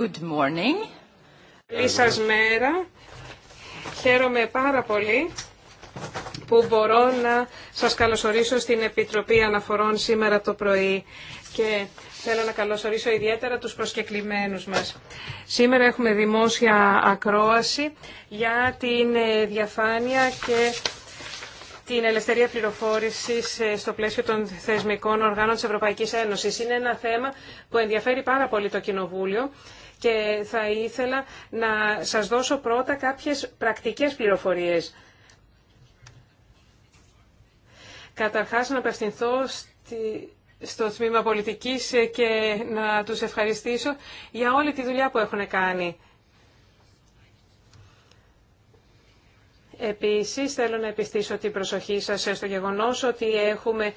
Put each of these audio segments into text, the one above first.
Good morning. Καλή σα μέρα. Χαίρομαι πάρα πολύ που μπορώ να σας καλωσορίσω στην Επιτροπή Αναφορών σήμερα το πρωί και θέλω να καλωσορίσω ιδιαίτερα τους προσκεκλημένους μας. Σήμερα έχουμε δημόσια ακρόαση για την διαφάνεια και την ελευθερία πληροφόρηση ε, στο πλαίσιο των θεσμικών οργάνων τη Ευρωπαϊκή Ένωση. Είναι ένα θέμα που ενδιαφέρει πάρα πολύ το Κοινοβούλιο και θα ήθελα να σας δώσω πρώτα κάποιες πρακτικές πληροφορίες. Καταρχάς να απευθυνθώ στη στο Τμήμα Πολιτικής και να τους ευχαριστήσω για όλη τη δουλειά που έχουν κάνει. Επίσης, θέλω να επιστήσω την προσοχή σας στο γεγονός ότι έχουμε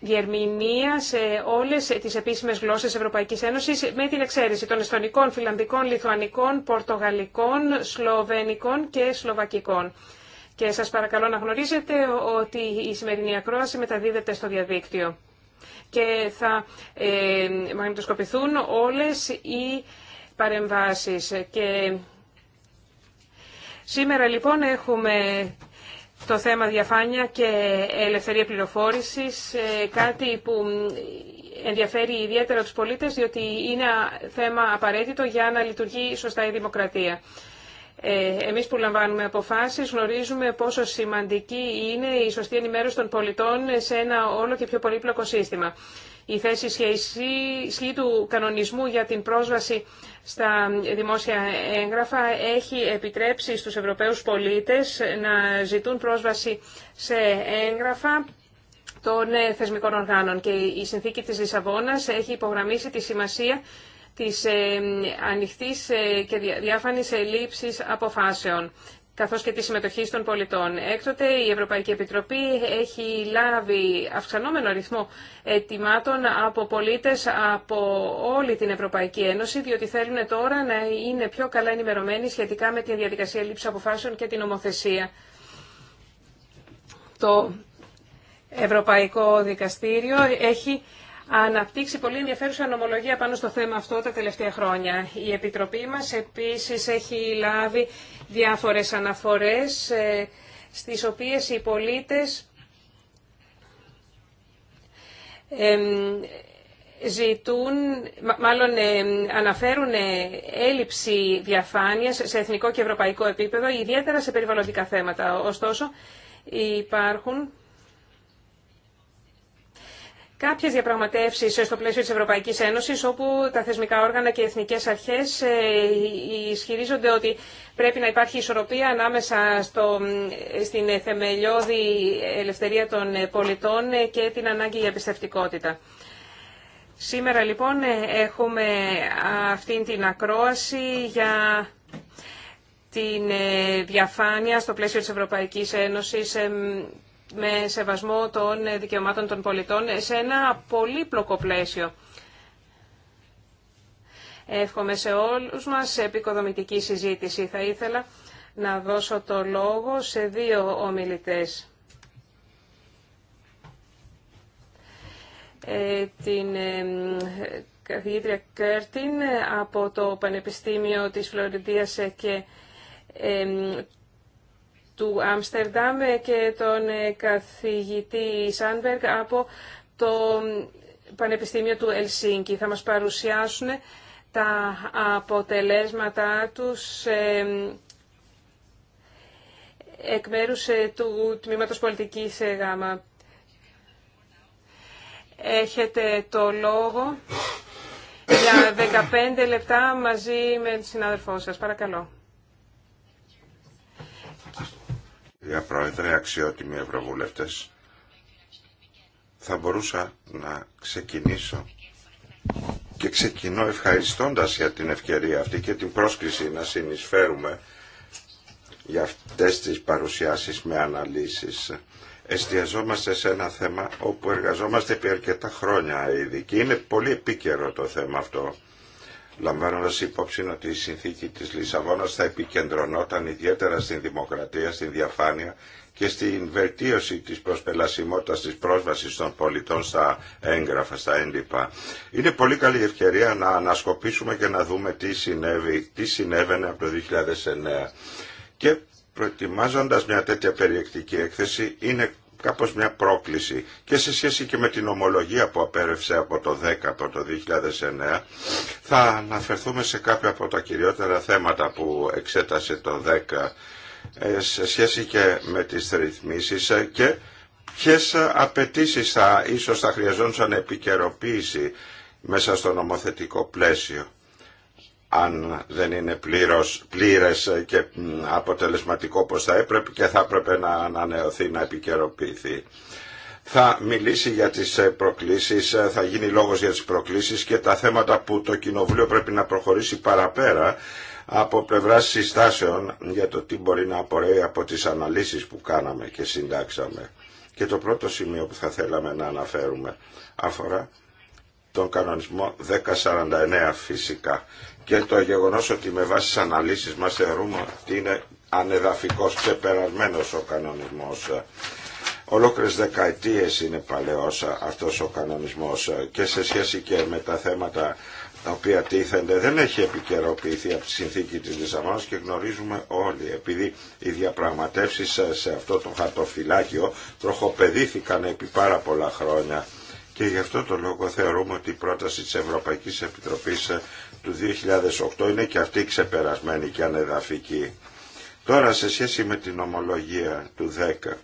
διερμηνία σε όλες τις επίσημες γλώσσες Ευρωπαϊκής Ένωσης με την εξαίρεση των εστονικών, φιλανδικών, λιθουανικών, πορτογαλικών, σλοβενικών και σλοβακικών. Και σας παρακαλώ να γνωρίζετε ότι η σημερινή ακρόαση μεταδίδεται στο διαδίκτυο και θα ε, μαγνητοσκοπηθούν όλες οι παρεμβάσει. Και σήμερα λοιπόν έχουμε το θέμα διαφάνεια και ελευθερία πληροφόρησης, ε, κάτι που ενδιαφέρει ιδιαίτερα τους πολίτες, διότι είναι θέμα απαραίτητο για να λειτουργεί σωστά η δημοκρατία. Ε, εμείς που λαμβάνουμε αποφάσεις γνωρίζουμε πόσο σημαντική είναι η σωστή ενημέρωση των πολιτών σε ένα όλο και πιο πολύπλοκο σύστημα η θέση ισχύ του κανονισμού για την πρόσβαση στα δημόσια έγγραφα έχει επιτρέψει στους Ευρωπαίους πολίτες να ζητούν πρόσβαση σε έγγραφα των ε, θεσμικών οργάνων και η συνθήκη της Λισαβόνα έχει υπογραμμίσει τη σημασία της ε, ανοιχτής ε, και διάφανης λήψης αποφάσεων καθώ και τη συμμετοχή των πολιτών. Έκτοτε η Ευρωπαϊκή Επιτροπή έχει λάβει αυξανόμενο ρυθμό ετοιμάτων από πολίτες από όλη την Ευρωπαϊκή Ένωση, διότι θέλουν τώρα να είναι πιο καλά ενημερωμένοι σχετικά με τη διαδικασία λήψη αποφάσεων και την ομοθεσία. Το Ευρωπαϊκό Δικαστήριο έχει αναπτύξει πολύ ενδιαφέρουσα νομολογία πάνω στο θέμα αυτό τα τελευταία χρόνια. Η Επιτροπή μας επίσης έχει λάβει διάφορες αναφορές ε, στις οποίες οι πολίτες ζητούν, μάλλον αναφέρουν ε, έλλειψη διαφάνειας σε εθνικό και ευρωπαϊκό επίπεδο, ιδιαίτερα σε περιβαλλοντικά θέματα. Ωστόσο, υπάρχουν Κάποιε διαπραγματεύσει στο πλαίσιο της Ευρωπαϊκής Ένωση, όπου τα θεσμικά όργανα και οι εθνικές αρχές ε, ισχυρίζονται ότι πρέπει να υπάρχει ισορροπία ανάμεσα στο, στην θεμελιώδη ελευθερία των πολιτών ε, και την ανάγκη για πιστευτικότητα. Σήμερα λοιπόν ε, έχουμε αυτή την ακρόαση για την διαφάνεια στο πλαίσιο της Ευρωπαϊκής Ένωσης με σεβασμό των δικαιωμάτων των πολιτών σε ένα πολύπλοκο πλαίσιο. Εύχομαι σε όλους μας επικοδομητική συζήτηση. Θα ήθελα να δώσω το λόγο σε δύο ομιλητές. Ε, την ε, καθηγήτρια Κέρτιν από το Πανεπιστήμιο της Φλωριντίας και ε, του Άμστερνταμ και τον ε, καθηγητή Σάνμπεργκ από το Πανεπιστήμιο του Ελσίνκη. Θα μας παρουσιάσουν τα αποτελέσματά τους ε, εκ μέρους ε, του Τμήματος Πολιτικής ΓΑΜΑ. Έχετε το λόγο για 15 λεπτά μαζί με τον συνάδελφό σας. Παρακαλώ. Κυρία Πρόεδρε, αξιότιμοι ευρωβουλευτές, θα μπορούσα να ξεκινήσω και ξεκινώ ευχαριστώντας για την ευκαιρία αυτή και την πρόσκληση να συνεισφέρουμε για αυτές τις παρουσιάσεις με αναλύσεις. Εστιαζόμαστε σε ένα θέμα όπου εργαζόμαστε επί αρκετά χρόνια ήδη και είναι πολύ επίκαιρο το θέμα αυτό λαμβάνοντας υπόψη ότι η συνθήκη της Λισαβόνας θα επικεντρωνόταν ιδιαίτερα στην δημοκρατία, στην διαφάνεια και στην βελτίωση της προσπελασιμότητας της πρόσβασης των πολιτών στα έγγραφα, στα έντυπα. Είναι πολύ καλή ευκαιρία να ανασκοπήσουμε και να δούμε τι, συνέβη, τι συνέβαινε από το 2009. Και προετοιμάζοντας μια τέτοια περιεκτική έκθεση είναι κάπως μια πρόκληση και σε σχέση και με την ομολογία που απέρευσε από το 10, από το 2009 θα αναφερθούμε σε κάποια από τα κυριότερα θέματα που εξέτασε το 10 ε, σε σχέση και με τις ρυθμίσεις ε, και ποιε απαιτήσει θα ίσως θα χρειαζόντουσαν επικαιροποίηση μέσα στο νομοθετικό πλαίσιο αν δεν είναι πλήρως, πλήρες και αποτελεσματικό πως θα έπρεπε και θα έπρεπε να ανανεωθεί, να επικαιροποιηθεί. Θα μιλήσει για τις ε, προκλήσεις, ε, θα γίνει λόγος για τις προκλήσεις και τα θέματα που το Κοινοβούλιο πρέπει να προχωρήσει παραπέρα από πλευρά συστάσεων για το τι μπορεί να απορρέει από τις αναλύσεις που κάναμε και συντάξαμε. Και το πρώτο σημείο που θα θέλαμε να αναφέρουμε αφορά τον κανονισμό 1049 φυσικά και το γεγονός ότι με βάση τις αναλύσεις μας θεωρούμε ότι είναι ανεδαφικός ξεπερασμένος ο κανονισμός. Ολόκληρες δεκαετίες είναι παλαιός αυτός ο κανονισμός και σε σχέση και με τα θέματα τα οποία τίθενται δεν έχει επικαιροποιηθεί από τη συνθήκη της Λισαβόνας και γνωρίζουμε όλοι επειδή οι διαπραγματεύσεις σε αυτό το χαρτοφυλάκιο τροχοπεδήθηκαν επί πάρα πολλά χρόνια και γι' αυτό το λόγο θεωρούμε ότι η πρόταση της Ευρωπαϊκής Επιτροπής του 2008 είναι και αυτή ξεπερασμένη και ανεδαφική. Τώρα σε σχέση με την ομολογία του 10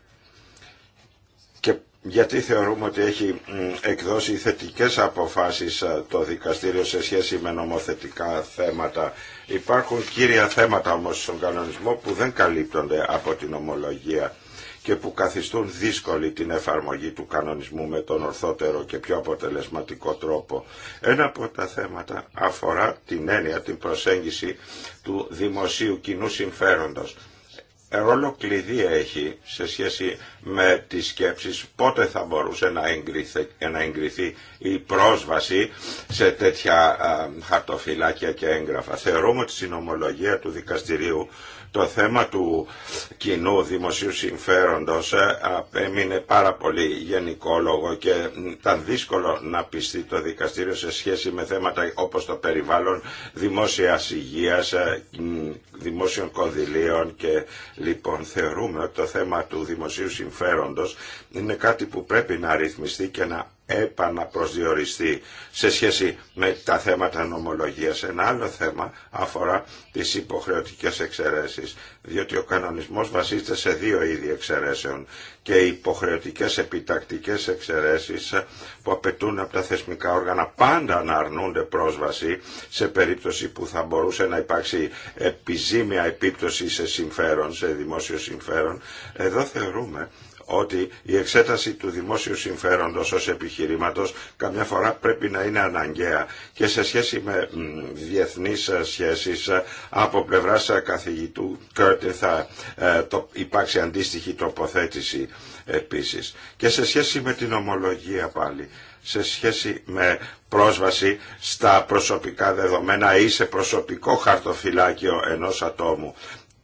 και γιατί θεωρούμε ότι έχει εκδώσει θετικές αποφάσεις το δικαστήριο σε σχέση με νομοθετικά θέματα. Υπάρχουν κύρια θέματα όμως στον κανονισμό που δεν καλύπτονται από την ομολογία και που καθιστούν δύσκολη την εφαρμογή του κανονισμού με τον ορθότερο και πιο αποτελεσματικό τρόπο. Ένα από τα θέματα αφορά την έννοια, την προσέγγιση του δημοσίου κοινού συμφέροντος. Ρόλο κλειδί έχει σε σχέση με τις σκέψεις πότε θα μπορούσε να εγκριθεί, η πρόσβαση σε τέτοια α, χαρτοφυλάκια και έγγραφα. Θεωρούμε ότι στην ομολογία του δικαστηρίου το θέμα του κοινού δημοσίου συμφέροντος ε, έμεινε πάρα πολύ λόγο και ήταν δύσκολο να πιστεί το δικαστήριο σε σχέση με θέματα όπως το περιβάλλον δημόσια υγείας, ε, δημόσιων κονδυλίων και λοιπόν θεωρούμε ότι το θέμα του δημοσίου συμφέροντος είναι κάτι που πρέπει να ρυθμιστεί και να επαναπροσδιοριστεί σε σχέση με τα θέματα νομολογίας. Ένα άλλο θέμα αφορά τις υποχρεωτικές εξαιρέσεις, διότι ο κανονισμός βασίζεται σε δύο είδη εξαιρέσεων και οι υποχρεωτικές επιτακτικές εξαιρέσεις που απαιτούν από τα θεσμικά όργανα πάντα να αρνούνται πρόσβαση σε περίπτωση που θα μπορούσε να υπάρξει επιζήμια επίπτωση σε συμφέρον, σε δημόσιο συμφέρον. Εδώ θεωρούμε ότι η εξέταση του δημόσιου συμφέροντος ως επιχειρήματος καμιά φορά πρέπει να είναι αναγκαία και σε σχέση με διεθνείς σχέσεις ε, από πλευράς ε, καθηγητού Κέρτη θα ε, υπάρξει αντίστοιχη τοποθέτηση επίσης. Και σε σχέση με την ομολογία πάλι σε σχέση με πρόσβαση στα προσωπικά δεδομένα ή σε προσωπικό χαρτοφυλάκιο ενός ατόμου.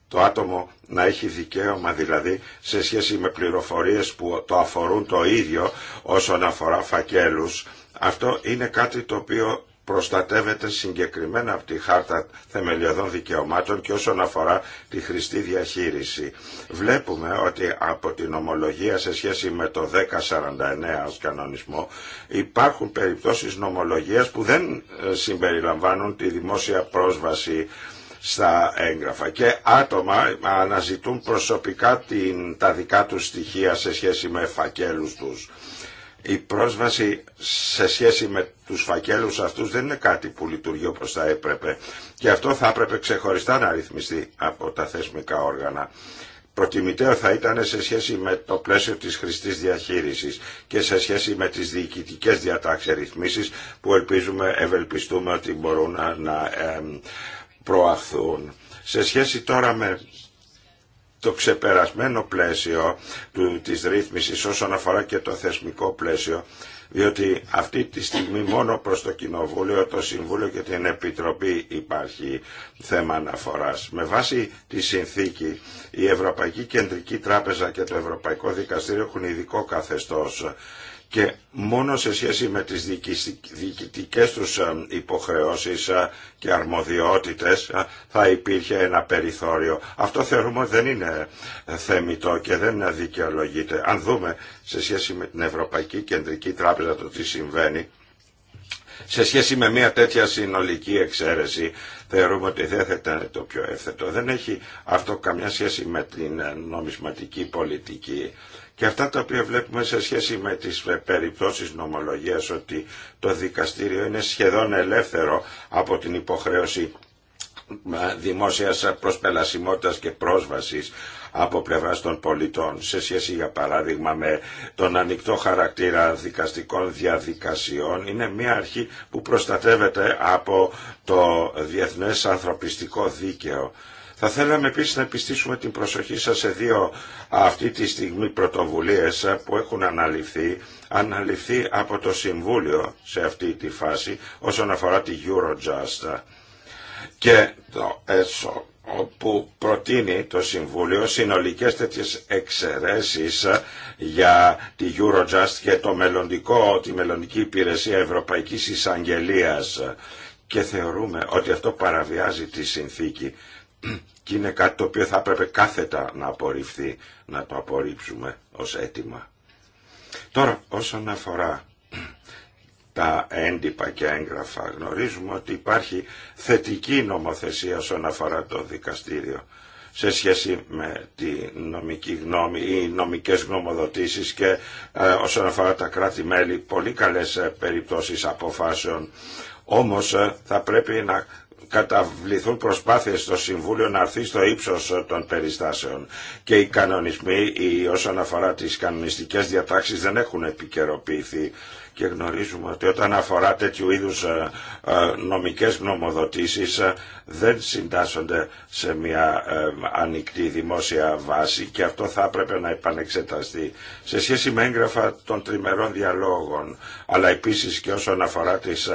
Το άτομο να έχει δικαίωμα δηλαδή σε σχέση με πληροφορίες που το αφορούν το ίδιο όσον αφορά φακέλους. Αυτό είναι κάτι το οποίο προστατεύεται συγκεκριμένα από τη Χάρτα Θεμελιωδών Δικαιωμάτων και όσον αφορά τη χρηστή διαχείριση. Βλέπουμε ότι από την ομολογία σε σχέση με το 1049 ως κανονισμό υπάρχουν περιπτώσεις νομολογίας που δεν ε, συμπεριλαμβάνουν τη δημόσια πρόσβαση στα έγγραφα και άτομα αναζητούν προσωπικά την, τα δικά τους στοιχεία σε σχέση με φακέλους τους. Η πρόσβαση σε σχέση με τους φακέλους αυτούς δεν είναι κάτι που λειτουργεί όπως θα έπρεπε και αυτό θα έπρεπε ξεχωριστά να ρυθμιστεί από τα θεσμικά όργανα. Προτιμητέο θα ήταν σε σχέση με το πλαίσιο της χρηστής διαχείρισης και σε σχέση με τις διοικητικές διατάξεις ρυθμίσεις που ελπίζουμε, ευελπιστούμε ότι μπορούν να, σε σχέση τώρα με το ξεπερασμένο πλαίσιο του, της ρύθμισης όσον αφορά και το θεσμικό πλαίσιο, διότι αυτή τη στιγμή μόνο προς το Κοινοβούλιο, το Συμβούλιο και την Επιτροπή υπάρχει θέμα αναφοράς. Με βάση τη συνθήκη, η Ευρωπαϊκή Κεντρική Τράπεζα και το Ευρωπαϊκό Δικαστήριο έχουν ειδικό καθεστώς και μόνο σε σχέση με τις διοικητικές τους ε, υποχρεώσεις ε, και αρμοδιότητες ε, θα υπήρχε ένα περιθώριο. Αυτό θεωρούμε ότι δεν είναι θεμητό και δεν δικαιολογείται. Αν δούμε σε σχέση με την Ευρωπαϊκή Κεντρική Τράπεζα το τι συμβαίνει, σε σχέση με μια τέτοια συνολική εξαίρεση θεωρούμε ότι δεν θα ήταν το πιο εύθετο. Δεν έχει αυτό καμιά σχέση με την νομισματική πολιτική. Και αυτά τα οποία βλέπουμε σε σχέση με τις ε, περιπτώσεις νομολογίας ότι το δικαστήριο είναι σχεδόν ελεύθερο από την υποχρέωση ε, δημόσιας προσπελασιμότητας και πρόσβασης από πλευράς των πολιτών σε σχέση για παράδειγμα με τον ανοιχτό χαρακτήρα δικαστικών διαδικασιών είναι μια αρχή που προστατεύεται από το διεθνές ανθρωπιστικό δίκαιο θα θέλαμε επίσης να επιστήσουμε την προσοχή σας σε δύο αυτή τη στιγμή πρωτοβουλίες που έχουν αναλυφθεί, αναλυφθεί από το Συμβούλιο σε αυτή τη φάση όσον αφορά τη Eurojust και το ESO όπου προτείνει το Συμβούλιο συνολικές τέτοιες εξαιρέσεις για τη Eurojust και το μελλοντικό, τη μελλοντική υπηρεσία Ευρωπαϊκής Εισαγγελίας και θεωρούμε ότι αυτό παραβιάζει τη συνθήκη είναι κάτι το οποίο θα έπρεπε κάθετα να απορριφθεί, να το απορρίψουμε ως αίτημα. Τώρα, όσον αφορά τα έντυπα και έγγραφα, γνωρίζουμε ότι υπάρχει θετική νομοθεσία όσον αφορά το δικαστήριο σε σχέση με τη νομική γνώμη ή νομικές γνωμοδοτήσεις και ε, όσον αφορά τα κράτη-μέλη, πολύ καλές ε, περιπτώσεις αποφάσεων. Όμως ε, θα πρέπει να καταβληθούν προσπάθειες στο Συμβούλιο να έρθει στο ύψος των περιστάσεων και οι κανονισμοί οι όσον αφορά τις κανονιστικές διατάξεις δεν έχουν επικαιροποιηθεί και γνωρίζουμε ότι όταν αφορά τέτοιου είδους ε, ε, νομικές νομοδοτήσεις ε, δεν συντάσσονται σε μια ανοιχτή δημόσια βάση και αυτό θα έπρεπε να επανεξεταστεί σε σχέση με έγγραφα των τριμερών διαλόγων αλλά επίσης και όσον αφορά τις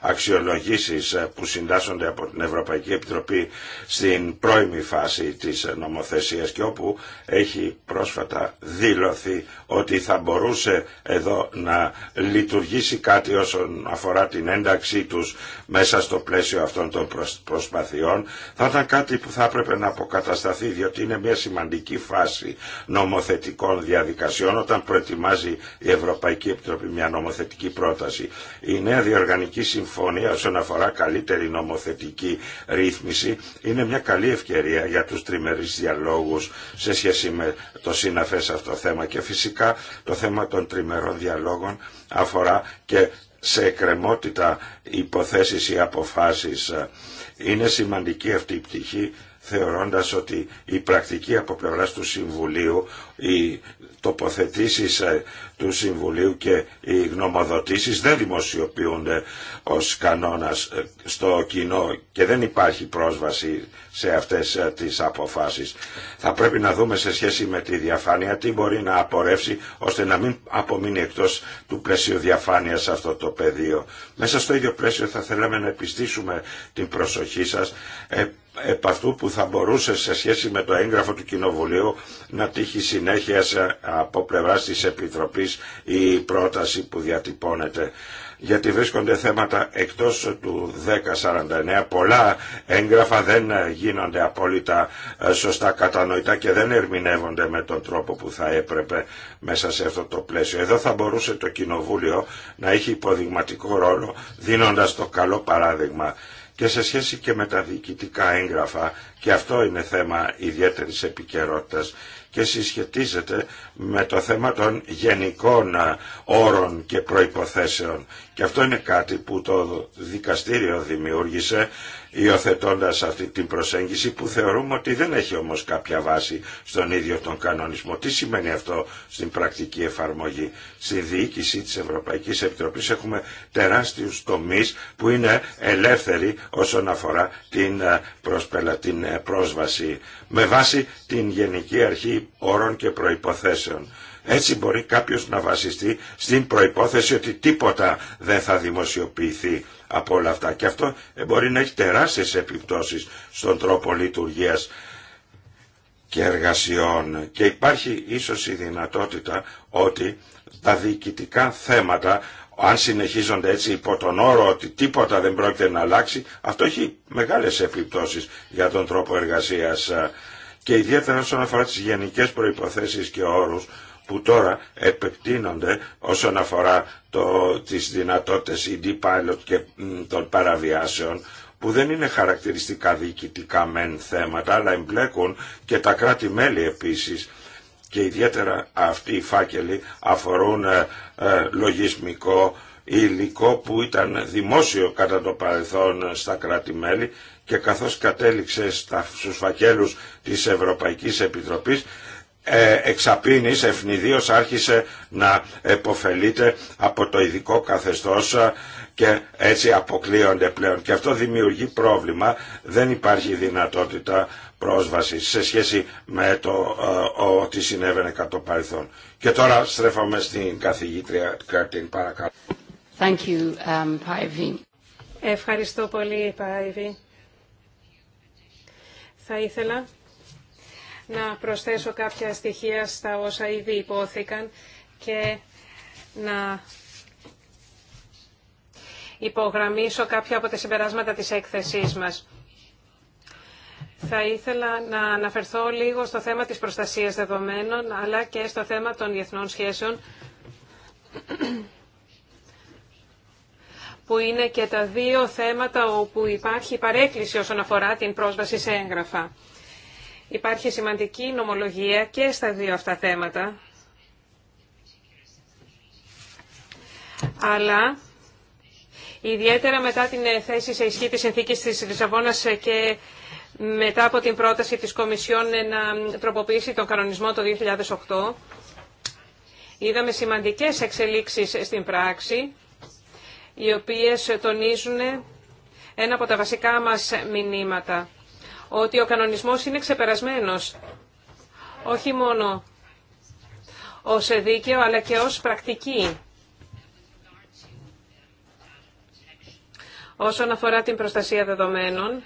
αξιολογήσεις που συντάσσονται από την Ευρωπαϊκή Επιτροπή στην πρώιμη φάση της νομοθεσίας και όπου έχει πρόσφατα δηλωθεί ότι θα μπορούσε εδώ να λειτουργήσει λειτουργήσει κάτι όσον αφορά την ένταξή τους μέσα στο πλαίσιο αυτών των προσπαθειών θα ήταν κάτι που θα έπρεπε να αποκατασταθεί διότι είναι μια σημαντική φάση νομοθετικών διαδικασιών όταν προετοιμάζει η Ευρωπαϊκή Επιτροπή μια νομοθετική πρόταση. Η νέα διοργανική συμφωνία όσον αφορά καλύτερη νομοθετική ρύθμιση είναι μια καλή ευκαιρία για τους τριμερείς διαλόγους σε σχέση με το συναφές αυτό θέμα και φυσικά το θέμα των τριμερών διαλόγων αφορά και σε εκκρεμότητα υποθέσεις ή αποφάσεις. Ε, είναι σημαντική αυτή η πτυχή θεωρώντας ότι η πρακτική από πλευράς του Συμβουλίου, οι τοποθετήσεις ε, του Συμβουλίου και οι γνωμοδοτήσεις δεν δημοσιοποιούνται ως κανόνας ε, στο κοινό και δεν υπάρχει πρόσβαση σε αυτές ε, τις αποφάσεις. Θα πρέπει να δούμε σε σχέση με τη διαφάνεια τι μπορεί να απορρεύσει ώστε να μην απομείνει εκτός του πλαίσιου διαφάνειας αυτό το πεδίο. Μέσα στο ίδιο πλαίσιο θα θέλαμε να επιστήσουμε την προσοχή σας επ' αυτού που θα μπορούσε σε σχέση με το έγγραφο του Κοινοβουλίου να τύχει συνέχεια σε, από πλευρά τη επιτροπή η πρόταση που διατυπώνεται. Γιατί βρίσκονται θέματα εκτός του 1049. Πολλά έγγραφα δεν γίνονται απόλυτα ε, σωστά κατανοητά και δεν ερμηνεύονται με τον τρόπο που θα έπρεπε μέσα σε αυτό το πλαίσιο. Εδώ θα μπορούσε το Κοινοβούλιο να έχει υποδειγματικό ρόλο δίνοντας το καλό παράδειγμα και σε σχέση και με τα διοικητικά έγγραφα και αυτό είναι θέμα ιδιαίτερης επικαιρότητα και συσχετίζεται με το θέμα των γενικών ε, όρων και προϋποθέσεων. Και αυτό είναι κάτι που το δικαστήριο δημιούργησε υιοθετώντα αυτή την προσέγγιση που θεωρούμε ότι δεν έχει όμως κάποια βάση στον ίδιο τον κανονισμό. Τι σημαίνει αυτό στην πρακτική εφαρμογή. Στη διοίκηση της Ευρωπαϊκής Επιτροπής έχουμε τεράστιους τομείς που είναι ελεύθεροι όσον αφορά την, ε, προσπελα, την ε, πρόσβαση με βάση την Γενική Αρχή Όρων και Προϋποθέσεων. Έτσι μπορεί κάποιος να βασιστεί στην προϋπόθεση ότι τίποτα δεν θα δημοσιοποιηθεί από όλα αυτά. Και αυτό ε, μπορεί να έχει τεράστιες επιπτώσεις στον τρόπο λειτουργίας και εργασιών. Και υπάρχει ίσως η δυνατότητα ότι τα διοικητικά θέματα αν συνεχίζονται έτσι υπό τον όρο ότι τίποτα δεν πρόκειται να αλλάξει, αυτό έχει μεγάλες επιπτώσεις για τον τρόπο εργασίας και ιδιαίτερα όσον αφορά τις γενικές προϋποθέσεις και όρους που τώρα επεκτείνονται όσον αφορά το, τις δυνατότητες ED pilot και των παραβιάσεων που δεν είναι χαρακτηριστικά διοικητικά μεν θέματα αλλά εμπλέκουν και τα κράτη-μέλη επίσης και ιδιαίτερα αυτοί οι φάκελοι αφορούν ε, ε, λογισμικό υλικό που ήταν δημόσιο κατά το παρελθόν στα κράτη-μέλη και καθώς κατέληξε στα, στους φακέλους της Ευρωπαϊκής Επιτροπής ε, εξαπίνης ευνηδίως άρχισε να εποφελείται από το ειδικό καθεστώς και έτσι αποκλείονται πλέον. Και αυτό δημιουργεί πρόβλημα, δεν υπάρχει δυνατότητα πρόσβασης σε σχέση με το ε, ότι συνέβαινε κατά το παρελθόν. Και τώρα στρέφαμε στην καθηγήτρια Κέρτιν, παρακαλώ. Thank you, um, Ευχαριστώ πολύ, Παϊβή. Θα ήθελα να προσθέσω κάποια στοιχεία στα όσα ήδη υπόθηκαν και να υπογραμμίσω κάποια από τα συμπεράσματα της έκθεσής μας. Θα ήθελα να αναφερθώ λίγο στο θέμα της προστασίας δεδομένων, αλλά και στο θέμα των διεθνών σχέσεων, που είναι και τα δύο θέματα όπου υπάρχει παρέκκληση όσον αφορά την πρόσβαση σε έγγραφα. Υπάρχει σημαντική νομολογία και στα δύο αυτά θέματα. Αλλά ιδιαίτερα μετά την θέση σε ισχύ της συνθήκης της Λισαβόνας και μετά από την πρόταση της Κομισιόν να τροποποιήσει τον κανονισμό το 2008, είδαμε σημαντικές εξελίξεις στην πράξη, οι οποίες τονίζουν ένα από τα βασικά μας μηνύματα ότι ο κανονισμός είναι ξεπερασμένος. Όχι μόνο ως δίκαιο, αλλά και ως πρακτική. Όσον αφορά την προστασία δεδομένων,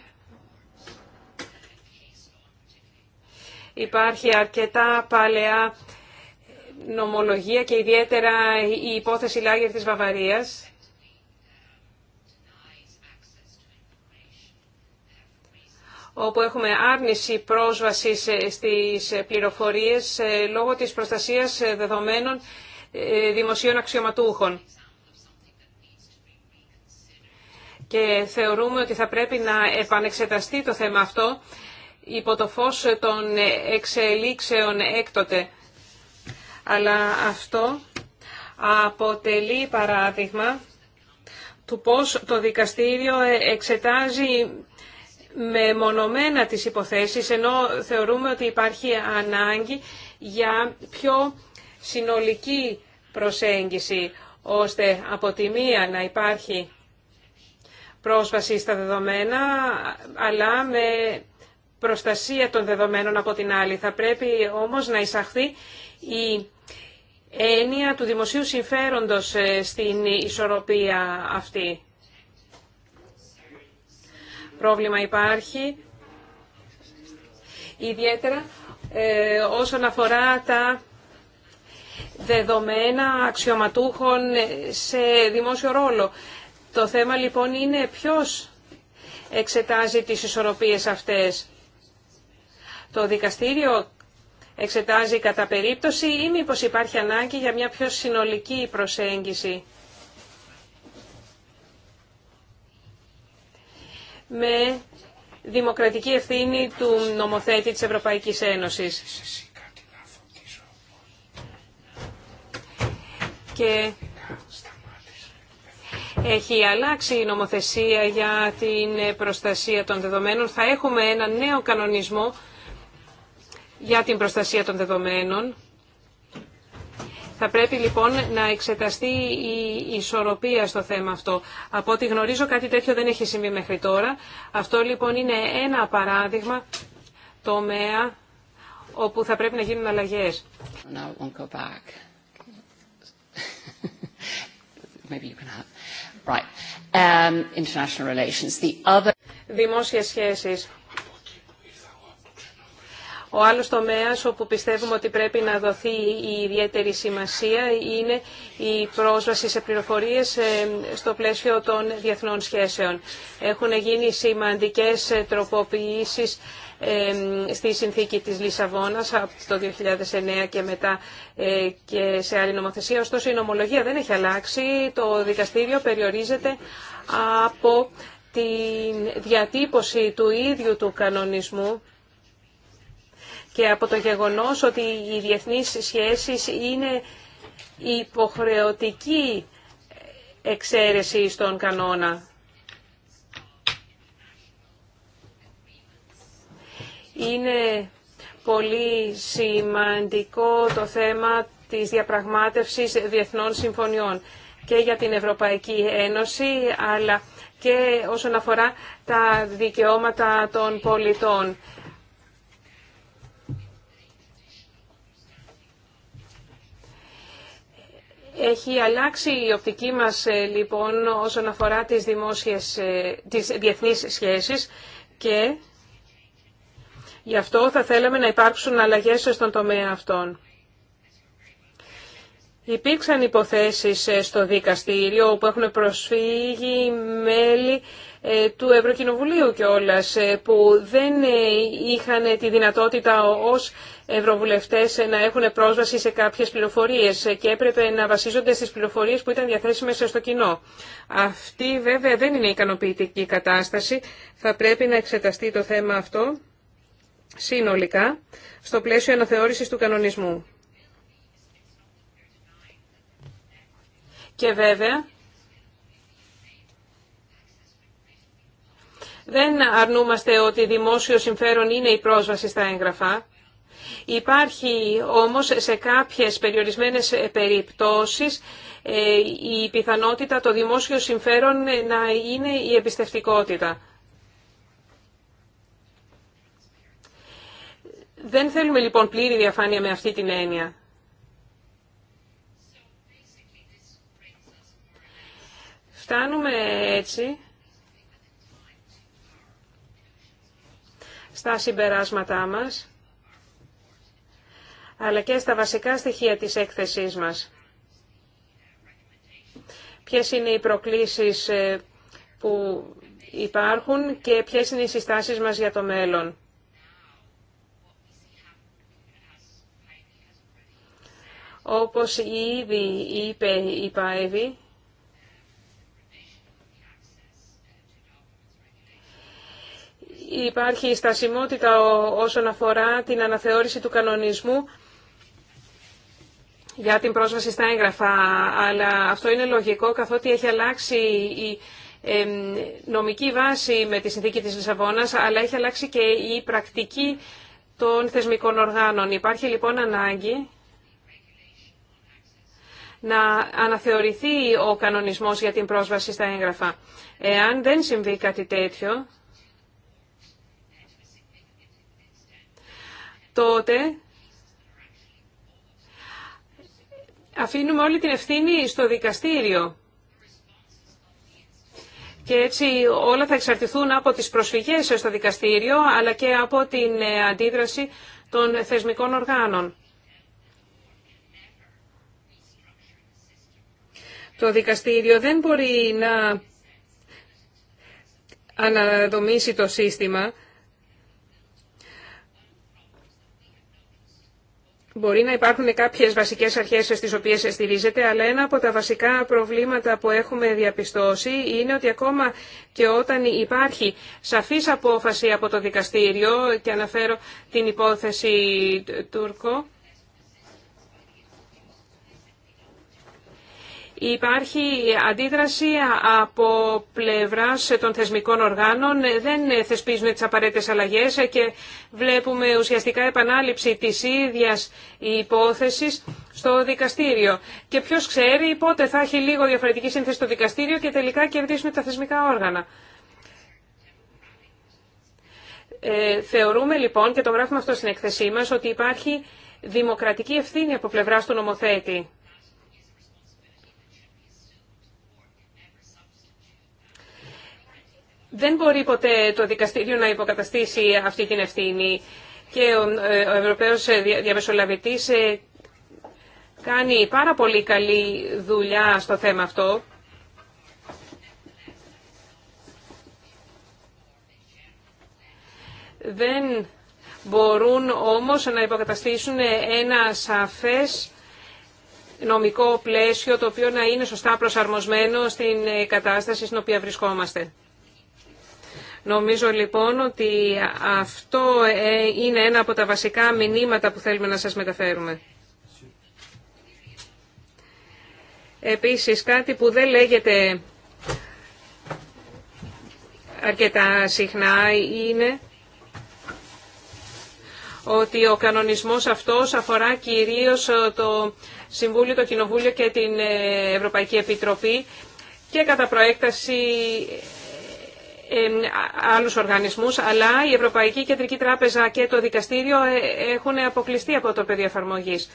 υπάρχει αρκετά παλαιά νομολογία και ιδιαίτερα η υπόθεση Λάγερ της Βαβαρίας, όπου έχουμε άρνηση πρόσβασης ε, στις ε, πληροφορίες ε, λόγω της προστασίας δεδομένων δημοσίων αξιωματούχων. Και θεωρούμε ότι θα πρέπει να επανεξεταστεί το θέμα αυτό υπό το φως των εξελίξεων έκτοτε. Αλλά αυτό αποτελεί παράδειγμα του πώς το δικαστήριο εξετάζει με μονομένα τις υποθέσεις, ενώ θεωρούμε ότι υπάρχει ανάγκη για πιο συνολική προσέγγιση, ώστε από τη μία να υπάρχει πρόσβαση στα δεδομένα, αλλά με προστασία των δεδομένων από την άλλη. Θα πρέπει όμως να εισαχθεί η έννοια του δημοσίου συμφέροντος ε, στην ισορροπία αυτή πρόβλημα υπάρχει, ιδιαίτερα ε, όσον αφορά τα δεδομένα αξιωματούχων σε δημόσιο ρόλο. Το θέμα λοιπόν είναι ποιος εξετάζει τις ισορροπίες αυτές. Το δικαστήριο εξετάζει κατά περίπτωση ή μήπως υπάρχει ανάγκη για μια πιο συνολική προσέγγιση. με δημοκρατική ευθύνη του νομοθέτη της Ευρωπαϊκής Ένωσης. Και έχει αλλάξει η νομοθεσία για την προστασία των δεδομένων. Θα έχουμε ένα νέο κανονισμό για την προστασία των δεδομένων θα πρέπει λοιπόν να εξεταστεί η ισορροπία στο θέμα αυτό. Από ό,τι γνωρίζω κάτι τέτοιο δεν έχει συμβεί μέχρι τώρα. Αυτό λοιπόν είναι ένα παράδειγμα τομέα όπου θα πρέπει να γίνουν αλλαγές. Um, Δημόσια σχέσεις. Ο άλλο τομέα όπου πιστεύουμε ότι πρέπει να δοθεί η ιδιαίτερη σημασία είναι η πρόσβαση σε πληροφορίε ε, στο πλαίσιο των διεθνών σχέσεων. Έχουν γίνει σημαντικές ε, τροποποιήσεις ε, στη συνθήκη της Λισαβόνας από το 2009 και μετά και σε άλλη νομοθεσία. Ωστόσο η νομολογία δεν έχει αλλάξει. Το δικαστήριο περιορίζεται από τη διατύπωση του ίδιου του κανονισμού και από το γεγονός ότι οι διεθνείς σχέσεις είναι υποχρεωτική εξαίρεση στον κανόνα. Είναι πολύ σημαντικό το θέμα της διαπραγμάτευσης διεθνών συμφωνιών και για την Ευρωπαϊκή Ένωση, αλλά και όσον αφορά τα δικαιώματα των πολιτών. Έχει αλλάξει η οπτική μας ε, λοιπόν όσον αφορά τις, δημόσιες, ε, τις διεθνείς σχέσεις και γι' αυτό θα θέλαμε να υπάρξουν αλλαγές στον τομέα αυτών. Υπήρξαν υποθέσεις ε, στο δικαστήριο όπου έχουν προσφύγει μέλη ε, του Ευρωκοινοβουλίου κιόλα, ε, που δεν ε, είχαν τη δυνατότητα ως ευρωβουλευτές να έχουν πρόσβαση σε κάποιες πληροφορίες και έπρεπε να βασίζονται στις πληροφορίες που ήταν διαθέσιμες στο κοινό. Αυτή βέβαια δεν είναι ικανοποιητική κατάσταση. Θα πρέπει να εξεταστεί το θέμα αυτό συνολικά στο πλαίσιο αναθεώρησης του κανονισμού. Και βέβαια, Δεν αρνούμαστε ότι δημόσιο συμφέρον είναι η πρόσβαση στα έγγραφα. Υπάρχει όμως σε κάποιες περιορισμένες περιπτώσεις ε, η πιθανότητα το δημόσιο συμφέρον να είναι η εμπιστευτικότητα. Δεν θέλουμε λοιπόν πλήρη διαφάνεια με αυτή την έννοια. Φτάνουμε έτσι στα συμπεράσματά μας, αλλά και στα βασικά στοιχεία της έκθεσής μας. Ποιες είναι οι προκλήσεις ε, που υπάρχουν και ποιες είναι οι συστάσεις μας για το μέλλον. Όπως ήδη είπε η Πάεβη, υπάρχει στασιμότητα όσον αφορά την αναθεώρηση του κανονισμού για την πρόσβαση στα έγγραφα, αλλά αυτό είναι λογικό καθότι έχει αλλάξει η νομική βάση με τη συνθήκη της Λισαβόνας, αλλά έχει αλλάξει και η πρακτική των θεσμικών οργάνων. Υπάρχει λοιπόν ανάγκη να αναθεωρηθεί ο κανονισμός για την πρόσβαση στα έγγραφα. Εάν δεν συμβεί κάτι τέτοιο, τότε αφήνουμε όλη την ευθύνη στο δικαστήριο. Και έτσι όλα θα εξαρτηθούν από τις προσφυγές στο δικαστήριο, αλλά και από την ε, αντίδραση των θεσμικών οργάνων. Το δικαστήριο δεν μπορεί να αναδομήσει το σύστημα Μπορεί να υπάρχουν κάποιες βασικές αρχές στις οποίες στηρίζεται, αλλά ένα από τα βασικά προβλήματα που έχουμε διαπιστώσει είναι ότι ακόμα και όταν υπάρχει σαφής απόφαση από το δικαστήριο, και αναφέρω την υπόθεση Τούρκο, Υπάρχει αντίδραση από πλευρά των θεσμικών οργάνων, δεν θεσπίζουν τις απαραίτητε αλλαγέ και βλέπουμε ουσιαστικά επανάληψη της ίδιας υπόθεση στο δικαστήριο. Και ποιο ξέρει πότε θα έχει λίγο διαφορετική σύνθεση στο δικαστήριο και τελικά κερδίσουν τα θεσμικά όργανα. Ε, θεωρούμε λοιπόν, και το γράφουμε αυτό στην εκθεσή μας, ότι υπάρχει δημοκρατική ευθύνη από πλευράς του νομοθέτη. Δεν μπορεί ποτέ το δικαστήριο να υποκαταστήσει αυτή την ευθύνη. Και ο ε, Ευρωπαίος ε, Διαμεσολαβητής ε, κάνει πάρα πολύ καλή δουλειά στο θέμα αυτό. Δεν μπορούν όμως να υποκαταστήσουν ένα σαφές νομικό πλαίσιο το οποίο να είναι σωστά προσαρμοσμένο στην κατάσταση στην οποία βρισκόμαστε. Νομίζω λοιπόν ότι αυτό ε, είναι ένα από τα βασικά μηνύματα που θέλουμε να σας μεταφέρουμε. Επίσης κάτι που δεν λέγεται αρκετά συχνά είναι ότι ο κανονισμός αυτός αφορά κυρίως ε, το Συμβούλιο, το Κοινοβούλιο και την ε, Ευρωπαϊκή Επιτροπή και κατά προέκταση ε, άλλους οργανισμούς, αλλά η Ευρωπαϊκή Κεντρική Τράπεζα και το Δικαστήριο ε, έχουν αποκλειστεί από το πεδίο εφαρμογή.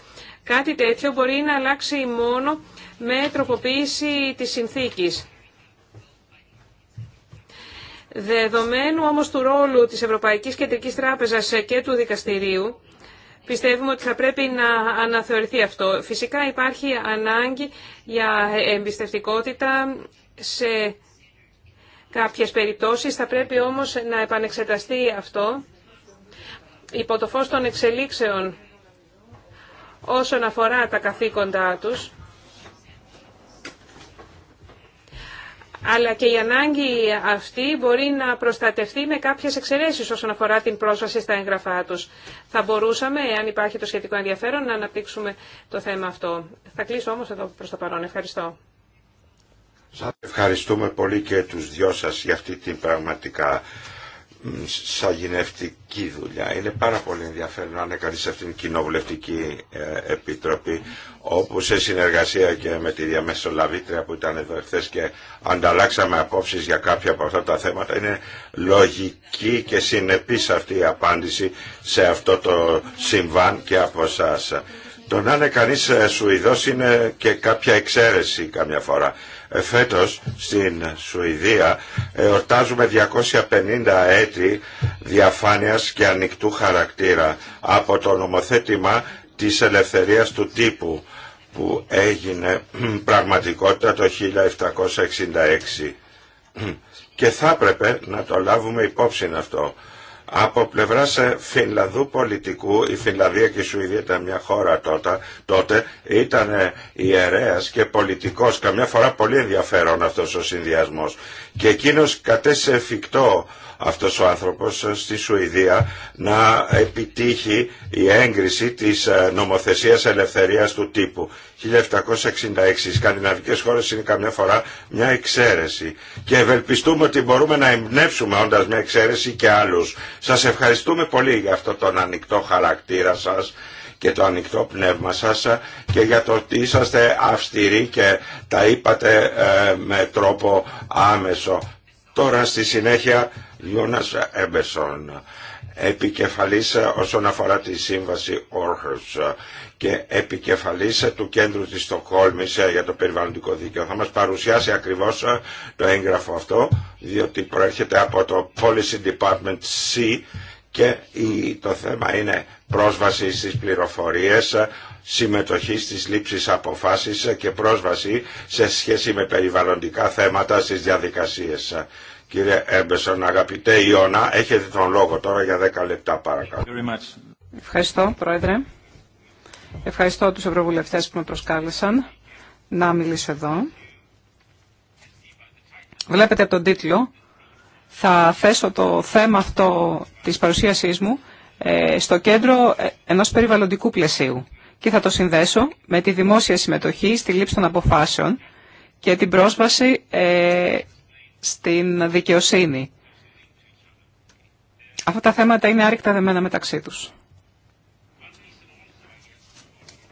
Κάτι τέτοιο μπορεί να αλλάξει μόνο με τροποποίηση της συνθήκης. Δεδομένου όμως του ρόλου της Ευρωπαϊκής Κεντρικής Τράπεζας και του Δικαστηρίου, πιστεύουμε ότι θα πρέπει να αναθεωρηθεί αυτό. Φυσικά υπάρχει ανάγκη για εμπιστευτικότητα σε κάποιες περιπτώσεις. Θα πρέπει όμως να επανεξεταστεί αυτό υπό το φως των εξελίξεων όσον αφορά τα καθήκοντά τους. αλλά και η ανάγκη αυτή μπορεί να προστατευτεί με κάποιες εξαιρέσεις όσον αφορά την πρόσβαση στα έγγραφά τους. Θα μπορούσαμε, εάν υπάρχει το σχετικό ενδιαφέρον, να αναπτύξουμε το θέμα αυτό. Θα κλείσω όμως εδώ προς το παρόν. Ευχαριστώ. Σας ευχαριστούμε πολύ και τους δυο σας για αυτή την πραγματικά σαγηνευτική δουλειά. Είναι πάρα πολύ ενδιαφέρον να είναι κανείς σε αυτήν την κοινοβουλευτική ε, επιτροπή όπου σε συνεργασία και με τη διαμεσολαβήτρια που ήταν εδώ χθε και ανταλλάξαμε απόψεις για κάποια από αυτά τα θέματα είναι λογική και συνεπής αυτή η απάντηση σε αυτό το συμβάν και από εσά. Το να είναι κανείς ε, Σουηδός είναι και κάποια εξαίρεση καμιά φορά. Ε, φέτος στην Σουηδία εορτάζουμε 250 έτη διαφάνειας και ανοιχτού χαρακτήρα από το νομοθέτημα της ελευθερίας του τύπου που έγινε πραγματικότητα το 1766 και θα έπρεπε να το λάβουμε υπόψη αυτό από πλευρά ε, Φινλανδού πολιτικού, η Φινλανδία και η Σουηδία ήταν μια χώρα τότε, τότε ήταν ιερέας και πολιτικός, καμιά φορά πολύ ενδιαφέρον αυτός ο συνδυασμός και εκείνος κατέσε εφικτό αυτός ο άνθρωπος στη Σουηδία να επιτύχει η έγκριση της ε, νομοθεσίας ελευθερίας του τύπου. 1766 οι σκανδιναβικές χώρες είναι καμιά φορά μια εξαίρεση και ευελπιστούμε ότι μπορούμε να εμπνεύσουμε όντας μια εξαίρεση και άλλους. Σας ευχαριστούμε πολύ για αυτό τον ανοιχτό χαρακτήρα σας και το ανοιχτό πνεύμα σας και για το ότι είσαστε αυστηροί και τα είπατε ε, με τρόπο άμεσο. Τώρα στη συνέχεια Γιώνας Έμπεσον επικεφαλής ε, όσον αφορά τη σύμβαση Όρχος και επικεφαλής ε, του κέντρου της Στοκόλμης για το περιβαλλοντικό δίκαιο. Θα μας παρουσιάσει ακριβώς το έγγραφο αυτό, διότι προέρχεται από το Policy Department C και το θέμα είναι πρόσβαση στις πληροφορίες, συμμετοχή στις λήψεις αποφάσεις και πρόσβαση σε σχέση με περιβαλλοντικά θέματα στις διαδικασίες. Κύριε Έμπεσον, αγαπητέ Ιώνα, έχετε τον λόγο τώρα για 10 λεπτά παρακαλώ. Ευχαριστώ, Πρόεδρε. Ευχαριστώ τους ευρωβουλευτές που με προσκάλεσαν να μιλήσω εδώ. Βλέπετε τον τίτλο θα θέσω το θέμα αυτό της παρουσίασής μου ε, στο κέντρο ε, ενός περιβαλλοντικού πλαισίου και θα το συνδέσω με τη δημόσια συμμετοχή στη λήψη των αποφάσεων και την πρόσβαση ε, στην δικαιοσύνη. Αυτά τα θέματα είναι άρρηκτα δεμένα μεταξύ τους.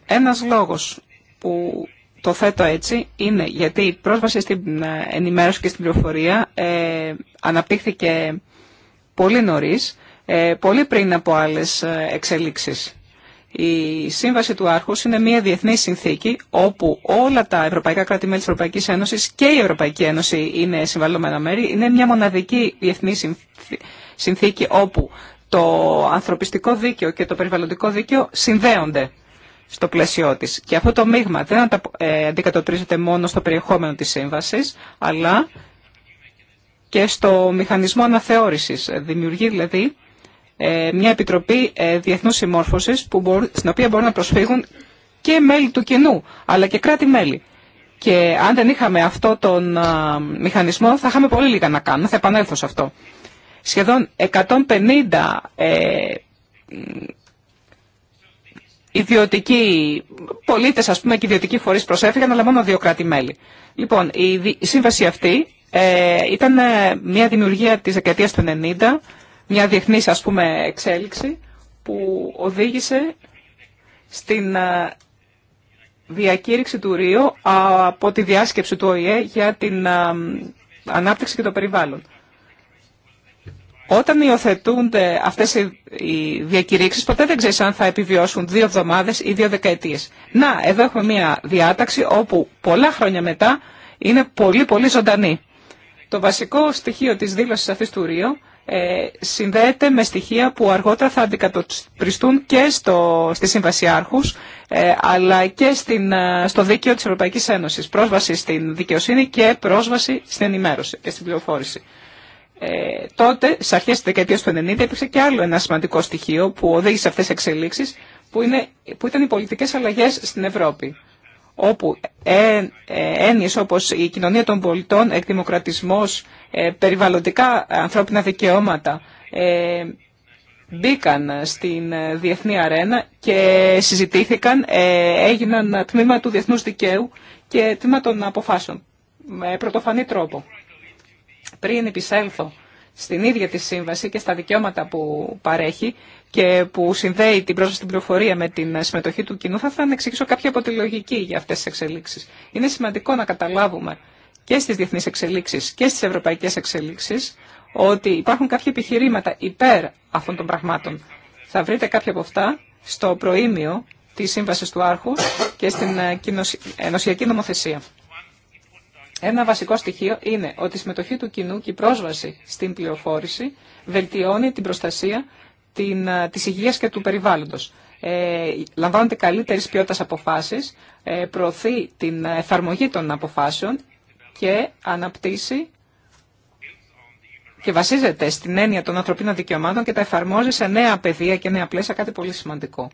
Ένας λόγος που το θέτω έτσι είναι γιατί η πρόσβαση στην ε, ενημέρωση και στην πληροφορία ε, αναπτύχθηκε πολύ νωρίς, ε, πολύ πριν από άλλες ε, εξελίξεις. Η Σύμβαση του Άρχους είναι μια διεθνή συνθήκη όπου όλα τα ευρωπαϊκά κράτη-μέλη της Ευρωπαϊκής Ένωσης και η Ευρωπαϊκή Ένωση είναι συμβαλλόμενα μέρη. Είναι μια μοναδική διεθνή συνθήκη όπου το ανθρωπιστικό δίκαιο και το περιβαλλοντικό δίκαιο συνδέονται στο πλαίσιό της. Και αυτό το μείγμα δεν ε, αντικατοπτρίζεται μόνο στο περιεχόμενο της σύμβασης, αλλά και στο μηχανισμό αναθεώρησης. Δημιουργεί δηλαδή ε, μια επιτροπή ε, διεθνούς συμμόρφωσης που στην οποία μπορούν να προσφύγουν και μέλη του κοινού, αλλά και κράτη-μέλη. Και αν δεν είχαμε αυτό τον μηχανισμό θα είχαμε πολύ λίγα να κάνουμε, θα επανέλθω σε αυτό. Σχεδόν 150 ε, ιδιωτικοί πολίτε, α πούμε, και ιδιωτικοί φορεί προσέφηκαν, αλλά μόνο δύο κράτη-μέλη. Λοιπόν, η σύμβαση αυτή ε, ήταν ε, μια δημιουργία τη δεκαετία του 90, μια διεθνή ας πούμε εξέλιξη που οδήγησε στην ε, διακήρυξη του Ρίο από τη διάσκεψη του ΟΗΕ για την ε, ανάπτυξη και το περιβάλλον. Όταν υιοθετούνται αυτέ οι διακηρύξει, ποτέ δεν ξέρει αν θα επιβιώσουν δύο εβδομάδε ή δύο δεκαετίε. Να, εδώ έχουμε μια διάταξη όπου πολλά χρόνια μετά είναι πολύ πολύ ζωντανή. Το βασικό στοιχείο τη δήλωση αυτή του Ρίο ε, συνδέεται με στοιχεία που αργότερα θα αντικατοπτριστούν και στο, στη ε, αλλά και στην, ε, στο δίκαιο της Ευρωπαϊκής Ένωσης. Πρόσβαση στην δικαιοσύνη και πρόσβαση στην ενημέρωση και στην πληροφόρηση. Ε, τότε, στι αρχέ τη δεκαετία του 1990, υπήρξε και άλλο ένα σημαντικό στοιχείο που οδήγησε σε αυτέ τι εξελίξει, που, που ήταν οι πολιτικέ αλλαγέ στην Ευρώπη. Όπου ε, ε, έννοιε όπω η κοινωνία των πολιτών, εκδημοκρατισμό, ε, περιβαλλοντικά ανθρώπινα δικαιώματα ε, μπήκαν στην ε, διεθνή αρένα και συζητήθηκαν, ε, έγιναν τμήμα του διεθνούς δικαίου και τμήμα των αποφάσεων με πρωτοφανή τρόπο πριν επισέλθω στην ίδια τη σύμβαση και στα δικαιώματα που παρέχει και που συνδέει την πρόσβαση στην πληροφορία με την συμμετοχή του κοινού, θα ήθελα να εξηγήσω κάποια από τη λογική για αυτέ τι εξελίξει. Είναι σημαντικό να καταλάβουμε και στι διεθνεί εξελίξει και στι ευρωπαϊκέ εξελίξει ότι υπάρχουν κάποια επιχειρήματα υπέρ αυτών των πραγμάτων. Θα βρείτε κάποια από αυτά στο προήμιο τη σύμβαση του Άρχου και στην ε, ε, Ενωσιακή Νομοθεσία. Ένα βασικό στοιχείο είναι ότι η συμμετοχή του κοινού και η πρόσβαση στην πληροφόρηση βελτιώνει την προστασία την, ε, της υγείας και του περιβάλλοντος. Ε, λαμβάνονται καλύτερες ποιότητα αποφάσεις, ε, προωθεί την εφαρμογή των αποφάσεων και αναπτύσσει και βασίζεται στην έννοια των ανθρωπίνων δικαιωμάτων και τα εφαρμόζει σε νέα πεδία και νέα πλαίσια, κάτι πολύ σημαντικό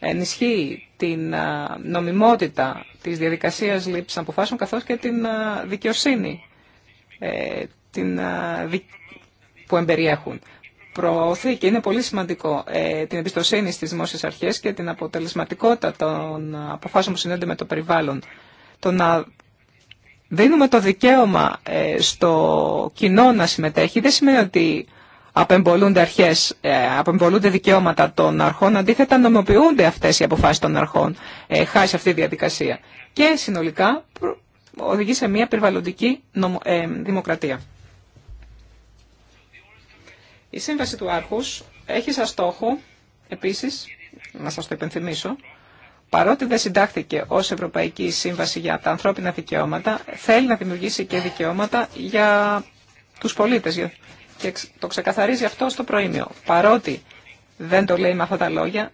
ενισχύει την νομιμότητα της διαδικασίας λήψης αποφάσεων καθώς και την δικαιοσύνη ε, την, που εμπεριέχουν. Προωθεί και είναι πολύ σημαντικό ε, την εμπιστοσύνη στις δημόσιες αρχές και την αποτελεσματικότητα των αποφάσεων που συνέντευγαν με το περιβάλλον. Το να δίνουμε το δικαίωμα ε, στο κοινό να συμμετέχει δεν σημαίνει ότι απεμπολούνται αρχές, ε, απεμπολούνται δικαιώματα των αρχών, αντίθετα νομοποιούνται αυτές οι αποφάσεις των αρχών ε, αυτή τη διαδικασία. Και συνολικά οδηγεί σε μια περιβαλλοντική ε, δημοκρατία. Η σύμβαση του Άρχους έχει σαν στόχο, επίσης, να σας το υπενθυμίσω, παρότι δεν συντάχθηκε ως Ευρωπαϊκή Σύμβαση για τα ανθρώπινα δικαιώματα, θέλει να δημιουργήσει και δικαιώματα για τους πολίτες, και το ξεκαθαρίζει αυτό στο προήμιο. Παρότι δεν το λέει με αυτά τα λόγια,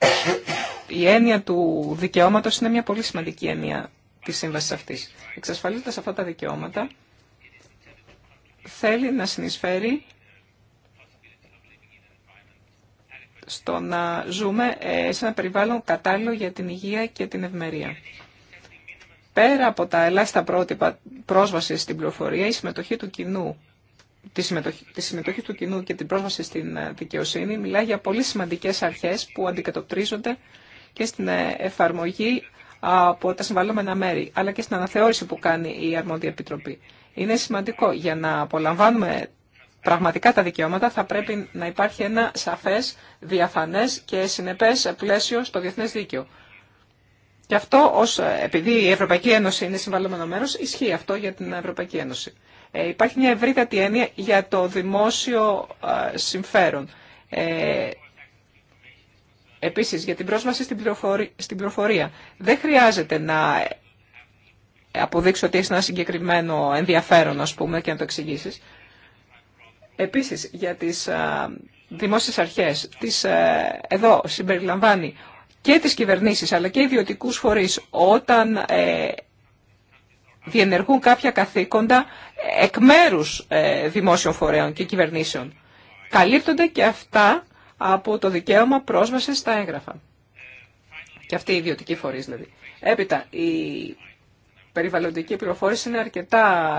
η έννοια του δικαιώματος είναι μια πολύ σημαντική έννοια της σύμβασης αυτής. Εξασφαλίζοντας αυτά τα δικαιώματα, θέλει να συνεισφέρει στο να ζούμε ε, σε ένα περιβάλλον κατάλληλο για την υγεία και την ευμερία. Πέρα από τα ελάχιστα πρότυπα πρόσβαση στην πληροφορία, η συμμετοχή του κοινού τη συμμετοχή, τη συμμετοχή του κοινού και την πρόσβαση στην ε, δικαιοσύνη μιλάει για πολύ σημαντικές αρχές που αντικατοπτρίζονται και στην ε, εφαρμογή από τα συμβαλλόμενα μέρη, αλλά και στην αναθεώρηση που κάνει η Αρμόδια Επιτροπή. Είναι σημαντικό για να απολαμβάνουμε πραγματικά τα δικαιώματα θα πρέπει να υπάρχει ένα σαφές, διαφανές και συνεπές πλαίσιο στο διεθνές δίκαιο. Και αυτό, ως, ε, επειδή η Ευρωπαϊκή Ένωση είναι συμβαλλόμενο μέρος, ισχύει αυτό για την Ευρωπαϊκή Ένωση. Ε, υπάρχει μια ευρύτατη έννοια για το δημόσιο ε, συμφέρον. Ε, επίσης, για την πρόσβαση στην, πληροφορία, στην Δεν χρειάζεται να αποδείξω ότι έχει ένα συγκεκριμένο ενδιαφέρον, ας πούμε, και να το εξηγήσει. Επίσης, για τις ε, δημόσιες αρχές, τις, εδώ συμπεριλαμβάνει και τις κυβερνήσεις, αλλά και ιδιωτικού φορείς, όταν διενεργούν κάποια καθήκοντα εκ μέρους ε, δημόσιων φορέων και κυβερνήσεων. Καλύπτονται και αυτά από το δικαίωμα πρόσβαση στα έγγραφα. Και αυτή η ιδιωτική φορεί, δηλαδή. Έπειτα, η περιβαλλοντική πληροφόρηση είναι αρκετά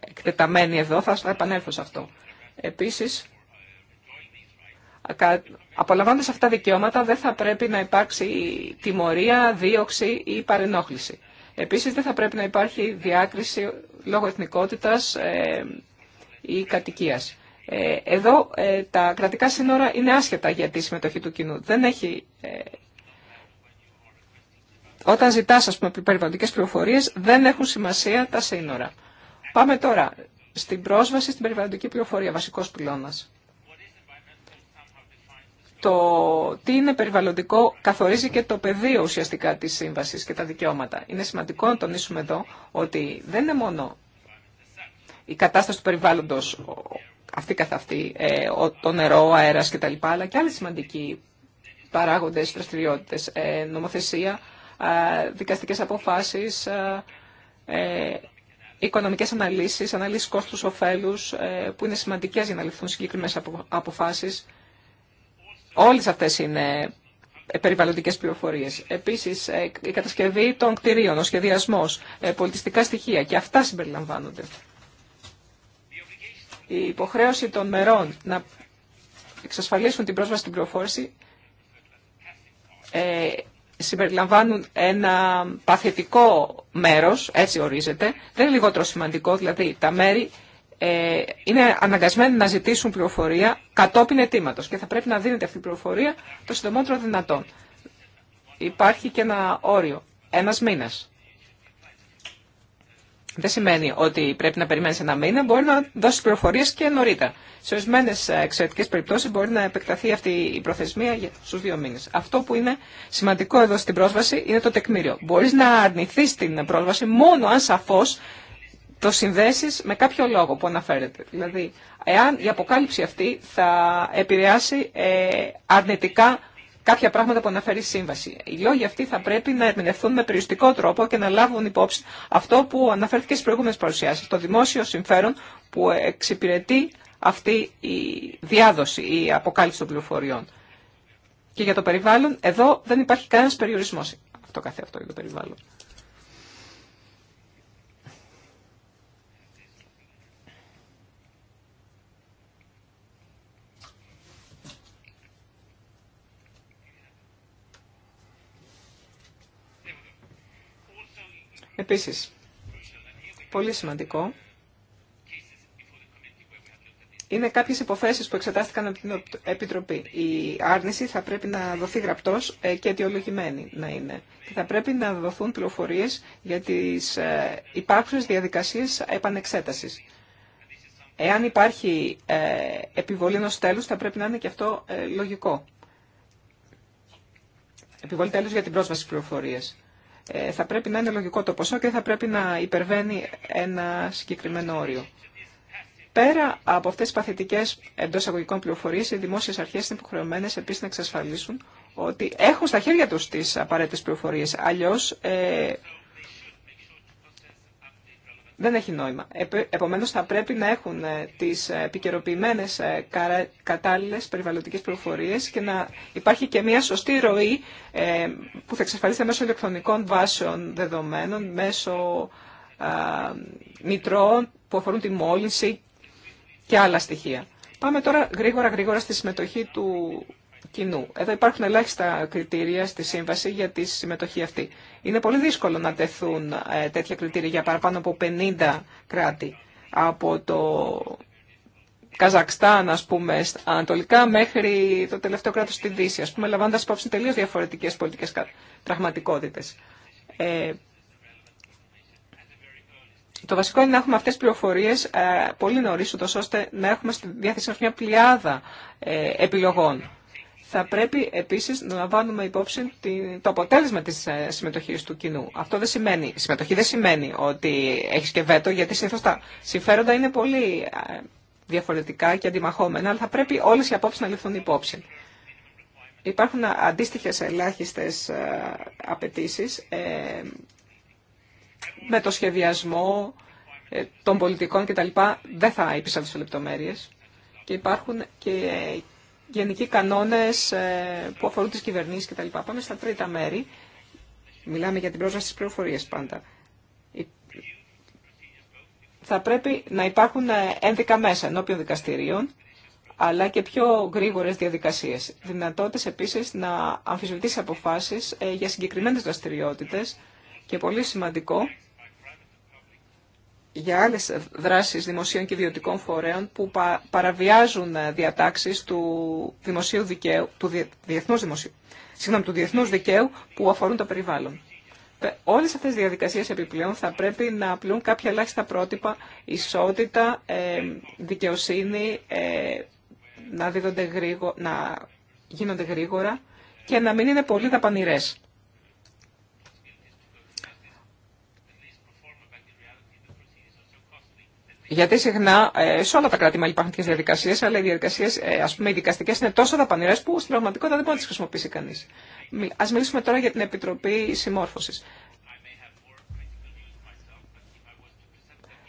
εκτεταμένη εδώ, θα επανέλθω σε αυτό. Επίσης, απολαμβάνοντα αυτά τα δικαιώματα δεν θα πρέπει να υπάρξει τιμωρία, δίωξη ή παρενόχληση. Επίσης δεν θα πρέπει να υπάρχει διάκριση λόγω εθνικότητας ε, ή κατοικίας. Ε, εδώ ε, τα κρατικά σύνορα είναι άσχετα για τη συμμετοχή του κοινού. Δεν έχει... Όταν ζητάς, ας πούμε, περιβαλλοντικές πληροφορίες, δεν έχουν σημασία τα σύνορα. Πάμε τώρα στην πρόσβαση στην περιβαλλοντική πληροφορία, βασικός πυλώνας το τι είναι περιβαλλοντικό καθορίζει και το πεδίο ουσιαστικά της σύμβασης και τα δικαιώματα. Είναι σημαντικό να τονίσουμε εδώ ότι δεν είναι μόνο η κατάσταση του περιβάλλοντος αυτή καθ' αυτή, ε, το νερό, ο αέρας κτλ. αλλά και άλλοι σημαντικοί παράγοντες, δραστηριότητες, ε, νομοθεσία, ε, δικαστικές αποφάσεις, οικονομικές αναλύσεις, αναλύσεις κόστους-οφέλους που είναι σημαντικές για να ληφθούν συγκεκριμένες αποφάσεις Όλες αυτές είναι περιβαλλοντικές πληροφορίες. Επίσης, ε, η κατασκευή των κτηρίων, ο σχεδιασμός, ε, πολιτιστικά στοιχεία και αυτά συμπεριλαμβάνονται. Η υποχρέωση των μερών να εξασφαλίσουν την πρόσβαση στην πληροφόρηση ε, συμπεριλαμβάνουν ένα παθητικό μέρος, έτσι ορίζεται, δεν είναι λιγότερο σημαντικό, δηλαδή τα μέρη ε, είναι αναγκασμένοι να ζητήσουν πληροφορία κατόπιν αιτήματο και θα πρέπει να δίνεται αυτή η πληροφορία το συντομότερο δυνατόν. Υπάρχει και ένα όριο, ένα μήνα. Δεν σημαίνει ότι πρέπει να περιμένει ένα μήνα, μπορεί να δώσει πληροφορίε και νωρίτερα. Σε ορισμένε εξαιρετικέ περιπτώσει μπορεί να επεκταθεί αυτή η προθεσμία στου δύο μήνε. Αυτό που είναι σημαντικό εδώ στην πρόσβαση είναι το τεκμήριο. Μπορεί να αρνηθεί την πρόσβαση μόνο αν σαφώ το συνδέσει με κάποιο λόγο που αναφέρεται. Δηλαδή, εάν η αποκάλυψη αυτή θα επηρεάσει ε, αρνητικά κάποια πράγματα που αναφέρει η σύμβαση. Οι λόγοι αυτοί θα πρέπει να ερμηνευθούν με περιοριστικό τρόπο και να λάβουν υπόψη αυτό που αναφέρθηκε στι προηγούμενε παρουσιάσει το δημόσιο συμφέρον που εξυπηρετεί αυτή η διάδοση, η αποκάλυψη των πληροφοριών. Και για το περιβάλλον, εδώ δεν υπάρχει κανένα περιορισμό Αυτό καθε αυτό για το περιβάλλον. Επίσης, πολύ σημαντικό, είναι κάποιες υποθέσεις που εξετάστηκαν από την Επιτροπή. Η άρνηση θα πρέπει να δοθεί γραπτός ε, και αιτιολογημένη να είναι. Και θα πρέπει να δοθούν πληροφορίες για τις ε, υπάρχουσες διαδικασίες επανεξέτασης. Εάν υπάρχει ε, επιβολή ενός τέλους, θα πρέπει να είναι και αυτό λογικό. Επιβολή τέλους για την πρόσβαση πληροφορίες. Ε, θα πρέπει να είναι λογικό το ποσό και θα πρέπει να υπερβαίνει ένα συγκεκριμένο όριο. Πέρα από αυτές τις παθητικές εντό αγωγικών πληροφορίες, οι δημόσιες αρχές είναι υποχρεωμένε επίσης να εξασφαλίσουν ότι έχουν στα χέρια τους τις απαραίτητες πληροφορίες. Αλλιώς ε, δεν έχει νόημα. Επομένως θα πρέπει να έχουν ε, τις ε, επικαιροποιημένε ε, κατάλληλες περιβαλλοντικές πληροφορίες και να υπάρχει και μια σωστή ροή που θα εξασφαλίσει μέσω ηλεκτρονικών βάσεων δεδομένων, μέσω μητρών που αφορούν τη μόλυνση και άλλα στοιχεία. Πάμε τώρα γρήγορα γρήγορα στη συμμετοχή του κοινού. Εδώ υπάρχουν ελάχιστα κριτήρια στη σύμβαση για τη συμμετοχή αυτή. Είναι πολύ δύσκολο να τεθούν ε, τέτοια κριτήρια για παραπάνω από 50 κράτη από το Καζακστάν, ας πούμε, ανατολικά μέχρι το τελευταίο κράτος στη Δύση, ας πούμε, λαμβάνοντας υπόψη τελείως διαφορετικές πολιτικές πραγματικότητε. Ε, το βασικό είναι να έχουμε αυτές τις πληροφορίες ε, πολύ νωρίς, ώστε να έχουμε στη διάθεση μας μια πλειάδα ε, επιλογών θα πρέπει επίσης να λαμβάνουμε υπόψη το αποτέλεσμα της ε, συμμετοχής του κοινού. Αυτό δεν σημαίνει, η συμμετοχή δεν σημαίνει ότι έχεις και βέτο, γιατί συνήθω τα συμφέροντα είναι πολύ ε, διαφορετικά και αντιμαχόμενα, αλλά θα πρέπει όλες οι απόψεις να ληφθούν υπόψη. Υπάρχουν αντίστοιχες ελάχιστες ε, απαιτήσει με το σχεδιασμό των πολιτικών κτλ. Δεν θα υπήρξαν τις λεπτομέρειες. Και υπάρχουν και γενικοί κανόνες ε, που αφορούν τις κυβερνήσεις κτλ. Πάμε στα τρίτα μέρη. Μιλάμε για την πρόσβαση στις πληροφορίες πάντα. Θα πρέπει να υπάρχουν ε, ένδικα μέσα ενώπιον δικαστηρίων, αλλά και πιο γρήγορες διαδικασίες. Δυνατότητες επίσης να αμφισβητήσει αποφάσεις ε, για συγκεκριμένες δραστηριότητες και πολύ σημαντικό για άλλες δράσεις δημοσίων και ιδιωτικών φορέων που παραβιάζουν διατάξεις του, δημοσίου δικαίου, του, διεθνούς δημοσίου, συγγνώμη, του διεθνούς δικαίου που αφορούν το περιβάλλον. Όλες αυτές οι διαδικασίες επιπλέον θα πρέπει να απλούν κάποια ελάχιστα πρότυπα, ισότητα, ε, δικαιοσύνη, ε, να, γίνονται γρήγορα και να μην είναι πολύ δαπανηρές. Γιατί συχνά ε, σε όλα τα κρατη υπάρχουν τέτοιε διαδικασίε, αλλά οι διαδικασίε, ε, α πούμε, οι δικαστικέ είναι τόσο δαπανηρέ που στην πραγματικότητα δεν μπορεί να τι χρησιμοποιήσει κανεί. Α μιλήσουμε τώρα για την Επιτροπή Συμμόρφωση.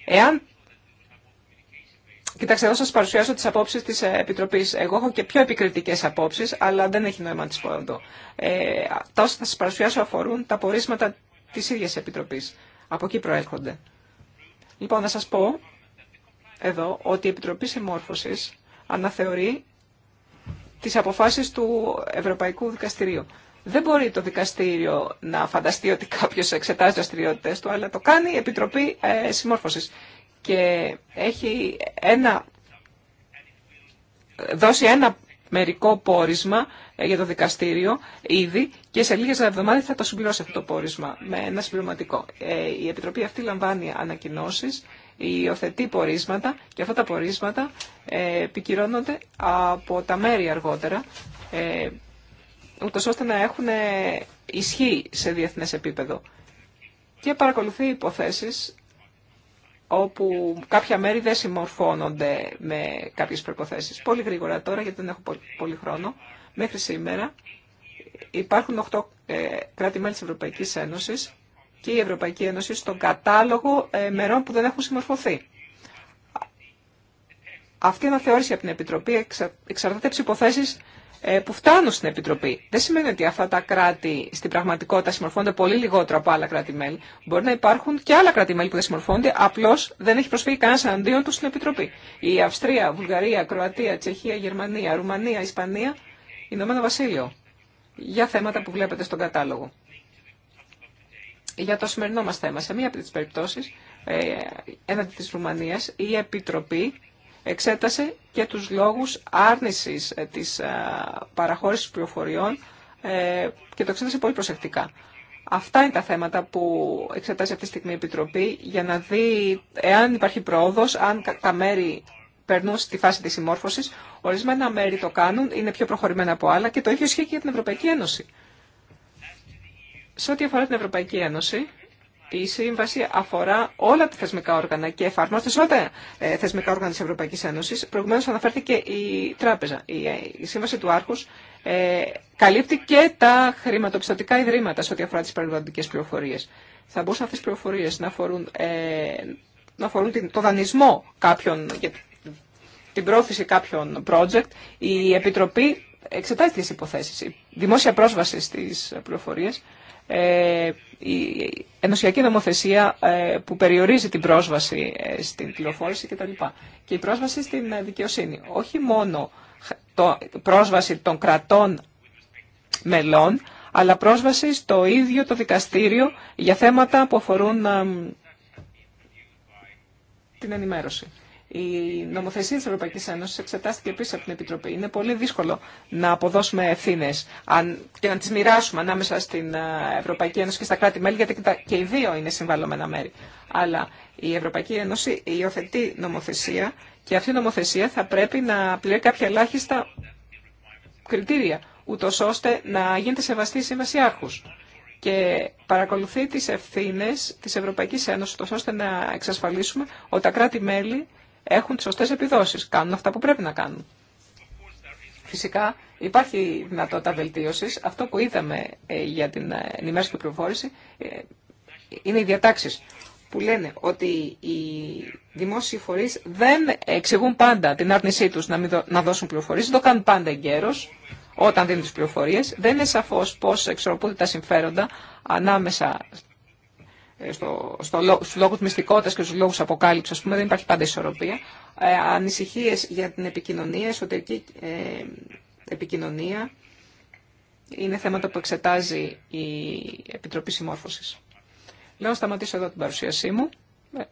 Εάν. Κοιτάξτε, εδώ σα παρουσιάσω τι απόψει τη ε, Επιτροπή. Εγώ έχω και πιο επικριτικέ απόψει, αλλά δεν έχει νόημα να τι πω εδώ. Ε, τα όσα θα σα παρουσιάσω αφορούν τα πορίσματα τη ίδια Επιτροπή. Από εκεί προέρχονται. Λοιπόν, να σας πω εδώ ότι η Επιτροπή Συμμόρφωσης αναθεωρεί τις αποφάσεις του Ευρωπαϊκού Δικαστηρίου. Δεν μπορεί το δικαστήριο να φανταστεί ότι κάποιος εξετάζει δραστηριότητε του, αλλά το κάνει η Επιτροπή ε, Συμμόρφωσης. Και έχει ένα, δώσει ένα μερικό πόρισμα ε, για το δικαστήριο ήδη και σε λίγες εβδομάδες θα το συμπληρώσει αυτό το πόρισμα με ένα συμπληρωματικό. Ε, η Επιτροπή αυτή λαμβάνει ανακοινώσεις υιοθετεί πορίσματα και αυτά τα πορίσματα ε, επικυρώνονται από τα μέρη αργότερα, ε, ούτω ώστε να έχουν ε, ισχύ σε διεθνές επίπεδο. Και παρακολουθεί υποθέσεις όπου κάποια μέρη δεν συμμορφώνονται με κάποιες προϋποθέσεις. Πολύ γρήγορα τώρα, γιατί δεν έχω πολύ χρόνο, μέχρι σήμερα υπάρχουν 8 κράτη-μέλη της Ευρωπαϊκής Ένωσης και η Ευρωπαϊκή Ένωση στον κατάλογο ε, μερών που δεν έχουν συμμορφωθεί. Αυτή η αναθεώρηση από την Επιτροπή εξαρτάται από τι υποθέσει ε, που φτάνουν στην Επιτροπή. Δεν σημαίνει ότι αυτά τα κράτη στην πραγματικότητα συμμορφώνονται πολύ λιγότερο από άλλα κράτη-μέλη. Μπορεί να υπάρχουν και άλλα κράτη-μέλη που δεν συμμορφώνονται, απλώ δεν έχει προσφύγει κανένα εναντίον του στην Επιτροπή. Η Αυστρία, Βουλγαρία, Κροατία, Τσεχία, Γερμανία, Ρουμανία, Ισπανία, Ηνωμένο Βασίλειο. Για θέματα που βλέπετε στον κατάλογο για το σημερινό μας θέμα. Σε μία από τις περιπτώσεις, ε, έναντι της Ρουμανίας, η Επιτροπή εξέτασε και τους λόγους άρνησης ε, της ε, παραχώρησης πληροφοριών ε, και το εξέτασε πολύ προσεκτικά. Αυτά είναι τα θέματα που εξετάζει αυτή τη στιγμή η Επιτροπή για να δει εάν υπάρχει πρόοδος, αν τα μέρη περνούν στη φάση της συμμόρφωσης. Ορισμένα μέρη το κάνουν, είναι πιο προχωρημένα από άλλα και το ίδιο ισχύει και για την Ευρωπαϊκή Ένωση. Σε ό,τι αφορά την Ευρωπαϊκή Ένωση, η σύμβαση αφορά όλα τα θεσμικά όργανα και εφαρμόζεται σε όλα τα ε, θεσμικά όργανα τη Ευρωπαϊκή Ένωση, προηγουμένω αναφέρθηκε η τράπεζα. Η, ε, σύμβαση του Άρχους ε, καλύπτει και τα χρηματοπιστωτικά ιδρύματα σε ό,τι αφορά τι περιβαλλοντικέ πληροφορίε. Θα μπορούσαν αυτέ τι πληροφορίε να αφορούν, να αφορούν το δανεισμό κάποιων, την πρόθεση κάποιων project. Η Επιτροπή εξετάζει τι υποθέσει. Η δημόσια πρόσβαση στι πληροφορίε. Ε, η ενωσιακή νομοθεσία ε, που περιορίζει την πρόσβαση ε, στην πληροφόρηση κτλ. Και η πρόσβαση στην δικαιοσύνη. Όχι μόνο το, πρόσβαση των κρατών μελών, αλλά πρόσβαση στο ίδιο το δικαστήριο για θέματα που αφορούν την ενημέρωση. Η νομοθεσία τη Ευρωπαϊκή Ένωση εξετάστηκε επίση από την Επιτροπή. Είναι πολύ δύσκολο να αποδώσουμε ευθύνε και να τι μοιράσουμε ανάμεσα στην ε, Ευρωπαϊκή Ένωση και στα κράτη-μέλη, γιατί και οι δύο είναι συμβαλλόμενα μέρη. Αλλά η Ευρωπαϊκή Ένωση υιοθετεί νομοθεσία και αυτή η νομοθεσία θα πρέπει να πληρεί κάποια ελάχιστα κριτήρια, ούτω ώστε να γίνεται σεβαστή η σύμβαση άρχου και παρακολουθεί τις ευθύνες της Ευρωπαϊκής Ένωσης, ώστε να εξασφαλίσουμε ότι τα κράτη-μέλη έχουν τις σωστές επιδόσεις, κάνουν αυτά που πρέπει να κάνουν. Φυσικά υπάρχει δυνατότητα βελτίωσης. Αυτό που είδαμε ε, για την ενημέρωση και πληροφόρηση ε, είναι οι διατάξεις που λένε ότι οι δημόσιοι φορείς δεν εξηγούν πάντα την άρνησή τους να, να δώσουν πληροφορίες, δεν το κάνουν πάντα εγκαίρως όταν δίνουν τις πληροφορίες. Δεν είναι σαφώς πώς εξορροπούνται τα συμφέροντα ανάμεσα ε, στο, στο, στους λόγους μυστικότητας και στους λόγους αποκάλυψης, ας πούμε, δεν υπάρχει πάντα ισορροπία. Ε, ανησυχίες για την επικοινωνία, εσωτερική ε, επικοινωνία, είναι θέματα που εξετάζει η Επιτροπή Συμμόρφωσης. Λέω, σταματήσω εδώ την παρουσίασή μου. Ε.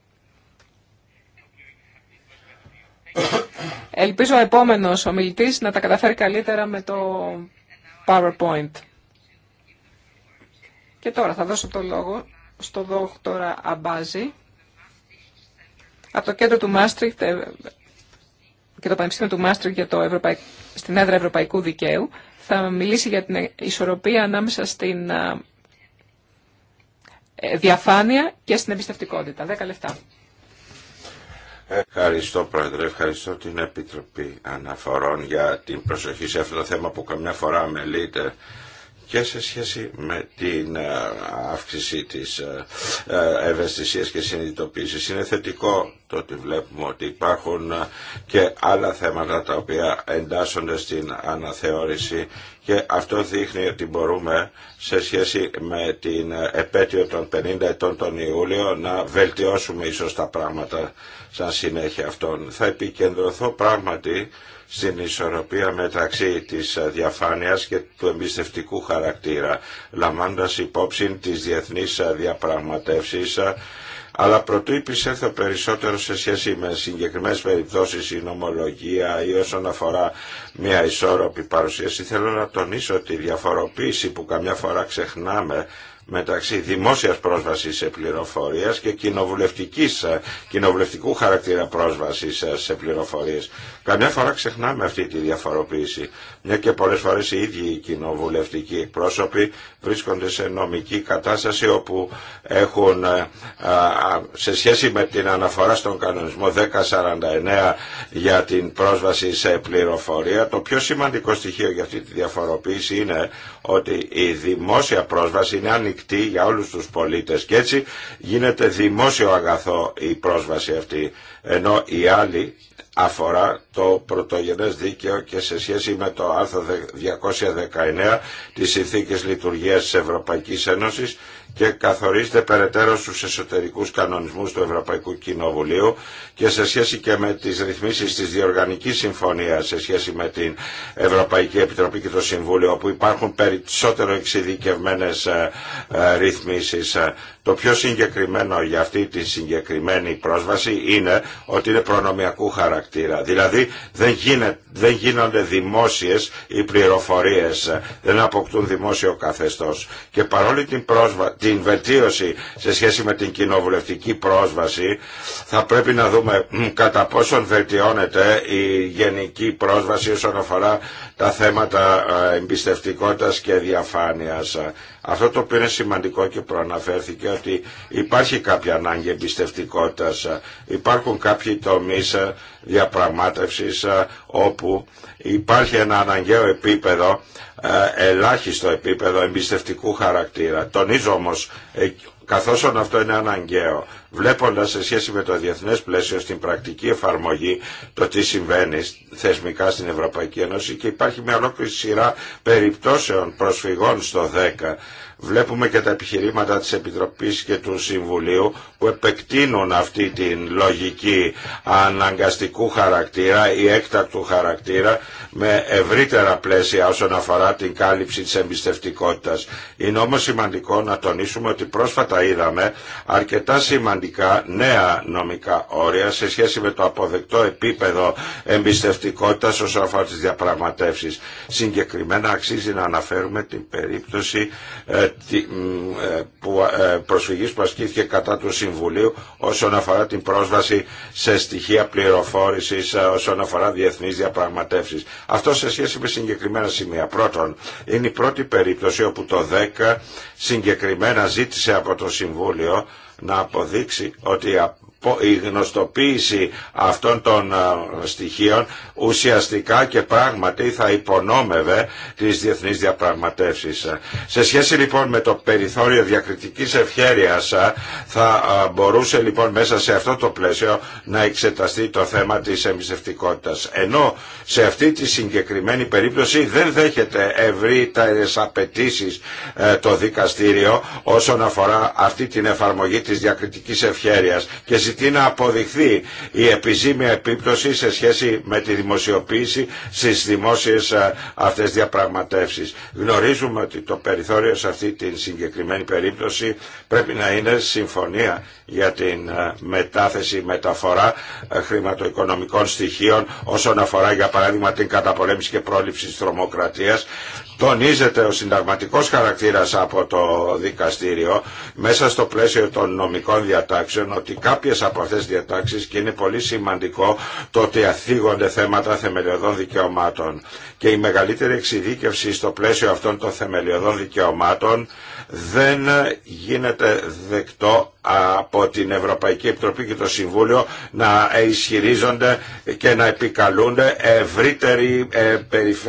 Ελπίζω ο επόμενος ομιλητής να τα καταφέρει καλύτερα με το PowerPoint. Και τώρα θα δώσω το λόγο στο δόκτορα Αμπάζη από το κέντρο του Μάστριχτ ε, και το Πανεπιστήμιο του Μάστριχτ για το στην έδρα Ευρωπαϊκού Δικαίου θα μιλήσει για την ισορροπία ανάμεσα στην ε, ε, διαφάνεια και στην εμπιστευτικότητα. Δέκα λεφτά. Ευχαριστώ Πρόεδρε, ευχαριστώ την Επιτροπή Αναφορών για την προσοχή σε αυτό το θέμα που καμιά φορά μελείται και σε σχέση με την ε, αύξηση της ε, ε, ευαισθησίας και συνειδητοποίησης. Είναι θετικό το ότι βλέπουμε ότι υπάρχουν και άλλα θέματα τα οποία εντάσσονται στην αναθεώρηση και αυτό δείχνει ότι μπορούμε σε σχέση με την επέτειο των 50 ετών τον Ιούλιο να βελτιώσουμε ίσως τα πράγματα σαν συνέχεια αυτών. Θα επικεντρωθώ πράγματι στην ισορροπία μεταξύ της διαφάνειας και του εμπιστευτικού χαρακτήρα, λαμβάνοντας υπόψη της διεθνής διαπραγματεύσεις αλλά προτού επισέλθω περισσότερο σε σχέση με συγκεκριμένες περιπτώσεις η νομολογία ή όσον αφορά μια ισόρροπη παρουσίαση, θέλω να τονίσω τη διαφοροποίηση που καμιά φορά ξεχνάμε μεταξύ δημόσιας πρόσβασης σε πληροφορίες και κοινοβουλευτικής, ε, κοινοβουλευτικού χαρακτήρα πρόσβασης ε, σε πληροφορίες. Καμιά φορά ξεχνάμε αυτή τη διαφοροποίηση, μια και πολλές φορές οι ίδιοι οι κοινοβουλευτικοί εκπρόσωποι βρίσκονται σε νομική κατάσταση όπου έχουν ε, σε σχέση με την αναφορά στον κανονισμό 1049 για την πρόσβαση σε πληροφορία, το πιο σημαντικό στοιχείο για αυτή τη διαφοροποίηση είναι ότι η δημόσια πρόσβαση είναι ανοιχτή για όλους τους πολίτες και έτσι γίνεται δημόσιο αγαθό η πρόσβαση αυτή ενώ η άλλη αφορά το πρωτογενές δίκαιο και σε σχέση με το άρθρο 219 της Συνθήκης Λειτουργίας της Ευρωπαϊκής Ένωσης και καθορίζεται περαιτέρω στους εσωτερικούς κανονισμούς του Ευρωπαϊκού Κοινοβουλίου και σε σχέση και με τις ρυθμίσεις της Διοργανικής Συμφωνίας σε σχέση με την Ευρωπαϊκή Επιτροπή και το Συμβούλιο όπου υπάρχουν περισσότερο εξειδικευμένες ε, ε, ρυθμίσεις το πιο συγκεκριμένο για αυτή τη συγκεκριμένη πρόσβαση είναι ότι είναι προνομιακού χαρακτήρα. Δηλαδή δεν, δεν γίνονται δημόσιες οι πληροφορίες, δεν αποκτούν δημόσιο καθεστώς. Και παρόλη την, την βελτίωση σε σχέση με την κοινοβουλευτική πρόσβαση θα πρέπει να δούμε κατά πόσον βελτιώνεται η γενική πρόσβαση όσον αφορά τα θέματα ε, εμπιστευτικότητας και διαφάνειας. Αυτό το οποίο είναι σημαντικό και προαναφέρθηκε ότι υπάρχει κάποια ανάγκη εμπιστευτικότητας, υπάρχουν κάποιοι τομείς ε, διαπραγμάτευσης ε, όπου υπάρχει ένα αναγκαίο επίπεδο, ε, ελάχιστο επίπεδο εμπιστευτικού χαρακτήρα. Τονίζω όμως, καθώς αυτό είναι αναγκαίο, βλέποντας σε σχέση με το διεθνές πλαίσιο στην πρακτική εφαρμογή το τι συμβαίνει θεσμικά στην Ευρωπαϊκή Ένωση και υπάρχει μια ολόκληρη σειρά περιπτώσεων προσφυγών στο 10 Βλέπουμε και τα επιχειρήματα της Επιτροπής και του Συμβουλίου που επεκτείνουν αυτή την λογική αναγκαστικού χαρακτήρα ή έκτακτου χαρακτήρα με ευρύτερα πλαίσια όσον αφορά την κάλυψη της εμπιστευτικότητας. Είναι όμως σημαντικό να τονίσουμε ότι πρόσφατα είδαμε αρκετά σημαντικά νέα νομικά όρια σε σχέση με το αποδεκτό επίπεδο εμπιστευτικότητας όσον αφορά τις διαπραγματεύσεις. Συγκεκριμένα αξίζει να αναφέρουμε την περίπτωση ε, ε, που, ε, προσφυγής που ασκήθηκε κατά του Συμβουλίου όσον αφορά την πρόσβαση σε στοιχεία πληροφόρησης ε, όσον αφορά διεθνείς διαπραγματεύσεις. Αυτό σε σχέση με συγκεκριμένα σημεία. Πρώτον, είναι η πρώτη περίπτωση όπου το 10 συγκεκριμένα ζήτησε από το Συμβούλιο να αποδείξει ότι η γνωστοποίηση αυτών των στοιχείων ουσιαστικά και πράγματι θα υπονόμευε τις διεθνείς διαπραγματεύσεις. Σε σχέση λοιπόν με το περιθώριο διακριτικής ευχέρειας θα μπορούσε λοιπόν μέσα σε αυτό το πλαίσιο να εξεταστεί το θέμα της εμπιστευτικότητας. Ενώ σε αυτή τη συγκεκριμένη περίπτωση δεν δέχεται ευρύτερες απαιτήσει ε, το δικαστήριο όσον αφορά αυτή την εφαρμογή της διακριτικής ευχέρειας και ζητεί να αποδειχθεί η επιζήμια επίπτωση σε σχέση με τη δημοσιοποίηση στις δημόσιες αυτές διαπραγματεύσεις. Γνωρίζουμε ότι το περιθώριο σε αυτή την συγκεκριμένη περίπτωση πρέπει να είναι συμφωνία για την μετάθεση, μεταφορά χρηματοοικονομικών στοιχείων όσον αφορά για παράδειγμα την καταπολέμηση και πρόληψη της τρομοκρατίας τονίζεται ο συνταγματικός χαρακτήρας από το δικαστήριο μέσα στο πλαίσιο των νομικών διατάξεων ότι κάποιες από αυτές τις διατάξεις και είναι πολύ σημαντικό το ότι αθίγονται θέματα θεμελιωδών δικαιωμάτων. Και η μεγαλύτερη εξειδίκευση στο πλαίσιο αυτών των θεμελιωδών δικαιωμάτων δεν γίνεται δεκτό από την Ευρωπαϊκή Επιτροπή και το Συμβούλιο να ισχυρίζονται και να επικαλούνται ευρύτερη, ε,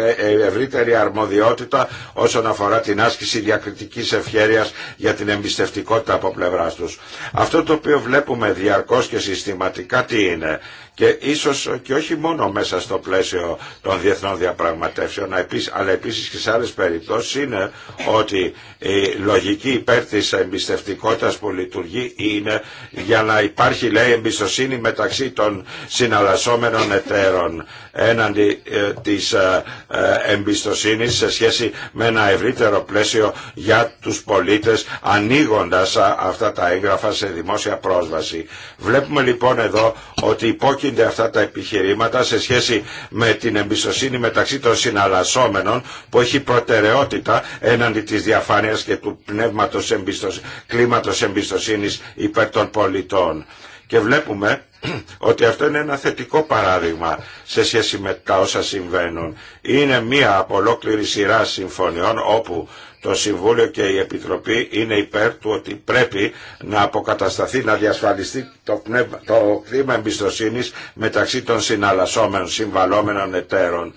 ε, ευρύτερη αρμοδιότητα όσον αφορά την άσκηση διακριτικής ευχέρειας για την εμπιστευτικότητα από πλευράς τους. Αυτό το οποίο βλέπουμε διαρκώς και συστηματικά τι είναι και ίσως και όχι μόνο μέσα στο πλαίσιο των διεθνών διαπραγματεύσεων αλλά επίσης και σε άλλες περιπτώσεις είναι ότι η λογική υπέρ της εμπιστευτικότητας που λειτουργεί είναι για να υπάρχει λέει εμπιστοσύνη μεταξύ των συναλλασσόμενων εταίρων έναντι ε, της ε, ε, εμπιστοσύνης σε σχέση με ένα ευρύτερο πλαίσιο για τους πολίτες ανοίγοντας αυτά τα έγγραφα σε δημόσια πρόσβαση. Βλέπουμε λοιπόν εδώ ότι υπόκει χρησιμοποιούνται αυτά τα επιχειρήματα σε σχέση με την εμπιστοσύνη μεταξύ των συναλλασσόμενων που έχει προτεραιότητα έναντι της διαφάνειας και του πνεύματος εμπιστοσύνης, κλίματος εμπιστοσύνης υπέρ των πολιτών. Και βλέπουμε ότι αυτό είναι ένα θετικό παράδειγμα σε σχέση με τα όσα συμβαίνουν. Είναι μία από ολόκληρη σειρά συμφωνιών όπου το Συμβούλιο και η Επιτροπή είναι υπέρ του ότι πρέπει να αποκατασταθεί, να διασφαλιστεί το, πνεύμα, το κλίμα εμπιστοσύνης μεταξύ των συναλλασσόμενων, συμβαλόμενων εταίρων.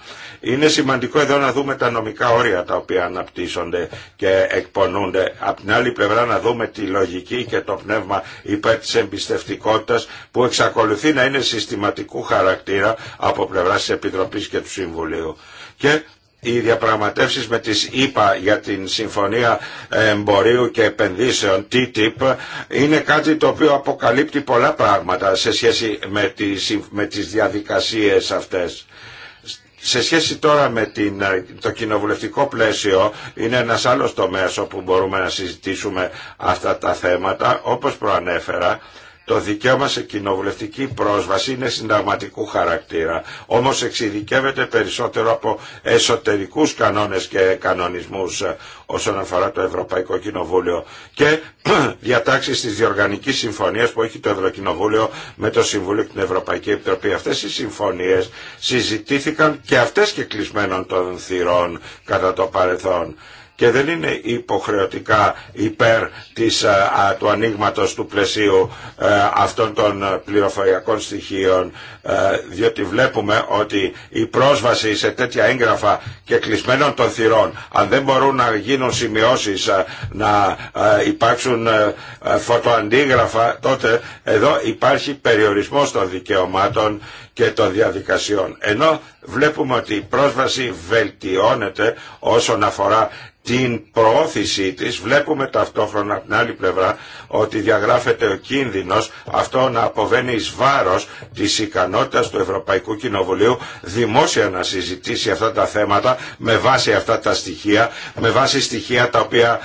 Είναι σημαντικό εδώ να δούμε τα νομικά όρια τα οποία αναπτύσσονται και εκπονούνται. Απ' την άλλη πλευρά να δούμε τη λογική και το πνεύμα υπέρ της εμπιστευτικότητας που εξακολουθεί να είναι συστηματικού χαρακτήρα από πλευρά της Επιτροπής και του Συμβουλίου. Και οι διαπραγματεύσεις με τις ΗΠΑ για την Συμφωνία Εμπορίου και Επενδύσεων TTIP είναι κάτι το οποίο αποκαλύπτει πολλά πράγματα σε σχέση με τις, με τις διαδικασίες αυτές. Σε σχέση τώρα με την, ε, το κοινοβουλευτικό πλαίσιο είναι ένας άλλος τομέας όπου μπορούμε να συζητήσουμε αυτά τα θέματα όπως προανέφερα το δικαίωμα σε κοινοβουλευτική πρόσβαση είναι συνταγματικού χαρακτήρα, όμως εξειδικεύεται περισσότερο από εσωτερικούς κανόνες και κανονισμούς ε, όσον αφορά το Ευρωπαϊκό Κοινοβούλιο και διατάξεις της διοργανικής συμφωνίας που έχει το Ευρωκοινοβούλιο με το Συμβούλιο και την Ευρωπαϊκή Επιτροπή. Αυτές οι συμφωνίες συζητήθηκαν και αυτές και κλεισμένων των θυρών κατά το παρελθόν και δεν είναι υποχρεωτικά υπέρ της, ε, του ανοίγματο του πλαισίου ε, αυτών των πληροφοριακών στοιχείων ε, διότι βλέπουμε ότι η πρόσβαση σε τέτοια έγγραφα και κλεισμένων των θυρών αν δεν μπορούν να γίνουν σημειώσεις να υπάρξουν φωτοαντίγραφα τότε εδώ υπάρχει περιορισμός των δικαιωμάτων και των διαδικασιών. Ενώ βλέπουμε ότι η πρόσβαση βελτιώνεται όσον αφορά την προώθησή της βλέπουμε ταυτόχρονα από την άλλη πλευρά ότι διαγράφεται ο κίνδυνος αυτό να αποβαίνει εις βάρος της ικανότητας του Ευρωπαϊκού Κοινοβουλίου δημόσια να συζητήσει αυτά τα θέματα με βάση αυτά τα στοιχεία, με βάση στοιχεία τα οποία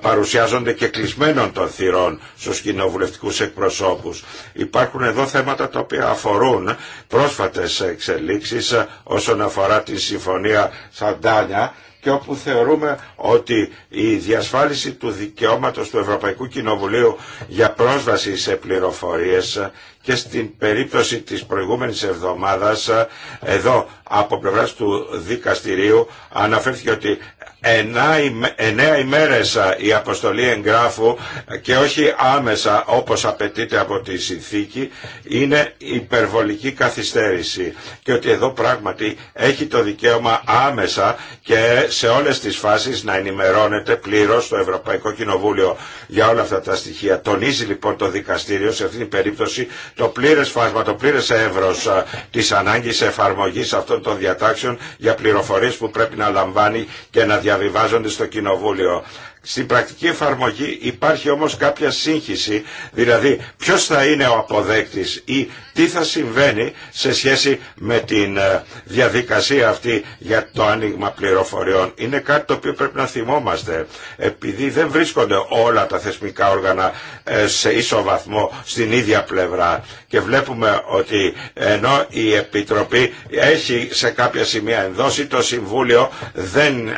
παρουσιάζονται και κλεισμένων των θυρών στους κοινοβουλευτικούς εκπροσώπους. Υπάρχουν εδώ θέματα τα οποία αφορούν πρόσφατες εξελίξεις όσον αφορά τη συμφωνία Σαντάνια και όπου θεωρούμε ότι η διασφάλιση του δικαιώματος του Ευρωπαϊκού Κοινοβουλίου για πρόσβαση σε πληροφορίες και στην περίπτωση της προηγούμενης εβδομάδας εδώ από πλευράς του δικαστηρίου αναφέρθηκε ότι εννέα ημέρες η αποστολή εγγράφου ε, και όχι άμεσα όπως απαιτείται από τη συνθήκη είναι υπερβολική καθυστέρηση και ότι εδώ πράγματι έχει το δικαίωμα άμεσα και σε όλες τις φάσεις να ενημερώνεται πλήρως το Ευρωπαϊκό Κοινοβούλιο για όλα αυτά τα στοιχεία. Τονίζει λοιπόν το δικαστήριο σε αυτήν την περίπτωση το πλήρες φάσμα, το πλήρες εύρος της ανάγκης εφαρμογής αυτών των διατάξεων για πληροφορίες που πρέπει να λαμβάνει και να διαβιβάζονται στο Κοινοβούλιο. Στην πρακτική εφαρμογή υπάρχει όμως κάποια σύγχυση, δηλαδή ποιος θα είναι ο αποδέκτης ή τι θα συμβαίνει σε σχέση με τη ε, διαδικασία αυτή για το άνοιγμα πληροφοριών. Είναι κάτι το οποίο πρέπει να θυμόμαστε, επειδή δεν βρίσκονται όλα τα θεσμικά όργανα ε, σε ίσο βαθμό στην ίδια πλευρά και βλέπουμε ότι ενώ η Επιτροπή έχει σε κάποια σημεία ενδώσει, το Συμβούλιο δεν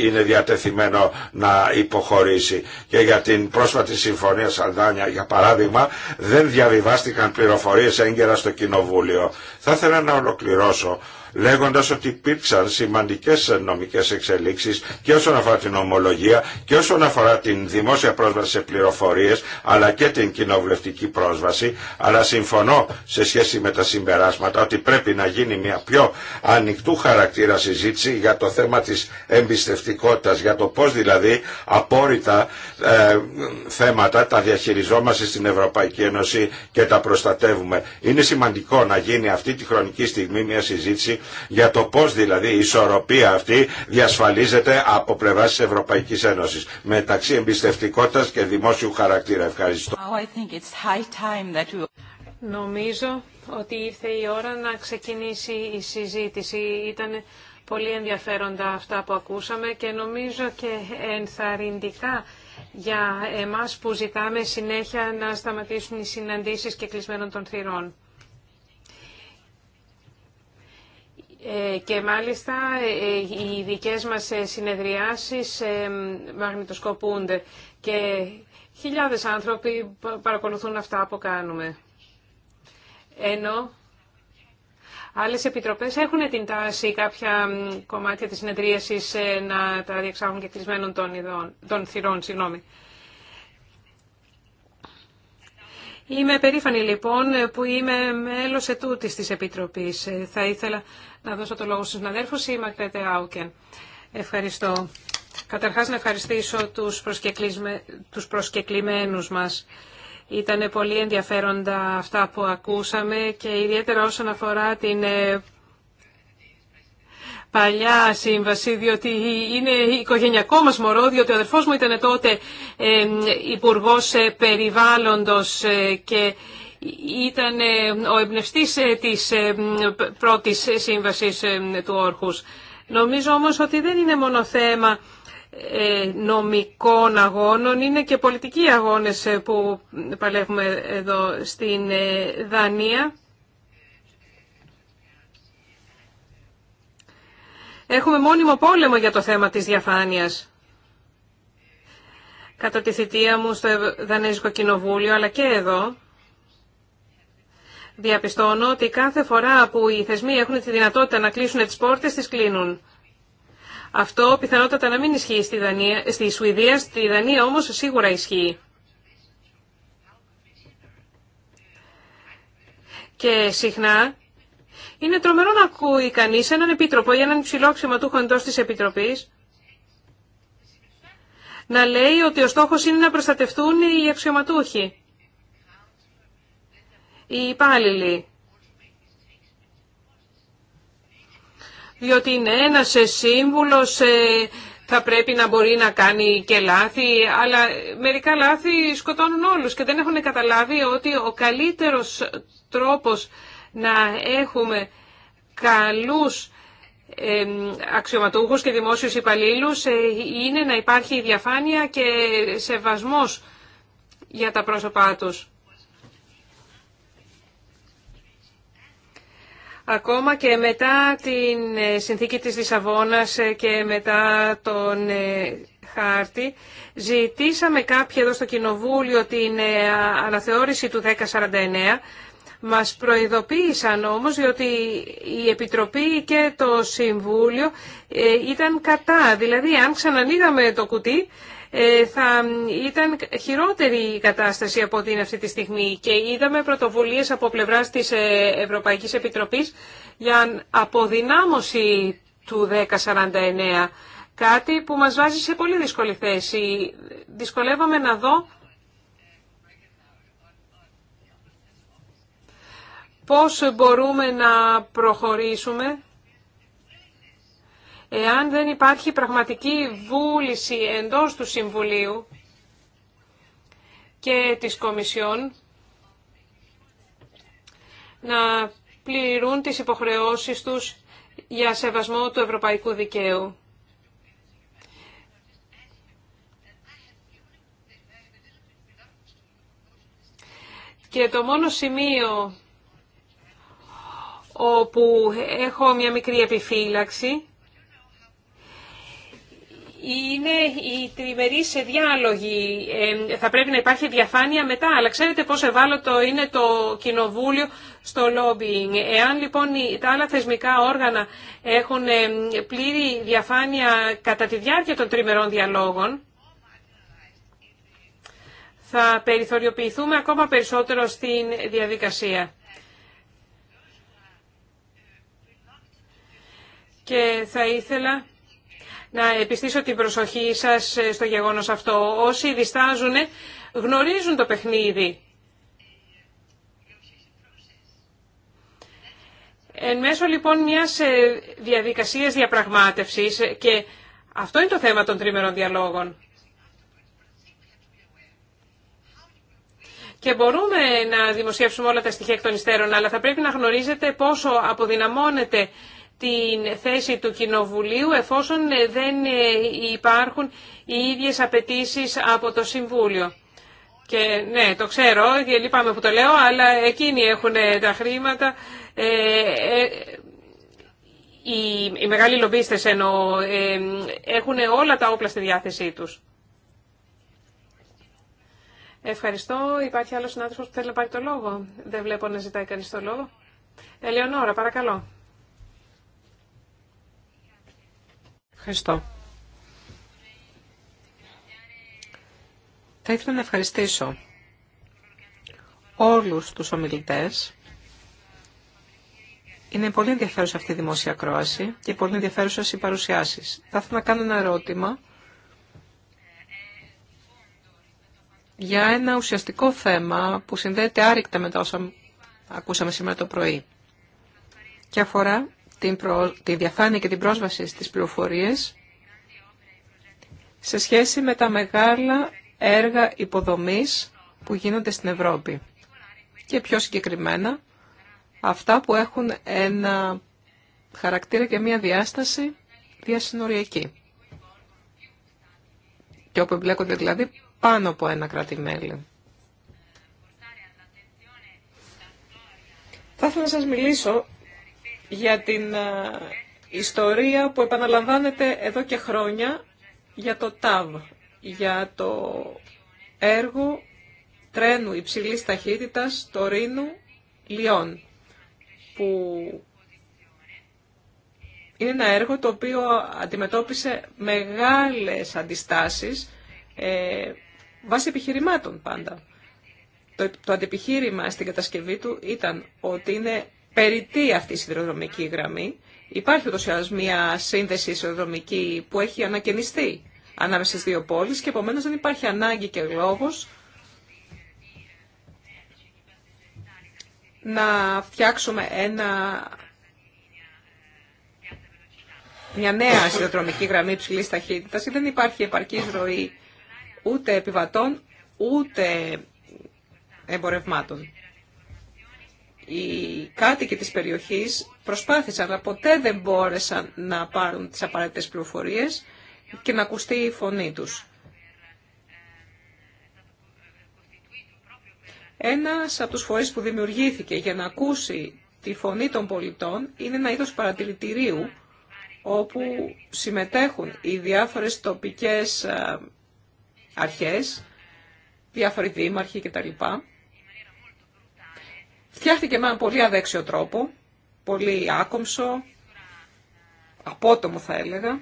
είναι διατεθειμένο να υποχωρήσει. Και για την πρόσφατη συμφωνία Σαλδάνια, για παράδειγμα, δεν διαβιβάστηκαν πληροφορίες έγκαιρα στο Κοινοβούλιο. Θα ήθελα να ολοκληρώσω λέγοντας ότι υπήρξαν σημαντικές νομικές εξελίξεις και όσον αφορά την ομολογία και όσον αφορά την δημόσια πρόσβαση σε πληροφορίες αλλά και την κοινοβουλευτική πρόσβαση αλλά συμφωνώ σε σχέση με τα συμπεράσματα ότι πρέπει να γίνει μια πιο ανοιχτού χαρακτήρα συζήτηση για το θέμα της εμπιστευτικότητας για το πώς δηλαδή απόρριτα ε, θέματα τα διαχειριζόμαστε στην Ευρωπαϊκή Ένωση και τα προστατεύουμε. Είναι σημαντικό να γίνει αυτή τη χρονική στιγμή μια συζήτηση για το πώς δηλαδή η ισορροπία αυτή διασφαλίζεται από πλευρά της Ευρωπαϊκής Ένωσης μεταξύ εμπιστευτικότητας και δημόσιου χαρακτήρα. Ευχαριστώ. Νομίζω ότι ήρθε η ώρα να ξεκινήσει η συζήτηση. Ήταν πολύ ενδιαφέροντα αυτά που ακούσαμε και νομίζω και ενθαρρυντικά για εμάς που ζητάμε συνέχεια να σταματήσουν οι συναντήσεις και κλεισμένων των θυρών. Ε, και μάλιστα ε, ε, οι δικές μας συνεδριάσεις μαγνητοσκοπούνται και χιλιάδες άνθρωποι παρακολουθούν αυτά που κάνουμε. Ενώ άλλε επιτροπές έχουν την τάση κάποια κομμάτια της συνεδρίασης να τα διεξάγουν και κλεισμένων των, ειδών, των θυρών. Συγγνώμη. Είμαι περήφανη λοιπόν που είμαι μέλος ετούτης της Επιτροπής. Θα ήθελα να δώσω το λόγο στους συναδέλφους ή Μακρέτε Άουκεν. Ευχαριστώ. Καταρχάς να ευχαριστήσω τους, προσκεκλισμέ... τους προσκεκλημένους μας. Ήταν πολύ ενδιαφέροντα αυτά που ακούσαμε και ιδιαίτερα όσον αφορά την ε, παλιά σύμβαση, διότι είναι οικογενειακό μας μωρό, διότι ο αδερφός μου ήταν τότε ε, υπουργός ε, περιβάλλοντος και ήταν ε, ο εμπνευστής ε, της ε, πρώτης σύμβασης του Όρχους. Νομίζω όμως ότι δεν είναι μόνο θέμα νομικών αγώνων, είναι και πολιτικοί αγώνες που παλεύουμε εδώ στην Δανία. Έχουμε μόνιμο πόλεμο για το θέμα της διαφάνειας. Κατά τη θητεία μου στο Δανέζικο Κοινοβούλιο, αλλά και εδώ, διαπιστώνω ότι κάθε φορά που οι θεσμοί έχουν τη δυνατότητα να κλείσουν τις πόρτες, τις κλείνουν. Αυτό πιθανότατα να μην ισχύει στη, Δανία, στη Σουηδία, στη Δανία όμως σίγουρα ισχύει. Και συχνά είναι τρομερό να ακούει κανείς έναν επίτροπο ή έναν υψηλό αξιωματούχο εντός της Επιτροπής να λέει ότι ο στόχος είναι να προστατευτούν οι αξιωματούχοι οι υπάλληλοι. Διότι είναι ένας ε, σύμβουλος ε, θα πρέπει να μπορεί να κάνει και λάθη, αλλά μερικά λάθη σκοτώνουν όλους και δεν έχουν καταλάβει ότι ο καλύτερος τρόπος να έχουμε καλούς αξιωματούχους και δημόσιους υπαλλήλους ε, είναι να υπάρχει διαφάνεια και σεβασμός για τα πρόσωπά τους. ακόμα και μετά την ε, συνθήκη της Λισαβόνας ε, και μετά τον ε, χάρτη, ζητήσαμε κάποιοι εδώ στο Κοινοβούλιο την αναθεώρηση του 1049. Μας προειδοποίησαν όμως διότι η Επιτροπή και το Συμβούλιο ήταν κατά. Δηλαδή αν ξανανοίγαμε το κουτί ε, θα ήταν χειρότερη η κατάσταση από ό,τι είναι αυτή τη στιγμή και είδαμε πρωτοβουλίες από πλευράς της ε, Ευρωπαϊκής Επιτροπής για αποδυνάμωση του 1049, κάτι που μας βάζει σε πολύ δύσκολη θέση. Δυσκολεύαμε να δω πώς μπορούμε να προχωρήσουμε Εάν δεν υπάρχει πραγματική βούληση εντός του Συμβουλίου και της Κομισιόν να πληρούν τις υποχρεώσεις τους για σεβασμό του ευρωπαϊκού δικαίου. Και το μόνο σημείο όπου έχω μια μικρή επιφύλαξη είναι η σε διάλογοι. Ε, θα πρέπει να υπάρχει διαφάνεια μετά, αλλά ξέρετε πόσο ευάλωτο είναι το κοινοβούλιο στο lobbying. Εάν λοιπόν τα άλλα θεσμικά όργανα έχουν πλήρη διαφάνεια κατά τη διάρκεια των τριμερών διαλόγων, θα περιθωριοποιηθούμε ακόμα περισσότερο στην διαδικασία. Και θα ήθελα να επιστήσω την προσοχή σας στο γεγονός αυτό. Όσοι διστάζουν γνωρίζουν το παιχνίδι. Εν μέσω λοιπόν μιας ε, διαδικασίας διαπραγμάτευσης ε, και αυτό είναι το θέμα των τρίμερων διαλόγων. Και μπορούμε να δημοσιεύσουμε όλα τα στοιχεία εκ των υστέρων, αλλά θα πρέπει να γνωρίζετε πόσο αποδυναμώνεται την θέση του Κοινοβουλίου εφόσον ε, δεν ε, υπάρχουν οι ίδιες απαιτήσει από το Συμβούλιο. Και ναι, το ξέρω, λυπάμαι που το λέω, αλλά εκείνοι έχουν ε, τα χρήματα. Ε, ε, οι, οι μεγάλοι λομπίστες εννοώ, έχουν όλα τα όπλα στη διάθεσή τους. Ευχαριστώ. Υπάρχει άλλος συνάδελφος που θέλει να πάρει το λόγο. Δεν βλέπω να ζητάει κανείς το λόγο. Ελεονόρα, παρακαλώ. Ευχαριστώ. Θα ήθελα να ευχαριστήσω όλους τους ομιλητές. Είναι πολύ ενδιαφέρουσα αυτή η δημόσια κρόαση και πολύ ενδιαφέρουσα οι παρουσιάσεις. Θα ήθελα να κάνω ένα ερώτημα για ένα ουσιαστικό θέμα που συνδέεται άρρηκτα με τα όσα ακούσαμε σήμερα το πρωί και αφορά την τη διαφάνεια και την πρόσβαση στις πληροφορίες σε σχέση με τα μεγάλα έργα υποδομής που γίνονται στην Ευρώπη. Και πιο συγκεκριμένα, αυτά που έχουν ένα χαρακτήρα και μία διάσταση διασυνοριακή. Και όπου εμπλέκονται δηλαδή πάνω από ένα κράτη-μέλη. Θα ήθελα να σας μιλήσω για την ε, ιστορία που επαναλαμβάνεται εδώ και χρόνια για το ΤΑΒ, για το έργο τρένου υψηλής ταχύτητας το Ρήνου Λιών, που είναι ένα έργο το οποίο αντιμετώπισε μεγάλες αντιστάσεις ε, βάσει επιχειρημάτων πάντα. Το, το αντιπιχείρημα στην κατασκευή του ήταν ότι είναι τι αυτή η σιδηροδρομική γραμμή. Υπάρχει ούτως ή μια σύνδεση σιδηροδρομική που έχει ανακαινιστεί ανάμεσα στις δύο πόλεις και επομένως δεν υπάρχει ανάγκη και λόγος να φτιάξουμε ένα, μια νέα σιδηροδρομική γραμμή ψηλής ταχύτητας δεν υπάρχει επαρκής ροή ούτε επιβατών ούτε εμπορευμάτων οι κάτοικοι της περιοχής προσπάθησαν, αλλά ποτέ δεν μπόρεσαν να πάρουν τις απαραίτητες πληροφορίες και να ακουστεί η φωνή τους. Ένας από τους φορείς που δημιουργήθηκε για να ακούσει τη φωνή των πολιτών είναι ένα είδος παρατηρητηρίου όπου συμμετέχουν οι διάφορες τοπικές ε, αρχές, διάφοροι δήμαρχοι κτλ. Φτιάχτηκε με έναν πολύ αδέξιο τρόπο, πολύ άκομψο, απότομο θα έλεγα.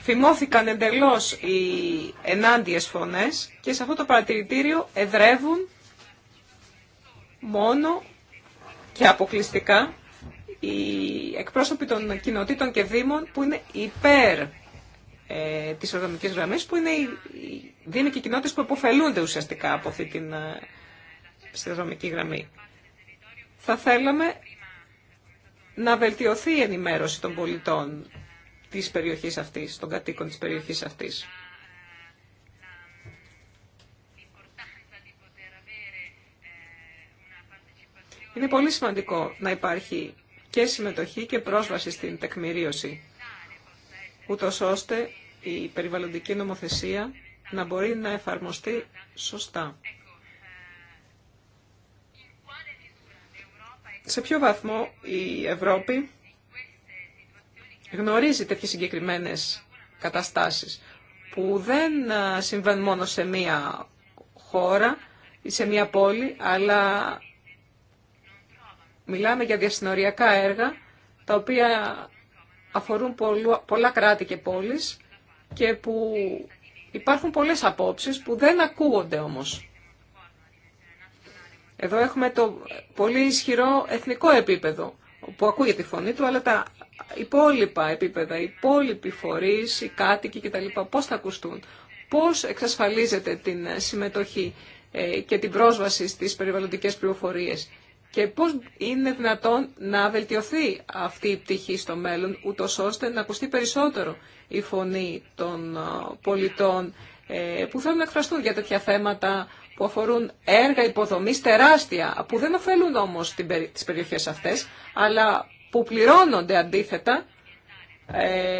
Φημώθηκαν εντελώς οι ενάντιες φωνές και σε αυτό το παρατηρητήριο εδρεύουν μόνο και αποκλειστικά οι εκπρόσωποι των κοινοτήτων και δήμων που είναι υπέρ ε, τις οργανωτικές που είναι οι, οι δήμοι και που αποφελούνται ουσιαστικά από αυτή την ε, γραμμή. Θα θέλαμε να βελτιωθεί η ενημέρωση των πολιτών της περιοχής αυτής, των κατοίκων της περιοχής αυτής. Είναι πολύ σημαντικό να υπάρχει και συμμετοχή και πρόσβαση στην τεκμηρίωση ούτως ώστε η περιβαλλοντική νομοθεσία να μπορεί να εφαρμοστεί σωστά. Σε ποιο βαθμό η Ευρώπη γνωρίζει τέτοιες συγκεκριμένες καταστάσεις που δεν συμβαίνουν μόνο σε μία χώρα ή σε μία πόλη, αλλά μιλάμε για διασυνοριακά έργα τα οποία αφορούν πολλά κράτη και πόλεις και που υπάρχουν πολλές απόψεις που δεν ακούγονται όμως. Εδώ έχουμε το πολύ ισχυρό εθνικό επίπεδο που ακούγεται τη φωνή του, αλλά τα υπόλοιπα επίπεδα, οι υπόλοιποι φορείς, οι κάτοικοι κτλ. πώς θα ακουστούν, πώς εξασφαλίζεται την συμμετοχή ε, και την πρόσβαση στις περιβαλλοντικές πληροφορίες και πώς είναι δυνατόν να βελτιωθεί αυτή η πτυχή στο μέλλον, ούτω ώστε να ακουστεί περισσότερο η φωνή των πολιτών ε, που θέλουν να εκφραστούν για τέτοια θέματα που αφορούν έργα υποδομής τεράστια, που δεν ωφελούν όμως τις περιοχές αυτές, αλλά που πληρώνονται αντίθετα ε,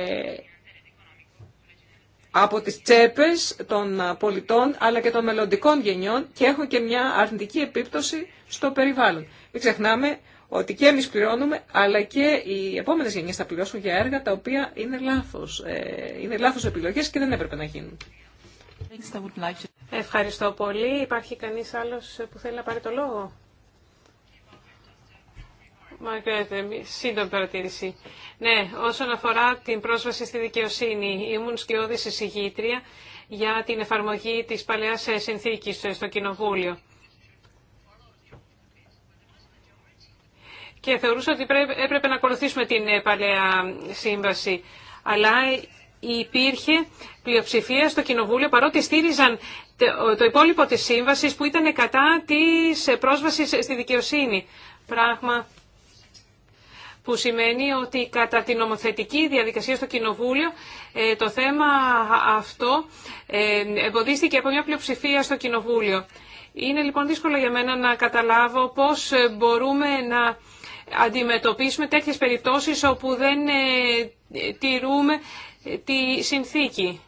από τις τσέπες των πολιτών αλλά και των μελλοντικών γενιών και έχουν και μια αρνητική επίπτωση στο περιβάλλον. Μην ξεχνάμε ότι και εμείς πληρώνουμε αλλά και οι επόμενες γενιές θα πληρώσουν για έργα τα οποία είναι λάθος, ε, είναι λάθος επιλογές και δεν έπρεπε να γίνουν. Ευχαριστώ πολύ. Υπάρχει κανείς άλλος που θέλει να πάρει το λόγο. Μαγκρέτε, σύντομη παρατήρηση. Ναι, όσον αφορά την πρόσβαση στη δικαιοσύνη, ήμουν σκιώδης εισηγήτρια για την εφαρμογή της παλαιάς συνθήκης στο Κοινοβούλιο. Και θεωρούσα ότι έπρεπε να ακολουθήσουμε την ε, παλαιά ε, σύμβαση. Αλλά υπήρχε πλειοψηφία στο Κοινοβούλιο, παρότι στήριζαν το υπόλοιπο της σύμβασης που ήταν κατά της ε, πρόσβαση στη δικαιοσύνη. Πράγμα που σημαίνει ότι κατά την νομοθετική διαδικασία στο Κοινοβούλιο ε, το θέμα αυτό ε, εμποδίστηκε από μια πλειοψηφία στο Κοινοβούλιο. Είναι λοιπόν δύσκολο για μένα να καταλάβω πώς ε, μπορούμε να αντιμετωπίσουμε τέτοιες περιπτώσεις όπου δεν τηρούμε τη συνθήκη.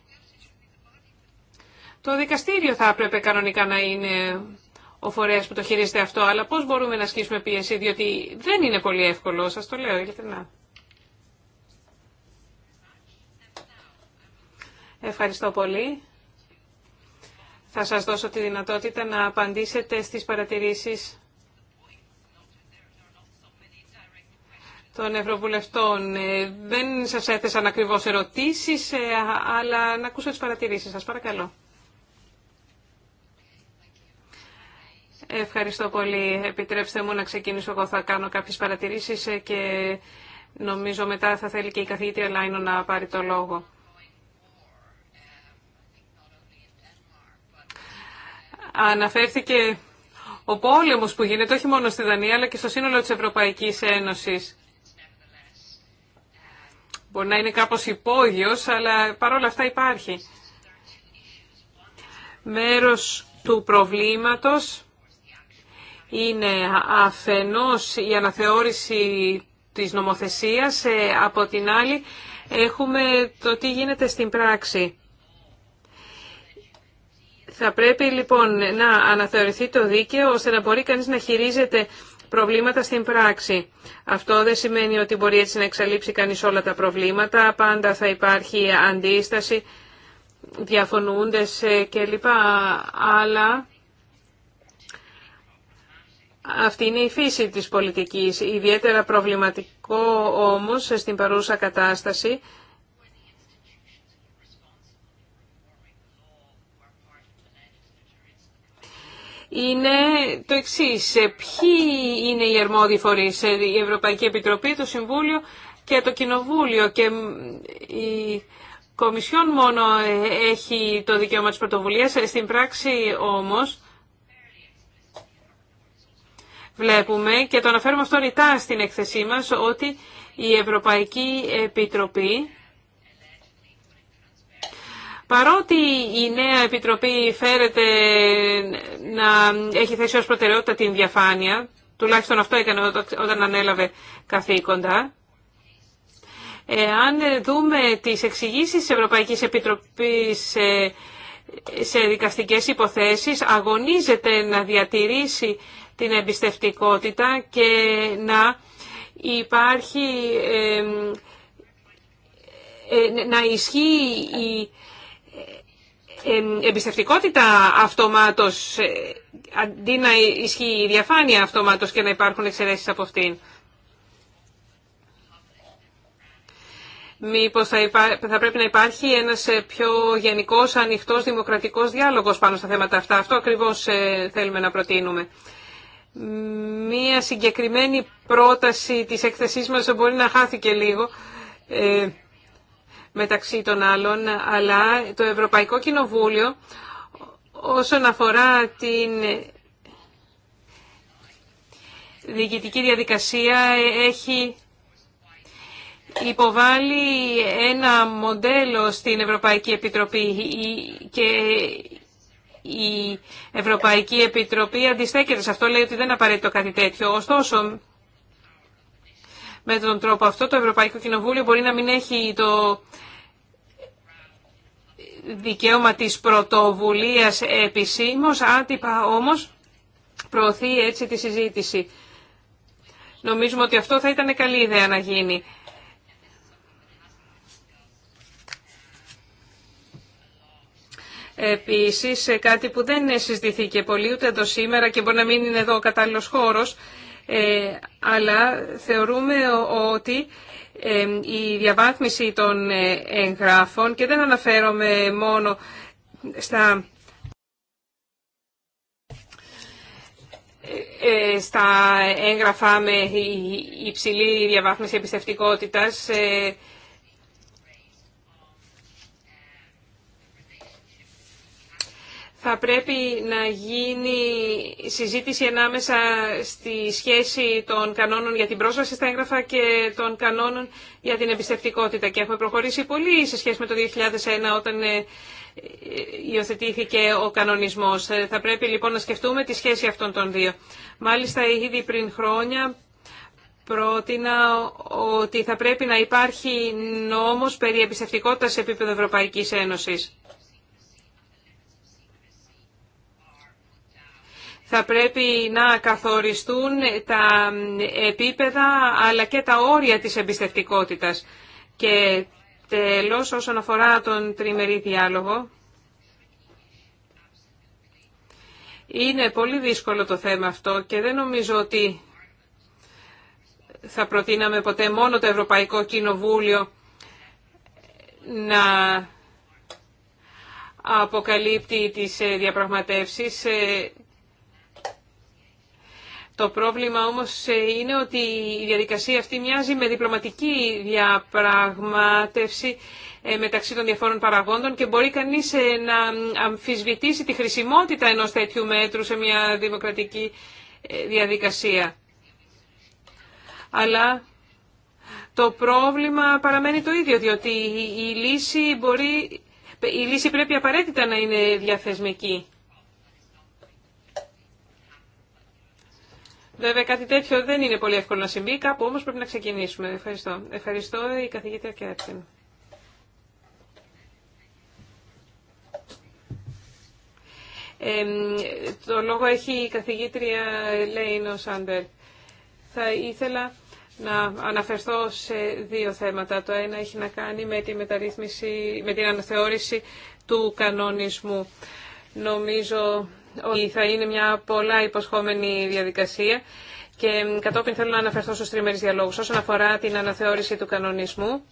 Το δικαστήριο θα έπρεπε κανονικά να είναι ο φορέα που το χειρίζεται αυτό, αλλά πώς μπορούμε να ασκήσουμε πίεση, διότι δεν είναι πολύ εύκολο, σας το λέω ειλικρινά. Ευχαριστώ πολύ. Θα σας δώσω τη δυνατότητα να απαντήσετε στις παρατηρήσεις των Ευρωβουλευτών. Ε, δεν σας έθεσαν ακριβώς ερωτήσεις, ε, αλλά να ακούσω τις παρατηρήσεις σας. Παρακαλώ. Ευχαριστώ πολύ. Επιτρέψτε μου να ξεκινήσω. Εγώ θα κάνω κάποιε παρατηρήσεις και νομίζω μετά θα θέλει και η καθηγήτρια Λάινο να πάρει το λόγο. Αναφέρθηκε ο πόλεμος που γίνεται όχι μόνο στη Δανία αλλά και στο σύνολο της Ευρωπαϊκής Ένωσης. Μπορεί να είναι κάπως υπόγειος, αλλά παρόλα αυτά υπάρχει. Μέρος του προβλήματος είναι αφενός η αναθεώρηση της νομοθεσίας, ε, από την άλλη έχουμε το τι γίνεται στην πράξη. Θα πρέπει λοιπόν να αναθεωρηθεί το δίκαιο ώστε να μπορεί κανείς να χειρίζεται προβλήματα στην πράξη. Αυτό δεν σημαίνει ότι μπορεί έτσι να εξαλείψει κανείς όλα τα προβλήματα, πάντα θα υπάρχει αντίσταση, διαφωνούντες ε, κλπ. Αλλά αυτή είναι η φύση της πολιτικής. Ιδιαίτερα προβληματικό όμως στην παρούσα κατάσταση είναι το εξή. Ποιοι είναι οι αρμόδιοι φορεί, η Ευρωπαϊκή Επιτροπή, το Συμβούλιο και το Κοινοβούλιο. Και η Κομισιόν μόνο έχει το δικαίωμα της πρωτοβουλίας. Στην πράξη όμως βλέπουμε και το αναφέρουμε αυτό ρητά στην έκθεσή μας ότι η Ευρωπαϊκή Επιτροπή Παρότι η νέα Επιτροπή φέρεται να έχει θέσει ως προτεραιότητα την διαφάνεια, τουλάχιστον αυτό έκανε όταν ανέλαβε καθήκοντα, εάν δούμε τις εξηγήσεις της Ευρωπαϊκής Επιτροπής σε δικαστικές υποθέσεις, αγωνίζεται να διατηρήσει την εμπιστευτικότητα και να υπάρχει ε, να ισχύει η εμπιστευτικότητα αυτομάτως ε, αντί να ισχύει η διαφάνεια αυτομάτως και να υπάρχουν εξαιρέσεις από αυτήν. Μήπως θα, θα πρέπει να υπάρχει ένας ε, πιο γενικός, ανοιχτός, δημοκρατικός διάλογος πάνω στα θέματα αυτά. Αυτό ακριβώς θέλουμε να προτείνουμε μία συγκεκριμένη πρόταση της εκθεσής μας μπορεί να χάθηκε λίγο ε, μεταξύ των άλλων, αλλά το Ευρωπαϊκό Κοινοβούλιο όσον αφορά την διοικητική διαδικασία έχει υποβάλει ένα μοντέλο στην Ευρωπαϊκή Επιτροπή και η Ευρωπαϊκή Επιτροπή αντιστέκεται σε αυτό, λέει ότι δεν απαραίτητο κάτι τέτοιο. Ωστόσο, με τον τρόπο αυτό το Ευρωπαϊκό Κοινοβούλιο μπορεί να μην έχει το δικαίωμα της πρωτοβουλίας επισήμως, άτυπα όμως προωθεί έτσι τη συζήτηση. Νομίζουμε ότι αυτό θα ήταν καλή ιδέα να γίνει. Επίσης, ε, κάτι που δεν συζητηθήκε πολύ ούτε εδώ σήμερα και μπορεί να μην είναι εδώ ο κατάλληλος χώρος, ε, αλλά θεωρούμε ότι ε, η διαβάθμιση των εγγράφων και δεν αναφέρομαι μόνο στα στα έγγραφα με υψηλή διαβάθμιση εμπιστευτικότητας θα πρέπει να γίνει συζήτηση ανάμεσα στη σχέση των κανόνων για την πρόσβαση στα έγγραφα και των κανόνων για την εμπιστευτικότητα. Και έχουμε προχωρήσει πολύ σε σχέση με το 2001 όταν ε, υιοθετήθηκε ο κανονισμός. Ε, θα πρέπει λοιπόν να σκεφτούμε τη σχέση αυτών των δύο. Μάλιστα ήδη πριν χρόνια πρότεινα ότι θα πρέπει να υπάρχει νόμος περί εμπιστευτικότητας σε επίπεδο Ευρωπαϊκής Ένωσης. θα πρέπει να καθοριστούν τα επίπεδα αλλά και τα όρια της εμπιστευτικότητας. Και τέλος, όσον αφορά τον τριμερή διάλογο, είναι πολύ δύσκολο το θέμα αυτό και δεν νομίζω ότι θα προτείναμε ποτέ μόνο το Ευρωπαϊκό Κοινοβούλιο να αποκαλύπτει τις ε, διαπραγματεύσεις ε, το πρόβλημα όμως ε, είναι ότι η διαδικασία αυτή μοιάζει με διπλωματική διαπραγμάτευση ε, μεταξύ των διαφόρων παραγόντων και μπορεί κανείς ε, να αμφισβητήσει τη χρησιμότητα ενός τέτοιου μέτρου σε μια δημοκρατική διαδικασία. Αλλά το πρόβλημα παραμένει το ίδιο, διότι η λύση, μπορεί, η λύση πρέπει απαραίτητα να είναι διαθεσμική. Βέβαια κάτι τέτοιο δεν είναι πολύ εύκολο να συμβεί, κάπου όμως πρέπει να ξεκινήσουμε. Ευχαριστώ. Ευχαριστώ η καθηγήτρια Κέρτσιν. Ε, το λόγο έχει η καθηγήτρια Λέινο Σάντερ. Θα ήθελα να αναφερθώ σε δύο θέματα. Το ένα έχει να κάνει με τη μεταρρύθμιση, με την αναθεώρηση του κανονισμού. Νομίζω ότι θα είναι μια πολλά υποσχόμενη διαδικασία και κατόπιν θέλω να αναφερθώ στους τριμερείς διαλόγους όσον αφορά την αναθεώρηση του κανονισμού.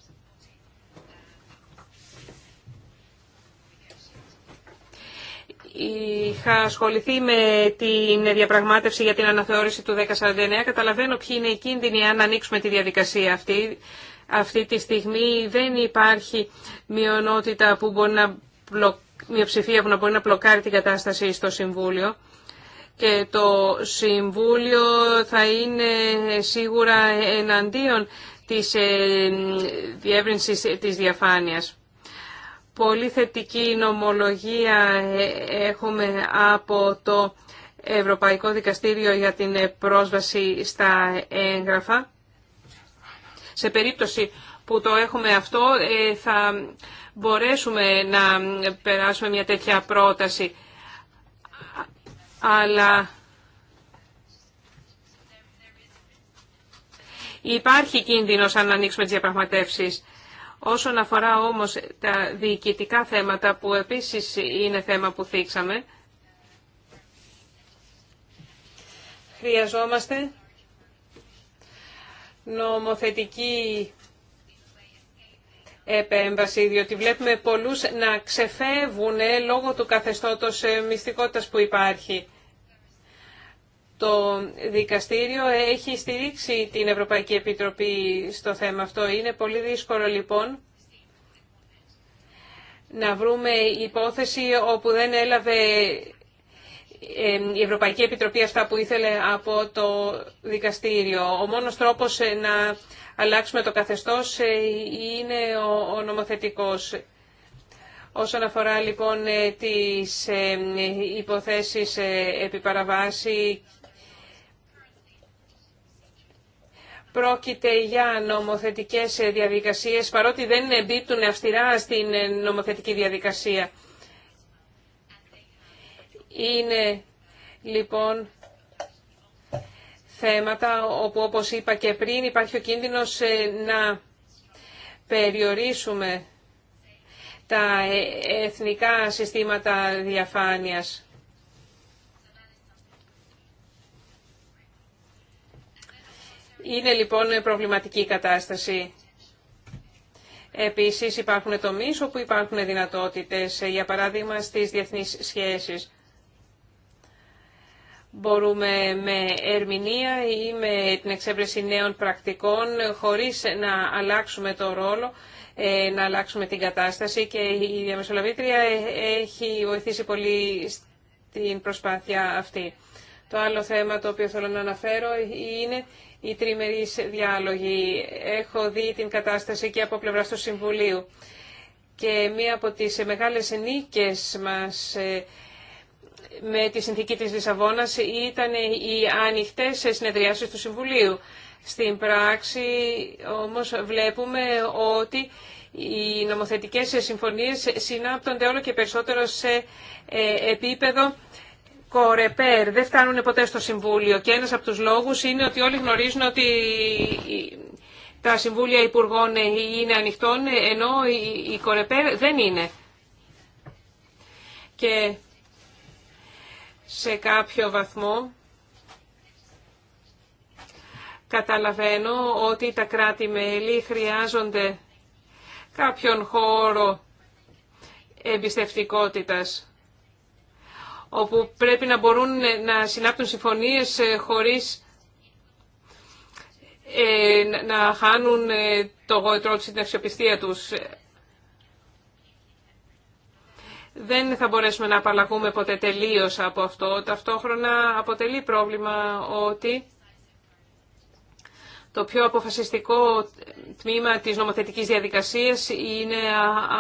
Είχα ασχοληθεί με την διαπραγμάτευση για την αναθεώρηση του 1049. Καταλαβαίνω ποιοι είναι οι κίνδυνοι αν ανοίξουμε τη διαδικασία αυτή. Αυτή τη στιγμή δεν υπάρχει μειονότητα που μπορεί να μπλοκ ψηφία που να μπορεί να πλοκάρει την κατάσταση στο Συμβούλιο και το Συμβούλιο θα είναι σίγουρα εναντίον της ε, διεύρυνσης της διαφάνειας. Πολύ θετική νομολογία ε, έχουμε από το Ευρωπαϊκό Δικαστήριο για την πρόσβαση στα έγγραφα. Σε περίπτωση που το έχουμε αυτό ε, θα μπορέσουμε να περάσουμε μια τέτοια πρόταση. Αλλά υπάρχει κίνδυνος αν ανοίξουμε τις διαπραγματεύσεις. Όσον αφορά όμως τα διοικητικά θέματα που επίσης είναι θέμα που θίξαμε, χρειαζόμαστε νομοθετική επέμβαση, διότι βλέπουμε πολλούς να ξεφεύγουν ε, λόγω του καθεστώτος ε, μυστικότητας που υπάρχει. Το δικαστήριο έχει στηρίξει την Ευρωπαϊκή Επιτροπή στο θέμα αυτό. Είναι πολύ δύσκολο λοιπόν να βρούμε υπόθεση όπου δεν έλαβε η Ευρωπαϊκή Επιτροπή αυτά που ήθελε από το δικαστήριο. Ο μόνος τρόπος ε, να αλλάξουμε το καθεστώς ε, είναι ο, ο νομοθετικός. Όσον αφορά λοιπόν ε, τις ε, υποθέσεις επιπαραβάση, πρόκειται για νομοθετικές διαδικασίες, παρότι δεν εμπίπτουν αυστηρά στην νομοθετική διαδικασία. Είναι λοιπόν θέματα όπου όπως είπα και πριν υπάρχει ο κίνδυνος ε, να περιορίσουμε τα ε, εθνικά συστήματα διαφάνειας. Είναι λοιπόν προβληματική η κατάσταση. Επίσης υπάρχουν τομείς όπου υπάρχουν δυνατότητες, ε, για παράδειγμα στις διεθνείς σχέσεις. Μπορούμε με ερμηνεία ή με την εξέβρεση νέων πρακτικών χωρίς να αλλάξουμε το ρόλο, ε, να αλλάξουμε την κατάσταση και η διαμεσολαβήτρια έχει βοηθήσει πολύ στην προσπάθεια αυτή. Το άλλο θέμα το οποίο θέλω να αναφέρω είναι η τριμερής διάλογη. Έχω δει την κατάσταση και από πλευρά του Συμβουλίου. Και μία από τις μεγάλες νίκες μας ε, με τη συνθήκη της Λισαβόνας ήταν οι ανοιχτές συνεδριάσεις του Συμβουλίου. Στην πράξη όμως βλέπουμε ότι οι νομοθετικές συμφωνίες συνάπτονται όλο και περισσότερο σε ε, επίπεδο κορεπέρ. Δεν φτάνουν ποτέ στο Συμβούλιο και ένας από τους λόγους είναι ότι όλοι γνωρίζουν ότι τα Συμβούλια Υπουργών είναι ανοιχτών ενώ η κορεπέρ δεν είναι. Και σε κάποιο βαθμό καταλαβαίνω ότι τα κράτη-μέλη χρειάζονται κάποιον χώρο εμπιστευτικότητας όπου πρέπει να μπορούν να συνάπτουν συμφωνίες ε, χωρίς ε, να χάνουν ε, το γοητρό της την αξιοπιστία τους δεν θα μπορέσουμε να απαλλαγούμε ποτέ τελείως από αυτό. Ταυτόχρονα αποτελεί πρόβλημα ότι το πιο αποφασιστικό τμήμα της νομοθετικής διαδικασίας είναι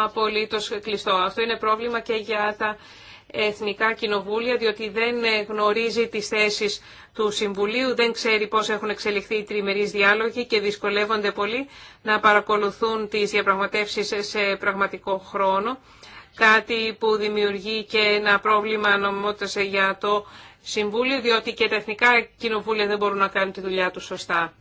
απολύτως κλειστό. Αυτό είναι πρόβλημα και για τα εθνικά κοινοβούλια, διότι δεν γνωρίζει τις θέσεις του Συμβουλίου, δεν ξέρει πώς έχουν εξελιχθεί οι τριμερείς διάλογοι και δυσκολεύονται πολύ να παρακολουθούν τις διαπραγματεύσεις σε πραγματικό χρόνο κάτι που δημιουργεί και ένα πρόβλημα νομιμότητας για το Συμβούλιο, διότι και τα εθνικά κοινοβούλια δεν μπορούν να κάνουν τη δουλειά τους σωστά.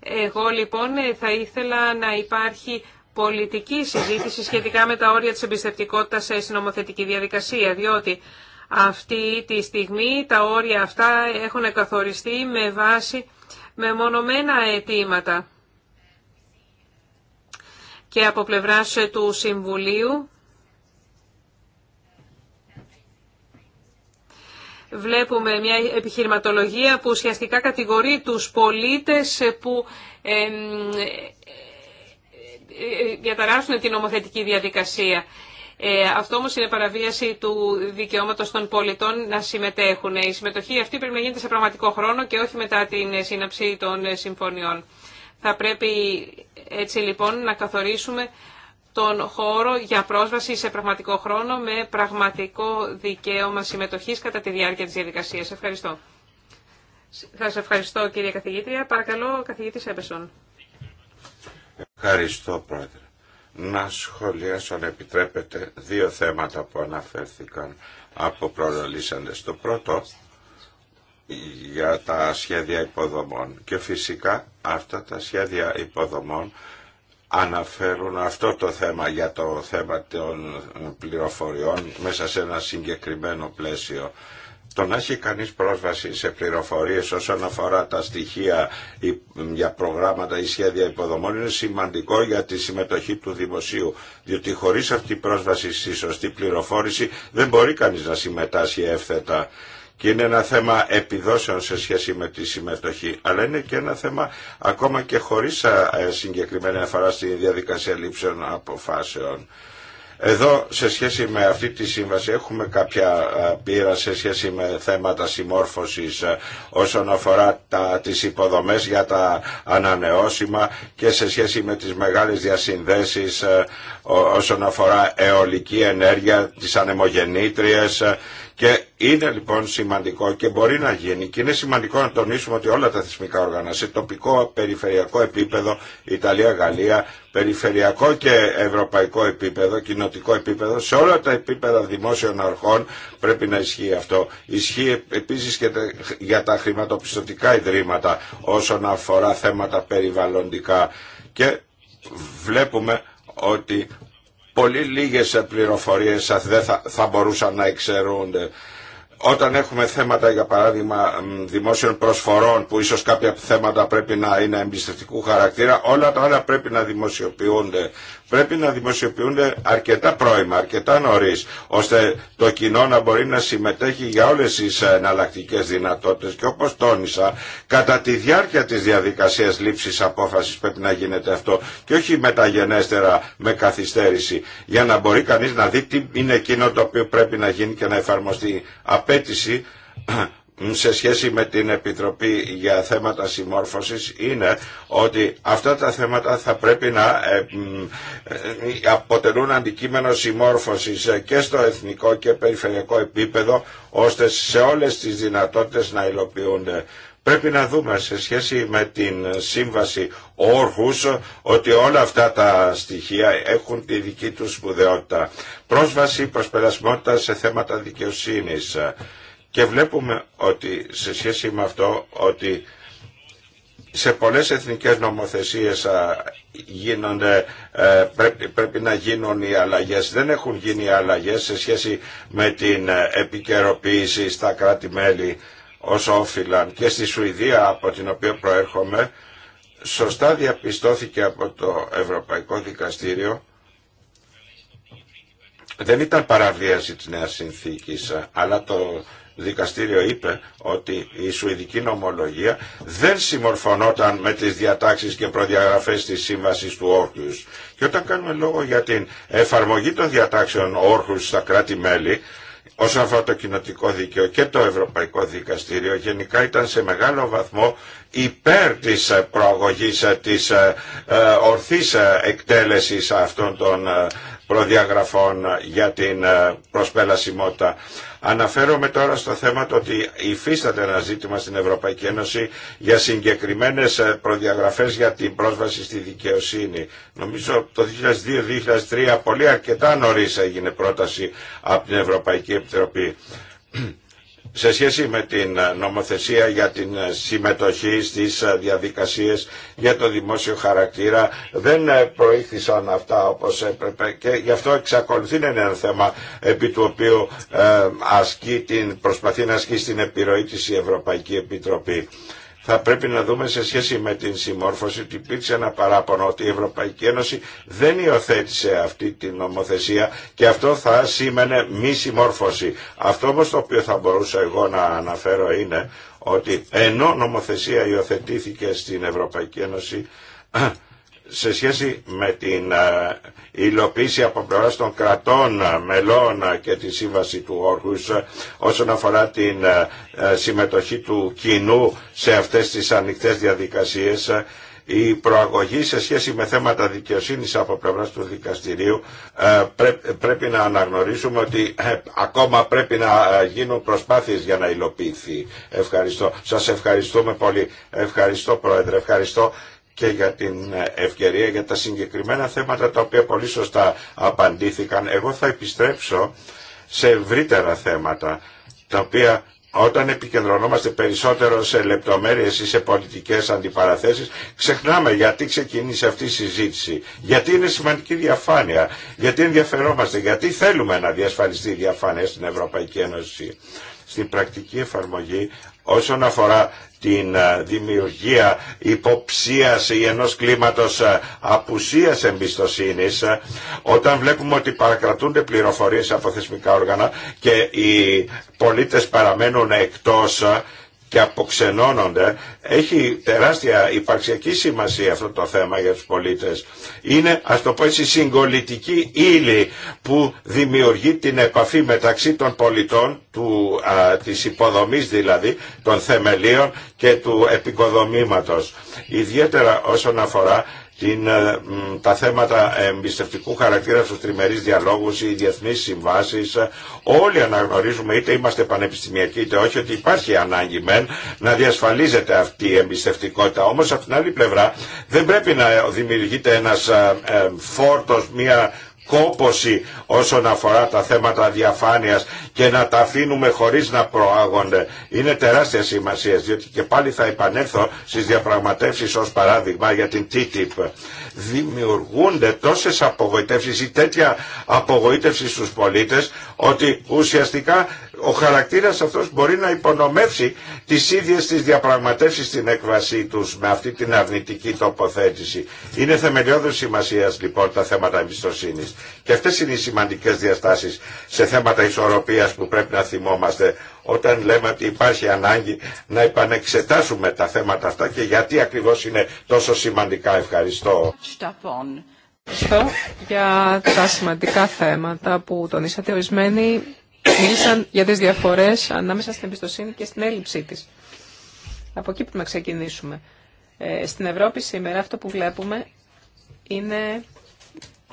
Εγώ λοιπόν θα ήθελα να υπάρχει πολιτική συζήτηση σχετικά με τα όρια της εμπιστευτικότητας σε συνομοθετική διαδικασία, διότι αυτή τη στιγμή τα όρια αυτά έχουν καθοριστεί με βάση μονομένα αιτήματα και από πλευράς του Συμβουλίου βλέπουμε μια επιχειρηματολογία που ουσιαστικά κατηγορεί τους πολίτες που ε, διαταράσσουν την νομοθετική διαδικασία. Ε, αυτό όμως είναι παραβίαση του δικαιώματος των πολιτών να συμμετέχουν. Η συμμετοχή αυτή πρέπει να γίνεται σε πραγματικό χρόνο και όχι μετά την σύναψη των συμφωνιών. Θα πρέπει έτσι λοιπόν να καθορίσουμε τον χώρο για πρόσβαση σε πραγματικό χρόνο με πραγματικό δικαίωμα συμμετοχής κατά τη διάρκεια της διαδικασίας. Ευχαριστώ. Θα σας ευχαριστώ κύριε καθηγήτρια. Παρακαλώ καθηγήτης Έμπεσον. Ευχαριστώ πρόεδρε. Να σχολιάσω αν επιτρέπετε δύο θέματα που αναφέρθηκαν από προλαλήσαντες. Το πρώτο για τα σχέδια υποδομών και φυσικά αυτά τα σχέδια υποδομών αναφέρουν αυτό το θέμα για το θέμα των πληροφοριών μέσα σε ένα συγκεκριμένο πλαίσιο. Το να έχει κανείς πρόσβαση σε πληροφορίες όσον αφορά τα στοιχεία για προγράμματα ή σχέδια υποδομών είναι σημαντικό για τη συμμετοχή του δημοσίου, διότι χωρίς αυτή η πρόσβαση στη σωστή πληροφόρηση δεν μπορεί κανείς να συμμετάσχει εύθετα και είναι ένα θέμα επιδόσεων σε σχέση με τη συμμετοχή, αλλά είναι και ένα θέμα ακόμα και χωρίς ε, συγκεκριμένη αφορά στη διαδικασία λήψεων αποφάσεων. Εδώ σε σχέση με αυτή τη σύμβαση έχουμε κάποια πείρα σε σχέση με θέματα συμμόρφωσης όσον αφορά τα, τις υποδομές για τα ανανεώσιμα και σε σχέση με τις μεγάλες διασυνδέσεις όσον αφορά αιωλική ενέργεια, τις ανεμογεννήτριες και είναι λοιπόν σημαντικό και μπορεί να γίνει και είναι σημαντικό να τονίσουμε ότι όλα τα θεσμικά όργανα σε τοπικό, περιφερειακό επίπεδο, Ιταλία, Γαλλία, περιφερειακό και ευρωπαϊκό επίπεδο, κοινοτικό επίπεδο, σε όλα τα επίπεδα δημόσιων αρχών πρέπει να ισχύει αυτό. Ισχύει επίσης και για τα χρηματοπιστωτικά ιδρύματα όσον αφορά θέματα περιβαλλοντικά και βλέπουμε ότι πολύ λίγες πληροφορίες δεν θα, θα μπορούσαν να εξαιρούνται. Όταν έχουμε θέματα, για παράδειγμα, δημόσιων προσφορών, που ίσως κάποια θέματα πρέπει να είναι εμπιστευτικού χαρακτήρα, όλα τα άλλα πρέπει να δημοσιοποιούνται πρέπει να δημοσιοποιούνται αρκετά πρώιμα, αρκετά νωρί, ώστε το κοινό να μπορεί να συμμετέχει για όλε τι εναλλακτικέ δυνατότητε. Και όπω τόνισα, κατά τη διάρκεια τη διαδικασία λήψη απόφαση πρέπει να γίνεται αυτό και όχι μεταγενέστερα με καθυστέρηση, για να μπορεί κανεί να δει τι είναι εκείνο το οποίο πρέπει να γίνει και να εφαρμοστεί. Απέτηση σε σχέση με την Επιτροπή για θέματα συμμόρφωσης είναι ότι αυτά τα θέματα θα πρέπει να ε, ε, αποτελούν αντικείμενο συμμόρφωσης και στο εθνικό και περιφερειακό επίπεδο ώστε σε όλες τις δυνατότητες να υλοποιούνται. Πρέπει να δούμε σε σχέση με την σύμβαση όρχους ότι όλα αυτά τα στοιχεία έχουν τη δική τους σπουδαιότητα. Πρόσβαση, προσπερασμότητα σε θέματα δικαιοσύνης. Και βλέπουμε ότι σε σχέση με αυτό ότι σε πολλές εθνικές νομοθεσίες γίνονται, ε, πρέπει, πρέπει να γίνουν οι αλλαγές. Δεν έχουν γίνει οι αλλαγές σε σχέση με την ε, επικαιροποίηση στα κράτη-μέλη όσο όφυλαν και στη Σουηδία από την οποία προέρχομαι σωστά διαπιστώθηκε από το Ευρωπαϊκό Δικαστήριο δεν ήταν παραβίαση της νέας συνθήκης αλλά το δικαστήριο είπε ότι η Σουηδική νομολογία δεν συμμορφωνόταν με τις διατάξεις και προδιαγραφές της Σύμβασης του Όρχους. Και όταν κάνουμε λόγο για την εφαρμογή των διατάξεων Όρχους στα κράτη-μέλη, Όσον αφορά το κοινοτικό δίκαιο και το Ευρωπαϊκό Δικαστήριο, γενικά ήταν σε μεγάλο βαθμό υπέρ της προαγωγής ε, της ε, ε, ορθής εκτέλεσης αυτών των προδιαγραφών για την ε, προσπελασιμότητα. Αναφέρομαι τώρα στο θέμα το ότι υφίσταται ένα ζήτημα στην Ευρωπαϊκή Ένωση για συγκεκριμένες ε, προδιαγραφές για την πρόσβαση στη δικαιοσύνη. Νομίζω το 2002-2003 πολύ αρκετά νωρίς έγινε πρόταση από την Ευρωπαϊκή Επιτροπή σε σχέση με την ε, νομοθεσία για την ε, συμμετοχή στις ε, διαδικασίες για το δημόσιο χαρακτήρα δεν προήχθησαν αυτά όπως έπρεπε και γι' αυτό εξακολουθεί να είναι ένα θέμα επί του οποίου την, προσπαθεί να ασκεί στην επιρροή της η Ευρωπαϊκή Επιτροπή θα πρέπει να δούμε σε σχέση με την συμμόρφωση ότι υπήρξε ένα παράπονο ότι η Ευρωπαϊκή Ένωση δεν υιοθέτησε αυτή την νομοθεσία και αυτό θα σήμαινε μη συμμόρφωση. Αυτό όμως το οποίο θα μπορούσα εγώ να αναφέρω είναι ότι ενώ νομοθεσία υιοθετήθηκε στην Ευρωπαϊκή Ένωση σε σχέση με την ε, υλοποίηση από πλευρά των κρατών ε, μελών ε, και τη σύμβαση του Όρχους όσον αφορά την συμμετοχή του κοινού σε αυτές τις ανοιχτές διαδικασίες η προαγωγή σε σχέση με θέματα δικαιοσύνης από πλευρά του δικαστηρίου πρέπει να αναγνωρίσουμε ότι ακόμα πρέπει να γίνουν προσπάθειες για να υλοποιηθεί. Ευχαριστώ. Σας ευχαριστούμε πολύ. Ευχαριστώ Πρόεδρε. Ευχαριστώ και για την ευκαιρία για τα συγκεκριμένα θέματα τα οποία πολύ σωστά απαντήθηκαν. Εγώ θα επιστρέψω σε ευρύτερα θέματα τα οποία όταν επικεντρωνόμαστε περισσότερο σε λεπτομέρειες ή σε πολιτικές αντιπαραθέσεις, ξεχνάμε γιατί ξεκίνησε αυτή η συζήτηση. Γιατί είναι σημαντική διαφάνεια, γιατί ενδιαφερόμαστε, γιατί θέλουμε να διασφαλιστεί η διαφάνεια στην Ευρωπαϊκή Ένωση. Στην πρακτική εφαρμογή όσον αφορά την ε, δημιουργία υποψίας ή ενός κλίματος ε, απουσίας εμπιστοσύνης ε, όταν βλέπουμε ότι παρακρατούνται πληροφορίες από θεσμικά όργανα και οι πολίτες παραμένουν εκτός και αποξενώνονται. Έχει τεράστια υπαρξιακή σημασία αυτό το θέμα για τους πολίτες. Είναι, ας το πω έτσι, συγκολητική ύλη που δημιουργεί την επαφή μεταξύ των πολιτών, του, της υποδομής δηλαδή, των θεμελίων και του επικοδομήματος. Ιδιαίτερα όσον αφορά την, ε, τα θέματα εμπιστευτικού χαρακτήρα στους τριμερείς διαλόγους, οι διεθνείς συμβάσεις, ε, όλοι αναγνωρίζουμε είτε είμαστε πανεπιστημιακοί είτε όχι ότι υπάρχει ανάγκη μεν να διασφαλίζεται αυτή η εμπιστευτικότητα. Όμως από την άλλη πλευρά δεν πρέπει να δημιουργείται ένας ε, φόρτος, μια κόποση όσον αφορά τα θέματα διαφάνειας και να τα αφήνουμε χωρίς να προάγονται. Είναι τεράστια σημασία διότι και πάλι θα επανέλθω στις διαπραγματεύσεις ως παράδειγμα για την TTIP. Δημιουργούνται τόσες απογοητεύσεις ή τέτοια απογοήτευση στους πολίτες ότι ουσιαστικά ο χαρακτήρας αυτός μπορεί να υπονομεύσει τις ίδιες τις διαπραγματεύσεις στην έκβασή τους με αυτή την αρνητική τοποθέτηση. Είναι θεμελιώδης σημασίας λοιπόν τα θέματα εμπιστοσύνη. Και αυτές είναι οι σημαντικές διαστάσεις σε θέματα ισορροπίας που πρέπει να θυμόμαστε όταν λέμε ότι υπάρχει ανάγκη να επανεξετάσουμε τα θέματα αυτά και γιατί ακριβώς είναι τόσο σημαντικά. Ευχαριστώ. Ευχαριστώ για τα σημαντικά θέματα που τονίσατε ορισμένοι μίλησαν για τις διαφορές ανάμεσα στην εμπιστοσύνη και στην έλλειψή της. Από εκεί που να ξεκινήσουμε. Ε, στην Ευρώπη σήμερα αυτό που βλέπουμε είναι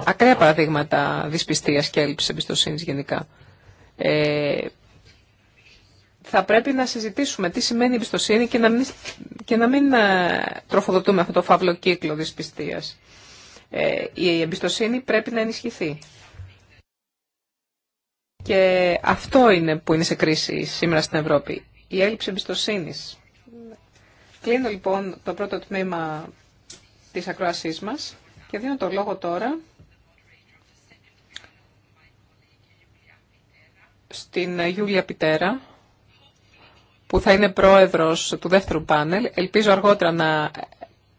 ακραία παραδείγματα δυσπιστίας και έλλειψης εμπιστοσύνης γενικά. Ε, θα πρέπει να συζητήσουμε τι σημαίνει εμπιστοσύνη και να μην, και να ε, τροφοδοτούμε αυτό το φαύλο κύκλο δυσπιστίας. Ε, η εμπιστοσύνη πρέπει να ενισχυθεί. Και αυτό είναι που είναι σε κρίση σήμερα στην Ευρώπη, η έλλειψη εμπιστοσύνη. Κλείνω λοιπόν το πρώτο τμήμα της ακρόασή μα και δίνω το λόγο τώρα στην Γιούλια Πιτέρα, που θα είναι πρόεδρος του δεύτερου πάνελ. Ελπίζω αργότερα να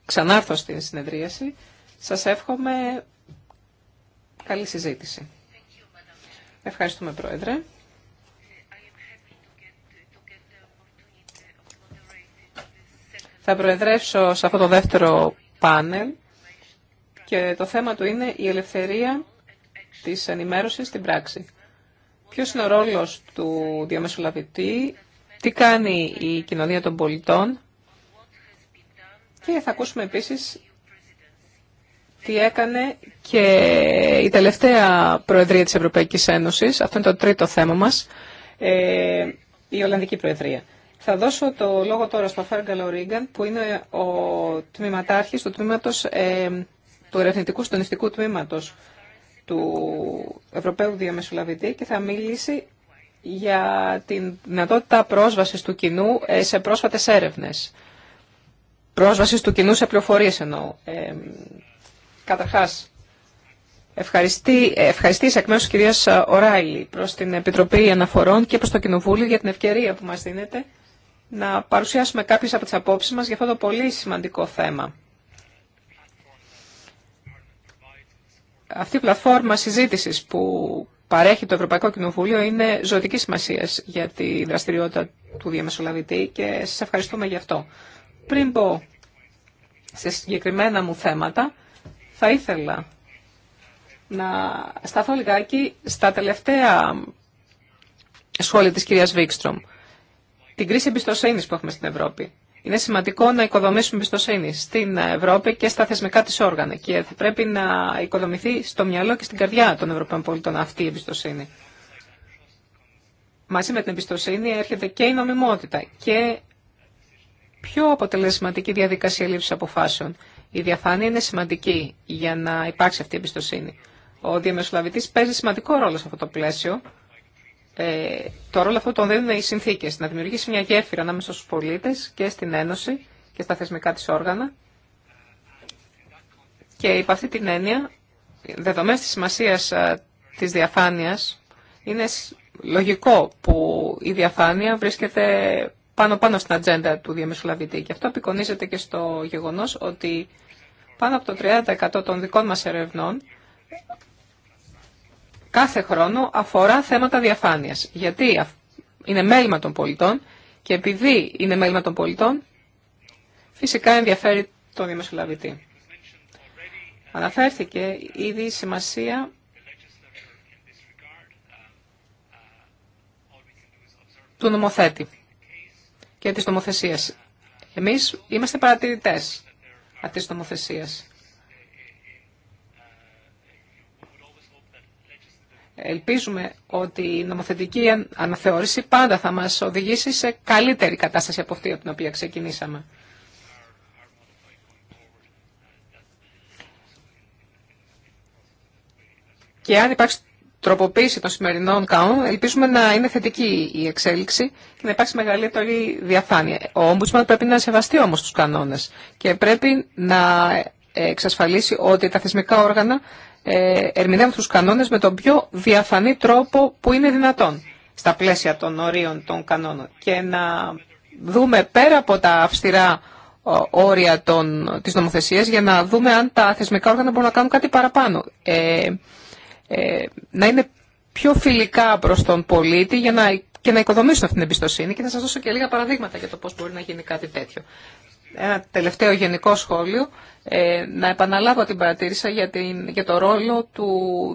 ξανάρθω στην συνεδρίαση. Σας εύχομαι καλή συζήτηση. Ευχαριστούμε, Πρόεδρε. Θα προεδρεύσω σε αυτό το δεύτερο πάνελ και το θέμα του είναι η ελευθερία της ενημέρωσης στην πράξη. Ποιος είναι ο ρόλος του διαμεσολαβητή, τι κάνει η κοινωνία των πολιτών και θα ακούσουμε επίσης τι έκανε και η τελευταία Προεδρία της Ευρωπαϊκής Ένωσης. Αυτό είναι το τρίτο θέμα μας, ε, η Ολλανδική Προεδρία. Θα δώσω το λόγο τώρα στον Φάρ Ρίγκαν, που είναι ο τμήματάρχης του, τμήματος, ε, του ερευνητικού συντονιστικού τμήματος του Ευρωπαίου Διαμεσολαβητή και θα μιλήσει για την δυνατότητα πρόσβασης του κοινού ε, σε πρόσφατες έρευνες. Πρόσβασης του κοινού σε πληροφορίες εννοώ Καταρχάς, ευχαριστή, εκ μέρους της κυρίας προς την Επιτροπή Αναφορών και προς το Κοινοβούλιο για την ευκαιρία που μας δίνεται να παρουσιάσουμε κάποιες από τις απόψεις μας για αυτό το πολύ σημαντικό θέμα. Αυτή η πλατφόρμα συζήτησης που παρέχει το Ευρωπαϊκό Κοινοβούλιο είναι ζωτική σημασία για τη δραστηριότητα του διαμεσολαβητή και σας ευχαριστούμε γι' αυτό. Πριν πω σε συγκεκριμένα μου θέματα, θα ήθελα να σταθώ λιγάκι στα τελευταία σχόλια της κυρίας Βίκστρομ. Την κρίση εμπιστοσύνη που έχουμε στην Ευρώπη. Είναι σημαντικό να οικοδομήσουμε εμπιστοσύνη στην Ευρώπη και στα θεσμικά τη όργανα. Και θα πρέπει να οικοδομηθεί στο μυαλό και στην καρδιά των Ευρωπαίων πολιτών αυτή η εμπιστοσύνη. Μαζί με την εμπιστοσύνη έρχεται και η νομιμότητα και πιο αποτελεσματική διαδικασία λήψης αποφάσεων. Η διαφάνεια είναι σημαντική για να υπάρξει αυτή η εμπιστοσύνη. Ο διαμεσολαβητής παίζει σημαντικό ρόλο σε αυτό το πλαίσιο. Ε, το ρόλο αυτό τον δίνουν οι συνθήκες, να δημιουργήσει μια γέφυρα ανάμεσα στου πολίτε και στην Ένωση και στα θεσμικά τη όργανα. Και υπ' αυτή την έννοια, δεδομένης τη σημασία της διαφάνεια είναι λογικό που η διαφάνεια βρίσκεται πάνω-πάνω στην ατζέντα του διαμεσολαβητή. Και αυτό απεικονίζεται και στο γεγονός ότι πάνω από το 30% των δικών μας ερευνών κάθε χρόνο αφορά θέματα διαφάνειας. Γιατί είναι μέλημα των πολιτών και επειδή είναι μέλημα των πολιτών, φυσικά ενδιαφέρει τον διαμεσολαβητή. Αναφέρθηκε ήδη η σημασία του νομοθέτη και της νομοθεσίας. Εμείς είμαστε παρατηρητές αυτής της νομοθεσίας. Ελπίζουμε ότι η νομοθετική αναθεώρηση πάντα θα μας οδηγήσει σε καλύτερη κατάσταση από αυτή από την οποία ξεκινήσαμε. Και αν υπάρξει τροποποίηση των σημερινών κανόνων, ελπίζουμε να είναι θετική η εξέλιξη και να υπάρξει μεγαλύτερη διαφάνεια. Ο Ομπούτσμαν πρέπει να σεβαστεί όμως τους κανόνες και πρέπει να εξασφαλίσει ότι τα θεσμικά όργανα ε, ερμηνεύουν τους κανόνες με τον πιο διαφανή τρόπο που είναι δυνατόν στα πλαίσια των ορίων των κανόνων και να δούμε πέρα από τα αυστηρά όρια των, της νομοθεσίας για να δούμε αν τα θεσμικά όργανα μπορούν να κάνουν κάτι παραπάνω. Ε, ε, να είναι πιο φιλικά προς τον πολίτη για να, και να οικοδομήσουν αυτή την εμπιστοσύνη και θα σας δώσω και λίγα παραδείγματα για το πώς μπορεί να γίνει κάτι τέτοιο. Ένα τελευταίο γενικό σχόλιο, ε, να επαναλάβω την παρατήρησα για, την, για το ρόλο του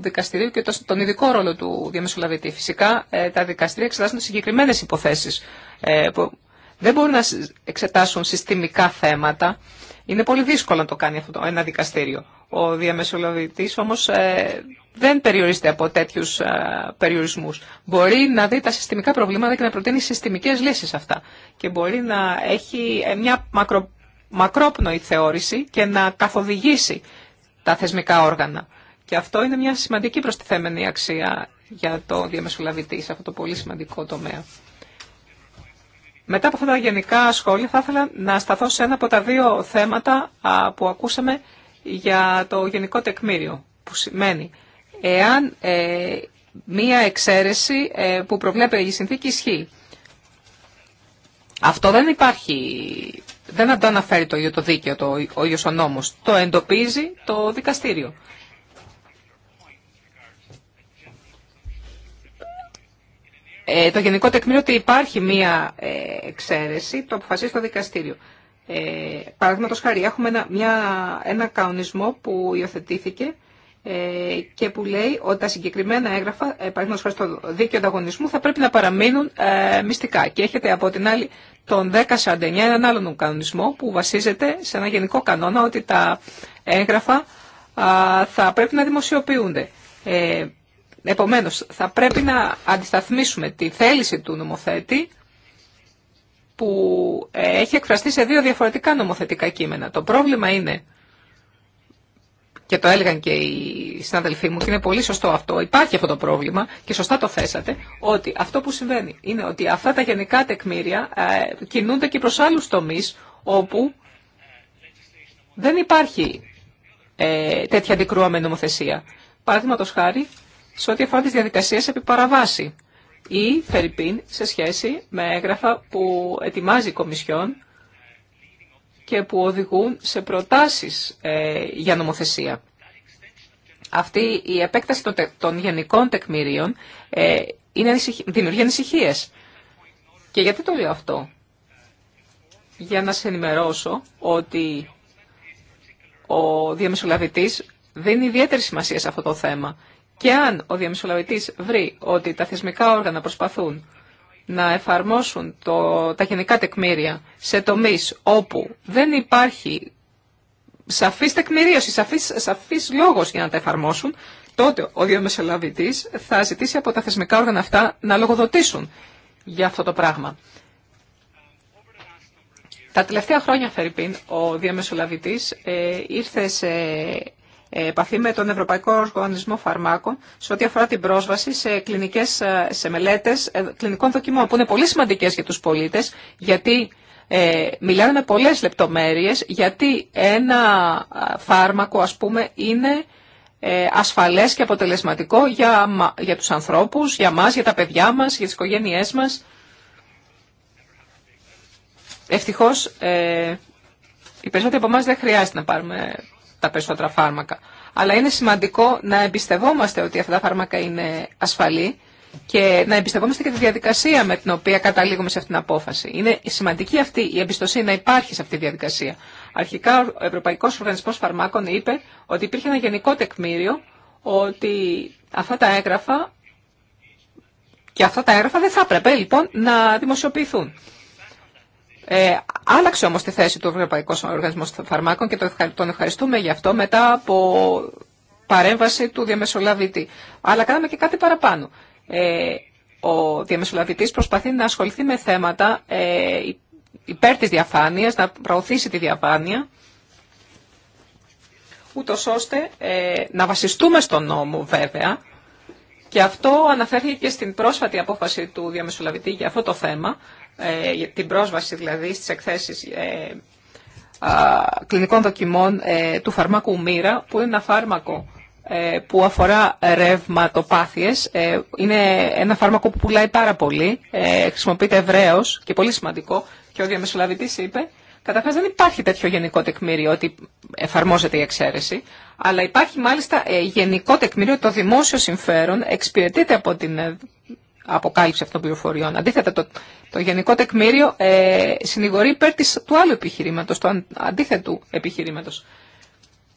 δικαστηρίου και τον ειδικό ρόλο του διαμεσολαβητή. Φυσικά ε, τα δικαστήρια εξετάζουν συγκεκριμένες υποθέσεις που δεν μπορούν να εξετάσουν συστημικά θέματα. Είναι πολύ δύσκολο να το κάνει αυτό ένα δικαστήριο. Ο διαμεσολαβητής όμως δεν περιορίζεται από τέτοιου ε, περιορισμού. Μπορεί να δει τα συστημικά προβλήματα και να προτείνει συστημικέ λύσει αυτά. Και μπορεί να έχει ε, μια μακρο, μακρόπνοη θεώρηση και να καθοδηγήσει τα θεσμικά όργανα. Και αυτό είναι μια σημαντική προστιθέμενη αξία για το διαμεσολαβητή σε αυτό το πολύ σημαντικό τομέα. Μετά από αυτά τα γενικά σχόλια θα ήθελα να σταθώ σε ένα από τα δύο θέματα που ακούσαμε για το γενικό τεκμήριο που σημαίνει εάν ε, μία εξαίρεση ε, που προβλέπει η συνθήκη ισχύει. Αυτό δεν υπάρχει, δεν ανταναφέρει το ίδιο το δίκαιο, το, ο ίδιος ο νόμος. Το εντοπίζει το δικαστήριο. Ε, το Γενικό Τεκμήριο ότι υπάρχει μία ε, εξαίρεση, το αποφασίζει το δικαστήριο. Ε, Παραδείγματο χάρη, έχουμε ένα, μια, ένα κανονισμό που υιοθετήθηκε ε, και που λέει ότι τα συγκεκριμένα έγγραφα, ε, παραδείγματο χάρη στο δίκαιο ανταγωνισμού, θα πρέπει να παραμείνουν ε, μυστικά. Και έχετε από την άλλη τον 1049, έναν άλλον κανονισμό που βασίζεται σε ένα γενικό κανόνα ότι τα έγγραφα θα πρέπει να δημοσιοποιούνται. Ε, επομένως, θα πρέπει να αντισταθμίσουμε τη θέληση του νομοθέτη που έχει εκφραστεί σε δύο διαφορετικά νομοθετικά κείμενα. Το πρόβλημα είναι και το έλεγαν και οι συναδελφοί μου και είναι πολύ σωστό αυτό, υπάρχει αυτό το πρόβλημα και σωστά το θέσατε, ότι αυτό που συμβαίνει είναι ότι αυτά τα γενικά τεκμήρια ε, κινούνται και προς άλλους τομείς όπου δεν υπάρχει ε, τέτοια αντικρουόμενη νομοθεσία. Παραδείγματο χάρη σε ό,τι αφορά τις διαδικασίες επί παραβάση ή φερρυπίν σε σχέση με έγγραφα που ετοιμάζει η Κομισιόν και που οδηγούν σε προτάσεις ε, για νομοθεσία. Αυτή η επέκταση των γενικών τεκμηρίων ε, είναι, δημιουργεί ανησυχίε. Και γιατί το λέω αυτό. Για να σε ενημερώσω ότι ο διαμεσολαβητής δίνει ιδιαίτερη σημασία σε αυτό το θέμα. Και αν ο διαμεσολαβητής βρει ότι τα θεσμικά όργανα προσπαθούν να εφαρμόσουν τα γενικά τεκμήρια σε τομείς όπου δεν υπάρχει σαφής τεκμηρίωση, σαφής, σαφής λόγος για να τα εφαρμόσουν, τότε ο διαμεσολαβητής θα ζητήσει από τα θεσμικά όργανα αυτά να λογοδοτήσουν για αυτό το πράγμα. Τα τελευταία χρόνια, Φερρυπίν, ο διαμεσολαβητής ε, ήρθε σε επαφή με τον Ευρωπαϊκό Οργανισμό Φαρμάκων σε ό,τι αφορά την πρόσβαση σε, κλινικές, ε, σε μελέτες ε, κλινικών δοκιμών που είναι πολύ σημαντικές για τους πολίτες γιατί ε, μιλάνε με πολλές λεπτομέρειες γιατί ένα φάρμακο ας πούμε είναι ε, ασφαλές και αποτελεσματικό για, για τους ανθρώπους, για μας, για τα παιδιά μας, για τις οικογένειές μας. Ευτυχώς ε, οι περισσότεροι από εμά δεν χρειάζεται να πάρουμε τα περισσότερα φάρμακα. Αλλά είναι σημαντικό να εμπιστευόμαστε ότι αυτά τα φάρμακα είναι ασφαλή και να εμπιστευόμαστε και τη διαδικασία με την οποία καταλήγουμε σε αυτήν την απόφαση. Είναι σημαντική αυτή η εμπιστοσύνη να υπάρχει σε αυτή τη διαδικασία. Αρχικά ο Ευρωπαϊκός Οργανισμό Φαρμάκων είπε ότι υπήρχε ένα γενικό τεκμήριο ότι αυτά τα έγγραφα και αυτά τα έγγραφα δεν θα έπρεπε λοιπόν να δημοσιοποιηθούν. Ε, άλλαξε όμως τη θέση του Ευρωπαϊκού Οργανισμού Φαρμάκων και τον ευχαριστούμε γι' αυτό μετά από παρέμβαση του διαμεσολαβητή. Αλλά κάναμε και κάτι παραπάνω. Ε, ο διαμεσολαβητής προσπαθεί να ασχοληθεί με θέματα ε, υπέρ της διαφάνειας, να προωθήσει τη διαφάνεια, ούτω ώστε ε, να βασιστούμε στον νόμο βέβαια, και αυτό αναφέρθηκε και στην πρόσφατη απόφαση του διαμεσολαβητή για αυτό το θέμα, ε, την πρόσβαση δηλαδή στις εκθέσεις ε, κλινικών δοκιμών ε, του φαρμάκου Μύρα, που είναι ένα φάρμακο που αφορά ρευματοπάθειες. Είναι ένα φάρμακο που πουλάει πάρα πολύ, χρησιμοποιείται ευρέω και πολύ σημαντικό και ο διαμεσολαβητής είπε καταρχάς δεν υπάρχει τέτοιο γενικό τεκμήριο ότι εφαρμόζεται η εξαίρεση, αλλά υπάρχει μάλιστα γενικό τεκμήριο ότι το δημόσιο συμφέρον εξυπηρετείται από την αποκάλυψη αυτών των πληροφοριών. Αντίθετα, το, το Γενικό Τεκμήριο ε, συνηγορεί υπέρ της, του άλλου επιχειρήματο, του αντίθετου επιχειρήματο.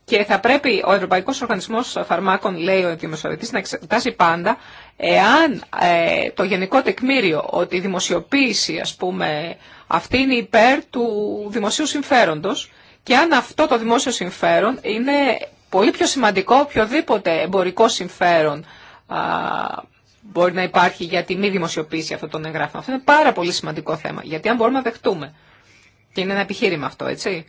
Και θα πρέπει ο Ευρωπαϊκό Οργανισμό Φαρμάκων, λέει ο Δημοσιοδητή, να εξετάσει πάντα εάν ε, το γενικό τεκμήριο ότι η δημοσιοποίηση, ας πούμε, αυτή είναι υπέρ του δημοσίου συμφέροντο και αν αυτό το δημόσιο συμφέρον είναι πολύ πιο σημαντικό οποιοδήποτε εμπορικό συμφέρον μπορεί να υπάρχει για τη μη δημοσιοποίηση αυτών των εγγράφων. Αυτό είναι πάρα πολύ σημαντικό θέμα, γιατί αν μπορούμε να δεχτούμε. Και είναι ένα επιχείρημα αυτό, έτσι.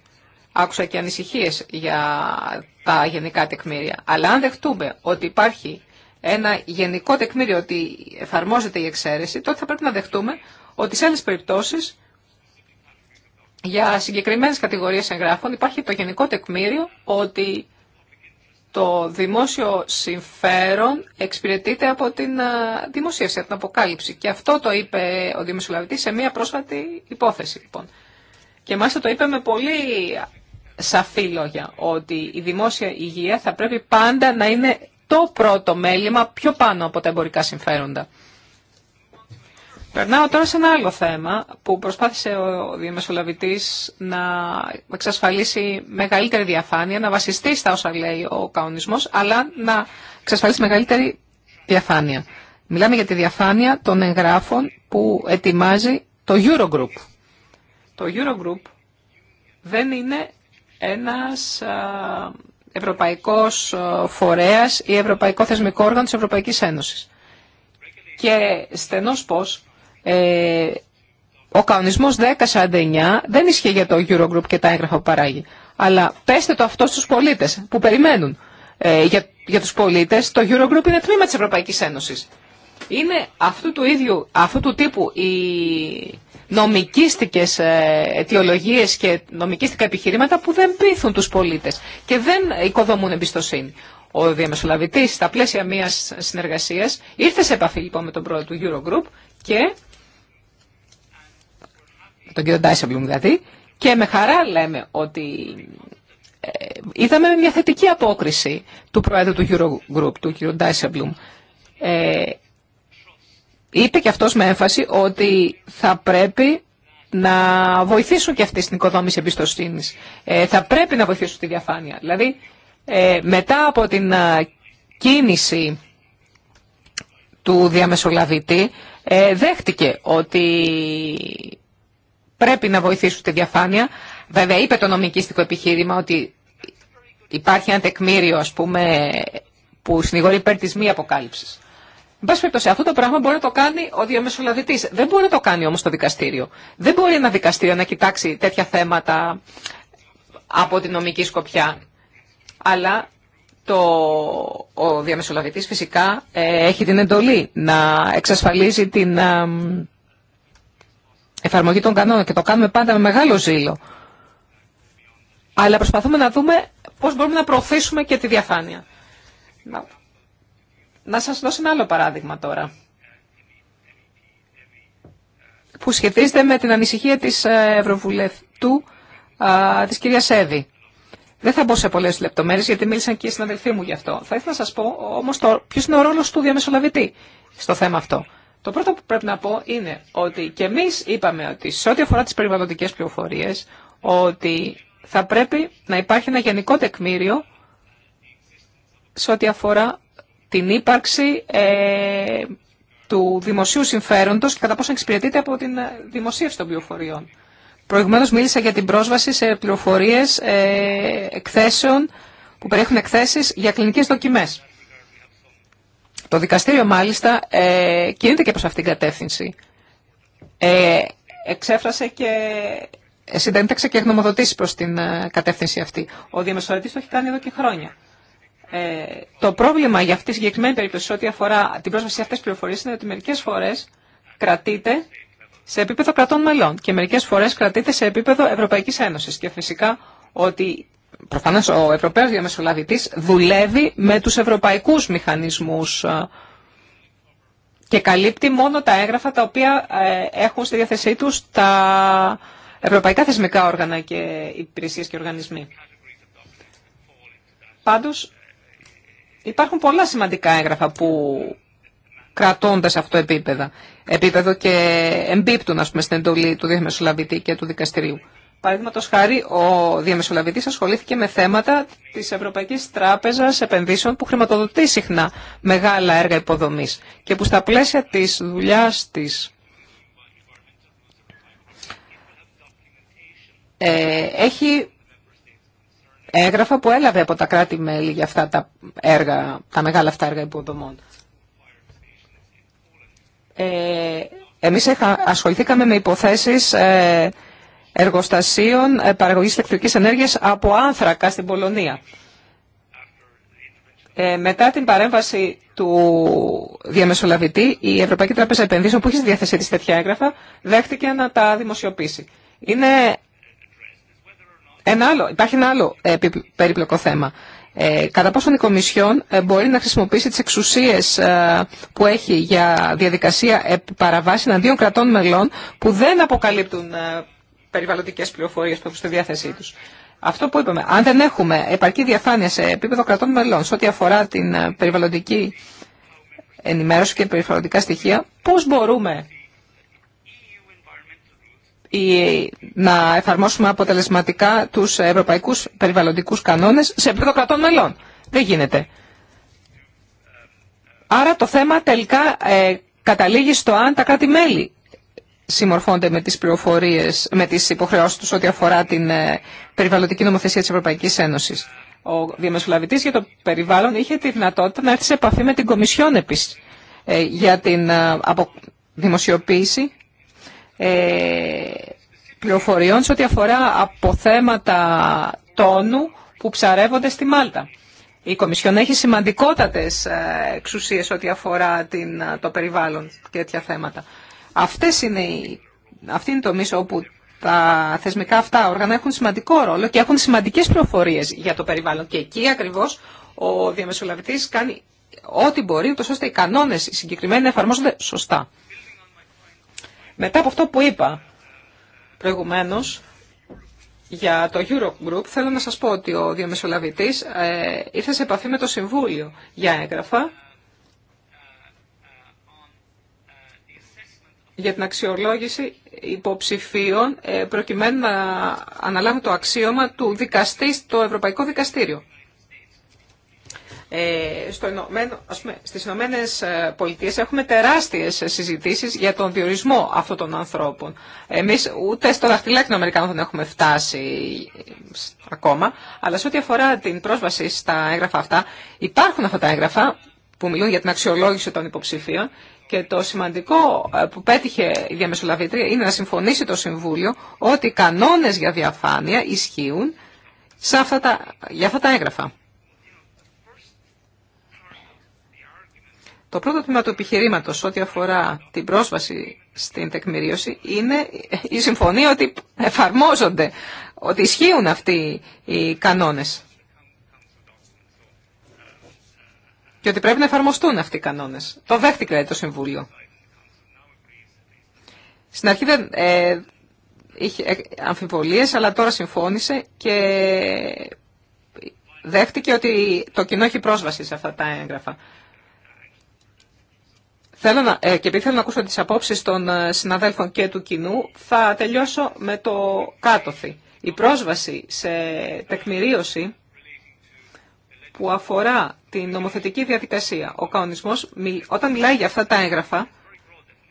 Άκουσα και ανησυχίε για τα γενικά τεκμήρια. Αλλά αν δεχτούμε ότι υπάρχει ένα γενικό τεκμήριο ότι εφαρμόζεται η εξαίρεση, τότε θα πρέπει να δεχτούμε ότι σε άλλε περιπτώσει για συγκεκριμένες κατηγορίες εγγράφων υπάρχει το γενικό τεκμήριο ότι το δημόσιο συμφέρον εξυπηρετείται από την δημοσίευση, από την αποκάλυψη. Και αυτό το είπε ο δημοσιολαβητής σε μία πρόσφατη υπόθεση, λοιπόν. Και μάλιστα το είπε με πολύ σαφή λόγια, ότι η δημόσια υγεία θα πρέπει πάντα να είναι το πρώτο μέλημα πιο πάνω από τα εμπορικά συμφέροντα. Περνάω τώρα σε ένα άλλο θέμα που προσπάθησε ο διαμεσολαβητής να εξασφαλίσει μεγαλύτερη διαφάνεια, να βασιστεί στα όσα λέει ο καονισμός, αλλά να εξασφαλίσει μεγαλύτερη διαφάνεια. Μιλάμε για τη διαφάνεια των εγγράφων που ετοιμάζει το Eurogroup. Το Eurogroup δεν είναι ένας ευρωπαϊκός φορέας ή ευρωπαϊκό θεσμικό όργανο της Ευρωπαϊκής Ένωσης. Και στενός πώς ε, ο κανονισμός 1049 δεν ισχύει για το Eurogroup και τα έγγραφα που παράγει. Αλλά πέστε το αυτό στους πολίτες που περιμένουν. Ε, για, για τους πολίτες το Eurogroup είναι τμήμα της Ευρωπαϊκής Ένωσης. Είναι αυτού του ίδιου, αυτού του τύπου οι νομικίστικες ε, αιτιολογίες και νομικίστικα επιχειρήματα που δεν πείθουν τους πολίτες και δεν οικοδομούν εμπιστοσύνη. Ο διαμεσολαβητής στα πλαίσια μιας συνεργασίας ήρθε σε επαφή λοιπόν με τον πρόεδρο του Eurogroup και τον κύριο Ντάισεμπλουμ δηλαδή, και με χαρά λέμε ότι ε, είδαμε μια θετική απόκριση του Προέδρου του Eurogroup, του κύριου Ντάισεμπλουμ. Ε, είπε και αυτός με έμφαση ότι θα πρέπει να βοηθήσουν και αυτοί στην οικοδόμηση εμπιστοσύνη. Ε, θα πρέπει να βοηθήσουν τη διαφάνεια. Δηλαδή, ε, μετά από την κίνηση του διαμεσολαβητή, δέχτηκε ότι πρέπει να βοηθήσουν τη διαφάνεια. Βέβαια, είπε το νομικίστικο επιχείρημα ότι υπάρχει ένα τεκμήριο, ας πούμε, που συνηγορεί υπέρ της μη αποκάλυψης. Εν πάση αυτό το πράγμα μπορεί να το κάνει ο διαμεσολαβητή. Δεν μπορεί να το κάνει όμω το δικαστήριο. Δεν μπορεί ένα δικαστήριο να κοιτάξει τέτοια θέματα από τη νομική σκοπιά. Αλλά το, ο διαμεσολαβητής φυσικά ε, έχει την εντολή να εξασφαλίζει την ε, εφαρμογή των κανόνων και το κάνουμε πάντα με μεγάλο ζήλο. Αλλά προσπαθούμε να δούμε πώς μπορούμε να προωθήσουμε και τη διαφάνεια. Να, να σας δώσω ένα άλλο παράδειγμα τώρα που σχετίζεται με την ανησυχία της ε, Ευρωβουλευτού της κυρίας Εύη. Δεν θα μπω σε πολλέ λεπτομέρειε γιατί μίλησαν και οι συναδελφοί μου γι' αυτό. Θα ήθελα να σα πω όμω ποιο είναι ο ρόλο του διαμεσολαβητή στο θέμα αυτό. Το πρώτο που πρέπει να πω είναι ότι και εμεί είπαμε ότι σε ό,τι αφορά τις περιβαλλοντικές πληροφορίε, ότι θα πρέπει να υπάρχει ένα γενικό τεκμήριο σε ό,τι αφορά την ύπαρξη ε, του δημοσίου συμφέροντος και κατά πόσο εξυπηρετείται από την ε, δημοσίευση των πληροφοριών. Προηγουμένως μίλησα για την πρόσβαση σε πληροφορίες ε, εκθέσεων που περιέχουν εκθέσεις για κλινικές δοκιμές. Το δικαστήριο μάλιστα ε, κινείται και προς αυτήν την κατεύθυνση. Ε, εξέφρασε και ε, συντένταξε και γνωμοδοτήσει προς την ε, κατεύθυνση αυτή. Ο διαμεσολαβητής το έχει κάνει εδώ και χρόνια. Ε, το πρόβλημα για αυτή τη συγκεκριμένη περίπτωση ό,τι αφορά την πρόσβαση σε αυτές τις πληροφορίες είναι ότι μερικές φορές κρατείται σε επίπεδο κρατών μελών και μερικές φορές κρατείται σε επίπεδο Ευρωπαϊκής Ένωσης και φυσικά ότι προφανώς ο Ευρωπαίος διαμεσολαβητής δουλεύει με τους ευρωπαϊκούς μηχανισμούς ε, και καλύπτει μόνο τα έγγραφα τα οποία ε, έχουν στη διάθεσή τους τα ευρωπαϊκά θεσμικά όργανα και υπηρεσίες και οργανισμοί. Πάντως, υπάρχουν πολλά σημαντικά έγγραφα που σε αυτό επίπεδο, επίπεδο και εμπίπτουν ας στην εντολή του Διαμεσολαβητή και του Δικαστηρίου. Παραδείγματο χάρη, ο διαμεσολαβητή ασχολήθηκε με θέματα τη Ευρωπαϊκή Τράπεζα Επενδύσεων που χρηματοδοτεί συχνά μεγάλα έργα υποδομή και που στα πλαίσια τη δουλειά τη ε, έχει έγγραφα που έλαβε από τα κράτη-μέλη για αυτά τα έργα, τα μεγάλα αυτά έργα υποδομών. Ε, εμείς ασχοληθήκαμε με υποθέσεις ε, εργοστασίων ε, παραγωγής ηλεκτρικής ενέργειας από άνθρακα στην Πολωνία. Ε, μετά την παρέμβαση του διαμεσολαβητή, η Ευρωπαϊκή Τράπεζα Επενδύσεων που είχε στη διάθεσή τη τέτοια έγγραφα, δέχτηκε να τα δημοσιοποιήσει. Είναι άλλο, υπάρχει ένα άλλο ε, περίπλοκο θέμα. Ε, κατά πόσον η Κομισιόν ε, μπορεί να χρησιμοποιήσει τις εξουσίες που έχει για διαδικασία παραβάση εναντίον κρατών μελών που δεν αποκαλύπτουν περιβαλλοντικές πληροφορίε που έχουν στη διάθεσή τους. Αυτό που είπαμε, αν δεν έχουμε επαρκή διαφάνεια σε επίπεδο κρατών μελών σε ό,τι αφορά την ε, περιβαλλοντική ενημέρωση και περιβαλλοντικά στοιχεία, πώς μπορούμε να εφαρμόσουμε αποτελεσματικά τους ευρωπαϊκούς περιβαλλοντικούς κανόνες σε επίπεδο κρατών μελών. Δεν γίνεται. Άρα το θέμα τελικά ε, καταλήγει στο αν τα κράτη-μέλη συμμορφώνται με τις πληροφορίες, με τις υποχρεώσεις τους ό,τι αφορά την ε, περιβαλλοντική νομοθεσία της Ευρωπαϊκής Ένωσης. Ο διαμεσολαβητής για το περιβάλλον είχε τη δυνατότητα να έρθει σε επαφή με την Κομισιόν επίσης ε, για την ε, δημοσιοποίηση πληροφοριών σε ό,τι αφορά από θέματα τόνου που ψαρεύονται στη Μάλτα. Η Κομισιόν έχει σημαντικότατες εξουσίες ό,τι αφορά την, το περιβάλλον και τέτοια θέματα. Αυτές είναι οι, αυτή είναι η τομή όπου τα θεσμικά αυτά όργανα έχουν σημαντικό ρόλο και έχουν σημαντικές προφορίες για το περιβάλλον. Και εκεί ακριβώς ο διαμεσολαβητής κάνει ό,τι μπορεί, ούτως ώστε οι κανόνες οι συγκεκριμένοι να εφαρμόζονται σωστά. Μετά από αυτό που είπα προηγουμένως, για το Eurogroup θέλω να σας πω ότι ο διαμεσολαβητής ε, ήρθε σε επαφή με το Συμβούλιο για έγγραφα για την αξιολόγηση υποψηφίων ε, προκειμένου να αναλάβουν το αξίωμα του δικαστή στο Ευρωπαϊκό Δικαστήριο. Ε, στο ας πούμε, στις Ηνωμένε Πολιτείε έχουμε τεράστιες συζητήσεις για τον διορισμό αυτών των ανθρώπων. Εμείς ούτε στο δαχτυλάκι των Αμερικανών δεν έχουμε φτάσει ακόμα, αλλά σε ό,τι αφορά την πρόσβαση στα έγγραφα αυτά, υπάρχουν αυτά τα έγγραφα που μιλούν για την αξιολόγηση των υποψηφίων και το σημαντικό ε, που πέτυχε η διαμεσολαβήτρια είναι να συμφωνήσει το Συμβούλιο ότι οι κανόνες για διαφάνεια ισχύουν σε αυτά τα, για αυτά τα έγγραφα. Το πρώτο τμήμα του επιχειρήματο ό,τι αφορά την πρόσβαση στην τεκμηρίωση είναι η συμφωνία ότι εφαρμόζονται, ότι ισχύουν αυτοί οι κανόνες. και ότι πρέπει να εφαρμοστούν αυτοί οι κανόνες. Το δέχτηκε το Συμβούλιο. Στην αρχή ε, είχε ε, αμφιβολίες, αλλά τώρα συμφώνησε και δέχτηκε ότι το κοινό έχει πρόσβαση σε αυτά τα έγγραφα. Θέλω να, ε, και επειδή θέλω να ακούσω τις απόψεις των συναδέλφων και του κοινού, θα τελειώσω με το κάτωθι. Η πρόσβαση σε τεκμηρίωση που αφορά την νομοθετική διαδικασία. Ο κανονισμός, όταν μιλάει για αυτά τα έγγραφα,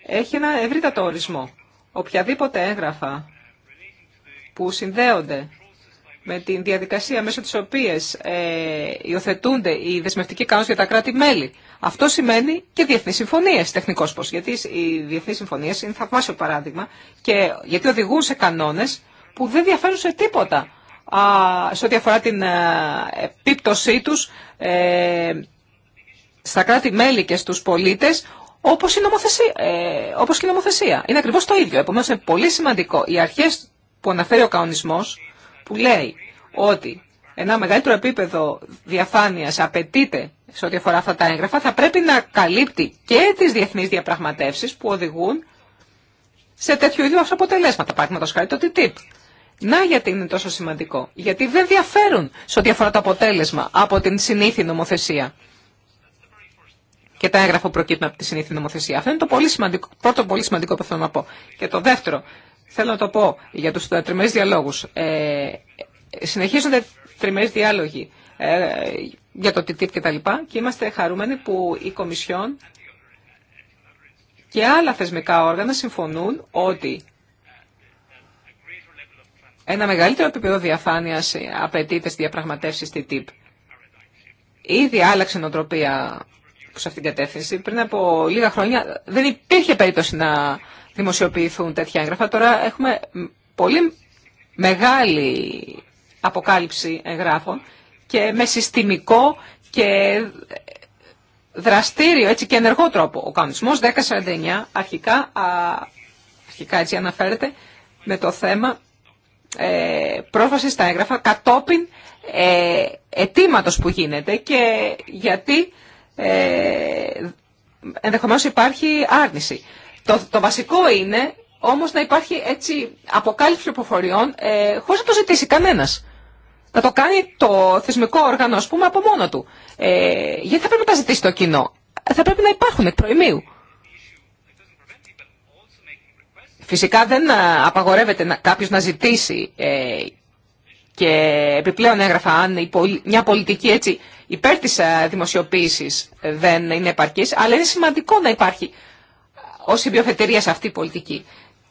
έχει ένα ευρύτατο ορισμό. Οποιαδήποτε έγγραφα που συνδέονται με την διαδικασία μέσω της οποίας ε, υιοθετούνται οι δεσμευτικοί κανόνες για τα κράτη-μέλη. Αυτό σημαίνει και διεθνείς συμφωνίες τεχνικός πώς, γιατί οι διεθνείς συμφωνίες είναι θαυμάσιο παράδειγμα και γιατί οδηγούν σε κανόνες που δεν διαφέρουν σε τίποτα σε ό,τι αφορά την ε, επίπτωσή τους ε, στα κράτη-μέλη και στους πολίτες, όπως, η νομοθεσία, ε, όπως και η νομοθεσία. Είναι ακριβώς το ίδιο. Επομένως, είναι πολύ σημαντικό οι αρχές που αναφέρει ο κανονισμός, που λέει ότι ένα μεγαλύτερο επίπεδο διαφάνειας απαιτείται σε ό,τι αφορά αυτά τα έγγραφα, θα πρέπει να καλύπτει και τις διεθνείς διαπραγματεύσεις που οδηγούν σε τέτοιου είδου αποτελέσματα. το χάρη το TTIP. Να γιατί είναι τόσο σημαντικό. Γιατί δεν διαφέρουν σε ό,τι αφορά το αποτέλεσμα από την συνήθη νομοθεσία. Και τα έγγραφα προκύπτουν από τη συνήθη νομοθεσία. Αυτό είναι το πολύ σημαντικό, πρώτο πολύ σημαντικό που θέλω να πω. Και το δεύτερο, θέλω να το πω για τους ε, τριμερείς διαλόγους. Ε, συνεχίζονται τριμερείς διάλογοι ε, για το TTIP και και είμαστε χαρούμενοι που η Κομισιόν και άλλα θεσμικά όργανα συμφωνούν ότι ένα μεγαλύτερο επίπεδο διαφάνειας απαιτείται στη διαπραγματεύση στη ΤΥΠ. Ήδη άλλαξε νοοτροπία σε αυτήν την κατεύθυνση. Πριν από λίγα χρόνια δεν υπήρχε περίπτωση να δημοσιοποιηθούν τέτοια έγγραφα. Τώρα έχουμε πολύ μεγάλη αποκάλυψη εγγράφων και με συστημικό και δραστήριο, έτσι και ενεργό τρόπο. Ο κανονισμός 1049 αρχικά, αρχικά έτσι αναφέρεται με το θέμα ε, πρόσβαση στα έγγραφα κατόπιν ε, που γίνεται και γιατί ε, ενδεχομένως υπάρχει άρνηση. Το, το βασικό είναι όμως να υπάρχει έτσι αποκάλυψη υποφοριών ε, χωρίς να το ζητήσει κανένας. Να το κάνει το θεσμικό όργανο, α πούμε, από μόνο του. Ε, γιατί θα πρέπει να τα ζητήσει το κοινό. Ε, θα πρέπει να υπάρχουν εκ Φυσικά δεν ε, απαγορεύεται κάποιος να ζητήσει ε, και επιπλέον έγραφα αν μια πολιτική έτσι υπέρ της ε, δημοσιοποίησης δεν είναι επαρκής, αλλά είναι σημαντικό να υπάρχει ως ιδιοφετηρία σε αυτή η πολιτική.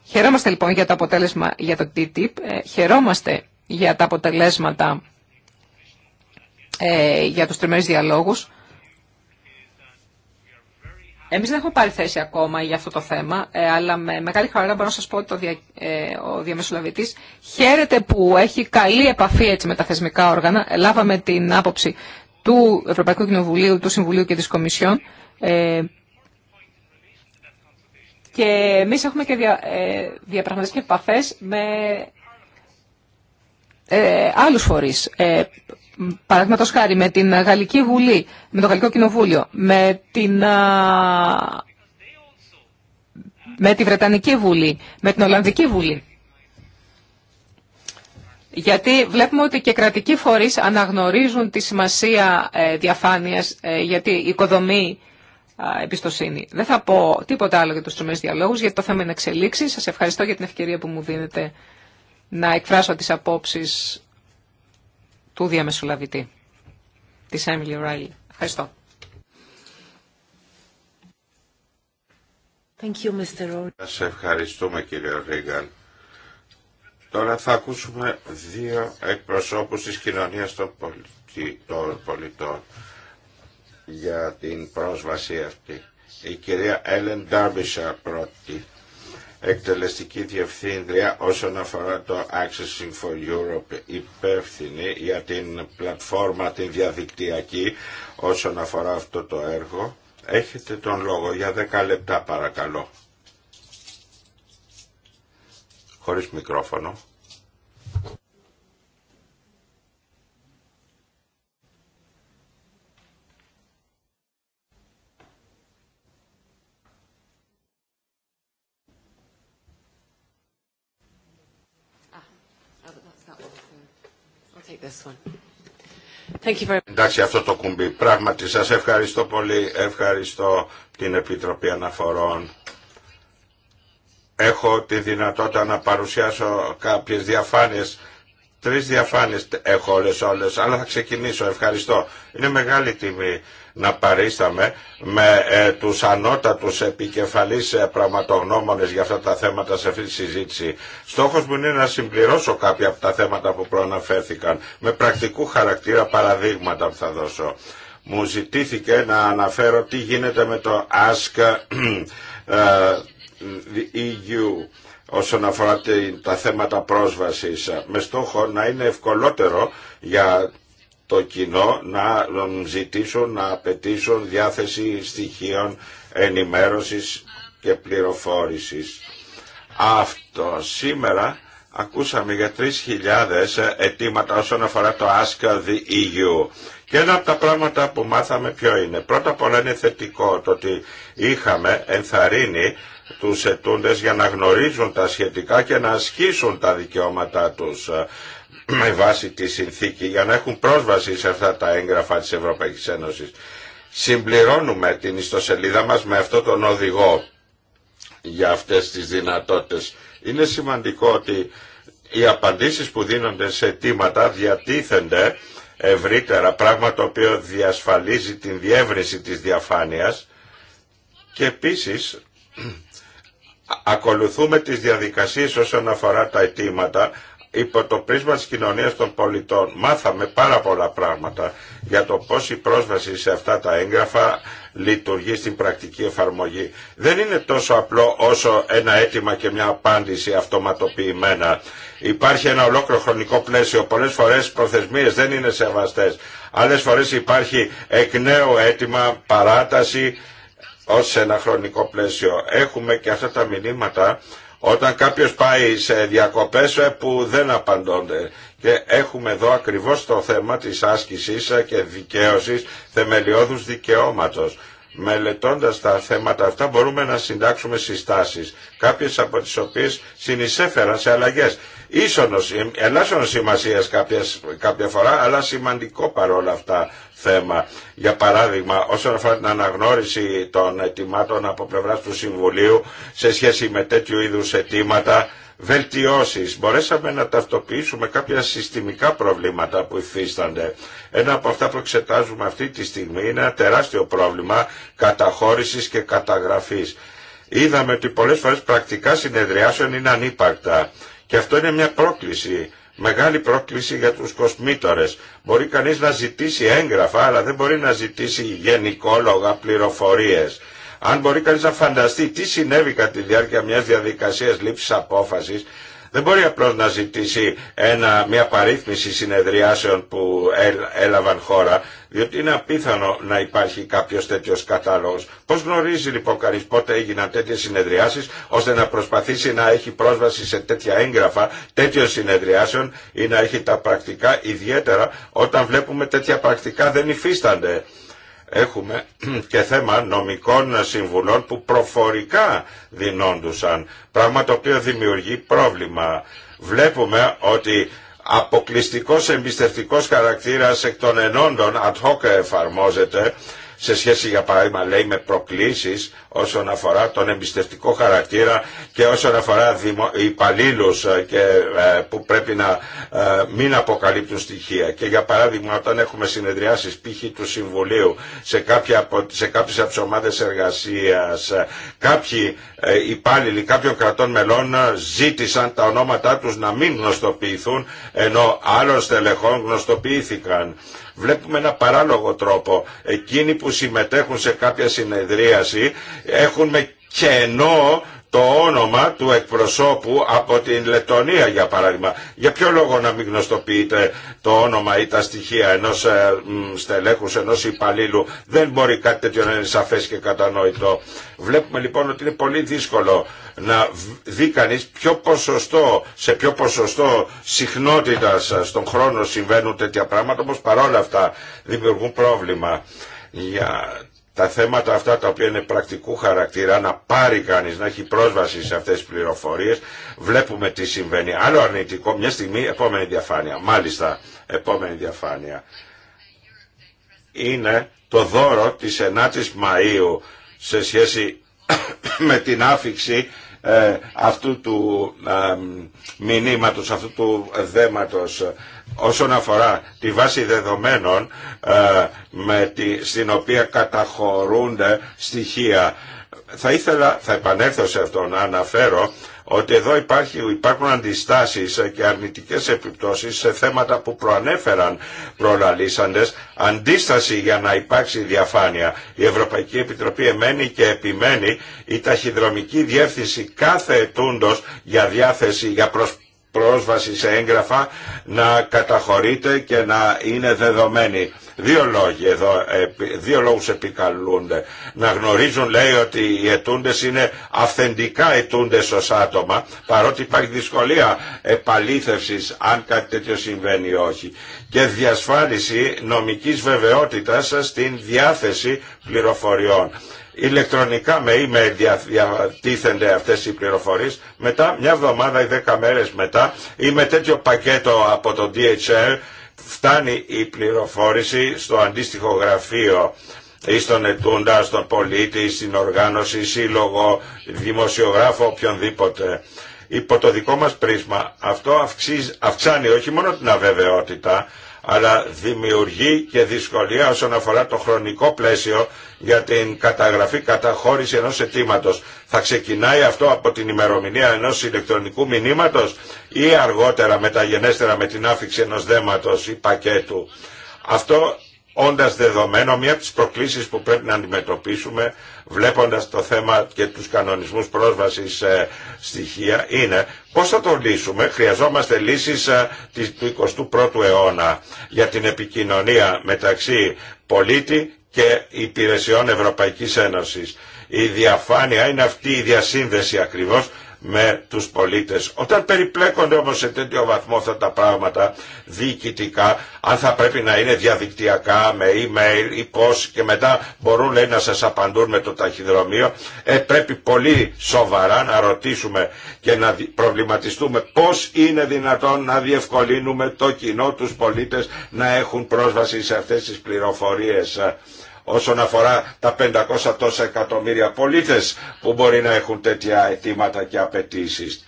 Χαιρόμαστε λοιπόν για το αποτέλεσμα για το TTIP, χαιρόμαστε για τα αποτελέσματα για τους τριμμένους διαλόγους. Εμείς δεν έχουμε πάρει θέση ακόμα για αυτό το θέμα, ε, αλλά με μεγάλη χαρά μπορώ να σας πω ότι το ε, ο διαμεσολαβητής χαίρεται που έχει καλή επαφή έτσι, με τα θεσμικά όργανα. Λάβαμε την άποψη του Ευρωπαϊκού Κοινοβουλίου, του Συμβουλίου και της Κομισιόν. Ε, και εμείς έχουμε και δια, διαπραγματεύσεις επαφές με ε, άλλους φορείς παραδείγματος χάρη με την Γαλλική Βουλή, με το Γαλλικό Κοινοβούλιο, με, την, με τη Βρετανική Βουλή, με την Ολλανδική Βουλή. Γιατί βλέπουμε ότι και κρατικοί φορείς αναγνωρίζουν τη σημασία ε, διαφάνειας ε, γιατί η οικοδομή εμπιστοσύνη. Δεν θα πω τίποτα άλλο για τους τρομές διαλόγους γιατί το θέμα είναι εξελίξει. Σας ευχαριστώ για την ευκαιρία που μου δίνετε να εκφράσω τις απόψεις του διαμεσολαβητή, της Emily O'Reilly. Ευχαριστώ. Thank Σας ευχαριστούμε κύριε Ρίγαν. Τώρα θα ακούσουμε δύο εκπροσώπους της κοινωνίας των πολιτών για την πρόσβαση αυτή. Η κυρία Έλεν Ντάμπισα πρώτη εκτελεστική διευθύντρια όσον αφορά το Accessing for Europe υπεύθυνη για την πλατφόρμα την διαδικτυακή όσον αφορά αυτό το έργο. Έχετε τον λόγο για 10 λεπτά παρακαλώ. Χωρίς μικρόφωνο. Εντάξει αυτό το κουμπί. Πράγματι σας ευχαριστώ πολύ. Ευχαριστώ την Επιτροπή Αναφορών. Έχω τη δυνατότητα να παρουσιάσω κάποιες διαφάνειες Τρεις διαφάνειε έχω όλε όλε, αλλά θα ξεκινήσω. Ευχαριστώ. Είναι μεγάλη τιμή να παρίσταμε με ε, τους ανώτατους επικεφαλής ε, για αυτά τα θέματα σε αυτή τη συζήτηση. Στόχος μου είναι να συμπληρώσω κάποια από τα θέματα που προαναφέρθηκαν με πρακτικού χαρακτήρα παραδείγματα που θα δώσω. Μου ζητήθηκε να αναφέρω τι γίνεται με το Ask EU ε, όσον αφορά τα θέματα πρόσβασης με στόχο να είναι ευκολότερο για το κοινό να ζητήσουν, να απαιτήσουν διάθεση στοιχείων ενημέρωσης και πληροφόρησης. Αυτό σήμερα ακούσαμε για 3.000 αιτήματα όσον αφορά το Ask the EU. Και ένα από τα πράγματα που μάθαμε ποιο είναι. Πρώτα απ' όλα είναι θετικό το ότι είχαμε ενθαρρύνει τους ετούντες για να γνωρίζουν τα σχετικά και να ασκήσουν τα δικαιώματά τους ε, με βάση τη συνθήκη για να έχουν πρόσβαση σε αυτά τα έγγραφα της Ευρωπαϊκής Ένωσης. Συμπληρώνουμε την ιστοσελίδα μας με αυτό τον οδηγό για αυτές τις δυνατότητες. Είναι σημαντικό ότι οι απαντήσεις που δίνονται σε αιτήματα διατίθενται ευρύτερα, πράγμα το οποίο διασφαλίζει την διεύρυνση της διαφάνειας και επίσης ακολουθούμε τις διαδικασίες όσον αφορά τα αιτήματα υπό το πρίσμα της κοινωνίας των πολιτών. Μάθαμε πάρα πολλά πράγματα για το πώς η πρόσβαση σε αυτά τα έγγραφα λειτουργεί στην πρακτική εφαρμογή. Δεν είναι τόσο απλό όσο ένα αίτημα και μια απάντηση αυτοματοποιημένα. Υπάρχει ένα ολόκληρο χρονικό πλαίσιο. Πολλές φορές προθεσμίες δεν είναι σεβαστές. Άλλες φορές υπάρχει εκ νέου αίτημα, παράταση, ως ένα χρονικό πλαίσιο. Έχουμε και αυτά τα μηνύματα όταν κάποιος πάει σε διακοπές που δεν απαντώνται. Και έχουμε εδώ ακριβώς το θέμα της άσκησης και δικαίωσης θεμελιώδους δικαιώματος. Μελετώντας τα θέματα αυτά μπορούμε να συντάξουμε συστάσεις, κάποιες από τις οποίες συνεισέφεραν σε αλλαγές ίσονος, ε, ελάσσονος σημασίας κάποια φορά, αλλά σημαντικό παρόλα αυτά θέμα. Για παράδειγμα, όσον αφορά την αναγνώριση των ετοιμάτων από πλευράς του Συμβουλίου σε σχέση με τέτοιου είδους αιτήματα, βελτιώσεις. Μπορέσαμε να ταυτοποιήσουμε κάποια συστημικά προβλήματα που υφίστανται. Ένα από αυτά που εξετάζουμε αυτή τη στιγμή είναι ένα τεράστιο πρόβλημα καταχώρησης και καταγραφής. Είδαμε ότι πολλές φορές πρακτικά συνεδριάσεων είναι ανύπαρκτα. Και αυτό είναι μια πρόκληση, μεγάλη πρόκληση για τους κοσμήτορες. Μπορεί κανείς να ζητήσει έγγραφα, αλλά δεν μπορεί να ζητήσει γενικόλογα πληροφορίες. Αν μπορεί κανείς να φανταστεί τι συνέβη κατά τη διάρκεια μιας διαδικασίας λήψης απόφασης, δεν μπορεί απλώς να ζητήσει ένα, μια παρήθμιση συνεδριάσεων που έλαβαν χώρα, διότι είναι απίθανο να υπάρχει κάποιος τέτοιος κατάλογος. Πώς γνωρίζει λοιπόν κανείς πότε έγιναν τέτοιες συνεδριάσεις, ώστε να προσπαθήσει να έχει πρόσβαση σε τέτοια έγγραφα τέτοιων συνεδριάσεων ή να έχει τα πρακτικά, ιδιαίτερα όταν βλέπουμε τέτοια πρακτικά δεν υφίστανται έχουμε και θέμα νομικών συμβουλών που προφορικά δινόντουσαν, πράγμα το οποίο δημιουργεί πρόβλημα. Βλέπουμε ότι αποκλειστικός εμπιστευτικός χαρακτήρας εκ των ενόντων ad hoc εφαρμόζεται σε σχέση για παράδειγμα λέει με προκλήσεις όσον αφορά τον εμπιστευτικό χαρακτήρα και όσον αφορά υπαλλήλου ε, ε, που πρέπει να ε, μην αποκαλύπτουν στοιχεία. Και για παράδειγμα όταν έχουμε συνεδριάσεις π.χ. του Συμβουλίου σε, κάποια, σε κάποιες από τις ομάδες εργασίας κάποιοι υπάλληλοι κάποιων κρατών μελών ζήτησαν τα ονόματά τους να μην γνωστοποιηθούν ενώ άλλων στελεχών γνωστοποιήθηκαν βλέπουμε ένα παράλογο τρόπο. Εκείνοι που συμμετέχουν σε κάποια συνεδρίαση έχουν με κενό το όνομα του εκπροσώπου από την Λετωνία για παράδειγμα. Για ποιο λόγο να μην γνωστοποιείτε το όνομα ή τα στοιχεία ενός ε, στελέχους, ενός υπαλλήλου. Δεν μπορεί κάτι τέτοιο να είναι σαφές και κατανόητο. Βλέπουμε λοιπόν ότι είναι πολύ δύσκολο να δει κανεί ποιο ποσοστό, σε ποιο ποσοστό συχνότητα ε, στον χρόνο συμβαίνουν τέτοια πράγματα, όμως παρόλα αυτά δημιουργούν πρόβλημα για τα θέματα αυτά τα οποία είναι πρακτικού χαρακτήρα να πάρει κανείς, να έχει πρόσβαση σε αυτές τις πληροφορίες βλέπουμε τι συμβαίνει. Άλλο αρνητικό, μια στιγμή, επόμενη διαφάνεια, μάλιστα επόμενη διαφάνεια είναι το δώρο της 9ης Μαΐου σε σχέση με την άφηξη ε, αυτού του ε, μηνύματος, αυτού του δέματος ε, όσον αφορά τη βάση δεδομένων με τη, στην οποία καταχωρούνται στοιχεία. Θα ήθελα, θα επανέλθω σε αυτό να αναφέρω ότι εδώ υπάρχει, υπάρχουν αντιστάσεις και αρνητικές επιπτώσεις σε θέματα που προανέφεραν προλαλήσαντες, αντίσταση για να υπάρξει διαφάνεια. Η Ευρωπαϊκή Επιτροπή εμένει και επιμένει η ταχυδρομική διεύθυνση κάθε ετούντος για διάθεση, για προσπάθεια πρόσβαση σε έγγραφα να καταχωρείται και να είναι δεδομένη. Δύο λόγοι εδώ, δύο λόγους επικαλούνται. Να γνωρίζουν λέει ότι οι ετούντες είναι αυθεντικά ετούντες ως άτομα, παρότι υπάρχει δυσκολία επαλήθευσης αν κάτι τέτοιο συμβαίνει ή όχι. Και διασφάλιση νομικής βεβαιότητας στην διάθεση πληροφοριών ηλεκτρονικά με email διατίθενται αυτές οι πληροφορίες. Μετά, μια εβδομάδα ή δέκα μέρες μετά, ή με τέτοιο πακέτο από το DHL, φτάνει η πληροφόρηση στο αντίστοιχο γραφείο ή στον ετούντα, στον πολίτη, στην οργάνωση, σύλλογο, δημοσιογράφο, οποιονδήποτε. Υπό το δικό μας πρίσμα αυτό αυξάνει όχι μόνο την αβεβαιότητα, αλλά δημιουργεί και δυσκολία όσον αφορά το χρονικό πλαίσιο για την καταγραφή καταχώρηση ενός αιτήματο. Θα ξεκινάει αυτό από την ημερομηνία ενός ηλεκτρονικού μηνύματος ή αργότερα μεταγενέστερα με την άφηξη ενός δέματος ή πακέτου. Αυτό όντας δεδομένο, μία από τις προκλήσεις που πρέπει να αντιμετωπίσουμε βλέποντας το θέμα και τους κανονισμούς πρόσβασης ε, στοιχεία είναι πώς θα το λύσουμε. Χρειαζόμαστε λύσεις ε, του 21ου αιώνα για την επικοινωνία μεταξύ πολίτη και υπηρεσιών Ευρωπαϊκής Ένωσης. Η διαφάνεια είναι αυτή η διασύνδεση ακριβώς με τους πολίτες. Όταν περιπλέκονται όμως σε τέτοιο βαθμό αυτά τα πράγματα διοικητικά, αν θα πρέπει να είναι διαδικτυακά με email ή πώς και μετά μπορούν λέει, να σας απαντούν με το ταχυδρομείο, ε, πρέπει πολύ σοβαρά να ρωτήσουμε και να προβληματιστούμε πώς είναι δυνατόν να διευκολύνουμε το κοινό τους πολίτες να έχουν πρόσβαση σε αυτές τις πληροφορίες όσον αφορά τα 500 τόσα εκατομμύρια πολίτες που μπορεί να έχουν τέτοια αιτήματα και απαιτήσει.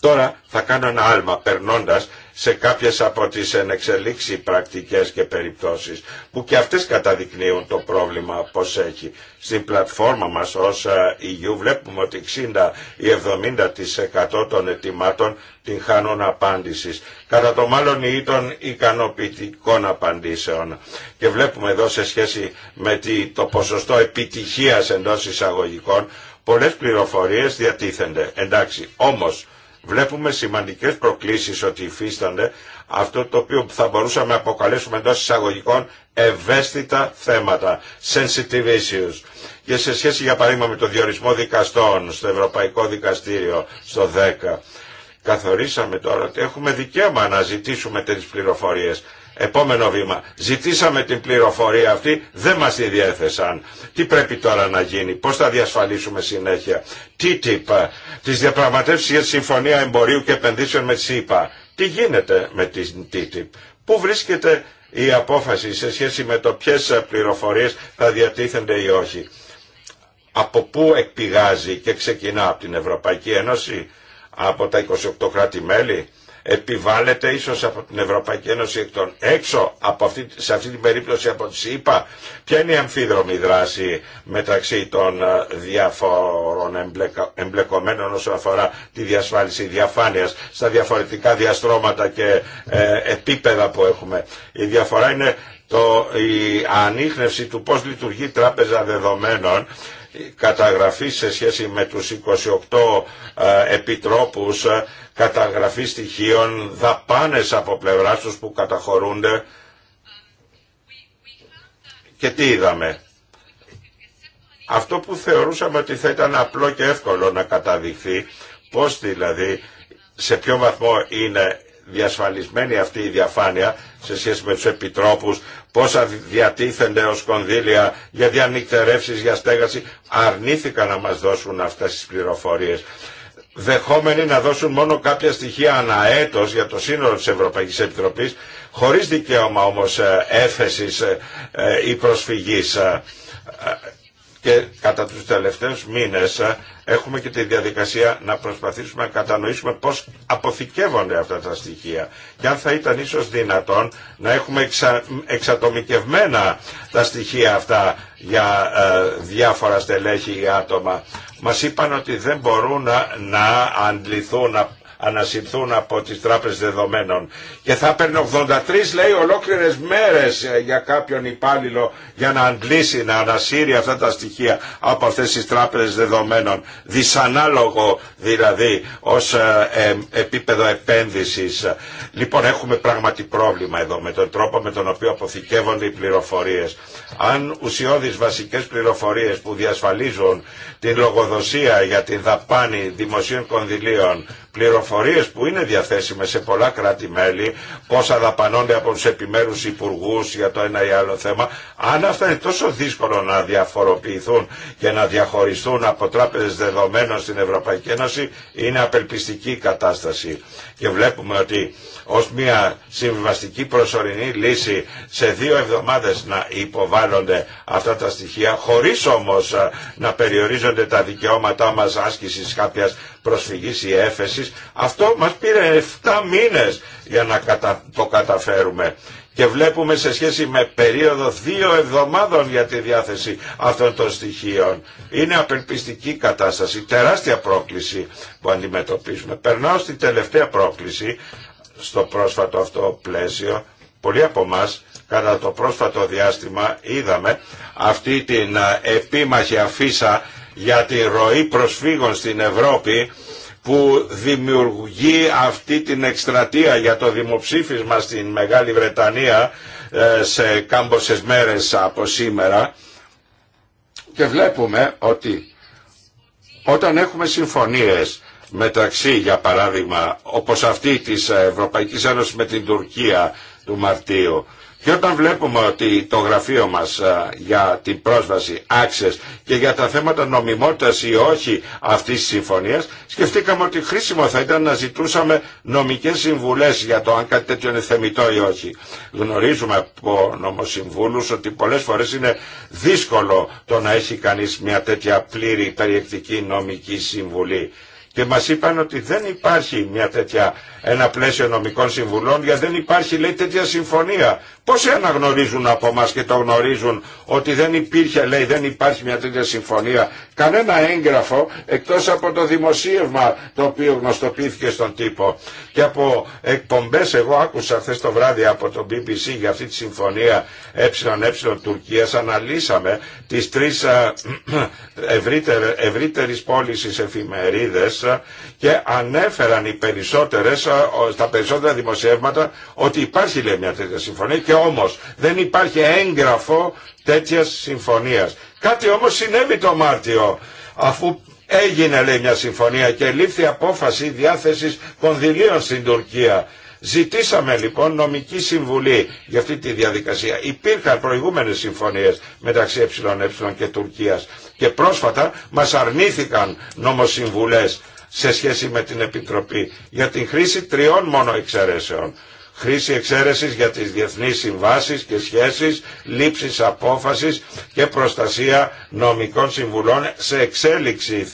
Τώρα θα κάνω ένα άλμα περνώντας σε κάποιες από τις ενεξελίξει πρακτικές και περιπτώσεις που και αυτές καταδεικνύουν το πρόβλημα πως έχει. Στην πλατφόρμα μας ως EU ε, βλέπουμε ότι 60 ή 70% των ετοιμάτων την χάνουν απάντησης. Κατά το μάλλον ή των ικανοποιητικών απαντήσεων. Και βλέπουμε εδώ σε σχέση με το ποσοστό επιτυχίας εντός εισαγωγικών πολλές πληροφορίες διατίθενται. Εντάξει, όμως Βλέπουμε σημαντικές προκλήσεις ότι υφίστανται αυτό το οποίο θα μπορούσαμε να αποκαλέσουμε εντό εισαγωγικών ευαίσθητα θέματα, sensitive issues. Και σε σχέση για παράδειγμα με το διορισμό δικαστών στο Ευρωπαϊκό Δικαστήριο στο 10, καθορίσαμε τώρα ότι έχουμε δικαίωμα να ζητήσουμε τέτοιες πληροφορίες Επόμενο βήμα. Ζητήσαμε την πληροφορία αυτή, δεν μας τη διέθεσαν. Τι πρέπει τώρα να γίνει, πώς θα διασφαλίσουμε συνέχεια. Τι τύπα, τις διαπραγματεύσεις για Συμφωνία Εμπορίου και Επενδύσεων με τη ΣΥΠΑ. Τι γίνεται με την TTIP. Πού βρίσκεται η απόφαση σε σχέση με το ποιες πληροφορίες θα διατίθενται ή όχι. Από πού εκπηγάζει και ξεκινά από την Ευρωπαϊκή Ένωση, από τα 28 κράτη-μέλη, επιβάλλεται ίσως από την Ευρωπαϊκή Ένωση εκ των έξω από αυτή, σε αυτή την περίπτωση από τις ΣΥΠΑ Ποια είναι η αμφίδρομη δράση μεταξύ των ε, διαφορών εμπλεκομένων όσον αφορά τη διασφάλιση διαφάνειας στα διαφορετικά διαστρώματα και ε, επίπεδα που έχουμε. Η διαφορά είναι το, η ανείχνευση του πώς λειτουργεί η τράπεζα δεδομένων καταγραφή σε σχέση με τους 28 ε, επιτρόπους, ε, καταγραφή στοιχείων, δαπάνες από πλευράς τους που καταχωρούνται. Και τι είδαμε. Αυτό που θεωρούσαμε ότι θα ήταν απλό και εύκολο να καταδειχθεί, πώς δηλαδή, σε ποιο βαθμό είναι διασφαλισμένη αυτή η διαφάνεια σε σχέση με τους επιτρόπους πόσα διατίθενται ως κονδύλια για διανυκτερεύσεις, για στέγαση, αρνήθηκαν να μας δώσουν αυτές τις πληροφορίες δεχόμενοι να δώσουν μόνο κάποια στοιχεία αναέτος για το σύνολο της Ευρωπαϊκής Επιτροπής, χωρίς δικαίωμα όμως ε, έφεσης ε, ε, ή προσφυγής και κατά τους τελευταίους μήνες ε, έχουμε και τη διαδικασία να προσπαθήσουμε να κατανοήσουμε πώς αποθηκεύονται αυτά τα στοιχεία και αν θα ήταν ίσως δυνατόν να έχουμε εξατομικευμένα τα στοιχεία αυτά για ε, διάφορα στελέχη ή άτομα. Μας είπαν ότι δεν μπορούν να, να αντληθούν, να ανασυρθούν από τις τράπεζες δεδομένων. Και θα παίρνει 83 λέει ολόκληρες μέρες ε, για κάποιον υπάλληλο για να αντλήσει, να ανασύρει αυτά τα στοιχεία από αυτές τις τράπεζες δεδομένων. Δυσανάλογο δηλαδή ως ε, ε, επίπεδο επένδυσης. Λοιπόν έχουμε πράγματι πρόβλημα εδώ με τον τρόπο με τον οποίο αποθηκεύονται οι πληροφορίες. Αν ουσιώδεις βασικές πληροφορίες που διασφαλίζουν την λογοδοσία για την δαπάνη δημοσίων κονδυλίων πληροφορίες που είναι διαθέσιμες σε πολλά κράτη-μέλη, πόσα δαπανώνται από τους επιμέρους υπουργούς για το ένα ή άλλο θέμα, αν αυτά είναι τόσο δύσκολο να διαφοροποιηθούν και να διαχωριστούν από τράπεζες δεδομένων στην Ευρωπαϊκή Ένωση, είναι απελπιστική κατάσταση. Και βλέπουμε ότι ως μια συμβιβαστική προσωρινή λύση σε δύο εβδομάδες να υποβάλλονται αυτά τα στοιχεία χωρίς όμως να περιορίζονται τα δικαιώματά μας άσκησης κάποια προσφυγή ή έφεσης. Αυτό μας πήρε 7 μήνες για να το καταφέρουμε και βλέπουμε σε σχέση με περίοδο 2 εβδομάδων για τη διάθεση αυτών των στοιχείων. Είναι απελπιστική κατάσταση, τεράστια πρόκληση που αντιμετωπίζουμε. Περνάω στην τελευταία πρόκληση στο πρόσφατο αυτό πλαίσιο. Πολλοί από εμά κατά το πρόσφατο διάστημα είδαμε αυτή την ε, επίμαχη αφίσα για τη ροή προσφύγων στην Ευρώπη που δημιουργεί αυτή την εκστρατεία για το δημοψήφισμα στην Μεγάλη Βρετανία ε, σε κάμποσες μέρες από σήμερα και βλέπουμε ότι όταν έχουμε συμφωνίες μεταξύ για παράδειγμα όπως αυτή της Ευρωπαϊκής Ένωσης με την Τουρκία του Μαρτίου και όταν βλέπουμε ότι το γραφείο μας για την πρόσβαση access και για τα θέματα νομιμότητας ή όχι αυτής της συμφωνίας, σκεφτήκαμε ότι χρήσιμο θα ήταν να ζητούσαμε νομικές συμβουλές για το αν κάτι τέτοιο είναι θεμητό ή όχι. Γνωρίζουμε από νομοσυμβούλους ότι πολλές φορές είναι δύσκολο το να έχει κανείς μια τέτοια πλήρη περιεκτική νομική συμβουλή. Και μας είπαν ότι δεν υπάρχει μια τέτοια ένα πλαίσιο νομικών συμβουλών γιατί δεν υπάρχει λέει τέτοια συμφωνία. Πόσοι αναγνωρίζουν από εμά και το γνωρίζουν ότι δεν υπήρχε λέει δεν υπάρχει μια τέτοια συμφωνία. Κανένα έγγραφο εκτός από το δημοσίευμα το οποίο γνωστοποιήθηκε στον τύπο. Και από εκπομπές εγώ άκουσα χθε το βράδυ από το BBC για αυτή τη συμφωνία ΕΕ Τουρκίας αναλύσαμε τις τρεις ευρύτερες πώλησης εφημερίδες και ανέφεραν οι περισσότερες στα περισσότερα δημοσιεύματα ότι υπάρχει λέει μια τέτοια συμφωνία και όμως δεν υπάρχει έγγραφο τέτοιας συμφωνίας. Κάτι όμως συνέβη το Μάρτιο αφού έγινε λέει μια συμφωνία και λήφθη απόφαση διάθεσης κονδυλίων στην Τουρκία. Ζητήσαμε λοιπόν νομική συμβουλή για αυτή τη διαδικασία. Υπήρχαν προηγούμενες συμφωνίες μεταξύ ΕΕ και Τουρκίας και πρόσφατα μας αρνήθηκαν νομοσυμβουλές σε σχέση με την Επιτροπή για την χρήση τριών μόνο εξαιρέσεων. Χρήση εξαίρεσης για τις διεθνείς συμβάσεις και σχέσεις, λήψης απόφασης και προστασία νομικών συμβουλών σε εξέλιξη,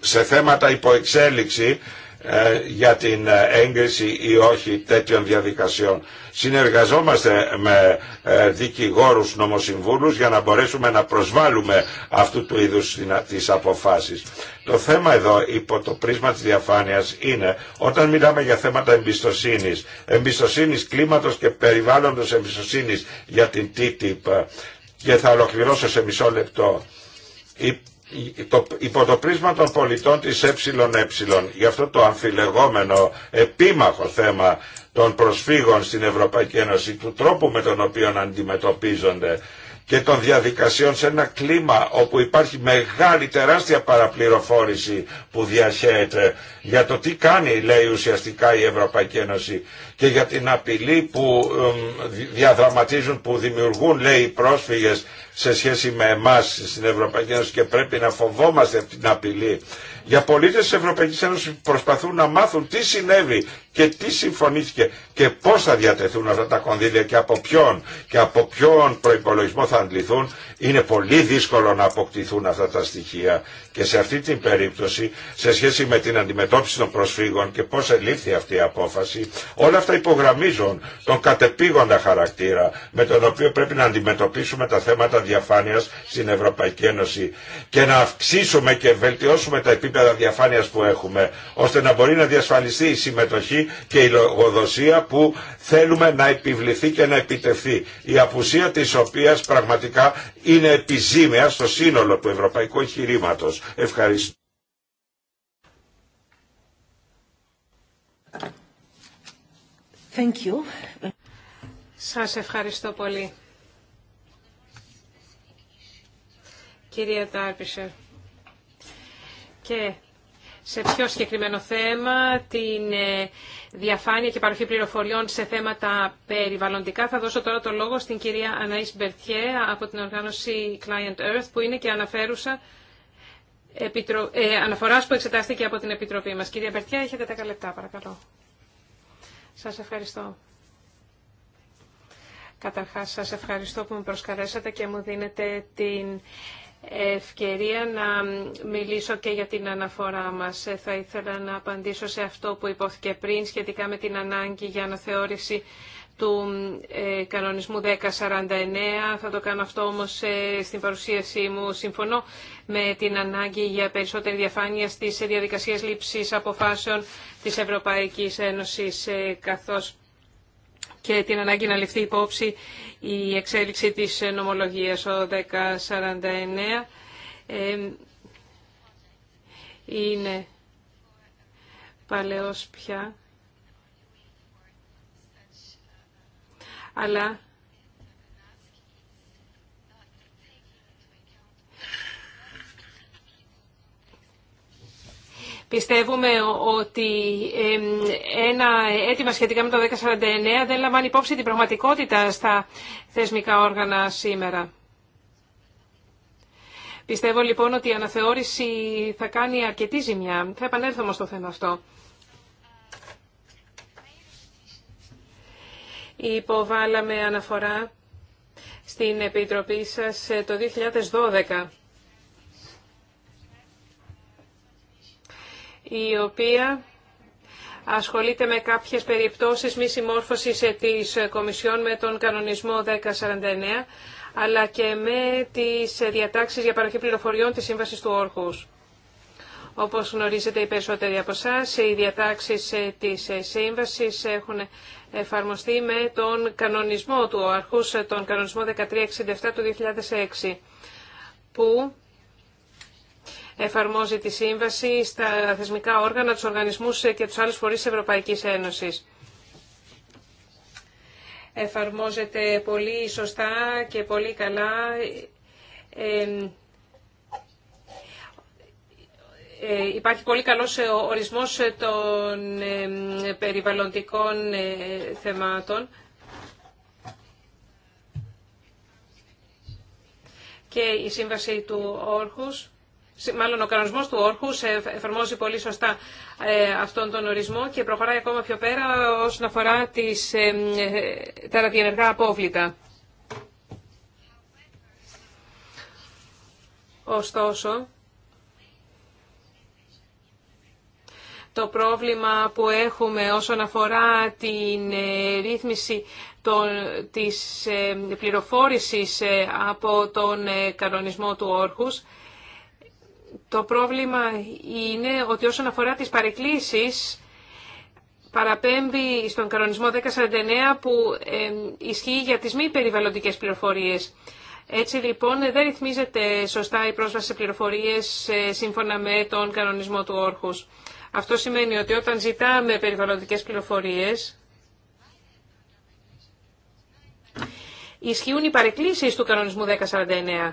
σε θέματα υποεξέλιξη ε, για την ε, έγκριση ή όχι τέτοιων διαδικασιών. Συνεργαζόμαστε με ε, δικηγόρους νομοσυμβούλους για να μπορέσουμε να προσβάλλουμε αυτού του είδους τις αποφάσεις. Το θέμα εδώ υπό το πρίσμα της διαφάνειας είναι όταν μιλάμε για θέματα εμπιστοσύνης, εμπιστοσύνης κλίματος και περιβάλλοντος εμπιστοσύνης για την TTIP και θα ολοκληρώσω σε μισό λεπτό υπό το πρίσμα των πολιτών της ΕΕ για αυτό το αμφιλεγόμενο επίμαχο θέμα των προσφύγων στην Ευρωπαϊκή Ένωση, του τρόπου με τον οποίο αντιμετωπίζονται και των διαδικασιών σε ένα κλίμα όπου υπάρχει μεγάλη τεράστια παραπληροφόρηση που διαχέεται για το τι κάνει λέει ουσιαστικά η Ευρωπαϊκή Ένωση και για την απειλή που διαδραματίζουν, που δημιουργούν λέει οι πρόσφυγες σε σχέση με εμάς στην Ευρωπαϊκή Ένωση και πρέπει να φοβόμαστε την απειλή. Για πολίτες της Ευρωπαϊκής Ένωσης προσπαθούν να μάθουν τι συνέβη και τι συμφωνήθηκε και πώς θα διατεθούν αυτά τα κονδύλια και από ποιον και από ποιον προϋπολογισμό θα αντληθούν. Είναι πολύ δύσκολο να αποκτηθούν αυτά τα στοιχεία και σε αυτή την περίπτωση σε σχέση με την αντιμετώπιση των προσφύγων και πώς ελήφθη αυτή η απόφαση όλα αυτά υπογραμμίζουν τον κατεπήγοντα χαρακτήρα με τον οποίο πρέπει να αντιμετωπίσουμε τα θέματα διαφάνειας στην Ευρωπαϊκή Ένωση και να αυξήσουμε και βελτιώσουμε τα επίπεδα διαφάνειας που έχουμε ώστε να μπορεί να διασφαλιστεί η συμμετοχή και η λογοδοσία που θέλουμε να επιβληθεί και να επιτευθεί η απουσία της οποίας πραγματικά είναι επιζήμια στο σύνολο του ευρωπαϊκού εγχειρήματος. Ευχαριστώ. Thank Σας ευχαριστώ πολύ. Κυρία Τάρπισερ. Και σε πιο συγκεκριμένο θέμα, την ε, διαφάνεια και παροχή πληροφοριών σε θέματα περιβαλλοντικά, θα δώσω τώρα το λόγο στην κυρία Αναής Μπερτιέ από την οργάνωση Client Earth, που είναι και αναφέρουσα επιτρο... Ε, αναφοράς που εξετάστηκε από την Επιτροπή μας. Κυρία Μπερτιέ, έχετε 10 λεπτά, παρακαλώ. Σας ευχαριστώ. Καταρχάς, σας ευχαριστώ που με προσκαλέσατε και μου δίνετε την ευκαιρία να μιλήσω και για την αναφορά μας. Ε, θα ήθελα να απαντήσω σε αυτό που υπόθηκε πριν σχετικά με την ανάγκη για αναθεώρηση του ε, κανονισμού 1049. Θα το κάνω αυτό όμως ε, στην παρουσίασή μου. Συμφωνώ με την ανάγκη για περισσότερη διαφάνεια στις διαδικασίες λήψης αποφάσεων της Ευρωπαϊκής Ένωσης, ε, καθώς και την ανάγκη να ληφθεί υπόψη η εξέλιξη της νομολογίας. Ο 1049 είναι παλαιός πια αλλά Πιστεύουμε ότι ένα αίτημα σχετικά με το 1049 δεν λαμβάνει υπόψη την πραγματικότητα στα θεσμικά όργανα σήμερα. Πιστεύω λοιπόν ότι η αναθεώρηση θα κάνει αρκετή ζημιά. Θα επανέλθω όμως στο θέμα αυτό. υποβάλαμε αναφορά στην Επιτροπή σας ε, το 2012, η οποία ασχολείται με κάποιες περιπτώσεις μη συμμόρφωσης ε, της Κομισιόν με τον κανονισμό 1049, αλλά και με τις ε, διατάξεις για παροχή πληροφοριών της Σύμβασης του Όρχους. Όπως γνωρίζετε οι περισσότεροι από εσά, οι διατάξεις ε, της ε, σύμβασης έχουν εφαρμοστεί με τον κανονισμό του, Αρχούσε τον κανονισμό 1367 του 2006, που εφαρμόζει τη σύμβαση στα θεσμικά όργανα, τους οργανισμούς ε, και τους άλλους φορείς της Ευρωπαϊκής Ένωσης. Εφαρμόζεται πολύ σωστά και πολύ καλά ε, υπάρχει πολύ καλός ε, ορισμός ε, των περιβαλλοντικών θεμάτων και η σύμβαση του Όρχους, μάλλον ο κανονισμός του Όρχους εφαρμόζει πολύ σωστά αυτόν τον ορισμό και προχωράει ακόμα πιο πέρα όσον αφορά τις, τα ραδιενεργά απόβλητα. Ωστόσο, το πρόβλημα που έχουμε όσον αφορά την ε, ρύθμιση της ε, πληροφόρησης ε, από τον κανονισμό του όρχους. Το πρόβλημα είναι ότι όσον αφορά τις παρεκκλήσεις παραπέμπει στον κανονισμό 1049 που ισχύει για τις μη περιβαλλοντικές πληροφορίες. Έτσι λοιπόν δεν ρυθμίζεται σωστά η πρόσβαση σε πληροφορίες σύμφωνα με τον κανονισμό του όρχους. Αυτό σημαίνει ότι όταν ζητάμε περιβαλλοντικές πληροφορίες, ισχύουν οι παρεκκλήσεις του κανονισμού 1049.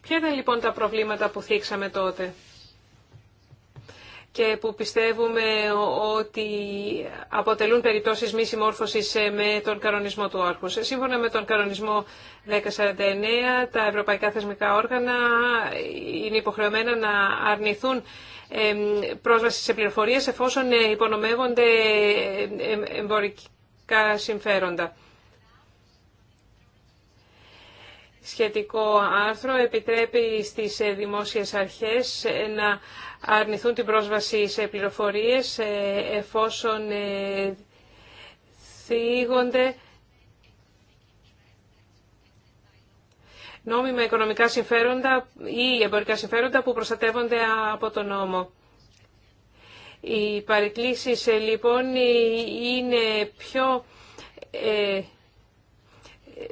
Ποια ήταν λοιπόν τα προβλήματα που θίξαμε τότε και που πιστεύουμε ότι αποτελούν περιπτώσεις μη συμμόρφωσης ε, με τον κανονισμό του Άρχους. Ε, σύμφωνα με τον κανονισμό 1049, τα ευρωπαϊκά θεσμικά όργανα ε, είναι υποχρεωμένα να αρνηθούν πρόσβαση σε πληροφορίες εφόσον υπονομεύονται εμπορικά συμφέροντα. Σχετικό άρθρο επιτρέπει στις δημόσιες αρχές να αρνηθούν την πρόσβαση σε πληροφορίες ε, εφόσον ε, θίγονται νόμιμα οικονομικά συμφέροντα ή εμπορικά συμφέροντα που προστατεύονται από τον νόμο. Οι παρεκκλήσεις ε, λοιπόν είναι πιο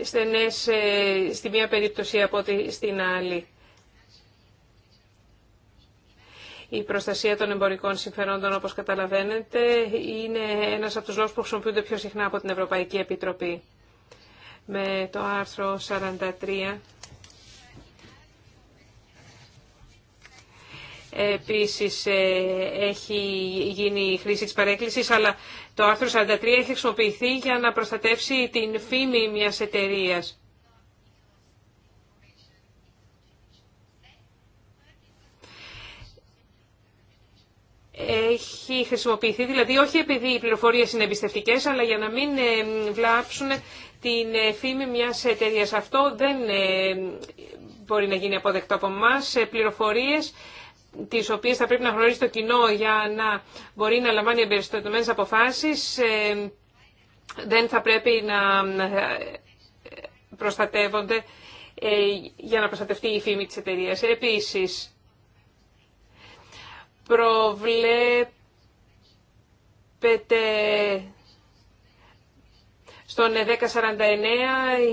στενές στη μία περίπτωση από στην άλλη. Η προστασία των εμπορικών συμφερόντων, όπως καταλαβαίνετε, είναι ένας από τους λόγους που χρησιμοποιούνται πιο συχνά από την Ευρωπαϊκή Επιτροπή. Με το άρθρο 43... Επίσης ε, έχει γίνει η χρήση της παρέκκλησης, αλλά το άρθρο 43 έχει χρησιμοποιηθεί για να προστατεύσει την φήμη μιας εταιρείας. έχει χρησιμοποιηθεί, δηλαδή όχι επειδή οι πληροφορίες είναι εμπιστευτικέ, αλλά για να μην ε, βλάψουν την ε, φήμη μιας εταιρεία. Αυτό δεν ε, μπορεί να γίνει αποδεκτό από εμά. Πληροφορίες τις οποίες θα πρέπει να γνωρίζει το κοινό για να μπορεί να λαμβάνει εμπεριστατωμένες αποφάσεις, δεν θα πρέπει να προστατεύονται για να προστατευτεί η φήμη της εταιρείας. Επίσης, προβλέπεται στον 1049 ε η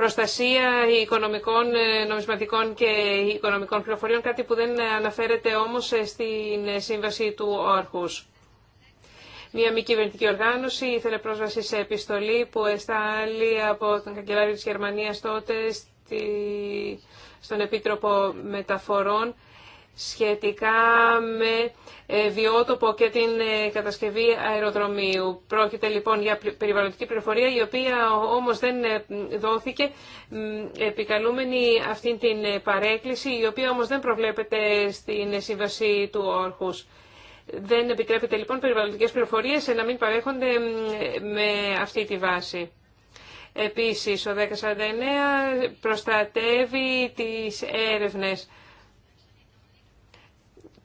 προστασία οικονομικών, ε, νομισματικών και οικονομικών πληροφοριών, κάτι που δεν αναφέρεται όμως στην σύμβαση του Όρχους. Μία μη κυβερνητική οργάνωση ήθελε πρόσβαση σε επιστολή που εστάλει από τον καγκελάριο της Γερμανίας τότε στη στον Επίτροπο Μεταφορών σχετικά με ε, βιότοπο και την ε, κατασκευή αεροδρομίου. Πρόκειται λοιπόν για περιβαλλοντική πληροφορία η οποία όμως δεν ε, δόθηκε επικαλούμενη αυτήν την παρέκκληση η οποία όμως δεν προβλέπεται στην σύμβαση του Όρχους. Δεν επιτρέπεται λοιπόν περιβαλλοντικές πληροφορίες να μην παρέχονται με αυτή τη βάση. Επίσης, ο 1049 προστατεύει τις έρευνες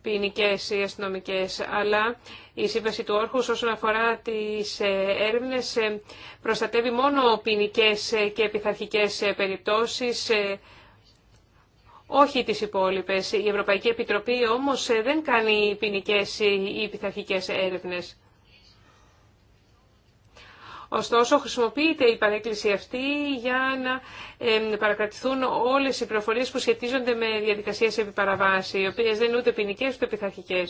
ποινικέ ή αστυνομικέ, αλλά η σύμβαση του όρχου όσον αφορά τι έρευνε προστατεύει μόνο ποινικέ και επιθαρχικέ περιπτώσει, όχι τι υπόλοιπε. Η συμβαση του ορχου οσον αφορα τις ερευνε προστατευει μονο ποινικε και επιθαρχικε περιπτωσεις οχι τις υπολοιπες η ευρωπαικη επιτροπη ομως δεν κάνει ποινικέ ή επιθαρχικές έρευνες. Ωστόσο, χρησιμοποιείται η παρέκκληση αυτή για να παρακρατηθούν όλε οι πληροφορίε που σχετίζονται με διαδικασίες επιπαραβάση, οι οποίε δεν είναι ούτε ποινικέ ούτε πειθαρχικέ.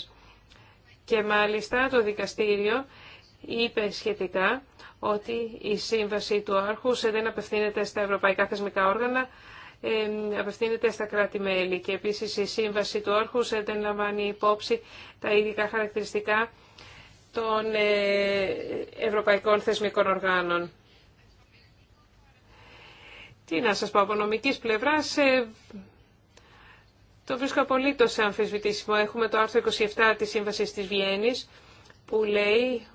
Και μάλιστα το δικαστήριο είπε σχετικά ότι η σύμβαση του άρχους δεν απευθύνεται στα ευρωπαϊκά θεσμικά όργανα, απευθύνεται στα κράτη-μέλη. Και επίσης η σύμβαση του άρχους δεν λαμβάνει υπόψη τα ειδικά χαρακτηριστικά των ε, ευρωπαϊκών θεσμικών οργάνων. Τι να σας πω, από νομικής πλευράς ε, το βρίσκω απολύτως αμφισβητήσιμο. Έχουμε το άρθρο 27 της Σύμβασης της Βιέννης που λέει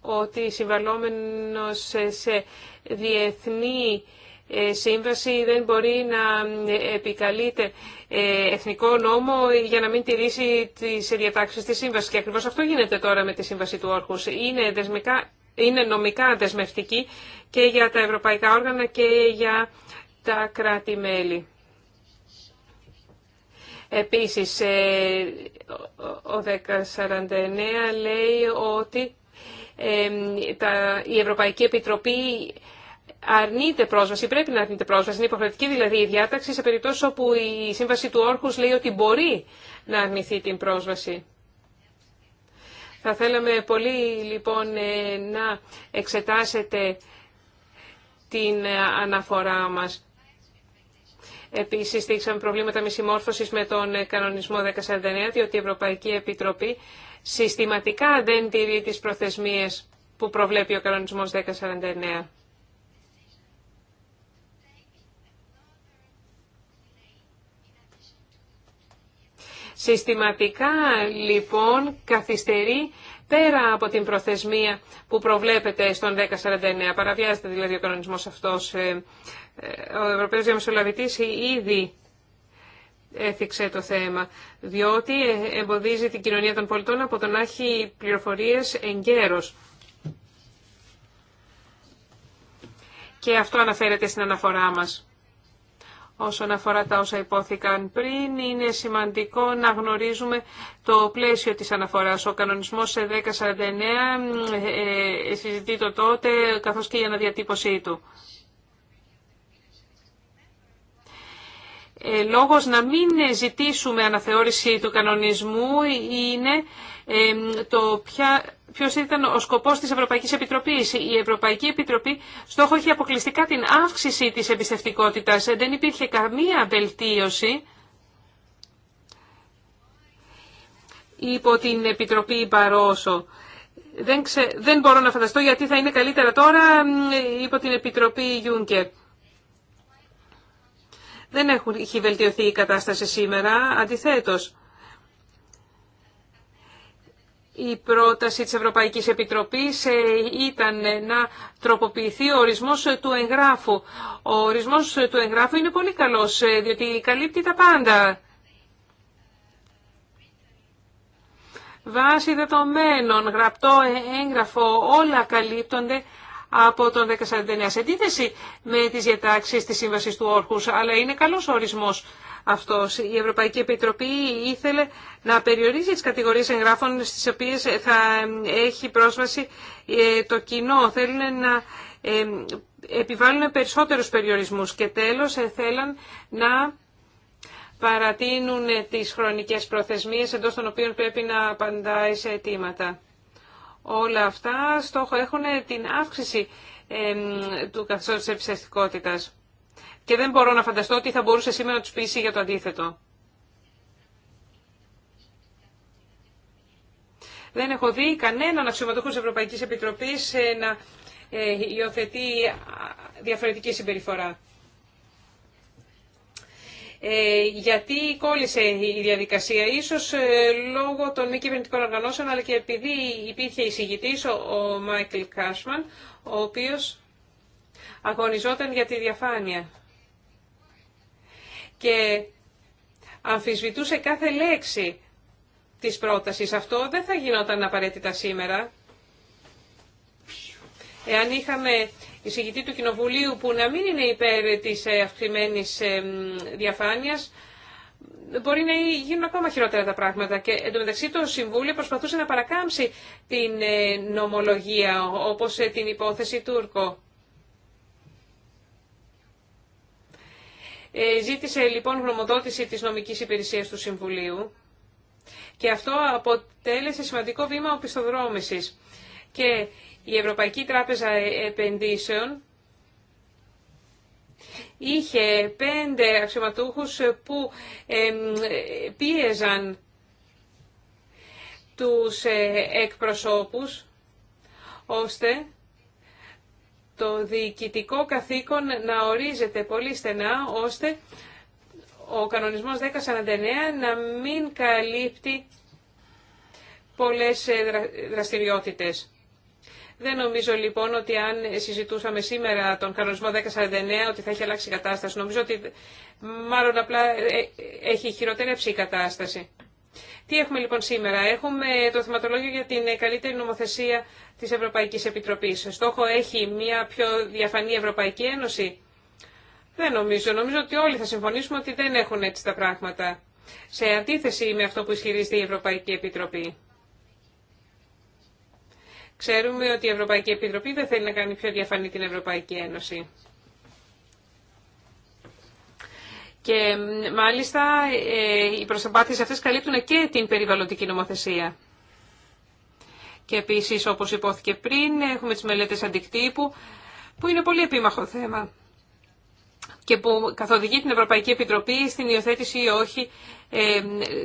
ότι συμβαλόμενος σε διεθνή ε, σύμβαση δεν μπορεί να ε, επικαλείται ε, εθνικό νόμο για να μην τηρήσει τις διατάξεις της σύμβασης. Και ακριβώς αυτό γίνεται τώρα με τη σύμβαση του Όρχους. Είναι, δεσμικά, είναι νομικά δεσμευτική και για τα ευρωπαϊκά όργανα και για τα κράτη-μέλη. Επίσης, ο 1049 λέει ότι η Ευρωπαϊκή Επιτροπή αρνείται πρόσβαση, πρέπει να αρνείται πρόσβαση. Είναι υποχρεωτική δηλαδή η διάταξη σε περιπτώσεις όπου η σύμβαση του Όρχου λέει ότι μπορεί να αρνηθεί την πρόσβαση. Θα θέλαμε πολύ λοιπόν ε, να εξετάσετε την ε, αναφορά μας. Επίσης, στήξαμε προβλήματα μη συμμόρφωσης με τον ε, κανονισμό 1049, διότι η Ευρωπαϊκή Επιτροπή συστηματικά δεν τηρεί τις προθεσμίες που προβλέπει ο κανονισμός 1049. Συστηματικά λοιπόν καθυστερεί πέρα από την προθεσμία που προβλέπεται στον 1049. Παραβιάζεται δηλαδή ο κανονισμός αυτός. Ε, ε, ο Ευρωπαίος Διαμεσολαβητής ήδη έθιξε το θέμα, διότι ε, εμποδίζει την κοινωνία των πολιτών από το να έχει πληροφορίες εγκαίρως. Και αυτό αναφέρεται στην αναφορά μας όσον αφορά τα όσα υπόθηκαν πριν. Είναι σημαντικό να γνωρίζουμε το πλαίσιο της αναφοράς. Ο κανονισμός σε 1049 ε, συζητεί το τότε, καθώς και η αναδιατύπωσή του. Ε, λόγος να μην ζητήσουμε αναθεώρηση του κανονισμού είναι το ποια, ποιος ήταν ο σκοπός της Ευρωπαϊκής Επιτροπής. Η Ευρωπαϊκή Επιτροπή στόχο είχε αποκλειστικά την αύξηση της εμπιστευτικότητας. Δεν υπήρχε καμία βελτίωση. υπό την Επιτροπή Παρόσο. Δεν, δεν μπορώ να φανταστώ γιατί θα είναι καλύτερα τώρα υπό την Επιτροπή Γιούνκερ. Δεν έχουν... έχει βελτιωθεί η κατάσταση σήμερα. Αντιθέτως, η πρόταση της Ευρωπαϊκής Επιτροπής ε, ήταν να τροποποιηθεί ο ορισμός του εγγράφου. Ο ορισμός του εγγράφου είναι πολύ καλός, ε, διότι καλύπτει τα πάντα. Βάση δεδομένων, γραπτό ε, έγγραφο, όλα καλύπτονται από τον 1949. σε αντίθεση με τις διατάξεις της Σύμβασης του Όρχους, αλλά είναι καλός ορισμός αυτός. Η Ευρωπαϊκή Επιτροπή ήθελε να περιορίσει τις κατηγορίες εγγράφων στις οποίες ε, θα έχει πρόσβαση ε, το κοινό. Θέλουν να επιβάλλουν περισσότερους περιορισμούς και τέλος ε, θέλαν να παρατείνουν τις χρονικές προθεσμίες εντός των οποίων πρέπει να απαντάει σε αιτήματα. Όλα αυτά στόχο έχουν την αύξηση του καθεστώτος της και δεν μπορώ να φανταστώ τι θα μπορούσε σήμερα να τους πείσει για το αντίθετο. Δεν έχω δει κανέναν αξιωματούχο της Ευρωπαϊκής Επιτροπής ε, να ε, υιοθετεί διαφορετική συμπεριφορά. Ε, γιατί κόλλησε η διαδικασία, ίσως ε, λόγω των μη κυβερνητικών οργανώσεων, αλλά και επειδή υπήρχε εισηγητής ο, ο Μάικλ Κάσμαν, ο οποίος αγωνιζόταν για τη διαφάνεια και αμφισβητούσε κάθε λέξη της πρότασης. Αυτό δεν θα γινόταν απαραίτητα σήμερα. Εάν είχαμε εισηγητή του Κοινοβουλίου που να μην είναι υπέρ της ε, αυξημένης ε, διαφάνειας, μπορεί να γίνουν ακόμα χειρότερα τα πράγματα. Και εν το Συμβούλιο προσπαθούσε να παρακάμψει την ε, νομολογία, όπως την υπόθεση Τούρκο. Ε, ζήτησε λοιπόν γνωμοδότηση της νομικής υπηρεσίας του Συμβουλίου και αυτό αποτέλεσε σημαντικό βήμα οπισθοδρόμησης. Και η Ευρωπαϊκή Τράπεζα Επενδύσεων είχε πέντε αξιωματούχους που πίεζαν τους ε, εκπροσώπους ώστε το διοικητικό καθήκον να ορίζεται πολύ στενά, ώστε ο κανονισμός 1049 να μην καλύπτει πολλές ε, δραστηριότητες. Δεν νομίζω λοιπόν ότι αν συζητούσαμε σήμερα τον κανονισμό 1049 ότι θα έχει αλλάξει η κατάσταση. Νομίζω ότι μάλλον απλά ε, ε, έχει χειροτερέψει η κατάσταση. Τι έχουμε λοιπόν σήμερα. Έχουμε το θεματολόγιο για την καλύτερη νομοθεσία της Ευρωπαϊκής Επιτροπής. Στόχο έχει μια πιο διαφανή Ευρωπαϊκή Ένωση. Δεν νομίζω. Νομίζω ότι όλοι θα συμφωνήσουμε ότι δεν έχουν έτσι τα πράγματα. Σε αντίθεση με αυτό που ισχυρίζεται η Ευρωπαϊκή Επιτροπή. Ξέρουμε ότι η Ευρωπαϊκή Επιτροπή δεν θέλει να κάνει πιο διαφανή την Ευρωπαϊκή Ένωση. Και μάλιστα ε, οι προσπάθειες αυτές καλύπτουν και την περιβαλλοντική νομοθεσία. Και επίσης, όπως υπόθηκε πριν, έχουμε τις μελέτες αντικτύπου, που είναι πολύ επίμαχο θέμα και που καθοδηγεί την Ευρωπαϊκή Επιτροπή στην υιοθέτηση ή όχι ε,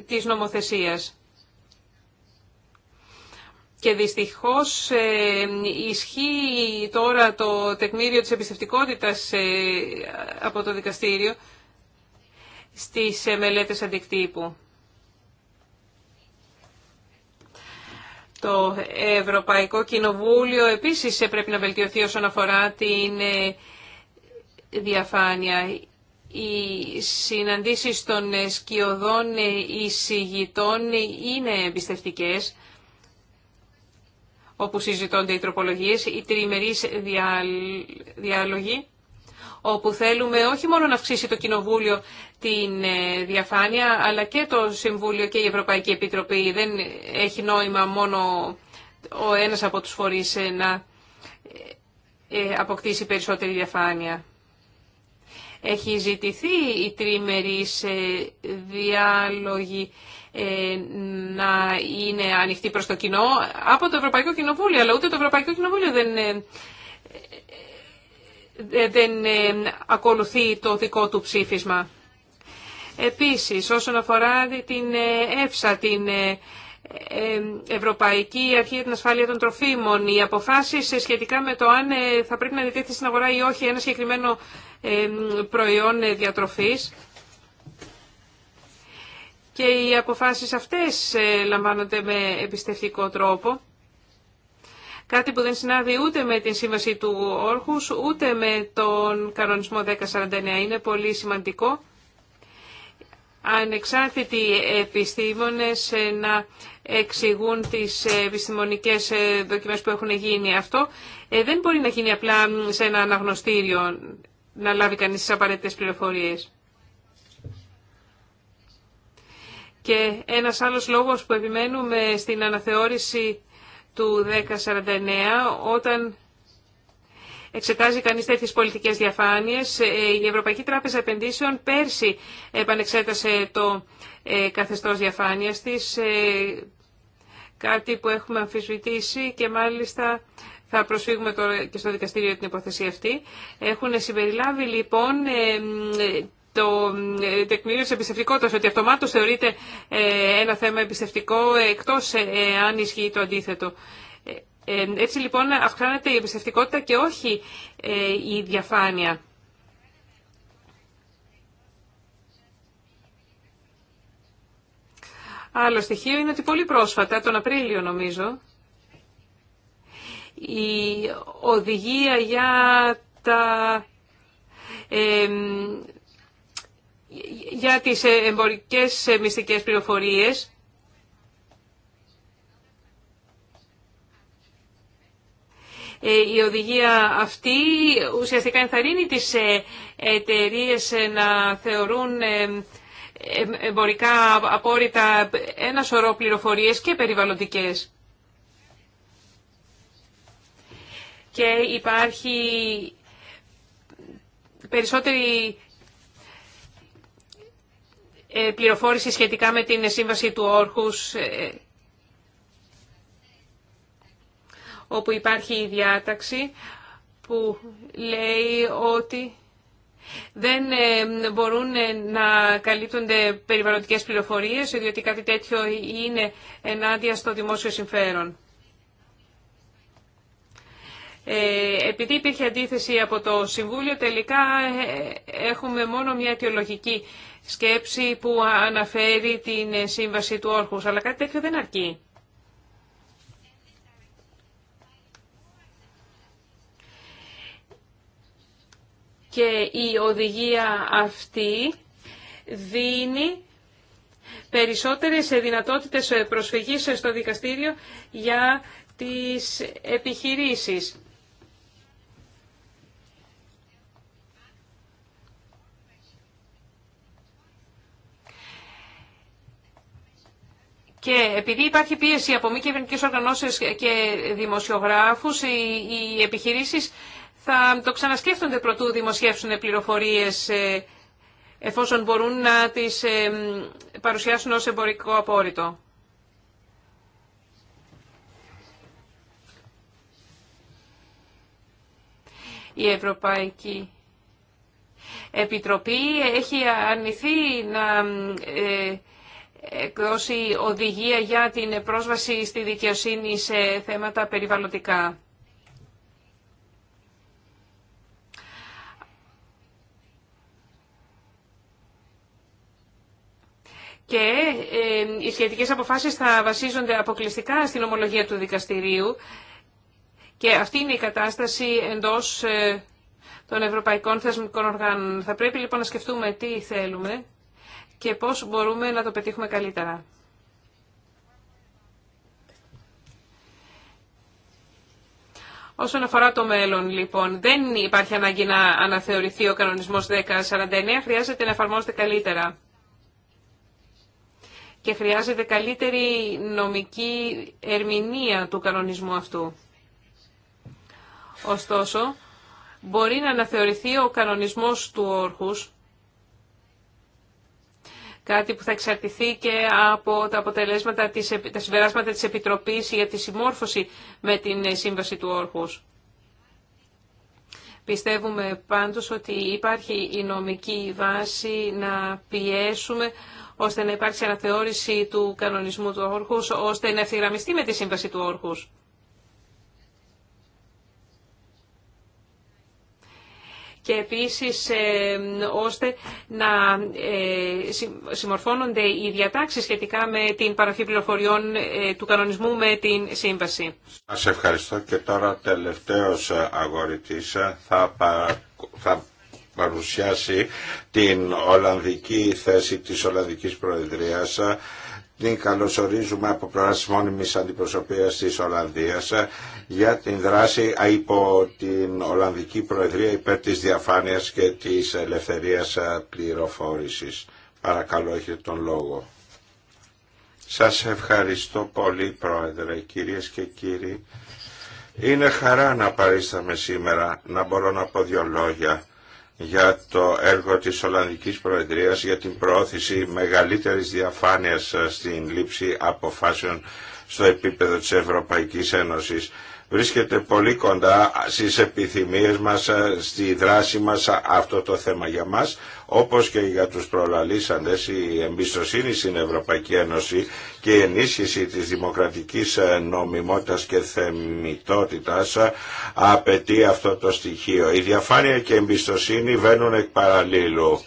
της νομοθεσίας. Και δυστυχώς ε, ισχύει τώρα το τεκμήριο της εμπιστευτικότητας από το δικαστήριο στις ε, μελέτες αντικτύπου. Το Ευρωπαϊκό Κοινοβούλιο επίσης ε, πρέπει να βελτιωθεί όσον αφορά την ε, διαφάνεια. Οι συναντήσεις των σκιωδών εισηγητών είναι εμπιστευτικές όπου συζητώνται οι τροπολογίες, οι τριμερείς διάλογοι όπου θέλουμε όχι μόνο να αυξήσει το Κοινοβούλιο την ε, διαφάνεια, αλλά και το Συμβούλιο και η Ευρωπαϊκή Επιτροπή. Δεν έχει νόημα μόνο ο ένας από τους φορείς ε, να ε, αποκτήσει περισσότερη διαφάνεια. Έχει ζητηθεί η τριμερής διάλογη να είναι ανοιχτή προς το κοινό από το Ευρωπαϊκό Κοινοβούλιο, αλλά ούτε το Ευρωπαϊκό Κοινοβούλιο δεν δεν ε, ακολουθεί το δικό του ψήφισμα. Επίσης, όσον αφορά την ε, ΕΦΣΑ, την ε, Ευρωπαϊκή Αρχή για την Ασφάλεια των Τροφίμων, οι αποφάσεις σχετικά με το αν θα πρέπει να διτέθει στην αγορά ή όχι ένα συγκεκριμένο προϊόν διατροφής. Και οι αποφάσεις αυτές λαμβάνονται με εμπιστευτικό τρόπο κάτι που δεν συνάδει ούτε με την σύμβαση του Όρχους, ούτε με τον κανονισμό 1049. Είναι πολύ σημαντικό ανεξάρτητοι επιστήμονες ε, να εξηγούν τις ε, επιστημονικές ε, δοκιμές που έχουν γίνει αυτό. Δεν μπορεί να γίνει απλά σε ένα αναγνωστήριο να λάβει κανείς τις απαραίτητες πληροφορίες. Και ένας άλλος λόγος που επιμένουμε στην αναθεώρηση του 1049 όταν εξετάζει κανείς τέτοιες πολιτικές διαφάνειες. Ε, η Ευρωπαϊκή Τράπεζα Επενδύσεων πέρσι επανεξέτασε το ε, καθεστώς διαφάνειας της, ε, κάτι που έχουμε αμφισβητήσει και μάλιστα θα προσφύγουμε τώρα και στο δικαστήριο την υποθεσία αυτή. Έχουν συμπεριλάβει λοιπόν το ε, τεκμήριο τη εμπιστευτικότητα ότι αυτομάτω θεωρείται ε, ένα θέμα εμπιστευτικό εκτός ε, αν ισχύει το αντίθετο. Έτσι λοιπόν αυξάνεται η εμπιστευτικότητα και όχι η διαφάνεια. Άλλο στοιχείο είναι ότι πολύ πρόσφατα, τον Απρίλιο νομίζω, η οδηγία για τα για τις ε, εμπορικές ε, μυστικές πληροφορίες. Ε, η οδηγία αυτή ουσιαστικά ενθαρρύνει τις εταιρείε να θεωρούν εμπορικά απόρριτα ένα σωρό πληροφορίες και περιβαλλοντικές. Και υπάρχει περισσότερη ε, πληροφόρηση σχετικά με την σύμβαση του Όρχους, ε, όπου υπάρχει η διάταξη που λέει ότι δεν ε, μπορούν να καλύπτονται περιβαλλοντικές πληροφορίες, διότι κάτι τέτοιο είναι ενάντια στο δημόσιο συμφέρον. Ε, επειδή υπήρχε αντίθεση από το Συμβούλιο, τελικά ε, έχουμε μόνο μια αιτιολογική σκέψη που αναφέρει την ε, σύμβαση του Όρχου. αλλά κάτι τέτοιο δεν αρκεί. Και η οδηγία αυτή δίνει περισσότερες δυνατότητες προσφυγής στο δικαστήριο για τις επιχειρήσεις. Και επειδή υπάρχει πίεση από μη κυβερνητικέ οργανώσει και δημοσιογράφου, οι επιχειρήσει θα το ξανασκέφτονται πρωτού δημοσιεύσουν πληροφορίε ε, εφόσον μπορούν να τις ε, παρουσιάσουν ως εμπορικό απόρριτο. Η Ευρωπαϊκή Επιτροπή έχει αρνηθεί να ε, εκδώσει οδηγία για την πρόσβαση στη δικαιοσύνη σε θέματα περιβαλλοντικά. Και οι σχετικές αποφάσεις θα βασίζονται αποκλειστικά στην ομολογία του δικαστηρίου και αυτή είναι η κατάσταση εντός ε, των ευρωπαϊκών θεσμικών οργάνων. Θα πρέπει λοιπόν να σκεφτούμε τι θέλουμε και πώς μπορούμε να το πετύχουμε καλύτερα. Όσον αφορά το μέλλον, λοιπόν, δεν υπάρχει ανάγκη να αναθεωρηθεί ο κανονισμός 1049, χρειάζεται να εφαρμόζεται καλύτερα. Και χρειάζεται καλύτερη νομική ερμηνεία του κανονισμού αυτού. Ωστόσο, μπορεί να αναθεωρηθεί ο κανονισμός του όρχους, κάτι που θα εξαρτηθεί και από τα αποτελέσματα, της, τα συμπεράσματα της Επιτροπής για τη συμμόρφωση με την ε, Σύμβαση του Όρχους. Πιστεύουμε πάντως ότι υπάρχει η νομική βάση να πιέσουμε ώστε να υπάρξει αναθεώρηση του κανονισμού του Όρχους, ώστε να ευθυγραμμιστεί με τη Σύμβαση του Όρχους. και επίσης ε, ώστε να ε, συμμορφώνονται οι διατάξεις σχετικά με την παροχή πληροφοριών ε, του κανονισμού με την σύμβαση. Σας ευχαριστώ και τώρα τελευταίος αγορητής θα, θα παρουσιάσει την Ολλανδική θέση της Ολλανδικής Προεδρίας την καλωσορίζουμε από πλευράς μόνιμης αντιπροσωπείας της Ολλανδίας για την δράση υπό την Ολλανδική Προεδρία υπέρ της διαφάνειας και της ελευθερίας πληροφόρησης. Παρακαλώ, έχετε τον λόγο. Σας ευχαριστώ πολύ, Πρόεδρε, κυρίες και κύριοι. Είναι χαρά να παρίσταμε σήμερα, να μπορώ να πω δύο λόγια για το έργο της Ολλανδικής Προεδρίας για την προώθηση μεγαλύτερης διαφάνειας στην λήψη αποφάσεων στο επίπεδο της Ευρωπαϊκής Ένωσης βρίσκεται πολύ κοντά στις επιθυμίες μας, ε, στη δράση μας αυτό το θέμα για μας, όπως και για τους προλαλήσαντες η εμπιστοσύνη στην Ευρωπαϊκή Ένωση και η ενίσχυση της δημοκρατικής ε, νομιμότητας και θεμητότητας ε, απαιτεί αυτό το στοιχείο. Η διαφάνεια και η εμπιστοσύνη βαίνουν εκ παραλλήλου.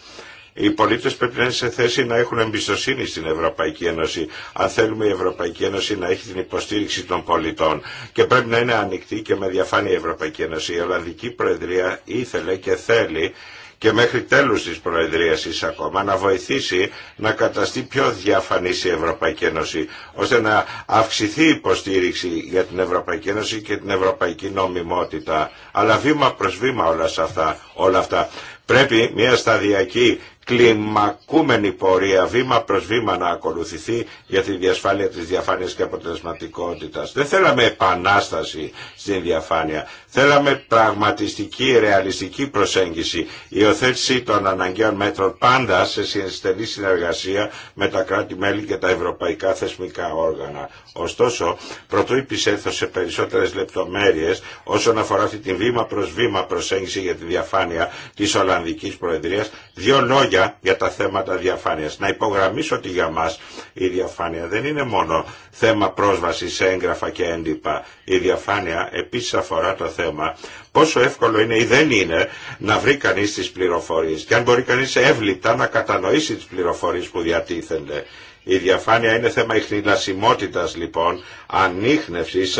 Οι πολίτες πρέπει να είναι σε θέση να έχουν εμπιστοσύνη στην Ευρωπαϊκή Ένωση αν θέλουμε η Ευρωπαϊκή Ένωση να έχει την υποστήριξη των πολιτών και πρέπει να είναι ανοιχτή και με διαφάνεια η Ευρωπαϊκή Ένωση. Η Ολλανδική Προεδρία ήθελε και θέλει και μέχρι τέλους της Προεδρίας της ακόμα να βοηθήσει να καταστεί πιο διαφανή η Ευρωπαϊκή Ένωση ώστε να αυξηθεί η υποστήριξη για την Ευρωπαϊκή Ένωση και την ευρωπαϊκή νομιμότητα αλλά βήμα προς βήμα όλα αυτά, όλα αυτά. Πρέπει μια σταδιακή κλιμακούμενη πορεία βήμα προς βήμα να ακολουθηθεί για τη διασφάλεια της διαφάνειας και αποτελεσματικότητας. Δεν θέλαμε επανάσταση στην διαφάνεια. Θέλαμε πραγματιστική, ρεαλιστική προσέγγιση, υιοθέτηση των αναγκαίων μέτρων πάντα σε στενή συνεργασία με τα κράτη-μέλη και τα ευρωπαϊκά θεσμικά όργανα. Ωστόσο, πρωτού υπησέθω σε περισσότερες λεπτομέρειες όσον αφορά αυτή τη βήμα προς βήμα προσέγγιση για τη διαφάνεια τη Ολλανδική Προεδρίας, δύο λόγια για τα θέματα διαφάνειας. Να υπογραμμίσω ότι για μας η διαφάνεια δεν είναι μόνο θέμα πρόσβαση σε έγγραφα και έντυπα. Η διαφάνεια επίσης αφορά το θέμα πόσο εύκολο είναι ή δεν είναι να βρει κανείς τις πληροφορίες και αν μπορεί κανείς εύληπτα να κατανοήσει τις πληροφορίες που διατίθενται. Η διαφάνεια είναι θέμα ιχνηλασιμότητας λοιπόν, ανείχνευσης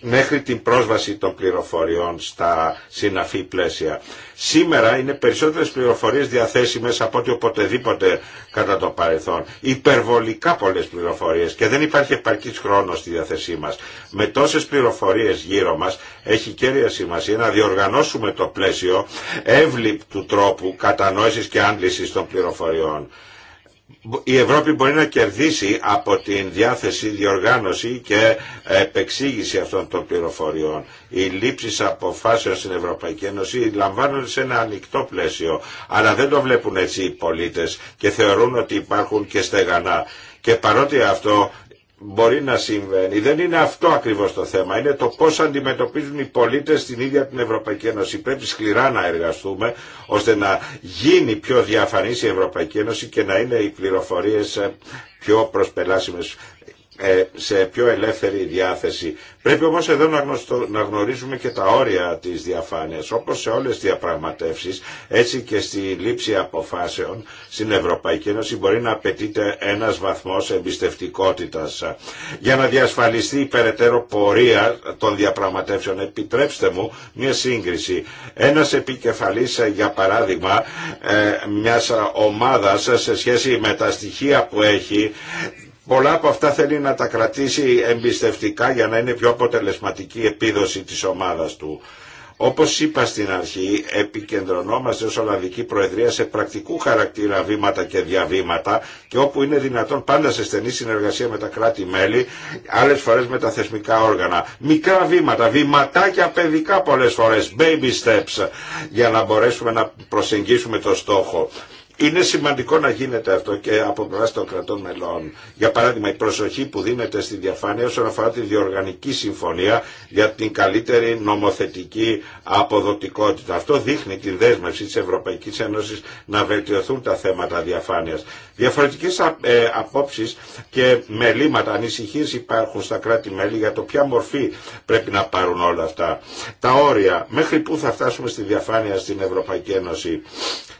μέχρι την πρόσβαση των πληροφοριών στα συναφή πλαίσια. Σήμερα είναι περισσότερες πληροφορίες διαθέσιμες από ό,τι οποτεδήποτε κατά το παρελθόν. Υπερβολικά πολλές πληροφορίες και δεν υπάρχει επαρκής χρόνος στη διάθεσή μας. Με τόσες πληροφορίες γύρω μας έχει κέρια σημασία να διοργανώσουμε το πλαίσιο εύληπτου τρόπου κατανόησης και άντλησης των πληροφοριών η Ευρώπη μπορεί να κερδίσει από την διάθεση, διοργάνωση και επεξήγηση αυτών των πληροφοριών. Οι λήψει αποφάσεων στην Ευρωπαϊκή Ένωση λαμβάνονται σε ένα ανοιχτό πλαίσιο, αλλά δεν το βλέπουν έτσι οι πολίτες και θεωρούν ότι υπάρχουν και στεγανά. Και παρότι αυτό μπορεί να συμβαίνει. Δεν είναι αυτό ακριβώς το θέμα. Είναι το πώς αντιμετωπίζουν οι πολίτες στην ίδια την Ευρωπαϊκή Ένωση. Πρέπει σκληρά να εργαστούμε ώστε να γίνει πιο διαφανής η Ευρωπαϊκή Ένωση και να είναι οι πληροφορίες ε, πιο προσπελάσιμες. Ε, σε πιο ελεύθερη διάθεση. Πρέπει όμως εδώ να, γνωρίζουμε και τα όρια της διαφάνειας. Όπως σε όλες τις διαπραγματεύσεις, έτσι και στη λήψη αποφάσεων στην Ευρωπαϊκή Ένωση μπορεί να απαιτείται ένας βαθμός εμπιστευτικότητας. Για να διασφαλιστεί η περαιτέρω πορεία των διαπραγματεύσεων, επιτρέψτε μου μια σύγκριση. Ένας επικεφαλής, ε, για παράδειγμα, ε, μιας ομάδας σε σχέση με τα στοιχεία που έχει, Πολλά από αυτά θέλει να τα κρατήσει εμπιστευτικά για να είναι πιο αποτελεσματική επίδοση της ομάδας του. Όπως είπα στην αρχή, επικεντρωνόμαστε ως Ολλανδική Προεδρία σε πρακτικού χαρακτήρα βήματα και διαβήματα και όπου είναι δυνατόν πάντα σε στενή συνεργασία με τα κράτη-μέλη, άλλες φορές με τα θεσμικά όργανα. Μικρά βήματα, βηματάκια παιδικά πολλές φορές, baby steps, για να μπορέσουμε να προσεγγίσουμε το στόχο είναι σημαντικό να γίνεται αυτό και από πλευρά των κρατών μελών. Για παράδειγμα, η προσοχή που δίνεται στη διαφάνεια όσον αφορά τη διοργανική συμφωνία για την καλύτερη νομοθετική αποδοτικότητα. Αυτό δείχνει την δέσμευση τη Ευρωπαϊκή Ένωση να βελτιωθούν τα θέματα διαφάνεια. Διαφορετικέ ε, απόψει και μελήματα, ανησυχίε υπάρχουν στα κράτη-μέλη για το ποια μορφή πρέπει να πάρουν όλα αυτά. Τα όρια, μέχρι πού θα φτάσουμε στη διαφάνεια στην Ευρωπαϊκή Ένωση.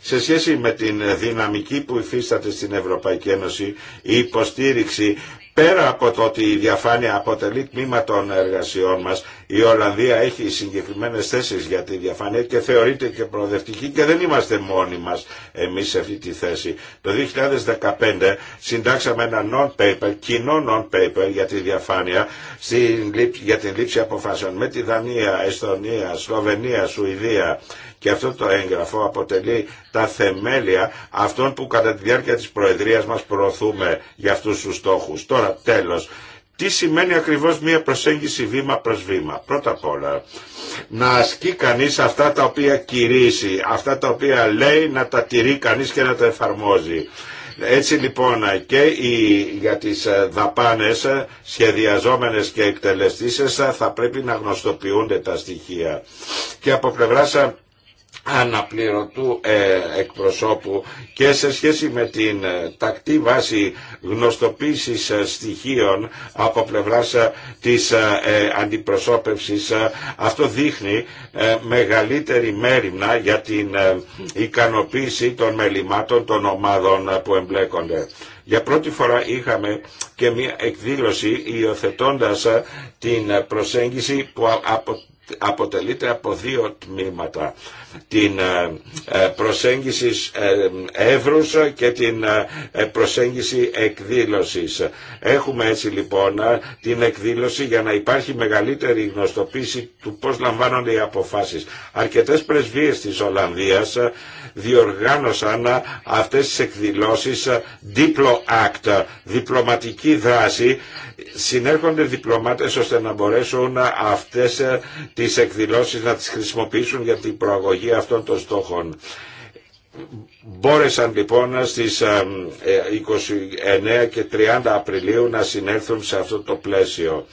Σε σχέση με την δυναμική που υφίσταται στην Ευρωπαϊκή Ένωση, η υποστήριξη Πέρα από το ότι η διαφάνεια αποτελεί τμήμα των εργασιών μας, η Ολλανδία έχει συγκεκριμένες θέσεις για τη διαφάνεια και θεωρείται και προοδευτική και δεν είμαστε μόνοι μας εμείς σε αυτή τη θέση. Το 2015 συντάξαμε ένα non-paper, κοινό non-paper για τη διαφάνεια για την λήψη αποφάσεων με τη Δανία, Εστονία, Σλοβενία, Σουηδία και αυτό το έγγραφο αποτελεί τα θεμέλια αυτών που κατά τη διάρκεια της Προεδρίας μας προωθούμε για αυτούς τους στόχους. Τώρα τέλος. Τι σημαίνει ακριβώς μια προσέγγιση βήμα προς βήμα. Πρώτα απ' όλα, να ασκεί κανείς αυτά τα οποία κηρύσσει, αυτά τα οποία λέει να τα τηρεί κανείς και να τα εφαρμόζει. Έτσι λοιπόν και για τις ε, δαπάνες ε, σχεδιαζόμενες και εκτελεστήσεις ε, θα πρέπει να γνωστοποιούνται τα στοιχεία. Και από αναπληρωτού ε, εκπροσώπου και σε σχέση με την ε, τακτή βάση γνωστοποίησης ε, στοιχείων από πλευράς ε, της ε, αντιπροσώπευσης αυτό δείχνει μεγαλύτερη μέρημνα για την ικανοποίηση των μελημάτων των ομάδων που εμπλέκονται. Για πρώτη φορά είχαμε και μια εκδήλωση υιοθετώντα την προσέγγιση που από αποτελείται από δύο τμήματα. Την ε, ε, προσέγγιση ε, εύρους και την προσέγγιση εκδήλωσης. Έχουμε έτσι λοιπόν την εκδήλωση για να υπάρχει μεγαλύτερη γνωστοποίηση του πώς λαμβάνονται οι αποφάσεις. Αρκετές πρεσβείες της Ολλανδίας διοργάνωσαν αυτές τις εκδηλώσεις ε, Diplo Act, ε, διπλωματική δράση. Συνέρχονται διπλωμάτες ώστε να μπορέσουν ε, αυτές τις εκδηλώσεις να τις χρησιμοποιήσουν για την προαγωγή αυτών των στόχων. Μπόρεσαν λοιπόν στις 29 και 30 Απριλίου να συνέλθουν σε αυτό το πλαίσιο.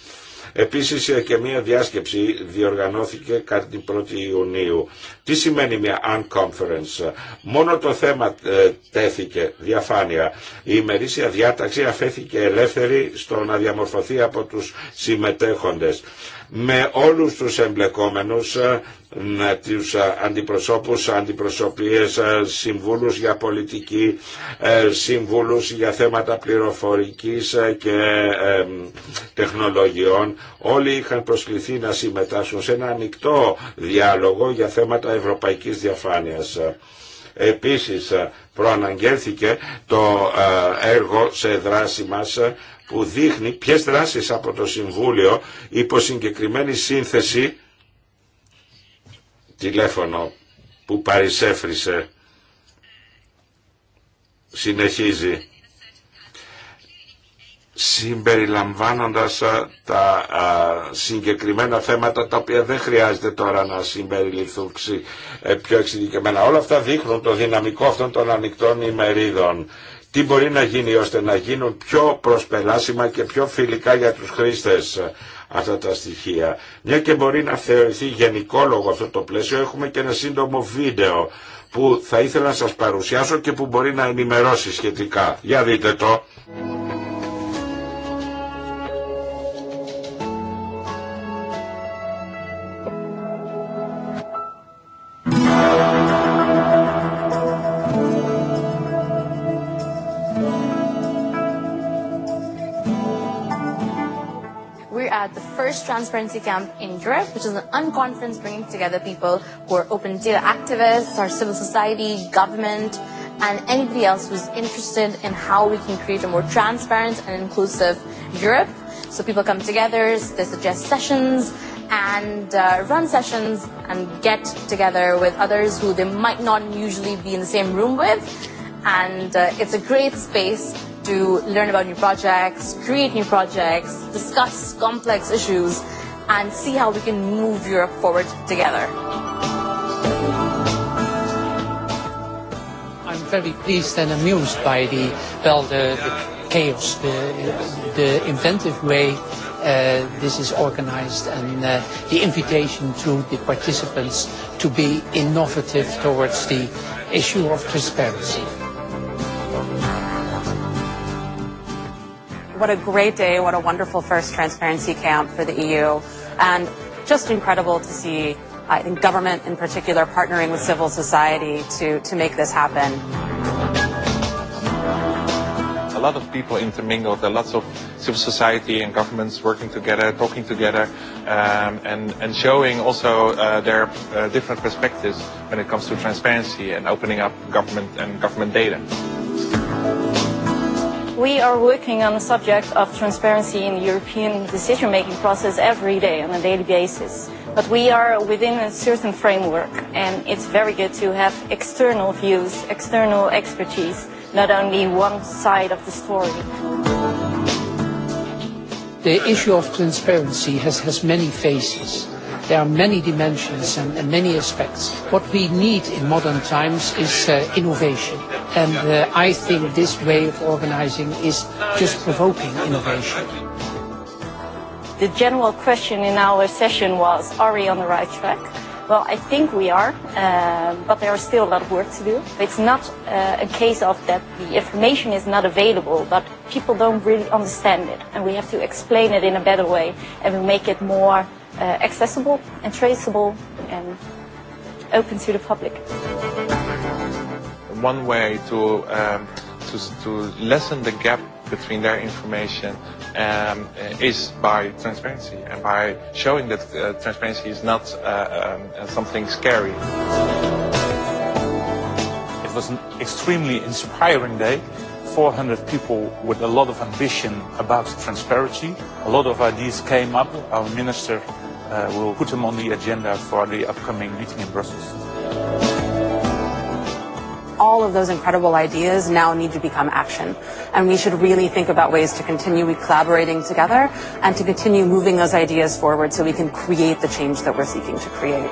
Επίσης ε, και μια διάσκεψη διοργανώθηκε κατά την 1η Ιουνίου. Τι σημαίνει μια unconference. Μόνο το θέμα ε, τέθηκε διαφάνεια. Η ημερήσια διάταξη αφέθηκε ελεύθερη στο να διαμορφωθεί από τους συμμετέχοντες με όλους τους εμπλεκόμενους ε, τους ε, αντιπροσώπους, αντιπροσωπείες, ε, συμβούλους για πολιτική, συμβούλους για θέματα πληροφορικής και τεχνολογιών. Όλοι είχαν προσκληθεί να συμμετάσχουν σε ένα ανοιχτό διάλογο για θέματα ευρωπαϊκής διαφάνειας. Επίσης προαναγγέλθηκε το έργο σε δράση μας που δείχνει ποιες δράσεις από το Συμβούλιο υπό συγκεκριμένη σύνθεση τηλέφωνο που παρισέφρισε συνεχίζει συμπεριλαμβάνοντας τα συγκεκριμένα θέματα τα οποία δεν χρειάζεται τώρα να συμπεριληφθούν ε, πιο εξειδικεμένα. Όλα αυτά δείχνουν το δυναμικό αυτών των ανοιχτών ημερίδων τι μπορεί να γίνει ώστε να γίνουν πιο προσπελάσιμα και πιο φιλικά για τους χρήστες αυτά τα στοιχεία. Μια και μπορεί να θεωρηθεί γενικόλογο αυτό το πλαίσιο, έχουμε και ένα σύντομο βίντεο που θα ήθελα να σας παρουσιάσω και που μπορεί να ενημερώσει σχετικά. Για δείτε το. had the first transparency camp in Europe, which is an unconference bringing together people who are open data activists, our civil society, government, and anybody else who's interested in how we can create a more transparent and inclusive Europe. So people come together, they suggest sessions, and run sessions and get together with others who they might not usually be in the same room with. And it's a great space to learn about new projects, create new projects, discuss complex issues, and see how we can move Europe forward together. I'm very pleased and amused by the, well, the, the chaos, the, the inventive way this is organized and the invitation to the participants to be innovative towards the issue of transparency. what a great day, what a wonderful first transparency camp for the EU. And just incredible to see, I think, government in particular partnering with civil society to, to make this happen. A lot of people intermingled, there lots of civil society and governments working together, talking together, um, and, and showing also uh, their uh, different perspectives when it comes to transparency and opening up government and government data. We are working on the subject of transparency in the European decision-making process every day on a daily basis. But we are within a certain framework, and it's very good to have external views, external expertise, not only one side of the story. The issue of transparency has, has many faces. There are many dimensions and, many aspects. What we need in modern times is innovation And I think this way of organizing is just provoking innovation. The general question in our session was, are we on the right track? Well, I think we are, but there is still a lot of work to do. It's not a case of that the information is not available, but people don't really understand it, and we have to explain it in a better way, and make it more accessible and traceable and open to the public one way to um to to lessen the gap between their information um is by transparency and by showing that transparency is not um something scary. It was an extremely inspiring day. 400 people with a lot of ambition about transparency. A lot of ideas came up. Our minister will put them on the agenda for the upcoming meeting in Brussels all of those incredible ideas now need to become action. And we should really think about ways to continue collaborating together and to continue moving those ideas forward so we can create the change that we're seeking to create.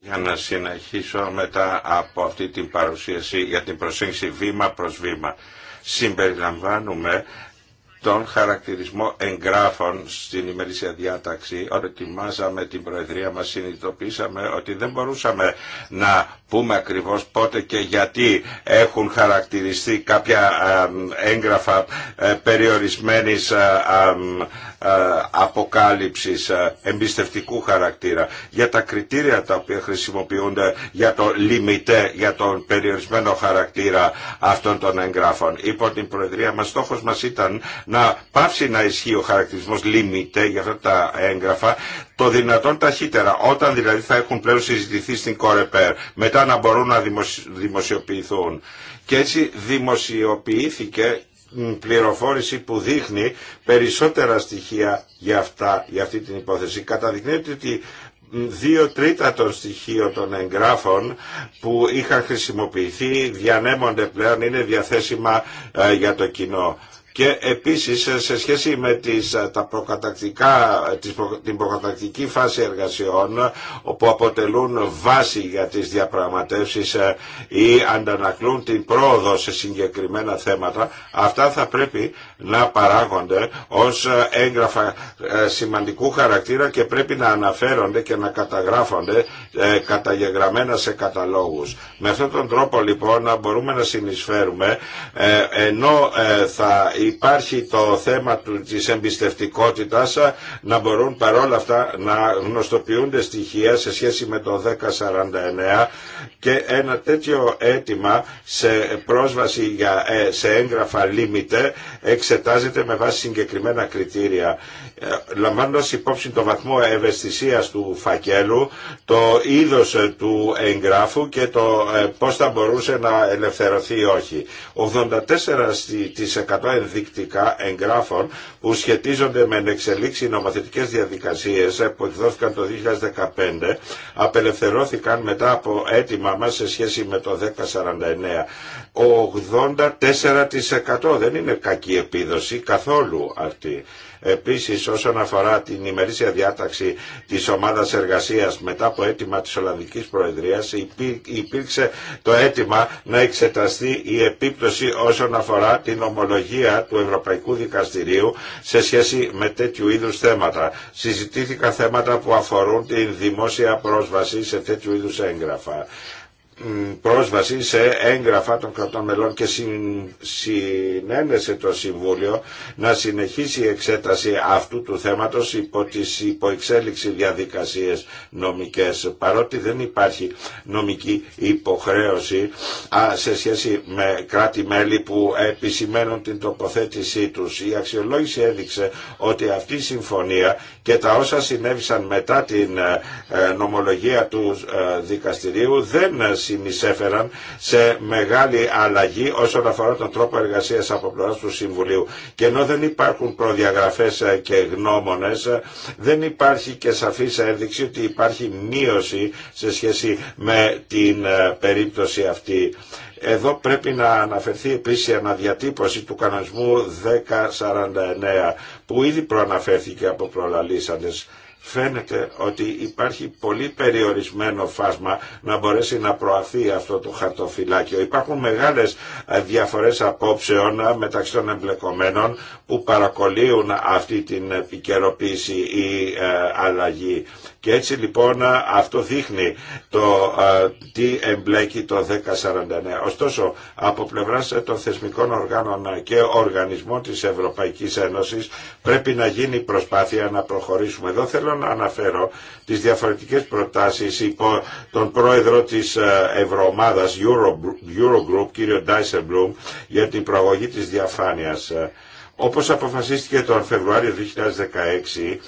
Για να συνεχίσω μετά από αυτή την παρουσίαση για την προσέγγιση βήμα προς βήμα. Συμπεριλαμβάνουμε τον χαρακτηρισμό εγγράφων στην ημερήσια διάταξη. με την Προεδρία μας, συνειδητοποίησαμε ότι δεν μπορούσαμε να πούμε ακριβώς πότε και γιατί έχουν χαρακτηριστεί κάποια ε, έγγραφα ε, περιορισμένης ε, ε, αποκάλυψης ε, εμπιστευτικού χαρακτήρα, για τα κριτήρια τα οποία χρησιμοποιούνται για το λιμιτέ για τον περιορισμένο χαρακτήρα αυτών των εγγράφων. Υπό την Προεδρία μας στόχος μας ήταν να πάψει να ισχύει ο χαρακτηρισμός λιμιτέ για αυτά τα έγγραφα το δυνατόν ταχύτερα, όταν δηλαδή θα έχουν πλέον συζητηθεί στην Κορεπέρ, μετά να μπορούν να δημοσιοποιηθούν. Και έτσι δημοσιοποιήθηκε πληροφόρηση που δείχνει περισσότερα στοιχεία για, αυτά, για αυτή την υπόθεση. Καταδεικνύεται ότι δύο τρίτα των στοιχείων των εγγράφων που είχαν χρησιμοποιηθεί διανέμονται πλέον, είναι διαθέσιμα ε, για το κοινό και επίσης σε σχέση με τις, ε, τα προκατακτικά, την προκατακτική φάση εργασιών όπου αποτελούν βάση για τις διαπραγματεύσεις ε, ή αντανακλούν την πρόοδο σε συγκεκριμένα θέματα αυτά θα πρέπει να παράγονται ως ε, έγγραφα σημαντικού χαρακτήρα και πρέπει να αναφέρονται και να καταγράφονται καταγεγραμμένα σε καταλόγους. Με αυτόν τον τρόπο λοιπόν μπορούμε να συνεισφέρουμε ενώ θα υπάρχει το θέμα της εμπιστευτικότητας να μπορούν παρόλα αυτά να γνωστοποιούνται στοιχεία σε σχέση με το 1049 και ένα τέτοιο αίτημα σε πρόσβαση για, ε, σε έγγραφα limite ε, εξετάζεται με βάση συγκεκριμένα κριτήρια ε, λαμβάνοντας υπόψη το βαθμό ευαισθησίας του φακέλου, το είδος ε, του εγγράφου και το ε, πώς θα μπορούσε να ελευθερωθεί ή όχι. 84% ενδεικτικά εγγράφων που σχετίζονται με ενεξελίξει νομοθετικές διαδικασίες που εκδόθηκαν το 2015 απελευθερώθηκαν μετά από αίτημά μας σε σχέση με το 1049. 84% δεν είναι κακή επίδοση καθόλου αυτή. Επίσης όσον αφορά την ημερήσια διάταξη της ομάδας εργασίας μετά από αίτημα της Ολλανδικής Προεδρίας υπήρξε το αίτημα να εξεταστεί η επίπτωση όσον αφορά την ομολογία του Ευρωπαϊκού Δικαστηρίου σε σχέση με τέτοιου είδους θέματα. Συζητήθηκαν θέματα που αφορούν την δημόσια πρόσβαση σε τέτοιου είδους έγγραφα πρόσβαση σε έγγραφα των κρατών μελών και συνένεσε το Συμβούλιο να συνεχίσει η εξέταση αυτού του θέματος υπό τις υποεξέλιξη διαδικασίες νομικές παρότι δεν υπάρχει νομική υποχρέωση σε σχέση με κράτη-μέλη που επισημαίνουν την τοποθέτησή τους. Η αξιολόγηση έδειξε ότι αυτή η συμφωνία και τα όσα συνέβησαν μετά την ε, νομολογία του ε, δικαστηρίου δεν συνεισέφεραν σε μεγάλη αλλαγή όσον αφορά τον τρόπο εργασίας από πλευρά του Συμβουλίου. Και ενώ δεν υπάρχουν προδιαγραφές ε, και γνώμονες, ε, δεν υπάρχει και σαφής ένδειξη ότι υπάρχει μείωση σε σχέση με την ε, περίπτωση αυτή. Εδώ πρέπει να αναφερθεί επίσης η αναδιατύπωση του κανονισμού 1049 που ήδη προαναφέρθηκε από προλαλήσαντες φαίνεται ότι υπάρχει πολύ περιορισμένο φάσμα να μπορέσει να προαθεί αυτό το χαρτοφυλάκιο. Υπάρχουν μεγάλες ε, διαφορές απόψεων ε, μεταξύ των εμπλεκομένων που παρακολύουν αυτή την επικαιροποίηση ή ε, αλλαγή. Και έτσι λοιπόν αυτό δείχνει το τι εμπλέκει το 1049. Ωστόσο, από πλευράς των θεσμικών οργάνων και οργανισμών της Ευρωπαϊκής Ένωσης πρέπει να γίνει προσπάθεια να προχωρήσουμε. Εδώ θέλω να αναφέρω τις διαφορετικές προτάσεις υπό τον πρόεδρο της ε, Ευρωομάδας Eurogroup, κύριο Μπλουμ, για την προαγωγή της διαφάνειας. Όπως αποφασίστηκε τον Φεβρουάριο 2016,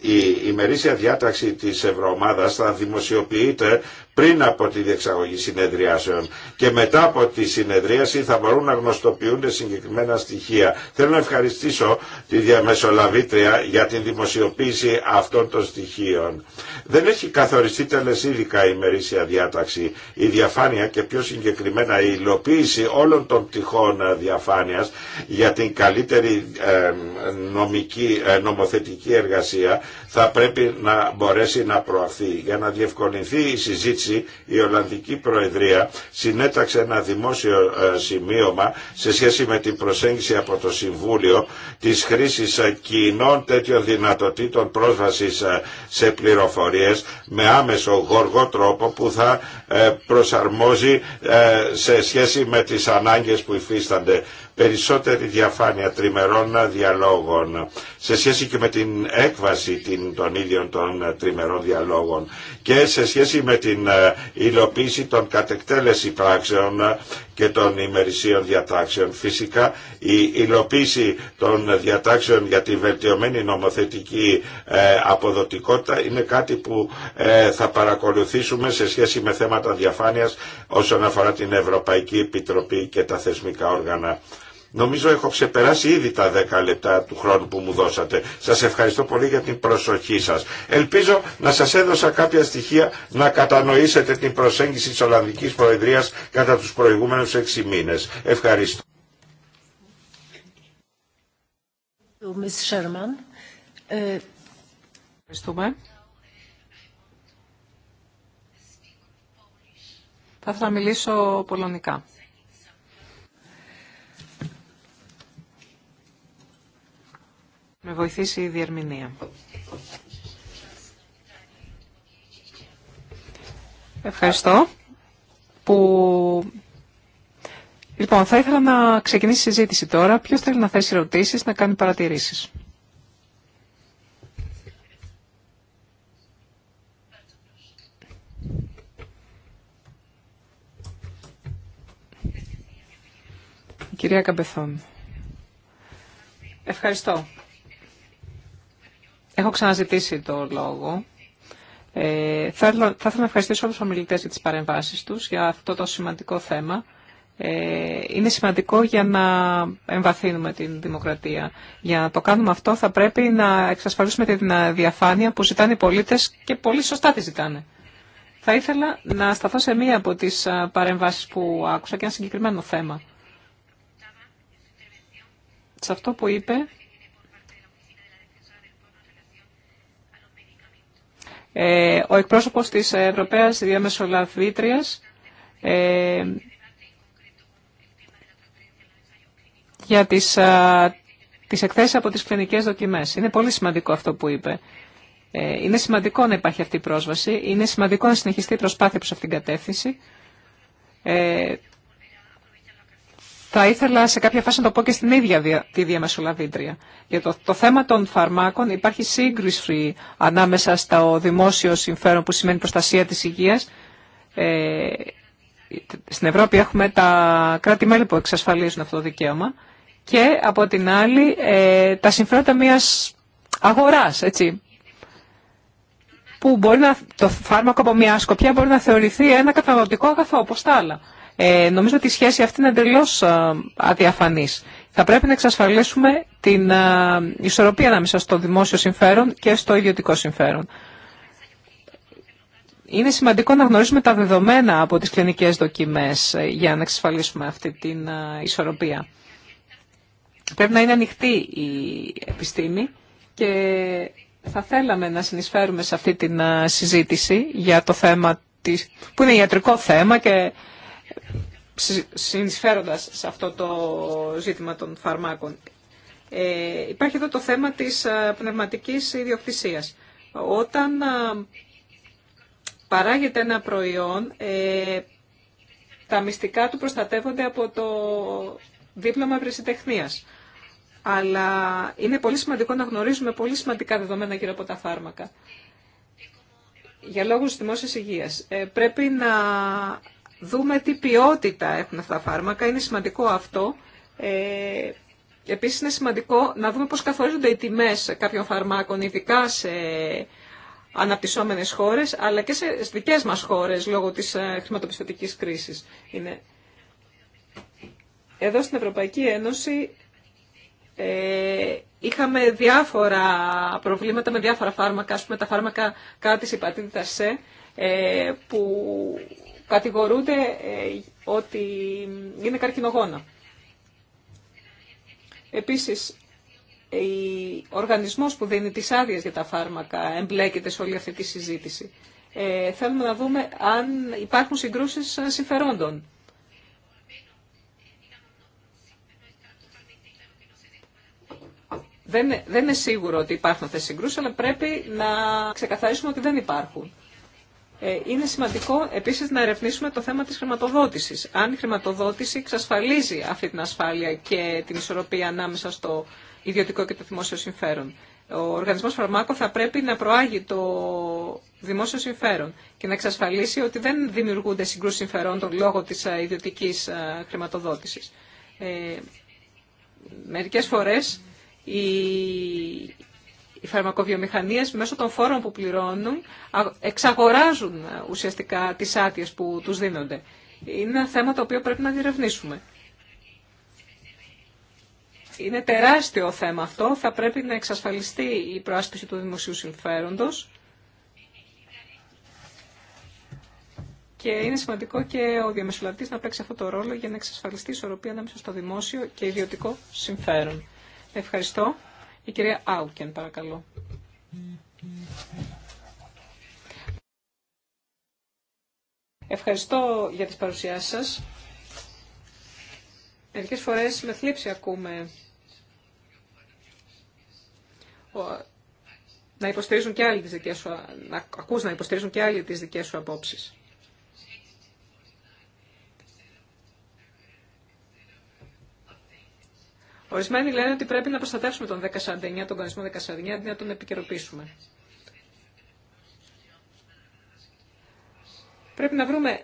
η ημερήσια διάταξη της Ευρωομάδας θα δημοσιοποιείται πριν από τη διεξαγωγή συνεδριάσεων και μετά από τη συνεδρίαση θα μπορούν να γνωστοποιούνται συγκεκριμένα στοιχεία. Θέλω να ευχαριστήσω τη διαμεσολαβήτρια για την δημοσιοποίηση αυτών των στοιχείων. Δεν έχει καθοριστεί τελεσίδικα η ημερήσια διάταξη. Η διαφάνεια και πιο συγκεκριμένα η υλοποίηση όλων των πτυχών διαφάνειας για την καλύτερη νομική, ε, νομοθετική εργασία θα πρέπει να μπορέσει να προωθεί Για να διευκολυνθεί η συζήτηση, η Ολλανδική Προεδρία συνέταξε ένα δημόσιο ε, σημείωμα σε σχέση με την προσέγγιση από το Συμβούλιο της χρήσης ε, κοινών τέτοιων δυνατοτήτων πρόσβασης ε, σε πληροφορίες με άμεσο γοργό τρόπο που θα προσαρμόζει σε σχέση με τις ανάγκες που υφίστανται περισσότερη διαφάνεια τριμερών διαλόγων σε σχέση και με την έκβαση των ίδιων των ε, τριμερών διαλόγων και σε σχέση με την ε, υλοποίηση των κατεκτέλεση πράξεων ε, και των ημερησίων διατάξεων. Φυσικά η υλοποίηση των διατάξεων για τη βελτιωμένη νομοθετική αποδοτικότητα είναι κάτι που θα παρακολουθήσουμε σε σχέση με θέματα διαφάνειας όσον αφορά την Ευρωπαϊκή Επιτροπή και τα θεσμικά όργανα. Νομίζω έχω ξεπεράσει ήδη τα 10 λεπτά του χρόνου που μου δώσατε. Σας ευχαριστώ πολύ για την προσοχή σας. Ελπίζω να σας έδωσα κάποια στοιχεία να κατανοήσετε την προσέγγιση της Ολλανδικής Προεδρίας κατά τους προηγούμενους 6 μήνες. Ευχαριστώ. Ε, Ευχαριστούμε. Θα ήθελα μιλήσω πολωνικά. Με βοηθήσει η διερμηνία. Ευχαριστώ. Που... Λοιπόν, θα ήθελα να ξεκινήσει η συζήτηση τώρα. Ποιο θέλει να θέσει ερωτήσει να κάνει παρατηρήσεις. Κυρία Καμπεθόν. Ευχαριστώ. Έχω ξαναζητήσει το λόγο. Ε, θα, θα ήθελα να ευχαριστήσω όλους τους ομιλητές για τις παρεμβάσεις τους, για αυτό το σημαντικό θέμα. Ε, είναι σημαντικό για να εμβαθύνουμε την δημοκρατία. Για να το κάνουμε αυτό θα πρέπει να εξασφαλίσουμε την διαφάνεια που ζητάνε οι πολίτες και πολύ σωστά τη ζητάνε. Θα ήθελα να σταθώ σε μία από τις παρεμβάσεις που άκουσα και ένα συγκεκριμένο θέμα. Σε αυτό που είπε Ε, ο εκπρόσωπος της Ευρωπαίας Διαμεσολαβήτριας ε, για τις, τις εκθέσεις από τις κλινικές δοκιμές. Είναι πολύ σημαντικό αυτό που είπε. Ε, είναι σημαντικό να υπάρχει αυτή η πρόσβαση. Είναι σημαντικό να συνεχιστεί η προσπάθεια προς αυτήν την κατεύθυνση. Θα ήθελα σε κάποια φάση να το πω και στην ίδια τη διαμεσολαβήτρια. Για το, το θέμα των φαρμάκων υπάρχει σύγκριση ανάμεσα στο δημόσιο συμφέρον που σημαίνει προστασία της υγείας. Ε, στην Ευρώπη έχουμε τα κράτη-μέλη που εξασφαλίζουν αυτό το δικαίωμα και από την άλλη ε, τα συμφέροντα μιας αγοράς, έτσι, που μπορεί να, το φάρμακο από μια σκοπιά μπορεί να θεωρηθεί ένα καταναλωτικό αγαθό, όπως τα άλλα. Ε, νομίζω ότι η σχέση αυτή είναι εντελώ ε, αδιαφανή. Θα πρέπει να εξασφαλίσουμε την ε, ισορροπία ανάμεσα στο δημόσιο συμφέρον και στο ιδιωτικό συμφέρον. Είναι σημαντικό να γνωρίζουμε τα δεδομένα από τις κλινικές δοκιμές ε, για να εξασφαλίσουμε αυτή την ισορροπία. Πρέπει να είναι ανοιχτή η επιστήμη και θα θέλαμε να συνεισφέρουμε σε αυτή την συζήτηση για το θέμα της, που είναι ιατρικό θέμα και συνεισφέροντας σε αυτό το ζήτημα των φαρμάκων. Ε, υπάρχει εδώ το θέμα της ε, πνευματικής ιδιοκτησίας. Όταν ε, παράγεται ένα προϊόν, ε, τα μυστικά του προστατεύονται από το δίπλωμα βρεσιτεχνίας Αλλά είναι πολύ σημαντικό να γνωρίζουμε πολύ σημαντικά δεδομένα γύρω από τα φάρμακα. Για λόγους δημόσιας υγείας. Ε, πρέπει να δούμε τι ποιότητα έχουν αυτά τα φάρμακα. Είναι σημαντικό αυτό. Ε, επίσης είναι σημαντικό να δούμε πώς καθορίζονται οι τιμές κάποιων φαρμάκων, ειδικά σε αναπτυσσόμενες χώρες, αλλά και σε δικές μας χώρες λόγω της ε, χρηματοπιστωτικής κρίσης. Είναι... Εδώ στην Ευρωπαϊκή Ένωση ε, είχαμε διάφορα προβλήματα με διάφορα φάρμακα, ας πούμε τα φάρμακα κάτι υπατήτητα σε ε, που κατηγορούνται ε, ότι είναι καρκινογόνα. Επίσης, ο οργανισμός που δίνει τις άδειες για τα φάρμακα εμπλέκεται σε όλη αυτή τη συζήτηση. Ε, θέλουμε να δούμε αν υπάρχουν συγκρούσεις ε, συμφερόντων. Δεν, είναι σίγουρο ότι υπάρχουν αυτές οι συγκρούσεις, αλλά πρέπει να ξεκαθαρίσουμε ότι δεν υπάρχουν. Ε, είναι σημαντικό επίσης να ερευνήσουμε το θέμα της χρηματοδότησης. Αν η χρηματοδότηση εξασφαλίζει αυτή την ασφάλεια και την ισορροπία ανάμεσα στο ιδιωτικό και το δημόσιο συμφέρον. Ο οργανισμός Φαρμάκο θα πρέπει να προάγει το δημόσιο συμφέρον και να εξασφαλίσει ότι δεν δημιουργούνται συγκρούσεις συμφερόντων λόγω της ε, ιδιωτικής ε, χρηματοδότησης. Ε, μερικές φορές η οι φαρμακοβιομηχανίες μέσω των φόρων που πληρώνουν εξαγοράζουν ε, ουσιαστικά τις άδειε που τους δίνονται. Είναι ένα θέμα το οποίο πρέπει να διερευνήσουμε. Είναι τεράστιο θέμα αυτό. Θα πρέπει να εξασφαλιστεί η προάσπιση του δημοσίου συμφέροντος. Και είναι σημαντικό και ο διαμεσολαβητή να παίξει αυτό το ρόλο για να εξασφαλιστεί η ισορροπία ανάμεσα στο δημόσιο και ιδιωτικό συμφέρον. Ευχαριστώ. Η κυρία Άουκεν, παρακαλώ. Ευχαριστώ για τις παρουσιάσεις σας. Μερικές φορές με θλίψη ακούμε να υποστηρίζουν και άλλοι τις δικές σου, να ακούς να υποστηρίζουν και άλλοι τις δικές σου απόψεις. Ορισμένοι λένε ότι πρέπει να προστατεύσουμε τον 1049, τον κανονισμό 1049, αντί να τον επικαιροποιήσουμε. Πρέπει να βρούμε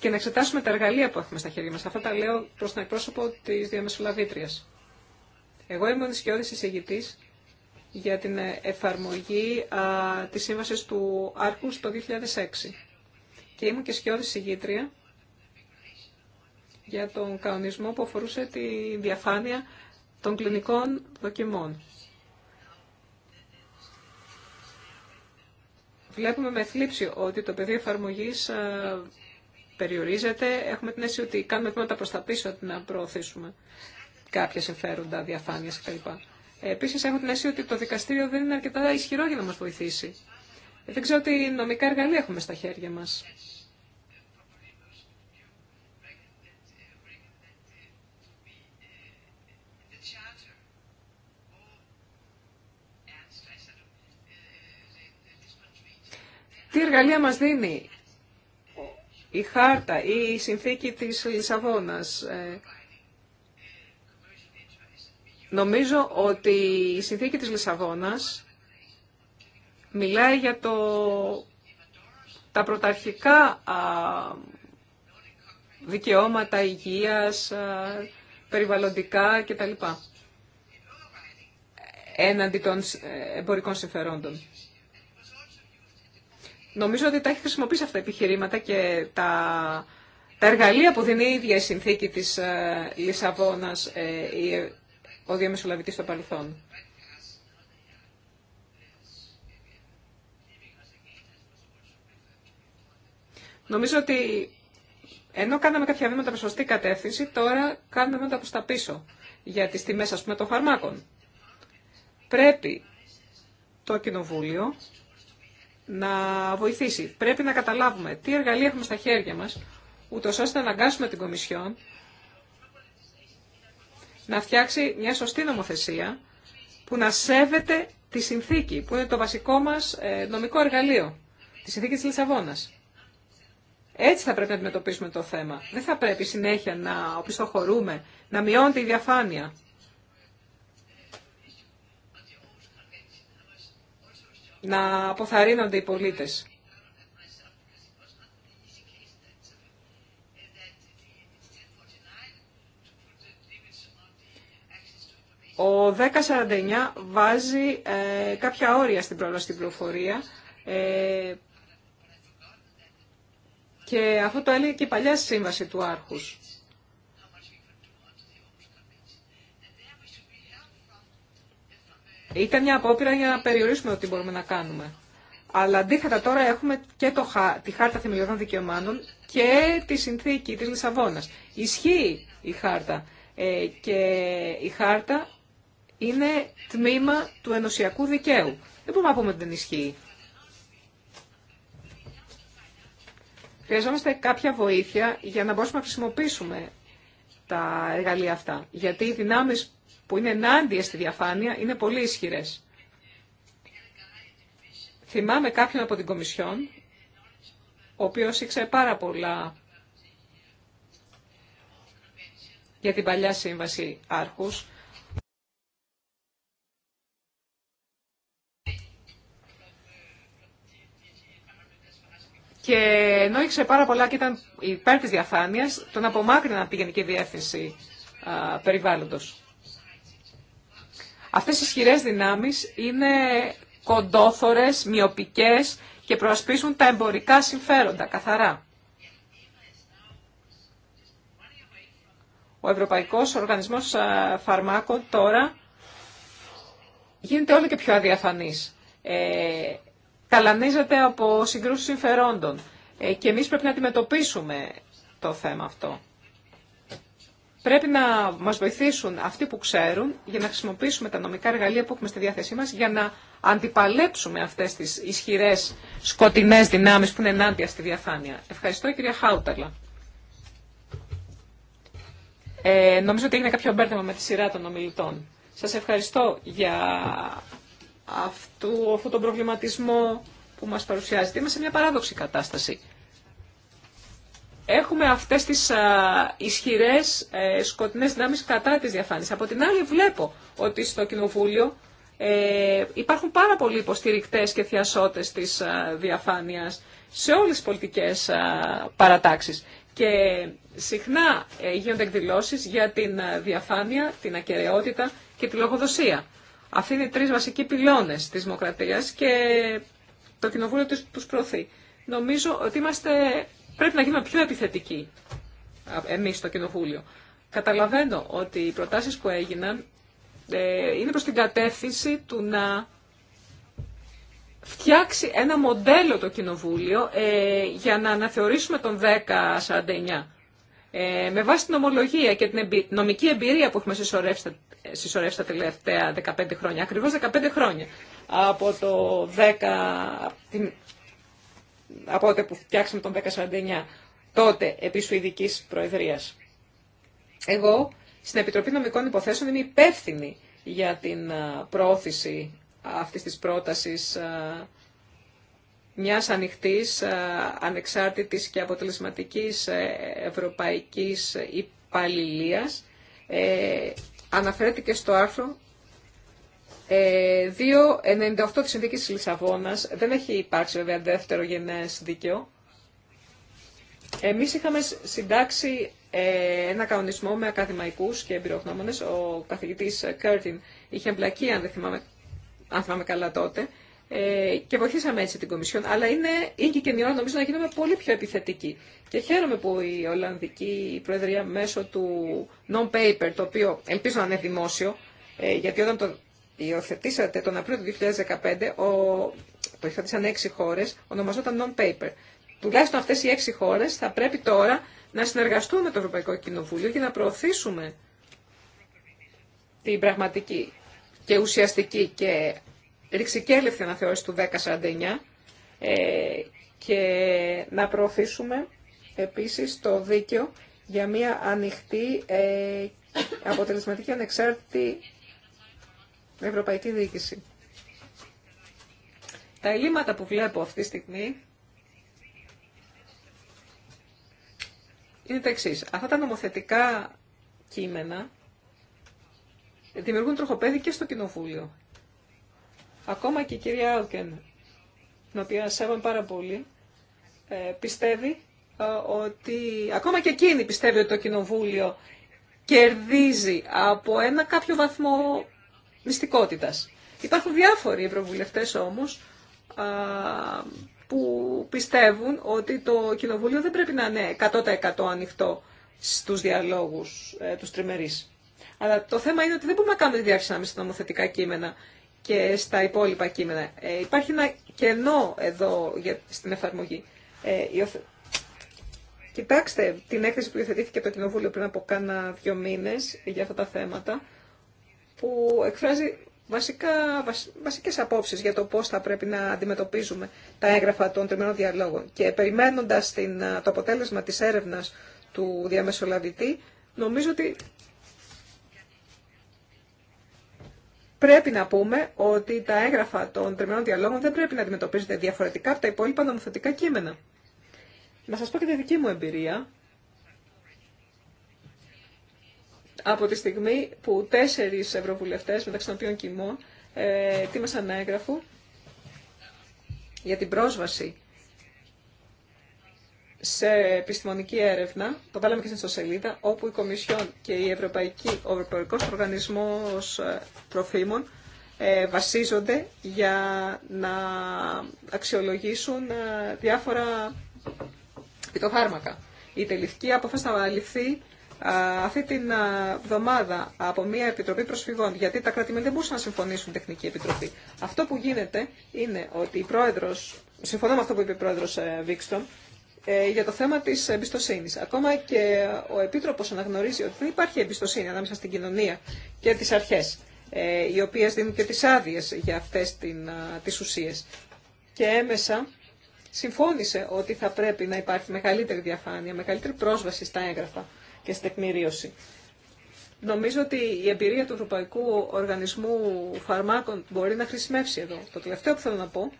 και να εξετάσουμε τα εργαλεία που έχουμε στα χέρια μας. Αυτά τα λέω προς τον εκπρόσωπο της διαμεσολαβήτριας. Εγώ είμαι ο νησιώδης εισηγητής για την εφαρμογή α, της σύμβασης του Άρχους το 2006 και ήμουν και σκιώδης εισηγήτρια για τον κανονισμό που αφορούσε τη διαφάνεια των κλινικών δοκιμών. Βλέπουμε με θλίψη ότι το πεδίο εφαρμογή ε, περιορίζεται. Έχουμε την αίσθηση ότι κάνουμε βήματα προ τα πίσω ότι να προωθήσουμε κάποια συμφέροντα, διαφάνεια κλπ. Επίση, έχουμε την αίσθηση ότι το δικαστήριο δεν είναι αρκετά ισχυρό για να μα βοηθήσει. Δεν ξέρω τι νομικά εργαλεία έχουμε στα χέρια μα Τι εργαλεία μας δίνει η χάρτα ή η συνθήκη της Λισαβόνας. Ε, νομίζω ότι η συνθήκη της Λισαβόνας μιλάει για το, τα πρωταρχικά α, δικαιώματα υγείας, α, περιβαλλοντικά κτλ. Έναντι των ε, εμπορικών συμφερόντων. Νομίζω ότι τα έχει χρησιμοποιήσει αυτά τα επιχειρήματα και τα, τα εργαλεία που δίνει η ίδια η συνθήκη της ε, Λισαβόνας ε, ο διαμεσολαβητής στο παρελθόν. Νομίζω ότι ενώ κάναμε κάποια βήματα προς σωστή κατεύθυνση, τώρα κάνουμε βήματα από τα πίσω για τις τιμές ας πούμε των φαρμάκων. Πρέπει το Κοινοβούλιο να βοηθήσει. Πρέπει να καταλάβουμε τι εργαλεία έχουμε στα χέρια μας, ούτω ώστε να αναγκάσουμε την Κομισιόν να φτιάξει μια σωστή νομοθεσία που να σέβεται τη συνθήκη, που είναι το βασικό μας ε, νομικό εργαλείο, τη συνθήκη της Λισαβόνας. Έτσι θα πρέπει να αντιμετωπίσουμε το θέμα. Δεν θα πρέπει συνέχεια να οπισθοχωρούμε, να μειώνεται η διαφάνεια να αποθαρρύνονται οι πολίτες. Ο 1049 βάζει ε, κάποια όρια στην πληροφορία ε, και αυτό το έλεγε και η παλιά σύμβαση του Άρχους. Ήταν μια απόπειρα για να περιορίσουμε ό,τι μπορούμε να κάνουμε. Αλλά αντίθετα τώρα έχουμε και το, τη Χάρτα Θεμελιωδών Δικαιωμάτων και τη συνθήκη της Λισαβόνας. Ισχύει η Χάρτα ε, και η Χάρτα είναι τμήμα του ενωσιακού δικαίου. Δεν μπορούμε να πούμε ότι δεν ισχύει. Χρειαζόμαστε κάποια βοήθεια για να μπορούμε να χρησιμοποιήσουμε τα εργαλεία αυτά. Γιατί οι δυνάμεις που είναι ενάντια στη διαφάνεια είναι πολύ ισχυρές. Θυμάμαι κάποιον από την Κομισιόν, ο οποίο ήξερε πάρα πολλά για την παλιά σύμβαση Άρχου. Και ενώ ήξερε πάρα πολλά και ήταν υπέρ της διαφάνειας, τον απομάκρυνα από τη Γενική Διεύθυνση περιβάλλοντο. Περιβάλλοντος. Αυτές οι ισχυρέ δυνάμεις είναι κοντόθωρες, μιοπικές και προασπίζουν τα εμπορικά συμφέροντα καθαρά. Ο Ευρωπαϊκός Οργανισμός Φαρμάκων τώρα γίνεται όλο και πιο αδιαφανής. Ε, ταλανίζεται από συγκρούσεις συμφερόντων. Ε, και εμείς πρέπει να αντιμετωπίσουμε το θέμα αυτό. Πρέπει να μας βοηθήσουν αυτοί που ξέρουν για να χρησιμοποιήσουμε τα νομικά εργαλεία που έχουμε στη διάθεσή μας για να αντιπαλέψουμε αυτές τις ισχυρές σκοτεινές δυνάμεις που είναι ενάντια στη διαφάνεια. Ευχαριστώ κυρία Χάουταλα. Ε, νομίζω ότι έγινε κάποιο μπέρδεμα με τη σειρά των ομιλητών. Σας ευχαριστώ για αυτού, τον προβληματισμό που μας παρουσιάζεται. Είμαστε σε μια παράδοξη κατάσταση έχουμε αυτές τις α, ισχυρές ε, σκοτεινές δυνάμεις κατά της διαφάνειας. Από την άλλη βλέπω ότι στο Κοινοβούλιο ε, υπάρχουν πάρα πολλοί υποστηρικτέ και θειασότες της α, διαφάνειας σε όλες τις πολιτικές παρατάξεις. Και συχνά ε, γίνονται εκδηλώσεις για την διαφάνεια, την ακαιρεότητα και τη λογοδοσία. Αυτοί είναι οι τρεις βασικοί πυλώνες της δημοκρατίας και το Κοινοβούλιο τους προωθεί. Νομίζω ότι είμαστε Πρέπει να γίνουμε πιο επιθετικοί εμείς στο Κοινοβούλιο. Καταλαβαίνω ότι οι προτάσει που έγιναν ε, είναι προς την κατεύθυνση του να φτιάξει ένα μοντέλο το Κοινοβούλιο ε, για να αναθεωρήσουμε τον 1049. Ε, με βάση την ομολογία και την νομική εμπειρία που έχουμε συσσωρεύσει, τα τελευταία 15 χρόνια, ακριβώς 15 χρόνια, από το 10, από τότε που φτιάξαμε τον 1049, τότε επί Σουηδικής Προεδρίας. Εγώ στην Επιτροπή Νομικών Υποθέσεων είμαι υπεύθυνη για την πρόθεση αυτής της πρότασης μιας ανοιχτής, ανεξάρτητης και αποτελεσματικής ε, ευρωπαϊκής υπαλληλίας. Ε, αναφέρεται και στο άρθρο ε, 2.98 της συνδίκης της Λισαβόνας, δεν έχει υπάρξει βέβαια δεύτερο γενναίες δίκαιο. Εμείς είχαμε συντάξει ε, ένα κανονισμό με ακαδημαϊκούς και εμπειρογνώμονες. Ο καθηγητής Κέρτιν είχε εμπλακεί, αν, δεν θυμάμαι, καλά τότε, ε, και βοηθήσαμε έτσι την Κομισιόν. Αλλά είναι, είναι και ώρα νομίζω να γίνουμε πολύ πιο επιθετικοί. Και χαίρομαι που η Ολλανδική Προεδρία μέσω του non-paper, το οποίο ελπίζω να είναι δημόσιο, ε, γιατί όταν το υιοθετήσατε τον Απρίλιο του 2015, ο, το υιοθετήσαν έξι χώρες, ονομαζόταν non-paper. Τουλάχιστον αυτές οι έξι χώρες θα πρέπει τώρα να συνεργαστούν με το Ευρωπαϊκό Κοινοβούλιο για να προωθήσουμε την πραγματική και ουσιαστική και ρηξικέλευτη αναθεώρηση του 1049 ε, και να προωθήσουμε επίσης το δίκαιο για μια ανοιχτή, ε, αποτελεσματική, ανεξάρτητη ευρωπαϊκή διοίκηση. Τα ελλείμματα που βλέπω αυτή τη στιγμή είναι τα εξή. Αυτά τα νομοθετικά κείμενα δημιουργούν τροχοπέδι και στο Κοινοβούλιο. Ακόμα και η κυρία Άουκεν, την οποία σέβομαι πάρα πολύ, ε, πιστεύει ε, ότι, ακόμα και εκείνη πιστεύει ότι το Κοινοβούλιο κερδίζει από ένα κάποιο βαθμό μυστικότητας. Υπάρχουν διάφοροι ευρωβουλευτές όμως α, που πιστεύουν ότι το κοινοβούλιο δεν πρέπει να είναι 100% ανοιχτό στους διαλόγους ε, τους Αλλά το θέμα είναι ότι δεν μπορούμε να κάνουμε διάρκεια ανάμεσα στα νομοθετικά κείμενα και στα υπόλοιπα κείμενα. Ε, υπάρχει ένα κενό εδώ για, στην εφαρμογή. Ε, Κοιτάξτε την έκθεση που υιοθετήθηκε το Κοινοβούλιο πριν από κάνα δύο μήνες για αυτά τα θέματα που εκφράζει βασικά, βασικές απόψεις για το πώς θα πρέπει να αντιμετωπίζουμε τα έγγραφα των τριμμένων διαλόγων. Και περιμένοντας την, το αποτέλεσμα της έρευνας του διαμεσολαβητή, νομίζω ότι πρέπει να πούμε ότι τα έγγραφα των τριμμένων διαλόγων δεν πρέπει να αντιμετωπίζονται διαφορετικά από τα υπόλοιπα νομοθετικά κείμενα. Να σας πω και τη δική μου εμπειρία από τη στιγμή που τέσσερι ευρωβουλευτές, μεταξύ των οποίων κοιμών ε, τίμασαν ένα έγγραφο για την πρόσβαση σε επιστημονική έρευνα, το βάλαμε και στην ιστοσελίδα, όπου η Κομισιόν και η Ευρωπαϊκή, ο Ευρωπαϊκός Οργανισμός ε, Τροφίμων ε, βασίζονται για να αξιολογήσουν ε, διάφορα πιτοφάρμακα. Η τελική απόφαση θα ληφθεί αυτή την εβδομάδα από μια επιτροπή προσφυγών, γιατί τα κράτη-μέλη δεν μπορούσαν να συμφωνήσουν τεχνική επιτροπή. Αυτό που γίνεται είναι ότι η πρόεδρο, συμφωνώ με αυτό που είπε η πρόεδρο ε, Βίξτρομ, ε, για το θέμα τη εμπιστοσύνη. Ακόμα και ο επίτροπο αναγνωρίζει ότι δεν υπάρχει εμπιστοσύνη ανάμεσα στην κοινωνία και τι αρχέ, ε, οι οποίε δίνουν και τι άδειε για αυτέ τι ουσίε. Και έμεσα συμφώνησε ότι θα πρέπει να υπάρχει μεγαλύτερη διαφάνεια, μεγαλύτερη πρόσβαση στα έγγραφα και στην τεκμηρίωση. Νομίζω ότι η εμπειρία του Ευρωπαϊκού Οργανισμού Φαρμάκων μπορεί να χρησιμεύσει εδώ. Το τελευταίο που θέλω να πω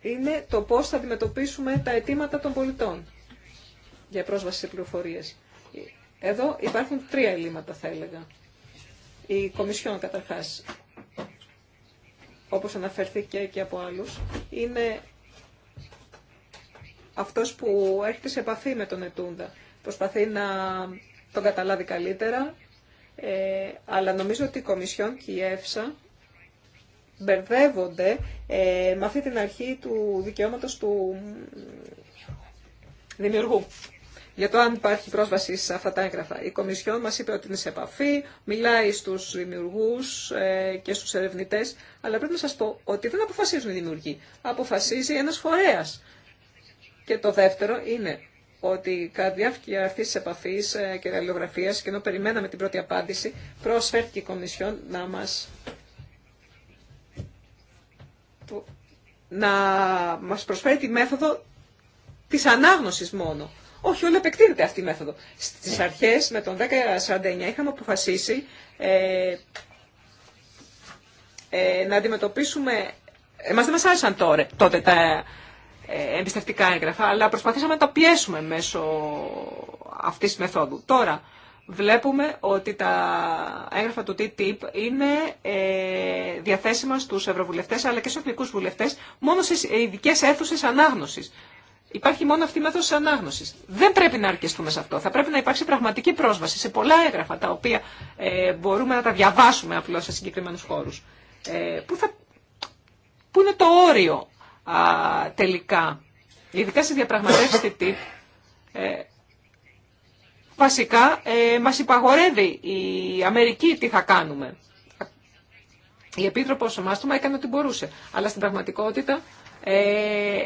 είναι το πώς θα αντιμετωπίσουμε τα αιτήματα των πολιτών για πρόσβαση σε πληροφορίες. Εδώ υπάρχουν τρία ελλείμματα θα έλεγα. Η Κομισιόν καταρχάς, όπως αναφέρθηκε και από άλλους, είναι αυτός που έρχεται σε επαφή με τον Ετούντα προσπαθεί να τον καταλάβει καλύτερα, ε, αλλά νομίζω ότι η Κομισιόν και η ΕΦΣΑ μπερδεύονται ε, με αυτή την αρχή του δικαιώματος του δημιουργού. Για το αν υπάρχει πρόσβαση σε αυτά τα έγγραφα. Η Κομισιόν μας είπε ότι είναι σε επαφή, μιλάει στους δημιουργούς ε, και στους ερευνητές, αλλά πρέπει να σας πω ότι δεν αποφασίζουν οι δημιουργοί. Αποφασίζει ένας φορέας. Και το δεύτερο είναι ότι κατά διάρκεια αυτή τη επαφή ε, και αλληλογραφία, και ενώ περιμέναμε την πρώτη απάντηση, προσφέρθηκε η Κομισιόν να μα να μας προσφέρει τη μέθοδο της ανάγνωσης μόνο. Όχι, όλο επεκτείνεται αυτή η μέθοδο. Στις αρχές με τον 1049 είχαμε αποφασίσει ε, ε, να αντιμετωπίσουμε... Εμάς δεν μας άρεσαν τώρα, τότε τα ε, εμπιστευτικά έγγραφα, αλλά προσπαθήσαμε να τα πιέσουμε μέσω αυτής της μεθόδου. Τώρα, βλέπουμε ότι τα έγγραφα του TTIP είναι ε, διαθέσιμα στους ευρωβουλευτές αλλά και στους εθνικούς βουλευτές μόνο σε ε, ειδικέ αίθουσε ανάγνωσης. Υπάρχει μόνο αυτή η μέθοδος της ανάγνωσης. Δεν πρέπει να αρκεστούμε σε αυτό. Θα πρέπει να υπάρξει πραγματική πρόσβαση σε πολλά έγγραφα τα οποία ε, μπορούμε να τα διαβάσουμε απλώς σε συγκεκριμένους χώρους. Ε, που είναι το όριο τελικά, ειδικά σε διαπραγματεύσεις ε, βασικά ε, μας υπαγορεύει η Αμερική τι θα κάνουμε. Η Επίτροπος Μάστομα έκανε ό,τι μπορούσε, αλλά στην πραγματικότητα ε,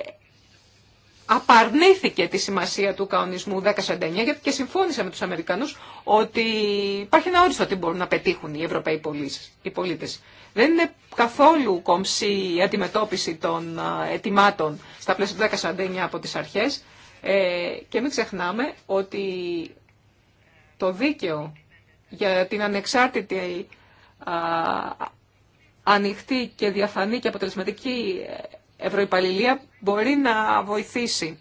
απαρνήθηκε τη σημασία του καονισμου 1049 γιατί και συμφώνησε με τους Αμερικανούς ότι υπάρχει ένα όριστο τι μπορούν να πετύχουν οι Ευρωπαίοι πολίτες. Δεν είναι καθόλου κομψή η αντιμετώπιση των ετοιμάτων στα πλαίσια του 1049 από τις αρχές ε, και μην ξεχνάμε ότι το δίκαιο για την ανεξάρτητη ανοιχτή και διαφανή και αποτελεσματική ε, ευρωϊπαλληλία μπορεί να βοηθήσει.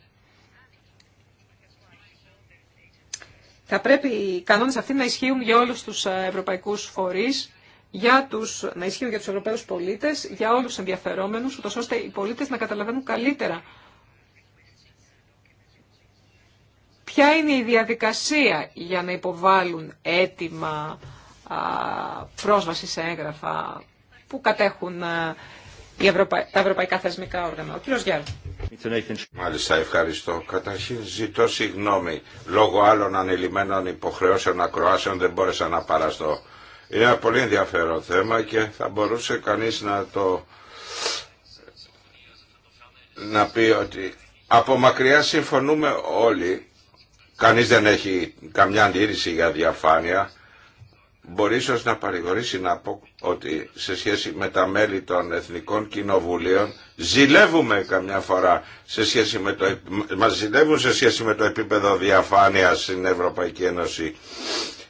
Θα πρέπει οι κανόνες αυτοί να ισχύουν για όλους τους ευρωπαϊκούς φορείς για τους, να ισχύουν για τους Ευρωπαίους πολίτες, για όλους τους ενδιαφερόμενους, ούτως ώστε οι πολίτες να καταλαβαίνουν καλύτερα ποια είναι η διαδικασία για να υποβάλουν έτοιμα α, πρόσβαση σε έγγραφα που κατέχουν τα ευρωπαϊκά θεσμικά όργανα. Ο κύριος Γιάννη. Μάλιστα, ευχαριστώ. Καταρχήν ζητώ συγγνώμη. Λόγω άλλων ανελημμένων υποχρεώσεων ακροάσεων δεν μπόρεσα να παραστώ. Είναι ένα πολύ ενδιαφέρον θέμα και θα μπορούσε κανείς να το να πει ότι από μακριά συμφωνούμε όλοι. Κανείς δεν έχει καμιά αντίρρηση για διαφάνεια. Μπορεί ίσως να παρηγορήσει να πω ότι σε σχέση με τα μέλη των Εθνικών Κοινοβουλίων ζηλεύουμε καμιά φορά σε σχέση με το, μας ζηλεύουν σε σχέση με το επίπεδο διαφάνειας στην Ευρωπαϊκή Ένωση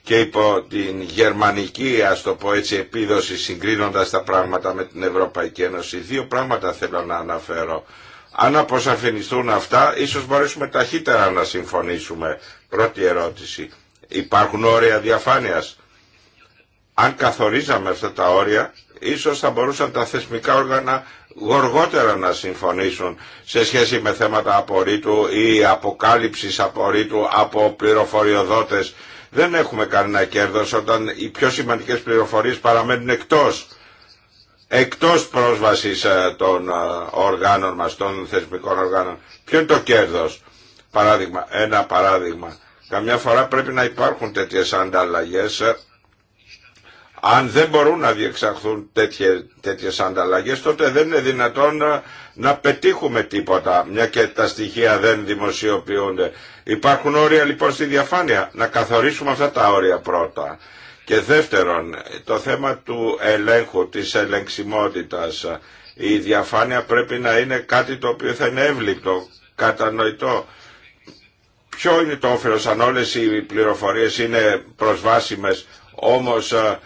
και υπό την γερμανική ας το πω έτσι επίδοση συγκρίνοντας τα πράγματα με την Ευρωπαϊκή Ένωση. Δύο πράγματα θέλω να αναφέρω. Αν αποσαφινιστούν αυτά, ίσως μπορέσουμε ταχύτερα να συμφωνήσουμε. Πρώτη ερώτηση. Υπάρχουν όρια διαφάνειας. Αν καθορίζαμε αυτά τα όρια, ίσως θα μπορούσαν τα θεσμικά όργανα γοργότερα να συμφωνήσουν σε σχέση με θέματα απορρίτου ή αποκάλυψης απορρίτου από πληροφοριοδότες δεν έχουμε κανένα κέρδος όταν οι πιο σημαντικές πληροφορίες παραμένουν εκτός εκτός πρόσβασης ε, των ε, οργάνων μας, των θεσμικών οργάνων. Ποιο είναι το κέρδος. Παράδειγμα, ένα παράδειγμα. Καμιά φορά πρέπει να υπάρχουν τέτοιες ανταλλαγέ. Ε, αν δεν μπορούν να διεξαχθούν τέτοιες, τέτοιες ανταλλαγές, τότε δεν είναι δυνατόν να, ε, να πετύχουμε τίποτα, μια και τα στοιχεία δεν δημοσιοποιούνται. Υπάρχουν όρια λοιπόν στη διαφάνεια. Να καθορίσουμε αυτά τα όρια πρώτα. Και δεύτερον, το θέμα του ελέγχου, της ελεγξιμότητας. Η διαφάνεια πρέπει να είναι κάτι το οποίο θα είναι εύληπτο, κατανοητό. Ποιο είναι το όφελος αν όλες οι πληροφορίες είναι προσβάσιμες, όμως ε,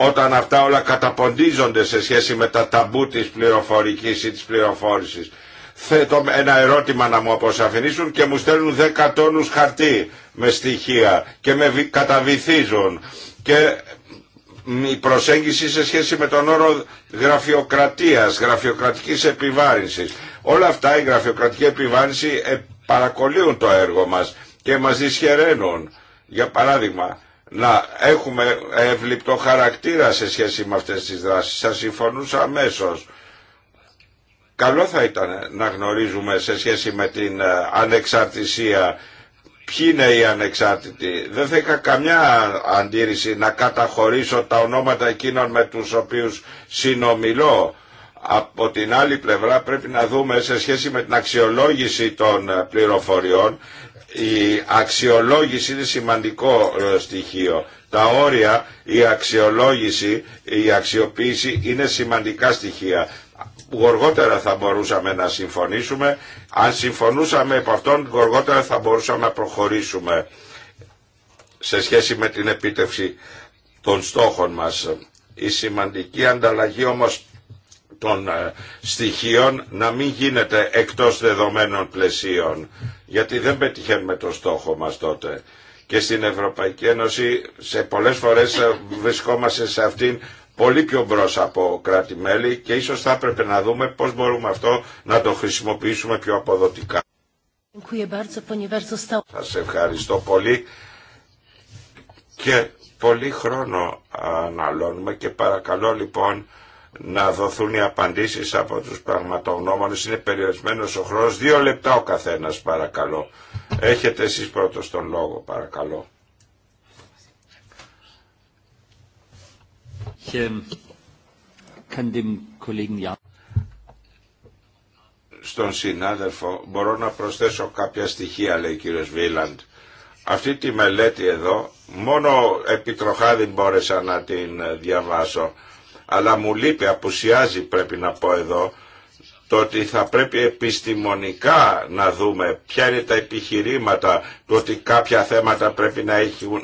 όταν αυτά όλα καταποντίζονται σε σχέση με τα ταμπού της πληροφορικής ή της πληροφόρησης. Θέτω ένα ερώτημα να μου αποσαφηνίσουν και μου στέλνουν 10 τόνους χαρτί με στοιχεία και με καταβυθίζουν. Και η προσέγγιση σε σχέση με τον όρο γραφειοκρατίας, γραφειοκρατικής επιβάρυνσης. Όλα αυτά η γραφειοκρατική επιβάρυνση ε, παρακολύουν το έργο μας και μας δυσχεραίνουν. Για παράδειγμα, να έχουμε ευληπτό χαρακτήρα σε σχέση με αυτές τις δράσεις. Θα συμφωνούσα αμέσως. Καλό θα ήταν να γνωρίζουμε σε σχέση με την ε, ανεξαρτησία ποιοι είναι οι ανεξάρτητοι. Δεν θα είχα καμιά αντίρρηση να καταχωρήσω τα ονόματα εκείνων με τους οποίους συνομιλώ. Από την άλλη πλευρά πρέπει να δούμε σε σχέση με την αξιολόγηση των ε, πληροφοριών η αξιολόγηση είναι σημαντικό ε, στοιχείο. Τα όρια, η αξιολόγηση, η αξιοποίηση είναι σημαντικά στοιχεία γοργότερα θα μπορούσαμε να συμφωνήσουμε. Αν συμφωνούσαμε από αυτόν, γοργότερα θα μπορούσαμε να προχωρήσουμε σε σχέση με την επίτευξη των στόχων μας. Η σημαντική ανταλλαγή όμως των ε, στοιχείων να μην γίνεται εκτός δεδομένων πλαισίων γιατί δεν πετυχαίνουμε το στόχο μας τότε. Και στην Ευρωπαϊκή Ένωση σε πολλές φορές ε, βρισκόμαστε σε αυτήν πολύ πιο μπρος από κράτη-μέλη και ίσως θα έπρεπε να δούμε πώς μπορούμε αυτό να το χρησιμοποιήσουμε πιο αποδοτικά. Σα ευχαριστώ πολύ και πολύ χρόνο αναλώνουμε και παρακαλώ λοιπόν να δοθούν οι απαντήσεις από τους πραγματογνώμονες. Είναι περιορισμένος ο χρόνος. Δύο λεπτά ο καθένας παρακαλώ. Έχετε εσείς πρώτος τον λόγο παρακαλώ. Ähm, Στον συνάδελφο μπορώ να προσθέσω κάποια στοιχεία λέει ο κύριος Βίλαντ. Αυτή τη μελέτη εδώ μόνο επιτροχά δεν μπόρεσα να την ε, διαβάσω αλλά μου λείπει, απουσιάζει πρέπει να πω εδώ, το ότι θα πρέπει επιστημονικά να δούμε ποια είναι τα επιχειρήματα του ότι κάποια θέματα πρέπει να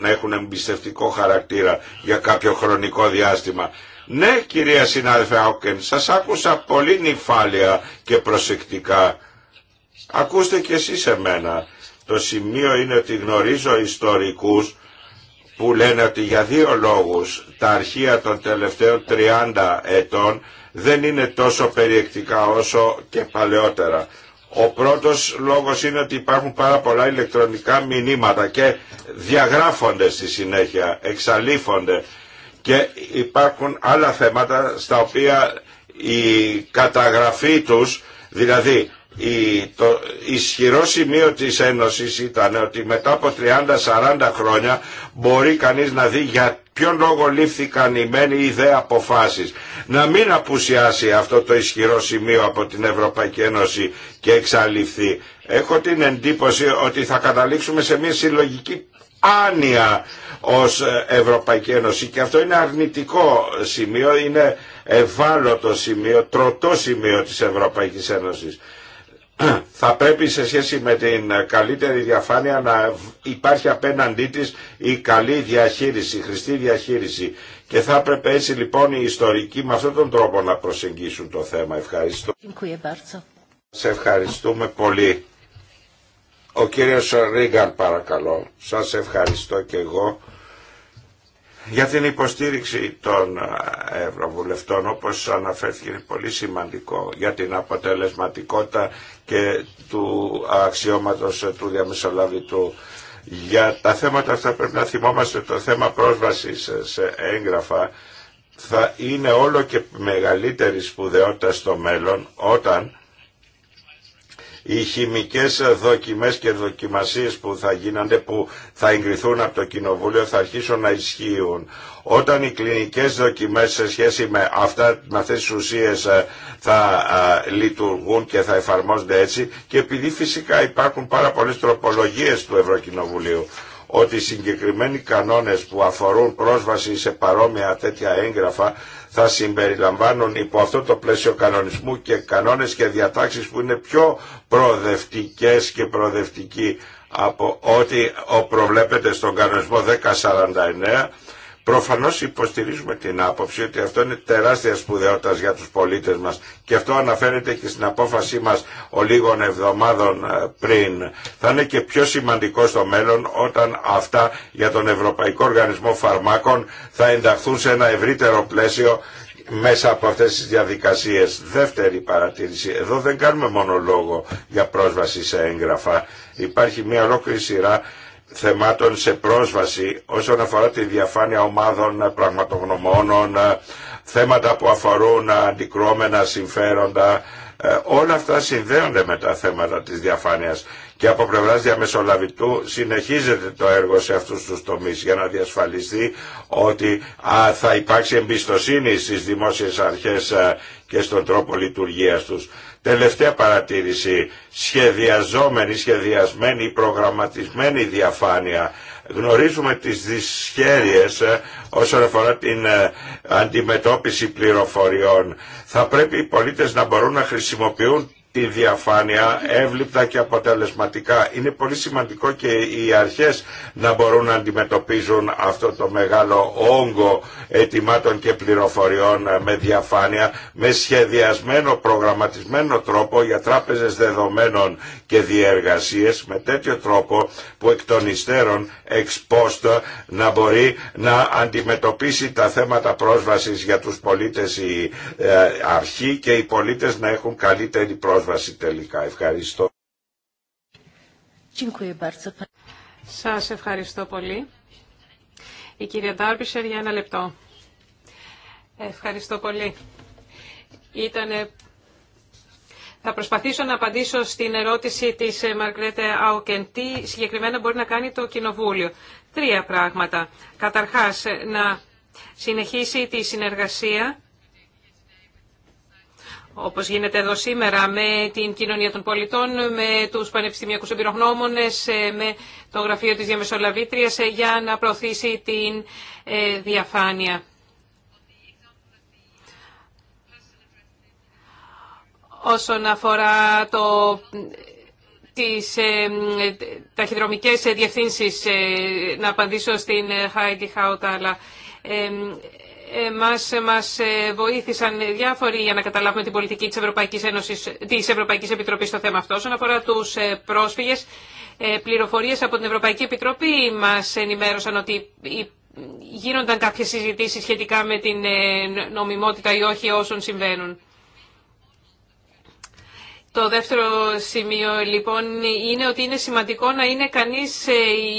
έχουν, να εμπιστευτικό χαρακτήρα για κάποιο χρονικό διάστημα. Ναι κυρία συνάδελφε Άουκεν, σας άκουσα πολύ νυφάλια και προσεκτικά. Ακούστε κι εσείς εμένα. Το σημείο είναι ότι γνωρίζω ιστορικούς που λένε ότι για δύο λόγους τα αρχεία των τελευταίων 30 ετών δεν είναι τόσο περιεκτικά όσο και παλαιότερα. Ο πρώτος λόγος είναι ότι υπάρχουν πάρα πολλά ηλεκτρονικά μηνύματα και διαγράφονται στη συνέχεια, εξαλείφονται και υπάρχουν άλλα θέματα στα οποία η καταγραφή τους, δηλαδή η, το ισχυρό σημείο της Ένωσης ήταν ότι μετά από 30-40 χρόνια μπορεί κανείς να δει για ποιον λόγο λήφθηκαν οι μένοι ή δε αποφάσεις. Να μην απουσιάσει αυτό το ισχυρό σημείο από την Ευρωπαϊκή Ένωση και εξαλειφθεί. Έχω την εντύπωση ότι θα καταλήξουμε σε μια συλλογική άνοια ως Ευρωπαϊκή Ένωση και αυτό είναι αρνητικό σημείο, είναι ευάλωτο σημείο, τροτό σημείο της Ευρωπαϊκής Ένωσης. θα πρέπει σε σχέση με την καλύτερη διαφάνεια να υπάρχει απέναντί της η καλή διαχείριση, η χρηστή διαχείριση. Και θα έπρεπε έτσι λοιπόν οι ιστορικοί με αυτόν τον τρόπο να προσεγγίσουν το θέμα. Ευχαριστώ. Σε ευχαριστούμε πολύ. Ο κύριος Ρίγκαν παρακαλώ. Σας ευχαριστώ και εγώ. Για την υποστήριξη των ε, Ευρωβουλευτών, όπως αναφέρθηκε, είναι πολύ σημαντικό για την αποτελεσματικότητα και του αξιώματος ε, του διαμεσολαβητού. Για τα θέματα αυτά πρέπει να θυμόμαστε το θέμα πρόσβασης σε έγγραφα θα είναι όλο και μεγαλύτερη σπουδαιότητα στο μέλλον όταν οι χημικές δοκιμές και δοκιμασίες που θα γίνονται, που θα εγκριθούν από το Κοινοβούλιο, θα αρχίσουν να ισχύουν. Όταν οι κλινικές δοκιμές σε σχέση με, αυτά, με αυτές τις ουσίες ε, θα ε, λειτουργούν και θα εφαρμόζονται έτσι και επειδή φυσικά υπάρχουν πάρα πολλές τροπολογίες του Ευρωκοινοβουλίου ότι συγκεκριμένοι κανόνες που αφορούν πρόσβαση σε παρόμοια τέτοια έγγραφα θα συμπεριλαμβάνουν υπό αυτό το πλαίσιο κανονισμού και κανόνες και διατάξεις που είναι πιο προοδευτικές και προοδευτικοί από ό,τι προβλέπεται στον κανονισμό 1049 Προφανώς υποστηρίζουμε την άποψη ότι αυτό είναι τεράστια σπουδαιότητα για τους πολίτες μας και αυτό αναφέρεται και στην απόφασή μας ο λίγων εβδομάδων ε, πριν. Θα είναι και πιο σημαντικό στο μέλλον όταν αυτά για τον Ευρωπαϊκό Οργανισμό Φαρμάκων θα ενταχθούν σε ένα ευρύτερο πλαίσιο μέσα από αυτές τις διαδικασίες. Δεύτερη παρατήρηση, εδώ δεν κάνουμε μόνο λόγο για πρόσβαση σε έγγραφα. Υπάρχει μια ολόκληρη σειρά θεμάτων σε πρόσβαση όσον αφορά τη διαφάνεια ομάδων πραγματογνωμόνων, ε, θέματα που αφορούν ε, αντικρώμενα συμφέροντα, ε, όλα αυτά συνδέονται με τα θέματα της διαφάνειας και από πλευράς διαμεσολαβητού συνεχίζεται το έργο σε αυτούς τους τομείς για να διασφαλιστεί ότι θα υπάρξει εμπιστοσύνη στις δημόσιες αρχές και στον τρόπο λειτουργίας τους. Τελευταία παρατήρηση, σχεδιαζόμενη, σχεδιασμένη, προγραμματισμένη διαφάνεια. Γνωρίζουμε τις δυσχέρειες ε, όσον αφορά την ε, αντιμετώπιση πληροφοριών. Θα πρέπει οι πολίτες να μπορούν να χρησιμοποιούν τη διαφάνεια εύληπτα και αποτελεσματικά. Είναι πολύ σημαντικό και οι αρχές να μπορούν να αντιμετωπίζουν αυτό το μεγάλο όγκο ετοιμάτων και πληροφοριών με διαφάνεια, με σχεδιασμένο, προγραμματισμένο τρόπο για τράπεζες δεδομένων και διεργασίες, με τέτοιο τρόπο που εκ των υστέρων να μπορεί να αντιμετωπίσει τα θέματα πρόσβασης για τους πολίτες η ε, αρχή και οι πολίτες να έχουν καλύτερη πρόσβαση ευχαριστώ. τελικά. Ευχαριστώ. Σας ευχαριστώ πολύ. Η κυρία Ντάρμπισερ για ένα λεπτό. Ευχαριστώ πολύ. Ήτανε... Θα προσπαθήσω να απαντήσω στην ερώτηση της ε, Μαργκρέτε Άουκεν. Τι συγκεκριμένα μπορεί να κάνει το Κοινοβούλιο. Τρία πράγματα. Καταρχάς, ε, να συνεχίσει τη συνεργασία όπως γίνεται εδώ σήμερα με την κοινωνία των πολιτών, με τους πανεπιστημιακούς εμπειρογνώμονες, ε, με το γραφείο της Διαμεσολαβήτριας ε, για να προωθήσει την ε, διαφάνεια. Όσον αφορά το, τις ε, ταχυδρομικές διευθύνσεις, να απαντήσω στην Χάιντι Χάουτα, αλλά μας, μας ε, βοήθησαν διάφοροι για να καταλάβουμε την πολιτική της Ευρωπαϊκής, Ένωσης, της Ευρωπαϊκής Επιτροπής στο θέμα αυτό. Όσον αφορά τους ε, πρόσφυγες, ε, πληροφορίες από την Ευρωπαϊκή Επιτροπή μας ενημέρωσαν ότι γίνονταν κάποιες συζητήσεις σχετικά με την νομιμότητα ή όχι όσων συμβαίνουν. Το δεύτερο σημείο λοιπόν είναι ότι είναι σημαντικό να είναι κανείς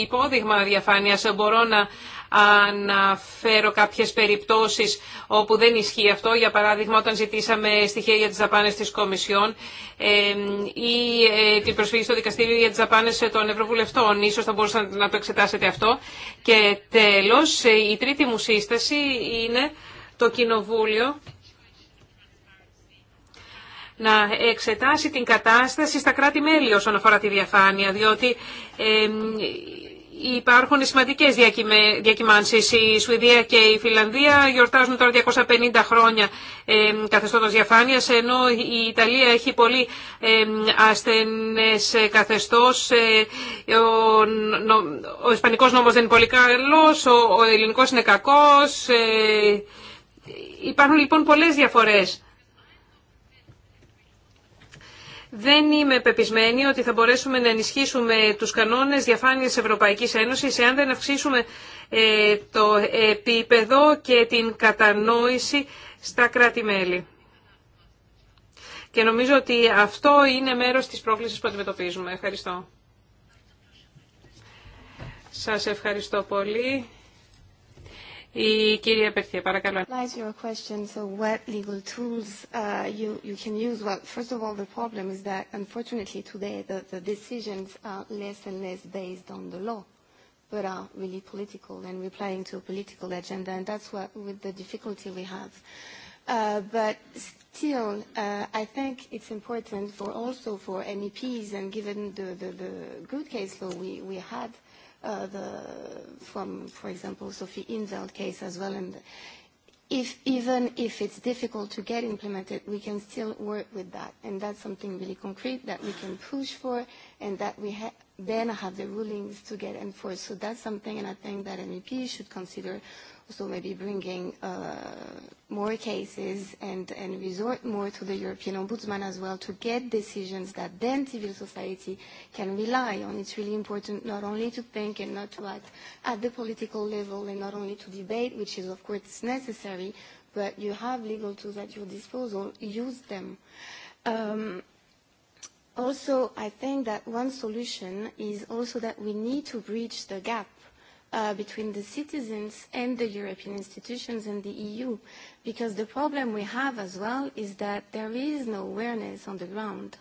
υπόδειγμα διαφάνειας. Μπορώ να αναφέρω κάποιες περιπτώσεις όπου δεν ισχύει αυτό. Για παράδειγμα, όταν ζητήσαμε στοιχεία για τις δαπάνες της Κομισιόν ή ε, την προσφυγή στο δικαστήριο για τις δαπάνες των Ευρωβουλευτών. Ίσως θα μπορούσατε να το εξετάσετε αυτό. Και τέλος, ε, η τρίτη μου σύσταση είναι το Κοινοβούλιο να εξετάσει την κατάσταση στα κράτη-μέλη όσον αφορά τη διαφάνεια, διότι ε, υπάρχουν σημαντικές διακυμάνσεις. Η Σουηδία και η Φιλανδία γιορτάζουν τώρα 250 χρόνια ε, καθεστώτος διαφάνειας, ενώ η Ιταλία έχει πολύ ε, ασθενές καθεστώς. Ε, ο, ο Ισπανικός νόμος δεν είναι πολύ καλός, ο, ο Ελληνικός είναι κακός. Ε. υπάρχουν λοιπόν πολλές διαφορές. Δεν είμαι πεπισμένη ότι θα μπορέσουμε να ενισχύσουμε τους κανόνες διαφάνειας Ευρωπαϊκής Ένωσης εάν δεν αυξήσουμε ε, το επίπεδο και την κατανόηση στα κράτη-μέλη. Και νομίζω ότι αυτό είναι μέρος της πρόκλησης που αντιμετωπίζουμε. Ευχαριστώ. Σας ευχαριστώ πολύ. Η κυρία Περθία, παρακαλώ. your question, so what legal tools you, you can use? Well, first of all, the problem is that unfortunately today the, the decisions are less and less based on the law, but are really political and replying to a political agenda, and that's what with the difficulty we have. but still, I think it's important for also for MEPs and given the, the, the good case law we, we had the from, for example, Sophie Inzel case as well. And if even if it's difficult to get implemented, we can still work with that. And that's something really concrete that we can push for and that we then have the rulings to get enforced. So that's something, and I think that MEP should consider also maybe bringing more cases and and resort more to the European Ombudsman as well to get decisions that then civil society can rely on. It's really important not only to think and not to act at the political level and not only to debate, which is of course necessary, but you have legal tools at your disposal, use them. Also, I think that one solution is also that we need to bridge the gap between the citizens and the European institutions and the EU, because the problem we have as well is that there is no awareness on the ground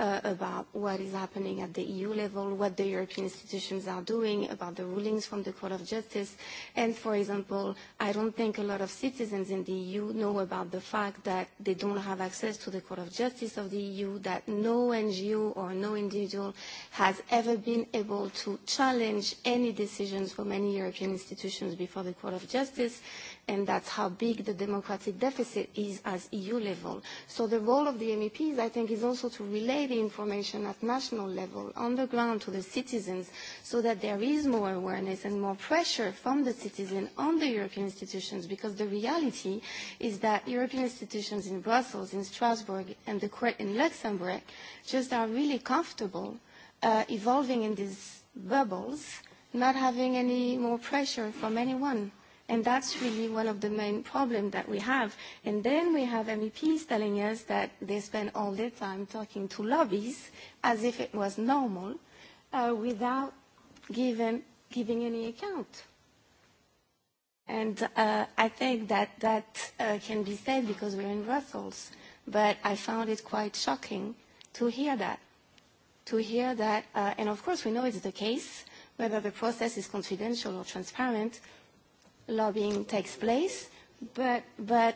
about what is happening at the EU level, what the European institutions are doing, about the rulings from the Court of Justice. And, for example, I don't think a lot of citizens in the EU know about the fact that they don't have access to the Court of Justice of the EU, that no NGO or no individual has ever been able to challenge any decisions from any European institutions before the Court of Justice and that's how big the democratic deficit is at EU level. So the role of the MEPs, I think, is also to relay the information at national level, on the ground to the citizens, so that there is more awareness and more pressure from the citizen on the European institutions, because the reality is that European institutions in Brussels, in Strasbourg, and the court in Luxembourg just are really comfortable evolving in these bubbles, not having any more pressure from anyone. And that's really one of the main problems that we have. And then we have MEPs telling us that they spend all their time talking to lobbies as if it was normal without giving any account. And I think that that can be said because we're in Brussels. But I found it quite shocking to hear that. To hear that, and of course we know it's the case, whether the process is confidential or transparent, lobbying takes place, but but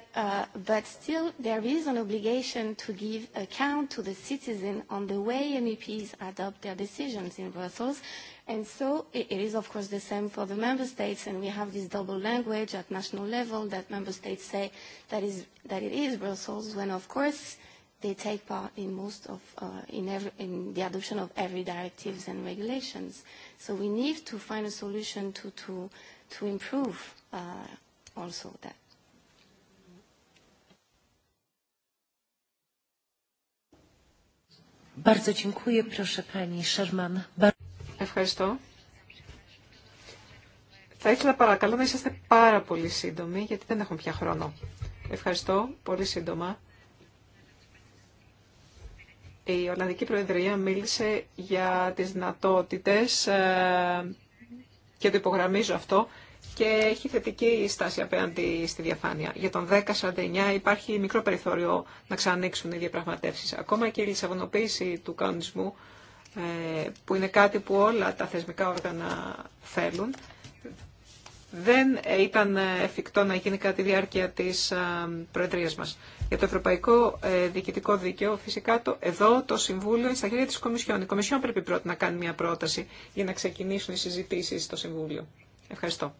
still there is an obligation to give account to the citizen on the way MEPs adopt their decisions in Brussels. And so it is, of course, the same for the member states, and we have this double language at national level that member states say that it is Brussels, when, of course, they take part in most of, in the adoption of every directives and regulations. So we need to find a solution to to Ευχαριστώ. Θα ήθελα παρακαλώ να είσαστε πάρα πολύ σύντομοι, γιατί δεν έχουμε πια χρόνο. Ευχαριστώ, πολύ σύντομα. Η Ολλανδική Προεδρία μίλησε για τις δυνατότητε ε, και το υπογραμμίζω αυτό, και έχει θετική στάση απέναντι στη διαφάνεια. Για τον 1049 υπάρχει μικρό περιθώριο να ξανανοίξουν οι διαπραγματεύσει. Ακόμα και η λισαβονοποίηση του κανονισμού, ε, που είναι κάτι που όλα τα θεσμικά όργανα θέλουν, δεν ήταν εφικτό να γίνει κάτι διάρκεια τη ε, Προεδρία μα. Για το Ευρωπαϊκό ε, Διοικητικό Δίκαιο, φυσικά το, εδώ το Συμβούλιο είναι στα χέρια τη Κομισιόν. Η Κομισιόν πρέπει πρώτα να κάνει μια πρόταση για να ξεκινήσουν οι συζητήσει στο Συμβούλιο. Ευχαριστώ.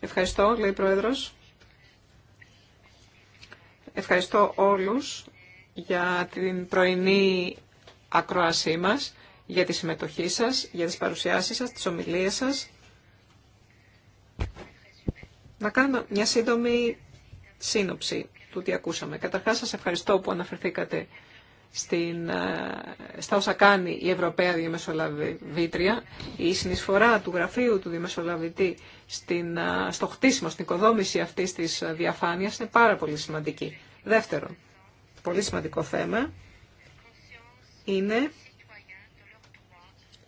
Ευχαριστώ, λέει η Πρόεδρος. Ευχαριστώ όλους για την πρωινή ακρόασή μας, για τη συμμετοχή σας, για τις παρουσιάσεις σας, τις ομιλίες σας. Να κάνω μια σύντομη σύνοψη του τι ακούσαμε. Καταρχάς σας ευχαριστώ που αναφερθήκατε στην, ε, στα όσα κάνει η Ευρωπαία Διαμεσολαβήτρια, η συνεισφορά του γραφείου του Διαμεσολαβητή στην, ε, στο χτίσιμο, στην οικοδόμηση αυτή της ε, διαφάνειας είναι πάρα πολύ σημαντική. Δεύτερον, πολύ σημαντικό θέμα είναι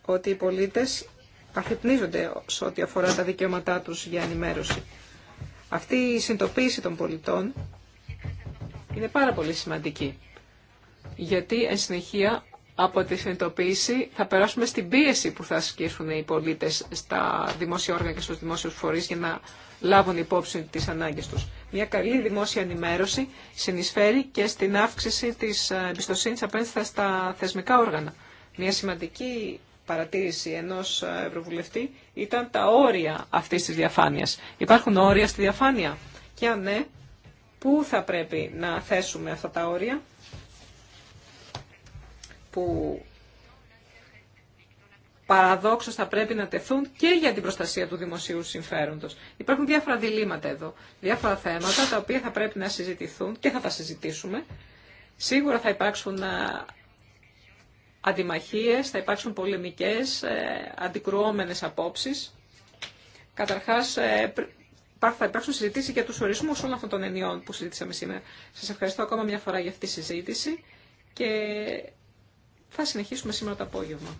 ότι οι πολίτες αφυπνίζονται σε ό,τι αφορά τα δικαιώματά τους για ενημέρωση. Αυτή η συνειδητοποίηση των πολιτών είναι πάρα πολύ σημαντική γιατί εν συνεχεία από τη συνειδητοποίηση θα περάσουμε στην πίεση που θα ασκήσουν οι πολίτε στα δημόσια όργανα και στου δημόσιου φορεί για να λάβουν υπόψη τι ανάγκε τους. Μια καλή δημόσια ενημέρωση συνεισφέρει και στην αύξηση της ε, εμπιστοσύνη απέναντι στα θεσμικά όργανα. Μια σημαντική παρατήρηση ενό ε, Ευρωβουλευτή ήταν τα όρια αυτής της διαφάνεια. Υπάρχουν όρια στη διαφάνεια και αν ναι, πού θα πρέπει να θέσουμε αυτά τα όρια που παραδόξω θα πρέπει να τεθούν και για την προστασία του δημοσίου συμφέροντος. Υπάρχουν διάφορα διλήμματα εδώ, διάφορα θέματα τα οποία θα πρέπει να συζητηθούν και θα τα συζητήσουμε. Σίγουρα θα υπάρξουν ε, αντιμαχίες, θα υπάρξουν πολεμικές, ε, αντικρουόμενες απόψεις. Καταρχάς, ε, θα υπάρξουν συζητήσει για του ορισμού όλων αυτών των ενιών που συζήτησαμε σήμερα. Σα ευχαριστώ ακόμα μια φορά για αυτή τη συζήτηση και θα συνεχίσουμε σήμερα το απόγευμα.